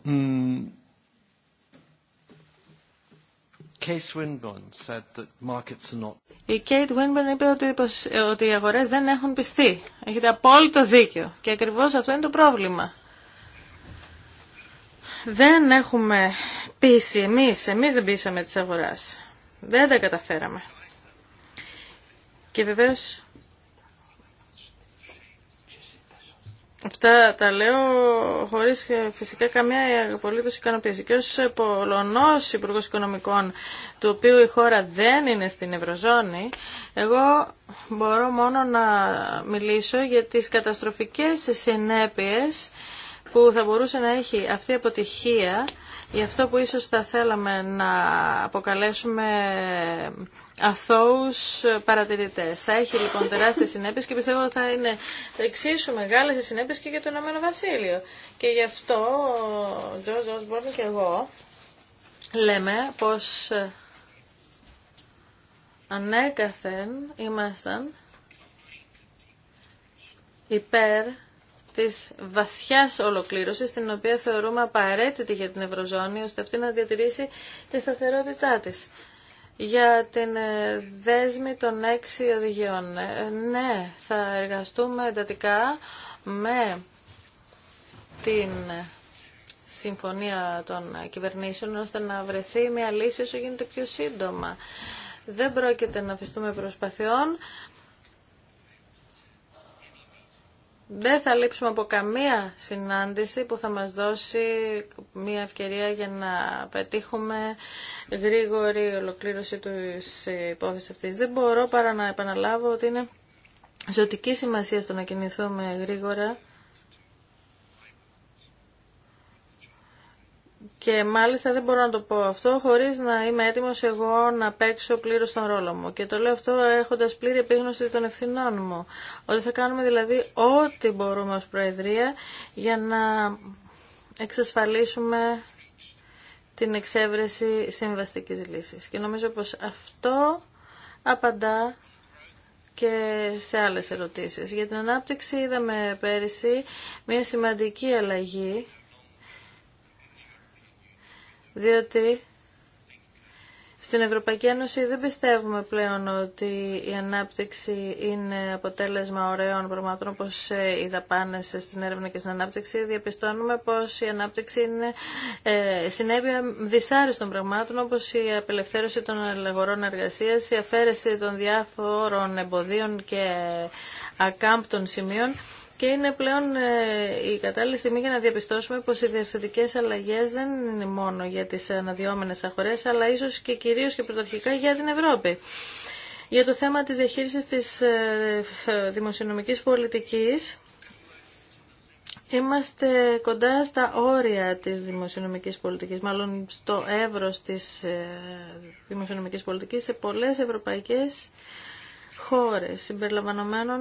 Mm. Η Κέιτ Winburn είπε ε, ότι, οι αγορές δεν έχουν πιστεί. Έχετε απόλυτο δίκιο. Και ακριβώς αυτό είναι το πρόβλημα. Δεν έχουμε πείσει εμείς. Εμείς δεν πείσαμε τις αγοράς. Δεν τα καταφέραμε. Και βεβαίως Αυτά τα λέω χωρίς ε, φυσικά καμία απολύτως ικανοποίηση. Και ως Πολωνός υπουργό Οικονομικών, του οποίου η χώρα δεν είναι στην Ευρωζώνη, εγώ μπορώ μόνο να μιλήσω για τις καταστροφικές συνέπειες που θα μπορούσε να έχει αυτή η αποτυχία, για αυτό που ίσως θα θέλαμε να αποκαλέσουμε αθώου ε, παρατηρητέ. Θα έχει λοιπόν τεράστιες συνέπειε και πιστεύω ότι θα είναι εξίσου μεγάλες οι συνέπειες και για το Ηνωμένο Βασίλειο. Και γι' αυτό ο Τζος και εγώ λέμε πως ε, ανέκαθεν ήμασταν υπέρ της βαθιάς ολοκλήρωσης, την οποία θεωρούμε απαραίτητη για την Ευρωζώνη, ώστε αυτή να διατηρήσει τη σταθερότητά της για την ε, δέσμη των έξι οδηγιών. Ε, ναι, θα εργαστούμε εντατικά με την συμφωνία των κυβερνήσεων ώστε να βρεθεί μια λύση όσο γίνεται πιο σύντομα. Δεν πρόκειται να αφιστούμε προσπαθειών δεν θα λείψουμε από καμία συνάντηση που θα μας δώσει μια ευκαιρία για να πετύχουμε γρήγορη ολοκλήρωση της υπόθεσης αυτής. Δεν μπορώ παρά να επαναλάβω ότι είναι ζωτική σημασία στο να κινηθούμε γρήγορα Και μάλιστα δεν μπορώ να το πω αυτό χωρίς να είμαι έτοιμος εγώ να παίξω πλήρως τον ρόλο μου. Και το λέω αυτό έχοντας πλήρη επίγνωση των ευθυνών μου. Ότι θα κάνουμε δηλαδή ό,τι μπορούμε ως Προεδρία για να εξασφαλίσουμε την εξέβρεση συμβαστικής λύσης. Και νομίζω πως αυτό απαντά και σε άλλες ερωτήσεις. Για την ανάπτυξη είδαμε πέρυσι μια σημαντική αλλαγή διότι στην Ευρωπαϊκή Ένωση δεν πιστεύουμε πλέον ότι η ανάπτυξη είναι αποτέλεσμα ωραίων πραγμάτων όπως ε, οι δαπάνες στην έρευνα και στην ανάπτυξη. Διαπιστώνουμε πως η ανάπτυξη είναι ε, συνέπεια δυσάρεστων πραγμάτων όπως η απελευθέρωση των ελεγορών εργασίας, η αφαίρεση των διάφορων εμποδίων και ακάμπτων σημείων και είναι πλέον ε, η κατάλληλη στιγμή για να διαπιστώσουμε πως οι διευθυντικές αλλαγές δεν είναι μόνο για τις αναδυόμενες αγορές, αλλά ίσως και κυρίως και πρωταρχικά για την Ευρώπη. Για το θέμα της διαχείρισης της ε, δημοσιονομικής πολιτικής, Είμαστε κοντά στα όρια της δημοσιονομικής πολιτικής, μάλλον στο εύρος της ε, δημοσιονομικής πολιτικής σε πολλές ευρωπαϊκές χώρες συμπεριλαμβανομένων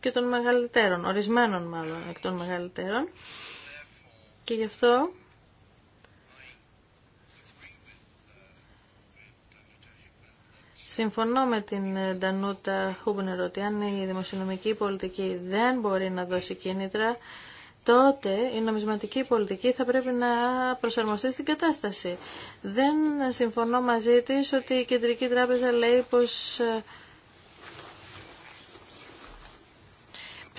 και των μεγαλύτερων, ορισμένων μάλλον εκ των μεγαλύτερων και γι' αυτό Συμφωνώ με την Ντανούτα Χούμπνερ ότι αν η δημοσιονομική πολιτική δεν μπορεί να δώσει κίνητρα, τότε η νομισματική πολιτική θα πρέπει να προσαρμοστεί στην κατάσταση. Δεν συμφωνώ μαζί της ότι η Κεντρική Τράπεζα λέει πως ε,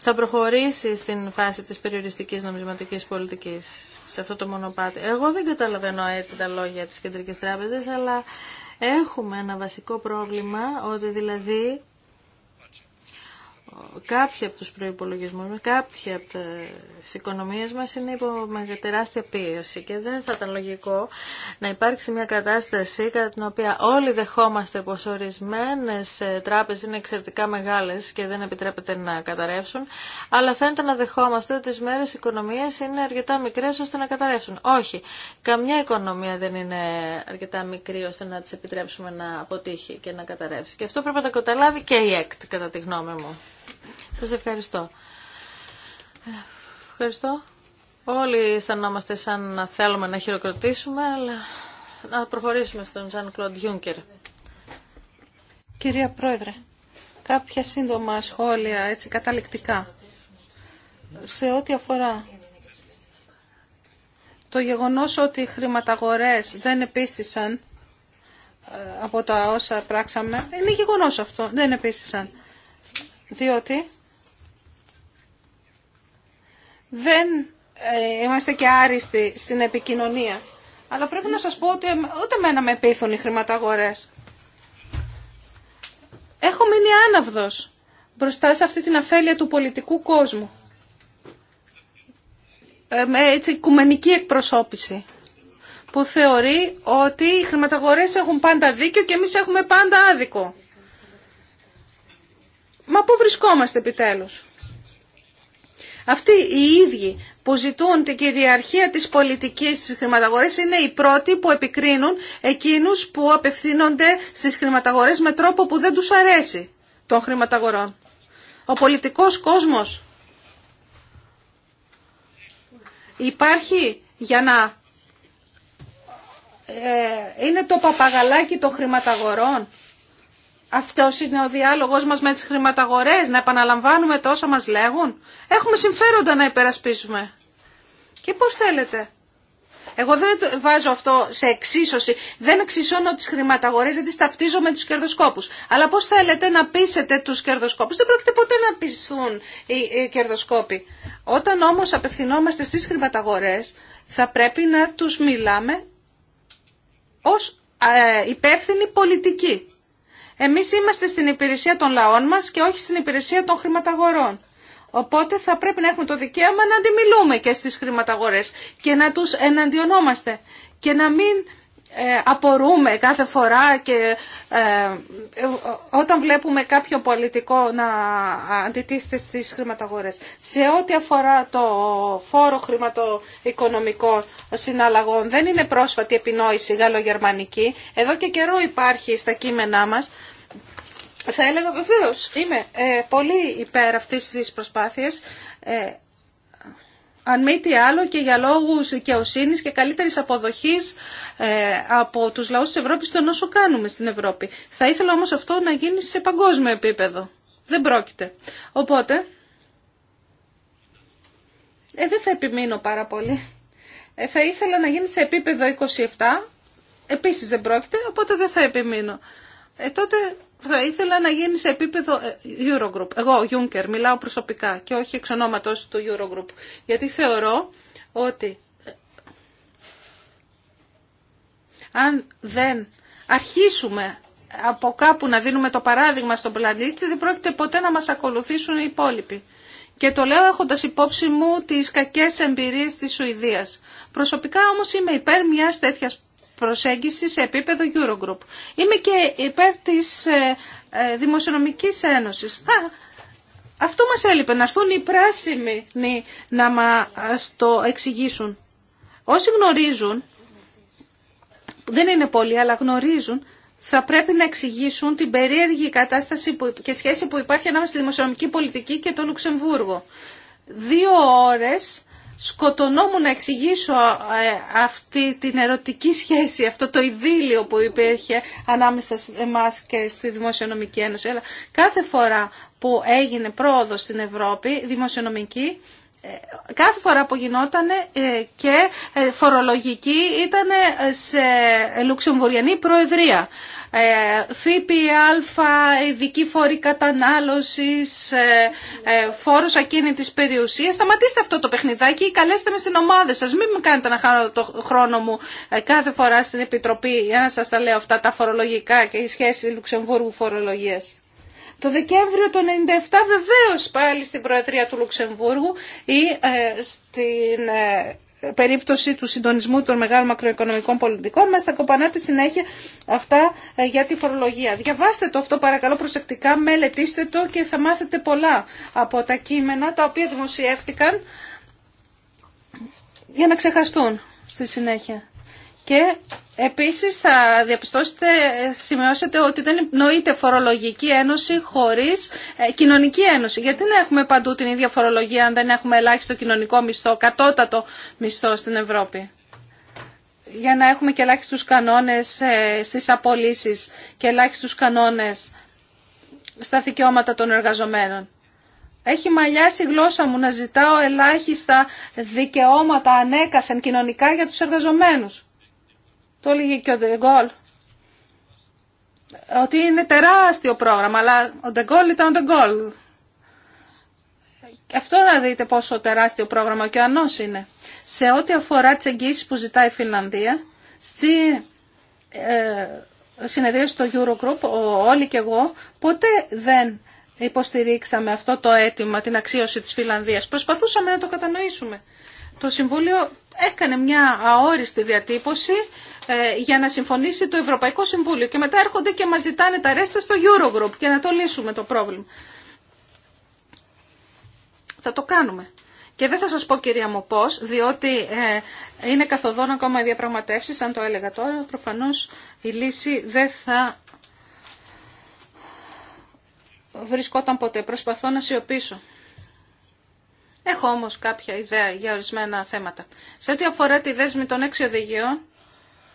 θα προχωρήσει στην φάση της περιοριστικής νομισματικής πολιτικής σε αυτό το μονοπάτι. Εγώ δεν καταλαβαίνω έτσι τα λόγια της Κεντρικής Τράπεζας, αλλά έχουμε ένα βασικό πρόβλημα ότι δηλαδή κάποια από τους προϋπολογισμούς μας, κάποια από τις οικονομίες μας είναι υπό τεράστια πίεση και δεν θα ήταν λογικό να υπάρξει μια κατάσταση κατά την οποία όλοι δεχόμαστε πως ορισμένε ε, τράπεζες είναι εξαιρετικά μεγάλες και δεν επιτρέπεται να καταρρεύσουν, αλλά φαίνεται να δεχόμαστε ότι τις μέρες οικονομίες είναι αρκετά μικρές ώστε να καταρρεύσουν. Όχι, καμιά οικονομία δεν είναι αρκετά μικρή ώστε να τις επιτρέψουμε να αποτύχει και να καταρρεύσει. Και αυτό πρέπει να το καταλάβει και η ΕΚΤ κατά τη γνώμη μου. Σας ευχαριστώ. Ευχαριστώ. Όλοι αισθανόμαστε σαν να θέλουμε να χειροκροτήσουμε, αλλά να προχωρήσουμε στον Ζαν Κλοντ Γιούνκερ. Κυρία Πρόεδρε, κάποια σύντομα σχόλια, έτσι καταληκτικά. Σε ό,τι αφορά το γεγονός ότι οι χρηματαγορές δεν επίστησαν ε, από τα όσα πράξαμε, είναι γεγονός αυτό, δεν επίστησαν. Διότι δεν ε, είμαστε και άριστοι στην επικοινωνία. Αλλά πρέπει να σας πω ότι ε, ούτε μένα με πείθουν οι χρηματαγορές. Έχω μείνει άναυδος μπροστά σε αυτή την αφέλεια του πολιτικού κόσμου. Ε, με έτσι οικουμενική εκπροσώπηση που θεωρεί ότι οι χρηματαγορές έχουν πάντα δίκιο και εμείς έχουμε πάντα άδικο. Μα πού βρισκόμαστε επιτέλους. Αυτοί οι ίδιοι που ζητούν την κυριαρχία της πολιτικής στις χρηματαγορές είναι οι πρώτοι που επικρίνουν εκείνους που απευθύνονται στις χρηματαγορές με τρόπο που δεν τους αρέσει των χρηματαγορών. Ο πολιτικός κόσμος υπάρχει για να ε, είναι το παπαγαλάκι των χρηματαγορών αυτό είναι ο διάλογο μας με τις χρηματαγορές, να επαναλαμβάνουμε το όσα μας λέγουν. Έχουμε συμφέροντα να υπερασπίσουμε. Και πώς θέλετε. Εγώ δεν βάζω αυτό σε εξίσωση. Δεν εξισώνω τις χρηματαγορές, δεν τι ταυτίζω με τους κερδοσκόπους. Αλλά πώς θέλετε να πείσετε τους κερδοσκόπους. Δεν πρόκειται ποτέ να πεισούν οι κερδοσκόποι. Όταν όμω απευθυνόμαστε στι χρηματαγορές, θα πρέπει να του μιλάμε ως ε, υπεύθυνοι πολιτικοί. Εμείς είμαστε στην υπηρεσία των λαών μας και όχι στην υπηρεσία των χρηματαγορών. Οπότε θα πρέπει να έχουμε το δικαίωμα να αντιμιλούμε και στις χρηματαγορές και να τους εναντιονόμαστε και να μην ε, απορούμε κάθε φορά και ε, ε, όταν βλέπουμε κάποιο πολιτικό να αντιτίθεται στις χρηματαγορές. Σε ό,τι αφορά το φόρο χρηματοοικονομικών συναλλαγών δεν είναι πρόσφατη επινόηση γαλλογερμανική. Εδώ και καιρό υπάρχει στα κείμενά μας θα έλεγα βεβαίω. είμαι ε, πολύ υπέρ αυτή τη προσπάθεια, ε, αν μη τι άλλο και για λόγους δικαιοσύνη και καλύτερης αποδοχής ε, από τους λαούς της Ευρώπης των όσο κάνουμε στην Ευρώπη. Θα ήθελα όμως αυτό να γίνει σε παγκόσμιο επίπεδο. Δεν πρόκειται. Οπότε, ε, δεν θα επιμείνω πάρα πολύ. Ε, θα ήθελα να γίνει σε επίπεδο 27, επίσης δεν πρόκειται, οπότε δεν θα επιμείνω. Ε, τότε θα ήθελα να γίνει σε επίπεδο ε, Eurogroup. Εγώ, Juncker, μιλάω προσωπικά και όχι εξ ονόματος του Eurogroup. Γιατί θεωρώ ότι ε, αν δεν αρχίσουμε από κάπου να δίνουμε το παράδειγμα στον πλανήτη, δεν πρόκειται ποτέ να μας ακολουθήσουν οι υπόλοιποι. Και το λέω έχοντας υπόψη μου τις κακές εμπειρίες της Σουηδίας. Προσωπικά όμως είμαι υπέρ μιας τέτοιας προσέγγιση σε επίπεδο Eurogroup. Είμαι και υπέρ της ε, ε, Δημοσιονομικής Ένωσης. αυτό μας έλειπε, να έρθουν οι πράσινοι να μας το εξηγήσουν. Όσοι γνωρίζουν, δεν είναι πολλοί, αλλά γνωρίζουν, θα πρέπει να εξηγήσουν την περίεργη κατάσταση και σχέση που υπάρχει ανάμεσα στη δημοσιονομική πολιτική και το Λουξεμβούργο. Δύο ώρες σκοτωνόμουν να εξηγήσω ε, αυτή την ερωτική σχέση, αυτό το ιδίλιο που υπήρχε ανάμεσα σε εμάς και στη Δημοσιονομική Ένωση. Αλλά κάθε φορά που έγινε πρόοδο στην Ευρώπη, δημοσιονομική, ε, κάθε φορά που γινόταν ε, και φορολογική ήταν σε Λουξεμβουριανή Προεδρία. Ε, ΦΠΑ, ειδική φορή κατανάλωσης, ε, ε, φόρος ακίνητης περιουσίας. Σταματήστε αυτό το παιχνιδάκι ή καλέστε με στην ομάδα σας. Μην με κάνετε να χάνω το χρόνο μου κάθε φορά στην Επιτροπή για να σας τα λέω αυτά τα φορολογικά και οι σχέσεις Λουξεμβούργου φορολογίας. Το Δεκέμβριο του 1997 βεβαίως πάλι στην Προεδρία του Λουξεμβούργου ή στην περίπτωση του συντονισμού των μεγάλων μακροοικονομικών πολιτικών μας θα κοπανάτε συνέχεια αυτά ε, για τη φορολογία. Διαβάστε το αυτό παρακαλώ προσεκτικά, μελετήστε το και θα μάθετε πολλά από τα κείμενα τα οποία δημοσιεύτηκαν για να ξεχαστούν στη συνέχεια. Και επίσης θα διαπιστώσετε, σημειώσετε ότι δεν νοείται φορολογική ένωση χωρίς ε, κοινωνική ένωση. Γιατί να έχουμε παντού την ίδια φορολογία αν δεν έχουμε ελάχιστο κοινωνικό μισθό, κατώτατο μισθό στην Ευρώπη για να έχουμε και ελάχιστους κανόνες ε, στις απολύσεις και ελάχιστου κανόνες στα δικαιώματα των εργαζομένων. Έχει μαλλιάσει η γλώσσα μου να ζητάω ελάχιστα δικαιώματα ανέκαθεν κοινωνικά για τους εργαζομένους. Το έλεγε και ο Ντεγκόλ. Ότι είναι τεράστιο πρόγραμμα, αλλά ο Ντεγκόλ ήταν ο Ντεγκόλ. Αυτό να δείτε πόσο τεράστιο πρόγραμμα και ο Ανός είναι. Σε ό,τι αφορά τις εγγύσεις που ζητάει η Φιλανδία, στη ε, συνεδρία στο Eurogroup, ο, όλοι και εγώ, ποτέ δεν υποστηρίξαμε αυτό το αίτημα, την αξίωση της Φιλανδίας. Προσπαθούσαμε να το κατανοήσουμε. Το Συμβούλιο έκανε μια αόριστη διατύπωση ε, για να συμφωνήσει το Ευρωπαϊκό Συμβούλιο και μετά έρχονται και μα ζητάνε τα ρέστα στο Eurogroup και να το λύσουμε το πρόβλημα. Θα το κάνουμε. Και δεν θα σας πω κυρία μου πώς, διότι ε, είναι καθοδόν ακόμα οι διαπραγματεύσεις, αν το έλεγα τώρα, προφανώς η λύση δεν θα βρισκόταν ποτέ. Προσπαθώ να σιωπήσω. Έχω όμως κάποια ιδέα για ορισμένα θέματα. Σε ό,τι αφορά τη δέσμη των έξι οδηγιών,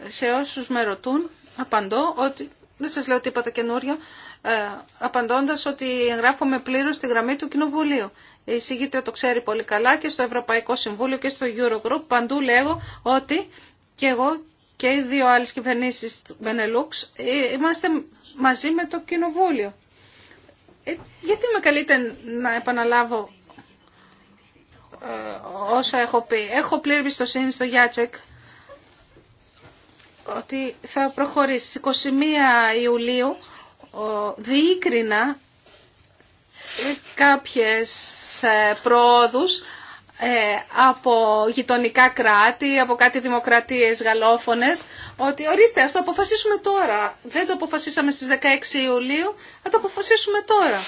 σε όσους με ρωτούν, απαντώ ότι, δεν σας λέω τίποτα καινούριο, ε, απαντώντας ότι εγγράφομαι πλήρως στη γραμμή του Κοινοβουλίου. Η εισηγήτρια το ξέρει πολύ καλά και στο Ευρωπαϊκό Συμβούλιο και στο Eurogroup παντού λέγω ότι και εγώ και οι δύο άλλες κυβερνήσεις του Μπενελούξ είμαστε μαζί με το Κοινοβούλιο. Ε, γιατί με καλείτε να επαναλάβω ε, όσα έχω πει. Έχω πλήρη πιστοσύνη στο Γιάτσεκ ότι θα προχωρήσει. 21 Ιουλίου διήκρινα ε, κάποιες ε, πρόοδους ε, από γειτονικά κράτη, από κάτι δημοκρατίες γαλλόφωνες, ότι ορίστε ας το αποφασίσουμε τώρα. Δεν το αποφασίσαμε στις 16 Ιουλίου, θα το αποφασίσουμε τώρα.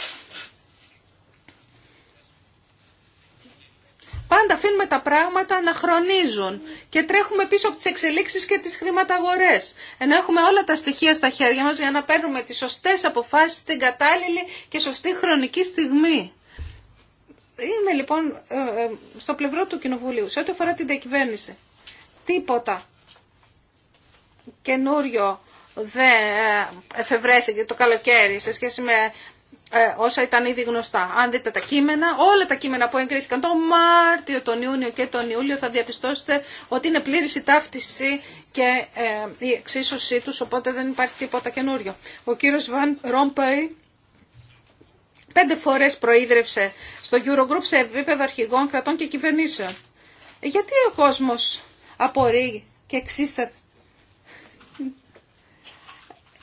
Πάντα αφήνουμε τα πράγματα να χρονίζουν και τρέχουμε πίσω από τις εξελίξεις και τις χρηματαγορές. Ενώ έχουμε όλα τα στοιχεία στα χέρια μας για να παίρνουμε τις σωστές αποφάσεις στην κατάλληλη και σωστή χρονική στιγμή. Είμαι λοιπόν ε, ε, στο πλευρό του Κοινοβουλίου σε ό,τι αφορά την διακυβέρνηση. Τίποτα καινούριο δεν ε, εφευρέθηκε το καλοκαίρι σε σχέση με ε, όσα ήταν ήδη γνωστά. Αν δείτε τα κείμενα, όλα τα κείμενα που εγκρίθηκαν τον Μάρτιο, τον Ιούνιο και τον Ιούλιο θα διαπιστώσετε ότι είναι πλήρης η ταύτιση και ε, η εξίσωσή τους, οπότε δεν υπάρχει τίποτα καινούριο. Ο κύριος Βαν Ρόμπεϊ πέντε φορές προείδρευσε στο Eurogroup σε επίπεδο αρχηγών κρατών και κυβερνήσεων. Ε, γιατί ο κόσμος απορεί και εξίσταται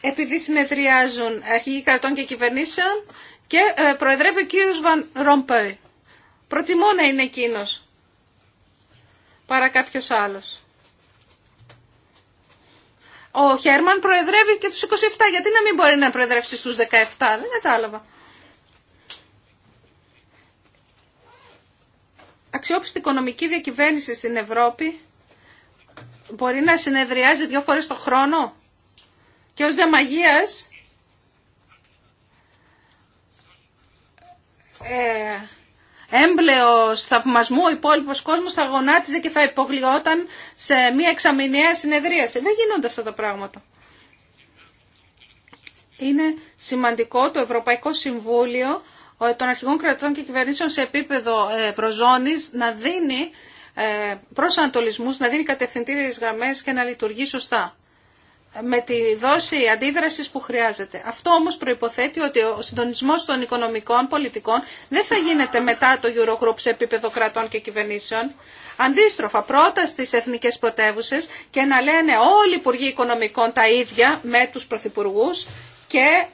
επειδή συνεδριάζουν αρχηγοί κρατών και κυβερνήσεων και ε, προεδρεύει ο κύριος Βαν Ρομπέι. Προτιμώ να είναι εκείνο παρά κάποιο άλλος. Ο Χέρμαν προεδρεύει και τους 27. Γιατί να μην μπορεί να προεδρεύσει στους 17. Δεν κατάλαβα. Αξιόπιστη οικονομική διακυβέρνηση στην Ευρώπη μπορεί να συνεδριάζει δύο φορές το χρόνο και ως Δεμαγίας ε, έμπλεος θαυμασμού ο υπόλοιπο κόσμος θα γονάτιζε και θα υπογλιόταν σε μια εξαμηνιαία συνεδρίαση. Δεν γίνονται αυτά τα πράγματα. Είναι σημαντικό το Ευρωπαϊκό Συμβούλιο των αρχηγών κρατών και κυβερνήσεων σε επίπεδο ε, προζώνης να δίνει ε, προσανατολισμούς, να δίνει κατευθυντήριες γραμμές και να λειτουργεί σωστά με τη δόση αντίδραση που χρειάζεται. Αυτό όμως προϋποθέτει ότι ο συντονισμό των οικονομικών πολιτικών δεν θα γίνεται μετά το Eurogroup σε επίπεδο κρατών και κυβερνήσεων. Αντίστροφα, πρώτα στις εθνικές πρωτεύουσε και να λένε όλοι οι Υπουργοί Οικονομικών τα ίδια με τους Πρωθυπουργού και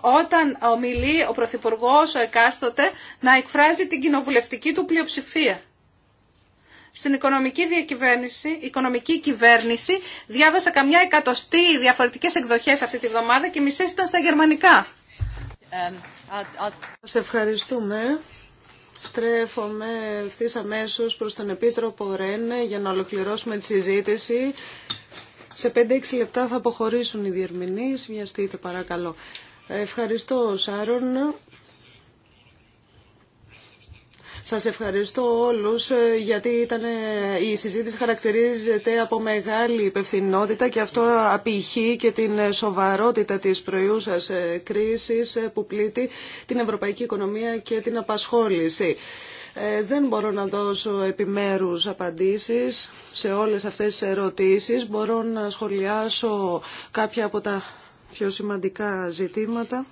όταν ομιλεί ο Πρωθυπουργό ο εκάστοτε να εκφράζει την κοινοβουλευτική του πλειοψηφία στην οικονομική διακυβέρνηση, οικονομική κυβέρνηση, διάβασα καμιά εκατοστή διαφορετικέ εκδοχές αυτή τη βδομάδα και μισές ήταν στα γερμανικά. Σα ευχαριστούμε. Στρέφομαι ευθύ αμέσω προς τον Επίτροπο Ρένε για να ολοκληρώσουμε τη συζήτηση. Σε 5-6 λεπτά θα αποχωρήσουν οι διερμηνείς. Βιαστείτε παρακαλώ. Ευχαριστώ, Σάρων. Σας ευχαριστώ όλους ε, γιατί ήταν, η συζήτηση χαρακτηρίζεται από μεγάλη υπευθυνότητα και αυτό απηχεί και την σοβαρότητα της προϊούσας ε, κρίσης ε, που πλήττει την ευρωπαϊκή οικονομία και την απασχόληση. δεν μπορώ να δώσω επιμέρους απαντήσεις σε όλες αυτές τις ερωτήσεις. Μπορώ να σχολιάσω κάποια από τα πιο σημαντικά ζητήματα.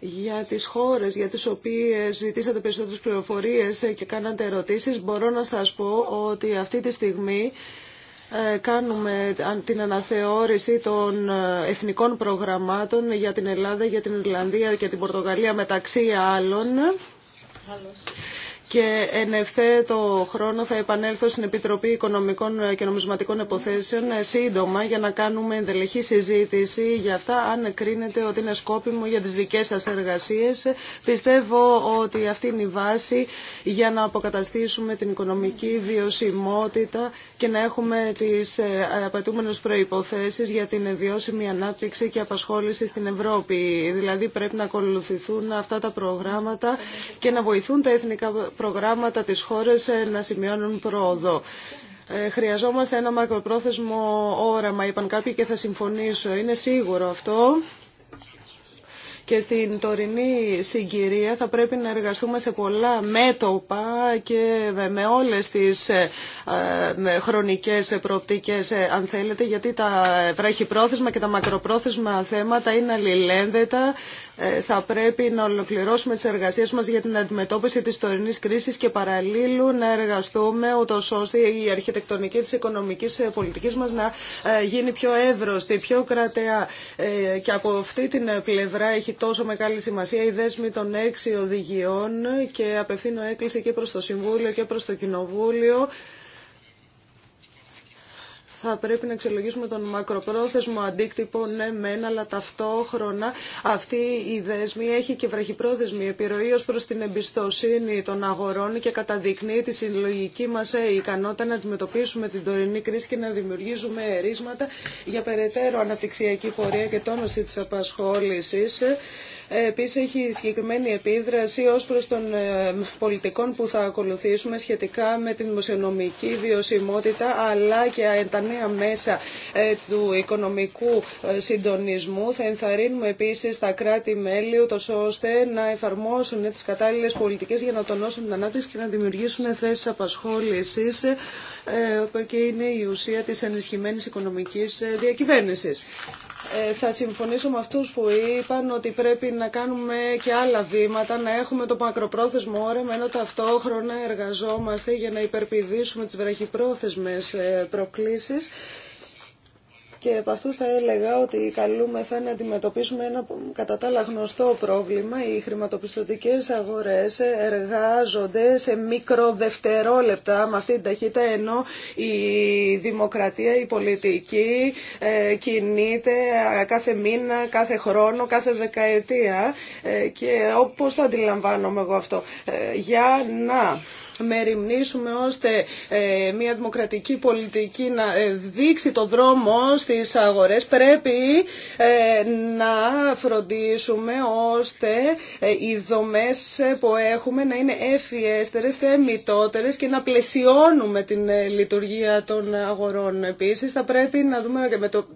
για τις χώρες για τις οποίες ζητήσατε περισσότερες πληροφορίες και κάνατε ερωτήσεις. Μπορώ να σας πω ότι αυτή τη στιγμή ε, κάνουμε την αναθεώρηση των ε, εθνικών προγραμμάτων για την Ελλάδα, για την Ιρλανδία και την Πορτογαλία μεταξύ άλλων και εν ευθέτω χρόνο θα επανέλθω στην Επιτροπή Οικονομικών και Νομισματικών Υποθέσεων ε, σύντομα για να κάνουμε ενδελεχή συζήτηση για αυτά αν κρίνεται ότι είναι σκόπιμο για τις δικές σας εργασίες. Πιστεύω ότι αυτή είναι η βάση για να αποκαταστήσουμε την οικονομική βιωσιμότητα και να έχουμε τις ε, απαιτούμενες προϋποθέσεις για την βιώσιμη ανάπτυξη και απασχόληση στην Ευρώπη. Δηλαδή πρέπει να ακολουθηθούν αυτά τα προγράμματα και να βοηθούν τα εθνικά προγράμματα της χώρας ε, να σημειώνουν πρόοδο. Ε, χρειαζόμαστε ένα μακροπρόθεσμο όραμα, είπαν κάποιοι και θα συμφωνήσω. Είναι σίγουρο αυτό και στην τωρινή συγκυρία θα πρέπει να εργαστούμε σε πολλά μέτωπα και με όλες τις ε, ε, χρονικές προοπτικές ε, αν θέλετε γιατί τα βραχυπρόθεσμα και τα μακροπρόθεσμα θέματα είναι αλληλένδετα θα πρέπει να ολοκληρώσουμε τις εργασίες μας για την αντιμετώπιση της τωρινής κρίσης και παραλλήλου να εργαστούμε ούτως ώστε η αρχιτεκτονική της οικονομικής πολιτικής μας να γίνει πιο εύρωστη, πιο κρατεά. Και από αυτή την πλευρά έχει τόσο μεγάλη σημασία η δέσμη των έξι οδηγιών και απευθύνω έκκληση και προς το Συμβούλιο και προς το Κοινοβούλιο θα πρέπει να αξιολογήσουμε τον μακροπρόθεσμο αντίκτυπο, ναι μεν, αλλά ταυτόχρονα αυτή η δέσμη έχει και βραχυπρόθεσμη επιρροή ως προς την εμπιστοσύνη των αγορών και καταδεικνύει τη συλλογική μας ε, ικανότητα να αντιμετωπίσουμε την τωρινή κρίση και να δημιουργήσουμε ερίσματα για περαιτέρω αναπτυξιακή πορεία και τόνωση της απασχόλησης. Επίση, έχει συγκεκριμένη επίδραση ω προ των ε, πολιτικών που θα ακολουθήσουμε σχετικά με την δημοσιονομική βιωσιμότητα αλλά και τα νέα μέσα ε, του οικονομικού ε, συντονισμού. Θα ενθαρρύνουμε επίσης τα κράτη-μέλη ώστε να εφαρμόσουν τις κατάλληλες πολιτικές για να τονώσουν την ανάπτυξη και να δημιουργήσουν θέσεις απασχόλησης και είναι η ουσία τη ενισχυμένη οικονομική διακυβέρνηση. Ε, θα συμφωνήσω με αυτούς που είπαν ότι πρέπει να κάνουμε και άλλα βήματα, να έχουμε το μακροπρόθεσμο όρεμα, ενώ ταυτόχρονα εργαζόμαστε για να υπερπηδήσουμε τις βραχυπρόθεσμες ε, προκλήσεις. Και από αυτού θα έλεγα ότι καλούμεθα να αντιμετωπίσουμε ένα κατά τα άλλα γνωστό πρόβλημα. Οι χρηματοπιστωτικές αγορές εργάζονται σε μικροδευτερόλεπτα με αυτή την ταχύτητα, ενώ η δημοκρατία, η πολιτική ε, κινείται ε, κάθε μήνα, κάθε χρόνο, κάθε δεκαετία. Ε, και όπως το αντιλαμβάνομαι εγώ αυτό, για να μεριμνήσουμε ώστε ε, μια δημοκρατική πολιτική να ε, δείξει το δρόμο στις αγορές. Πρέπει ε, να φροντίσουμε ώστε οι δομές που έχουμε να είναι ευφιέστερες, θεμητότερες και να πλαισιώνουμε την λειτουργία των αγορών. Επίσης θα πρέπει να δούμε και με το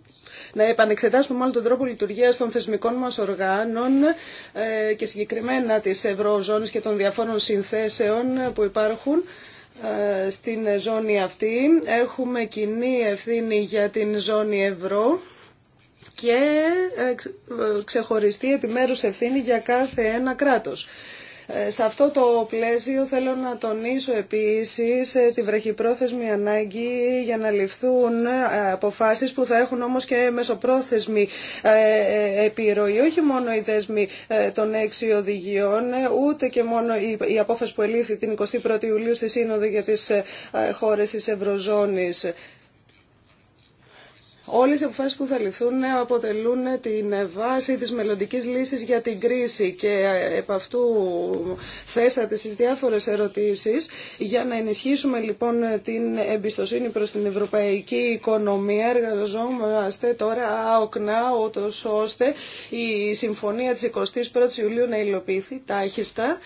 να επανεξετάσουμε μάλλον τον τρόπο λειτουργία των θεσμικών μα οργάνων και συγκεκριμένα τη Ευρωζώνης και των διαφόρων συνθέσεων που υπάρχουν ε, στην ζώνη αυτή. Έχουμε κοινή ευθύνη για την ζώνη ευρώ και ε, ε, ξεχωριστή επιμέρους ευθύνη για κάθε ένα κράτος. Σε αυτό το πλαίσιο θέλω να τονίσω επίσης ε, τη βραχυπρόθεσμη ανάγκη για να ληφθούν ε, αποφάσεις που θα έχουν όμως και μεσοπρόθεσμη ε, επιρροή. Όχι μόνο οι δέσμοι των έξι οδηγιών, ούτε και μόνο η απόφαση που ελήφθη την 21η Ιουλίου στη Σύνοδο για τις χώρες της Ευρωζώνης. Όλες οι αποφάσεις που θα ληφθούν αποτελούν την βάση της μελλοντική λύσης για την κρίση και ε, επ' αυτού θέσατε στις διάφορες ερωτήσεις για να ενισχύσουμε λοιπόν την εμπιστοσύνη προς την ευρωπαϊκή οικονομία. Εργαζόμαστε τώρα άοκνα ώστε η συμφωνία της 21ης Ιουλίου να υλοποιηθεί τάχιστα.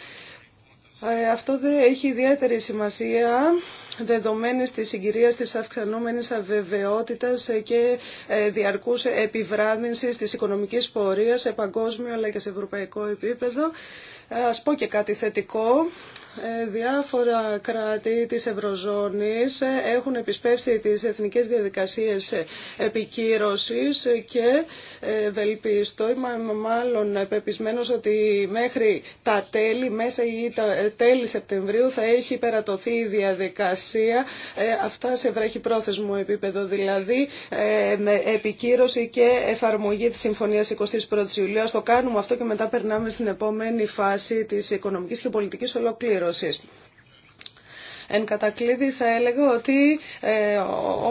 Ε, αυτό δεν έχει ιδιαίτερη σημασία δεδομένες της συγκυρία της αυξανόμενης αβεβαιότητας και ε, διαρκούς επιβράδυνσης της οικονομικής πορείας σε παγκόσμιο αλλά και σε ευρωπαϊκό επίπεδο. Ε, ας πω και κάτι θετικό. Ε, διάφορα κράτη της Ευρωζώνης ε, έχουν επισπεύσει τις εθνικές διαδικασίες ε, επικύρωσης και βελπιστώ, είμαι μάλλον πεπισμένος ότι μέχρι τα τέλη, μέσα ή τα τέλη Σεπτεμβρίου θα έχει περατωθεί η διαδικασία, υπερατωθει η διαδικασια αυτα σε πρόθεσμο επίπεδο, δηλαδή με επικύρωση και εφαρμογή της Συμφωνίας 21η Ιουλίου. Ας το κάνουμε αυτό και μετά περνάμε στην επόμενη φάση της οικονομικής και πολιτικής ολοκλήρωσης. Ρωσίας. Εν κατακλείδη θα έλεγα ότι ε,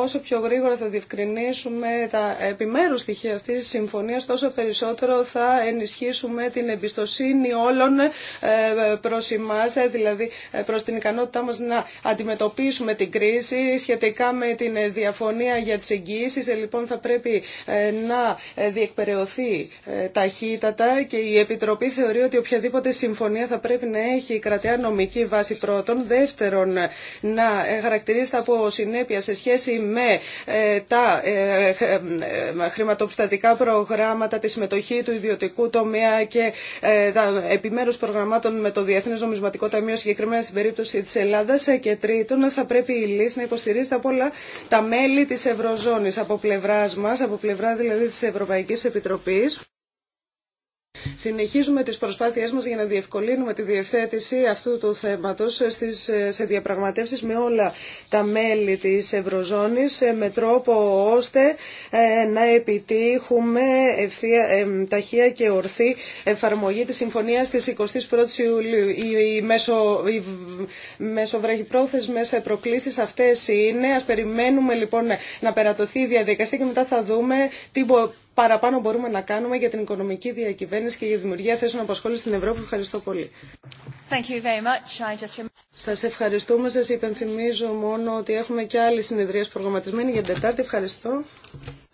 όσο πιο γρήγορα θα διευκρινίσουμε τα επιμέρους στοιχεία αυτής της συμφωνίας, τόσο περισσότερο θα ενισχύσουμε την εμπιστοσύνη όλων ε, προς εμάς, ε, δηλαδή προς την ικανότητά μας να αντιμετωπίσουμε την κρίση σχετικά με την διαφωνία για τις εγγύησεις. Λοιπόν, θα πρέπει να διεκπαιρεωθεί ταχύτατα και η Επιτροπή θεωρεί ότι οποιαδήποτε συμφωνία θα πρέπει να έχει κρατεά νομική βάση πρώτον. Δεύτερον, να χαρακτηρίζεται από συνέπεια σε σχέση με ε, τα ε, ε, χρηματοπιστατικά προγράμματα, τη συμμετοχή του ιδιωτικού τομέα και τα επιμέρους προγραμμάτων με το Διεθνές Νομισματικό Ταμείο, συγκεκριμένα στην περίπτωση της Ελλάδας. Και τρίτον, θα πρέπει η λύση να υποστηρίζεται από όλα τα μέλη της Ευρωζώνης, από πλευράς μας, από πλευρά δηλαδή της Ευρωπαϊκής Επιτροπής. Συνεχίζουμε τις προσπάθειές μας για να διευκολύνουμε τη διευθέτηση αυτού του θέματος στις, σε διαπραγματεύσεις με όλα τα μέλη της Ευρωζώνης ε, με τρόπο ώστε ε, να επιτύχουμε ε, ταχεία και ορθή εφαρμογή της συμφωνίας της 21 η Ιουλίου. Οι, μέσο, οι μεσοβραχυπρόθεσμες προκλήσεις αυτές είναι. Ας περιμένουμε λοιπόν να περατωθεί η διαδικασία και μετά θα δούμε τι παραπάνω μπορούμε να κάνουμε για την οικονομική διακυβέρνηση και για τη δημιουργία θέσεων απασχόληση στην Ευρώπη. Ευχαριστώ πολύ. Thank Σας ευχαριστούμε. Σας υπενθυμίζω μόνο ότι έχουμε και άλλη συνεδρία προγραμματισμένη για την Τετάρτη. Ευχαριστώ.